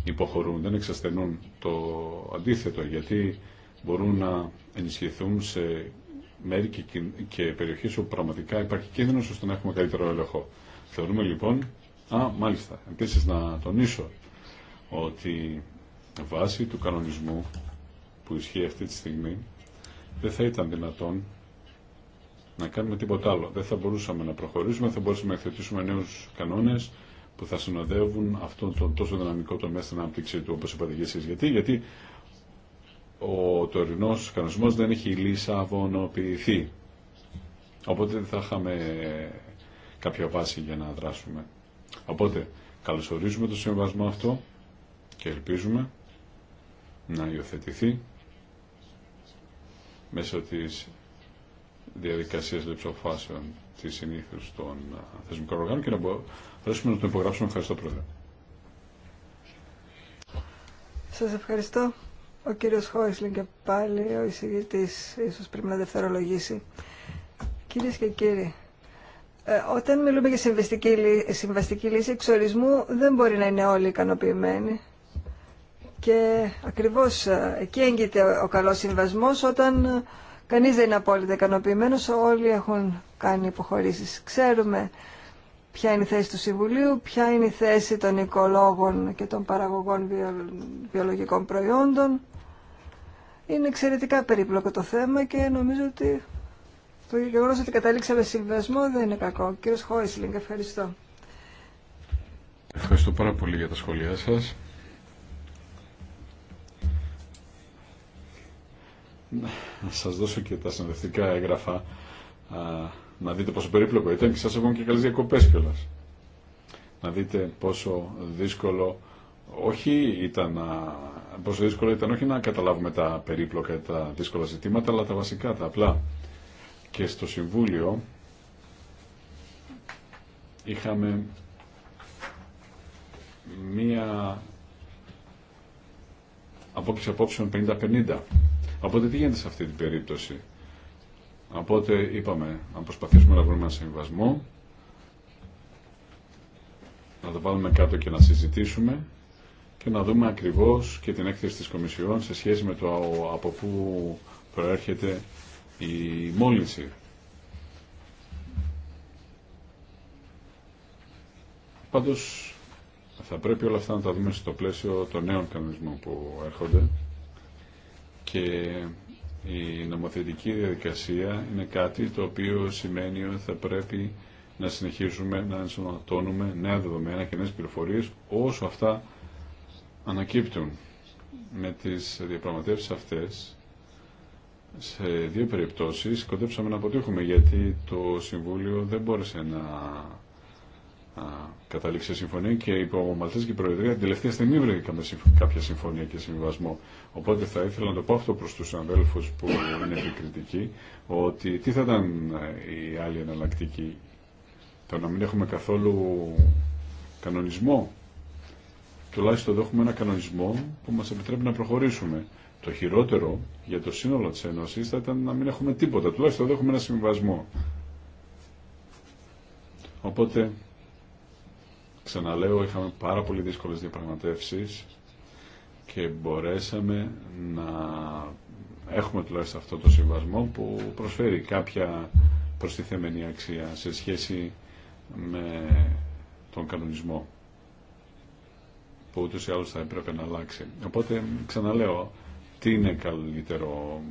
υποχωρούν, δεν εξασθενούν το αντίθετο, γιατί μπορούν να ενισχυθούν σε μέρη και, και περιοχές όπου πραγματικά υπάρχει κίνδυνος ώστε να έχουμε καλύτερο έλεγχο. Θεωρούμε λοιπόν, α, μάλιστα, επίση να τονίσω ότι βάσει του κανονισμού που ισχύει αυτή τη στιγμή δεν θα ήταν δυνατόν να κάνουμε τίποτα άλλο. Δεν θα μπορούσαμε να προχωρήσουμε, θα μπορούσαμε να εκθετήσουμε νέου κανόνε που θα συνοδεύουν αυτόν τον τόσο δυναμικό τομέα στην ανάπτυξή του, όπω είπατε και εσεί. Γιατί, γιατί ο τωρινό κανονισμό δεν έχει αβωνοποιηθεί. Οπότε δεν θα είχαμε κάποια βάση για να δράσουμε. Οπότε καλωσορίζουμε το συμβασμό αυτό και ελπίζουμε να υιοθετηθεί μέσω της διαδικασίας λεψοφάσεων της συνήθους των θεσμικών οργάνων και να μπορέσουμε να το υπογράψουμε. Ευχαριστώ Πρόεδρε. Σας ευχαριστώ. Ο κύριος Χόισλιν και πάλι ο εισηγητής ίσως πρέπει να δευτερολογήσει. Κυρίες και κύριοι, ε, όταν μιλούμε για συμβαστική λύση εξορισμού δεν μπορεί να είναι όλοι ικανοποιημένοι. Και ακριβώς ε, εκεί έγκυται ο καλός συμβασμός όταν ε, κανείς δεν είναι απόλυτα ικανοποιημένο, όλοι έχουν κάνει υποχωρήσεις. Ξέρουμε ποια είναι η θέση του Συμβουλίου, ποια είναι η θέση των οικολόγων και των παραγωγών βιολογικών προϊόντων. Είναι εξαιρετικά περίπλοκο το θέμα και νομίζω ότι το γεγονό ότι καταλήξαμε συμβασμό δεν είναι κακό. Κύριο Χόισλινγκ, ευχαριστώ. Ευχαριστώ πάρα πολύ για τα σχόλιά σας. Να σας δώσω και τα συνδευτικά έγγραφα α, να δείτε πόσο περίπλοκο ήταν και σα έχω και καλέ διακοπές κιόλα. Να δείτε πόσο δύσκολο όχι ήταν να, πόσο δύσκολο ήταν όχι να καταλάβουμε τα περίπλοκα, τα δύσκολα ζητήματα, αλλά τα βασικά, τα απλά. Και στο Συμβούλιο είχαμε μία απόψη απόψεων 50-50 Οπότε τι γίνεται σε αυτή την περίπτωση. Οπότε είπαμε να προσπαθήσουμε να βρούμε ένα συμβασμό, να το βάλουμε κάτω και να συζητήσουμε και να δούμε ακριβώς και την έκθεση της Κομισιόν σε σχέση με το από πού προέρχεται η μόλυνση. Πάντως θα πρέπει όλα αυτά να τα δούμε στο πλαίσιο των νέων κανονισμών που έρχονται και η νομοθετική διαδικασία είναι κάτι το οποίο σημαίνει ότι θα πρέπει να συνεχίσουμε να ενσωματώνουμε νέα δεδομένα και νέες πληροφορίες όσο αυτά ανακύπτουν. Με τις διαπραγματεύσεις αυτές, σε δύο περιπτώσεις κοντέψαμε να αποτύχουμε γιατί το Συμβούλιο δεν μπόρεσε να καταλήξει συμφωνία και υπό ο Μαλτές και η Προεδρία την τελευταία στιγμή βρήκαμε κάποια συμφωνία και συμβασμό. Οπότε θα ήθελα να το πω αυτό προς τους αδέλφους που είναι επικριτικοί ότι τι θα ήταν ε, η άλλη εναλλακτική το να μην έχουμε καθόλου κανονισμό. Τουλάχιστον εδώ έχουμε ένα κανονισμό που μας επιτρέπει να προχωρήσουμε. Το χειρότερο για το σύνολο της Ένωσης θα ήταν να μην έχουμε τίποτα. Τουλάχιστον εδώ έχουμε ένα συμβασμό. Οπότε Ξαναλέω, είχαμε πάρα πολύ δύσκολες διαπραγματεύσεις και μπορέσαμε να έχουμε τουλάχιστον αυτό το συμβασμό που προσφέρει κάποια προστιθέμενη αξία σε σχέση με τον κανονισμό που ούτως ή άλλως θα έπρεπε να αλλάξει. Οπότε ξαναλέω τι είναι καλύτερο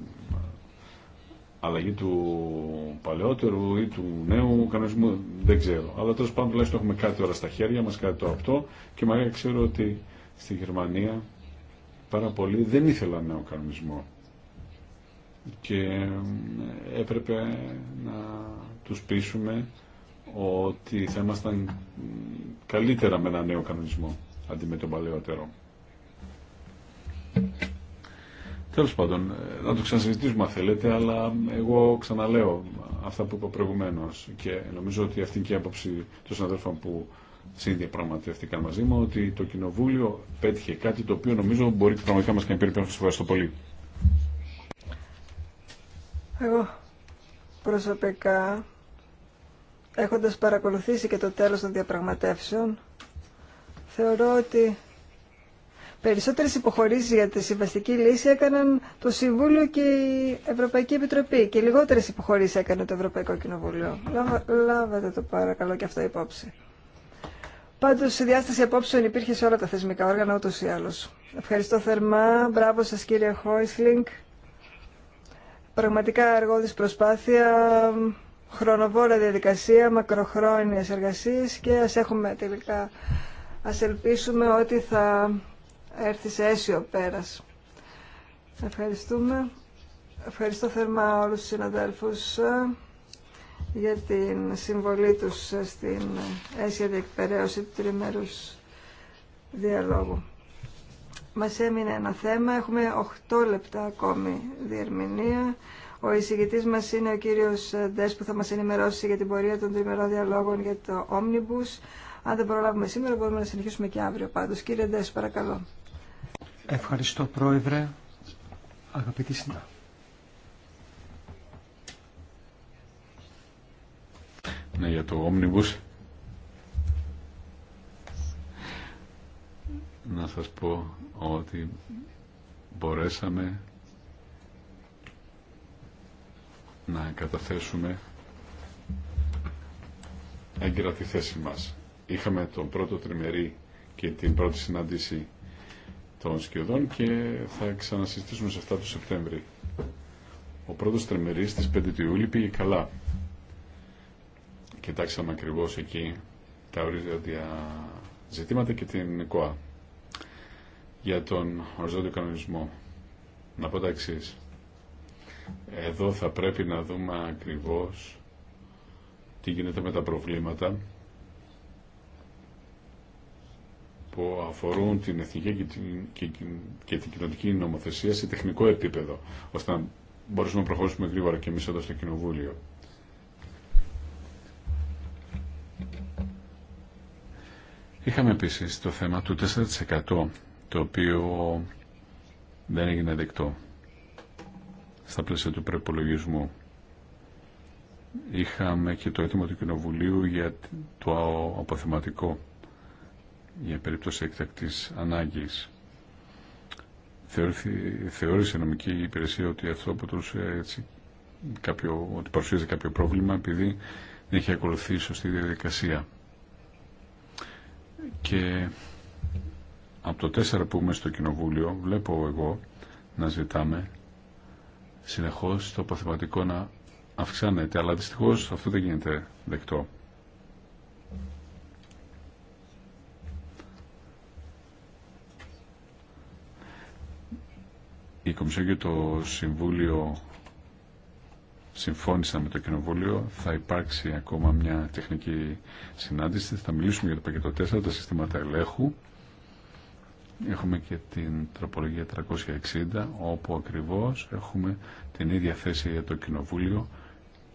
αλλαγή του παλαιότερου ή του νέου κανονισμού, δεν ξέρω. Αλλά τέλο πάντων τουλάχιστον έχουμε κάτι τώρα στα χέρια μα, κάτι το αυτό. Και μάλιστα ξέρω ότι στη Γερμανία πάρα πολλοί δεν ήθελαν νέο κανονισμό. Και ε, έπρεπε να τους πείσουμε ότι θα ήμασταν καλύτερα με ένα νέο κανονισμό αντί με τον παλαιότερο. Τέλος πάντων, ε, να το ξανασυζητήσουμε αν θέλετε, αλλά εγώ ξαναλέω αυτά που είπα προηγουμένω και νομίζω ότι αυτή είναι και η άποψη των συναδέλφων που συνδιαπραγματεύτηκαν μαζί μου, ότι το Κοινοβούλιο πέτυχε κάτι το οποίο νομίζω μπορεί και πραγματικά μας κάνει περιπέτεια. ευχαριστώ πολύ. Εγώ προσωπικά, έχοντας παρακολουθήσει και το τέλος των διαπραγματεύσεων, θεωρώ ότι περισσότερες υποχωρήσεις για τη συμβαστική λύση έκαναν το Συμβούλιο και η Ευρωπαϊκή Επιτροπή και λιγότερες υποχωρήσεις έκανε το Ευρωπαϊκό Κοινοβούλιο. λάβατε το παρακαλώ και αυτό υπόψη. Πάντως η διάσταση απόψεων υπήρχε σε όλα τα θεσμικά όργανα ούτω ή άλλω. Ευχαριστώ θερμά. Μπράβο σα κύριε Χόισλινγκ. Πραγματικά αργόδης προσπάθεια χρονοβόρα διαδικασία, μακροχρόνιε εργασίε και α έχουμε τελικά, α ελπίσουμε ότι θα έρθει σε αίσιο πέρας. Ευχαριστούμε. Ευχαριστώ θερμά όλους τους συναδέλφους ε, για την συμβολή τους ε, στην ε, αίσια διεκπαιρέωση του τριμερούς διαλόγου. Μας έμεινε ένα θέμα, έχουμε 8 λεπτά ακόμη διερμηνία. Ο εισηγητής μας είναι ο κύριος Ντές που θα μας ενημερώσει για την πορεία των τριμερών διαλόγων για το Omnibus. Αν δεν προλάβουμε σήμερα μπορούμε να συνεχίσουμε και αύριο πάντως. Κύριε Ντές παρακαλώ. Ευχαριστώ Πρόεδρε, αγαπητοί συνάδελφοι. Ναι, για το Omnibus. Να σας πω ότι μπορέσαμε να καταθέσουμε έγκυρα τη θέση μας. Είχαμε τον πρώτο τριμερή και την πρώτη συνάντηση των σκιωδών και θα ξανασυστήσουμε σε αυτά του Σεπτέμβρη. Ο πρώτος τρεμερής στις 5 του Ιούλη πήγε καλά. Κοιτάξαμε ακριβώ εκεί τα οριζόντια ζητήματα και την ΚΟΑ για τον οριζόντιο κανονισμό. Να πω τα εξή, Εδώ θα πρέπει να δούμε ακριβώ τι γίνεται με τα προβλήματα που αφορούν την εθνική και την, και, την κοινωνική νομοθεσία σε τεχνικό επίπεδο, ώστε να μπορέσουμε να προχωρήσουμε γρήγορα και εμείς εδώ στο Κοινοβούλιο. Είχαμε επίσης το θέμα του 4% το οποίο δεν έγινε δεκτό στα πλαίσια του προπολογισμού. Είχαμε και το έτοιμο του Κοινοβουλίου για το αποθεματικό για περίπτωση εκτακτής ανάγκης. θεώρησε η νομική υπηρεσία ότι αυτό αποτελούσε έτσι, κάποιο, ότι παρουσίαζε κάποιο πρόβλημα επειδή δεν είχε ακολουθεί η σωστή διαδικασία. Και από το 4 που είμαι στο Κοινοβούλιο βλέπω εγώ να ζητάμε συνεχώς το αποθεματικό να αυξάνεται αλλά δυστυχώς αυτό δεν γίνεται δεκτό. η Κομισιόν και το Συμβούλιο συμφώνησαν με το Κοινοβούλιο. Θα υπάρξει ακόμα μια τεχνική συνάντηση. Θα μιλήσουμε για το πακέτο 4, τα συστήματα ελέγχου. Έχουμε και την τροπολογία 360, όπου ακριβώς έχουμε την ίδια θέση για το Κοινοβούλιο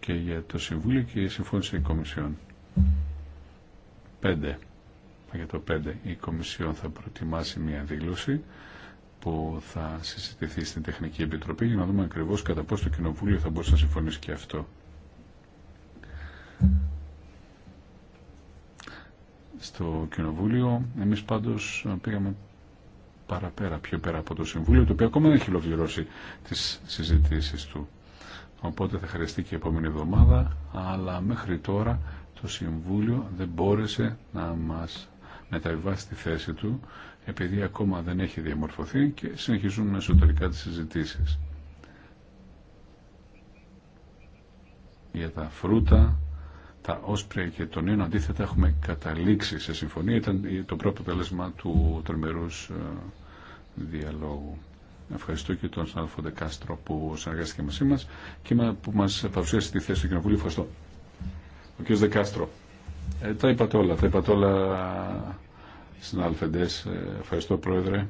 και για το Συμβούλιο και η Συμφώνηση Κομισιόν. 5. Για το 5 η Κομισιόν θα προετοιμάσει μια δήλωση που θα συζητηθεί στην Τεχνική Επιτροπή για να δούμε ακριβώς κατά πώς το Κοινοβούλιο θα μπορούσε να συμφωνήσει και αυτό. Στο Κοινοβούλιο εμείς πάντως πήγαμε παραπέρα, πιο πέρα από το Συμβούλιο, το οποίο ακόμα δεν έχει ολοκληρώσει τις συζητήσεις του. Οπότε θα χρειαστεί και η επόμενη εβδομάδα, αλλά μέχρι τώρα το Συμβούλιο δεν μπόρεσε να μας μεταβιβάσει τη θέση του επειδή ακόμα δεν έχει διαμορφωθεί και συνεχίζουν εσωτερικά τις συζητήσεις. Για τα φρούτα, τα όσπρια και τον ίνο αντίθετα έχουμε καταλήξει σε συμφωνία. Ήταν το πρώτο αποτέλεσμα του τρομερούς ε, διαλόγου. Ευχαριστώ και τον Σάλφο Δεκάστρο που συνεργάστηκε μαζί μα και που μας παρουσίασε τη θέση του Κοινοβούλου. Ευχαριστώ. Ο κ. Δεκάστρο. Ε, τα είπατε όλα, τα είπατε όλα συναλφεντές. Ε, ευχαριστώ Πρόεδρε.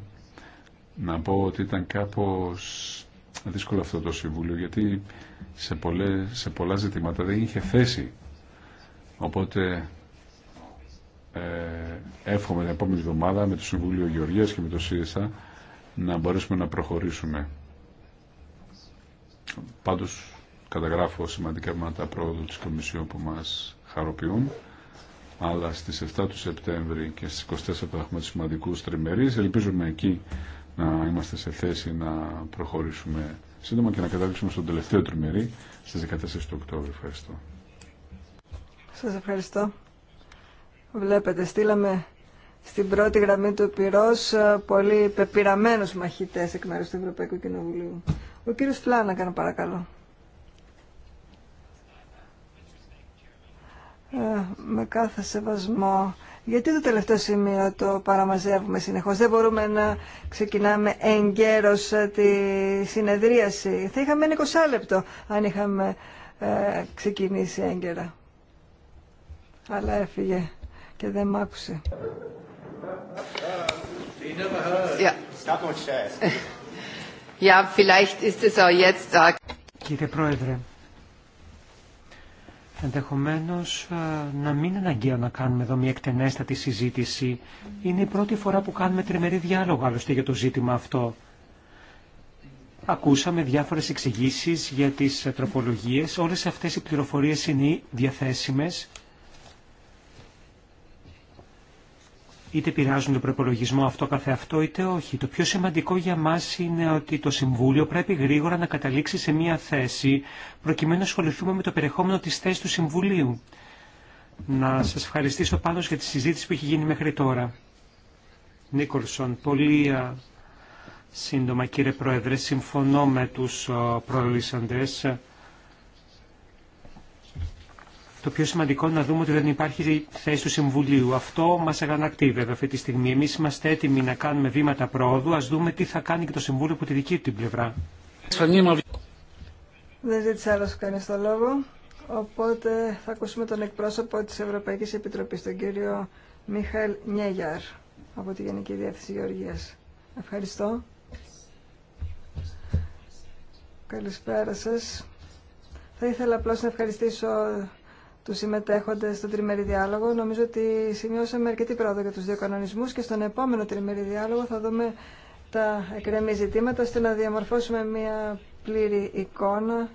Να πω ότι ήταν κάπως δύσκολο αυτό το Συμβούλιο γιατί σε, πολλές, σε πολλά ζητήματα δεν είχε θέση. Οπότε ε, εύχομαι την επόμενη εβδομάδα με το Συμβούλιο Γεωργίας και με το ΣΥΡΙΖΑ να μπορέσουμε να προχωρήσουμε. Πάντως καταγράφω σημαντικά πράγματα πρόοδου της Κομισιόν που μας χαροποιούν αλλά στις 7 του Σεπτέμβρη και στις 24 θα έχουμε τους σημαντικούς τριμερείς. Ελπίζουμε εκεί να είμαστε σε θέση να προχωρήσουμε σύντομα και να καταλήξουμε στον τελευταίο τριμερή στις 14 του Οκτώβρη. Ευχαριστώ. Σας ευχαριστώ. Βλέπετε, στείλαμε στην πρώτη γραμμή του πυρός ε, πολύ πεπειραμένους μαχητές εκ μέρους του Ευρωπαϊκού Κοινοβουλίου. Ο κύριος κάνω παρακαλώ. με κάθε σεβασμό. Γιατί το τελευταίο σημείο το παραμαζεύουμε συνεχώς. Δεν μπορούμε να ξεκινάμε εγκαίρως ε, τη συνεδρίαση. Θα είχαμε ένα 20 λεπτό αν είχαμε ε, ξεκινήσει έγκαιρα. Αλλά έφυγε και δεν μ' άκουσε. Κύριε Πρόεδρε, Ενδεχομένως ε, να μην είναι αναγκαίο να κάνουμε εδώ μια εκτενέστατη συζήτηση. Είναι η πρώτη φορά που κάνουμε τριμερή διάλογο άλλωστε για το ζήτημα αυτό. Ακούσαμε διάφορες εξηγήσει για τις τροπολογίες. Όλες αυτές οι πληροφορίες είναι διαθέσιμες είτε πειράζουν τον προπολογισμό αυτό καθεαυτό είτε όχι. Το πιο σημαντικό για μας είναι ότι το Συμβούλιο πρέπει γρήγορα να καταλήξει σε μια θέση προκειμένου να ασχοληθούμε με το περιεχόμενο της θέσης του Συμβουλίου. Να σας ευχαριστήσω πάνω για τη συζήτηση που έχει γίνει μέχρι τώρα. Νίκολσον, πολύ σύντομα κύριε Πρόεδρε, συμφωνώ με τους το πιο σημαντικό είναι να δούμε ότι δεν υπάρχει θέση του Συμβουλίου. Αυτό μα αγανακτεί βέβαια αυτή τη στιγμή. Εμεί είμαστε έτοιμοι να κάνουμε βήματα πρόοδου. Α δούμε τι θα κάνει και το Συμβούλιο από τη δική του την πλευρά. Δεν ζήτησε άλλο κανεί το λόγο. Οπότε θα ακούσουμε τον εκπρόσωπο τη Ευρωπαϊκή Επιτροπή, τον κύριο Μίχαελ Νιέγιαρ, από τη Γενική Διεύθυνση Γεωργία. Ευχαριστώ. Καλησπέρα σα. Θα ήθελα απλώ να ευχαριστήσω του συμμετέχοντε στον τριμερή διάλογο. Νομίζω ότι σημειώσαμε αρκετή πρόοδο για του δύο κανονισμού και στον επόμενο τριμερή διάλογο θα δούμε τα εκκρεμή ζητήματα ώστε να διαμορφώσουμε μια πλήρη εικόνα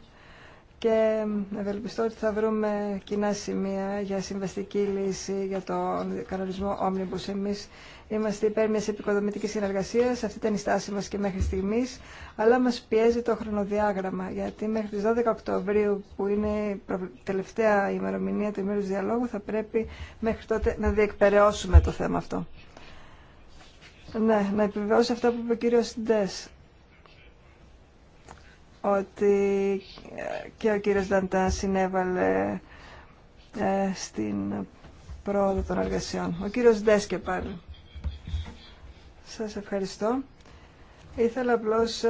και ευελπιστώ ότι θα βρούμε κοινά σημεία για συμβαστική λύση για τον κανονισμό Omnibus. Εμείς Είμαστε υπέρ μια επικοδομητική συνεργασία. Αυτή ήταν η στάση μα και μέχρι στιγμή. Αλλά μα πιέζει το χρονοδιάγραμμα. Γιατί μέχρι τι 12 Οκτωβρίου, που είναι η τελευταία ημερομηνία του ημέρου διαλόγου, θα πρέπει μέχρι τότε να διεκπαιρεώσουμε το θέμα αυτό. Ναι, να επιβεβαιώσω αυτό που είπε ο κύριο Ντε. Ότι ε, και ο κύριος Δαντά συνέβαλε ε, στην πρόοδο των εργασιών. Ο κύριος και πάλι. Σας ευχαριστώ. Ήθελα απλώς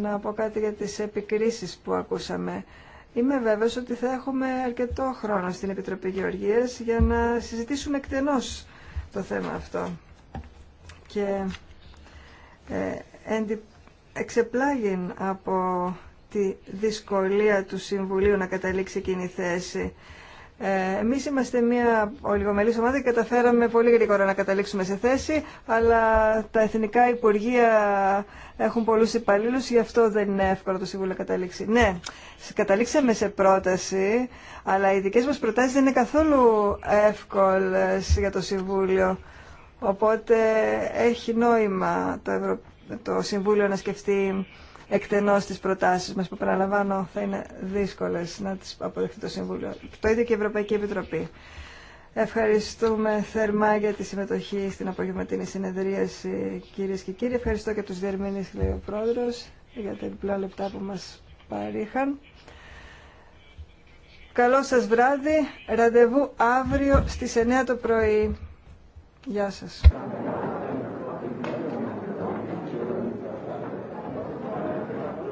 να πω κάτι για τις επικρίσεις που ακούσαμε. Είμαι βέβαιος ότι θα έχουμε αρκετό χρόνο στην Επιτροπή Γεωργίας για να συζητήσουμε εκτενώς το θέμα αυτό. Και ε, εξεπλάγει από τη δυσκολία του Συμβουλίου να καταλήξει εκείνη η θέση ε, Εμεί είμαστε μια ολιγομελή ομάδα και καταφέραμε πολύ γρήγορα να καταλήξουμε σε θέση, αλλά τα εθνικά υπουργεία έχουν πολλού υπαλλήλου, γι' αυτό δεν είναι εύκολο το Συμβούλιο να καταλήξει. Ναι, καταλήξαμε σε πρόταση, αλλά οι δικέ μα προτάσει δεν είναι καθόλου εύκολε για το Συμβούλιο. Οπότε έχει νόημα το, το Συμβούλιο να σκεφτεί εκτενώς τις προτάσεις μας που παραλαμβάνω θα είναι δύσκολες να τις αποδεχτεί το Συμβούλιο. Το ίδιο και η Ευρωπαϊκή Επιτροπή. Ευχαριστούμε θερμά για τη συμμετοχή στην απογευματινή συνεδρίαση κυρίες και κύριοι. Ευχαριστώ και τους διερμηνείς, λέει ο για τα επιπλέον λεπτά που μας παρήχαν. Καλό σας βράδυ. Ραντεβού αύριο στις 9 το πρωί. Γεια σας.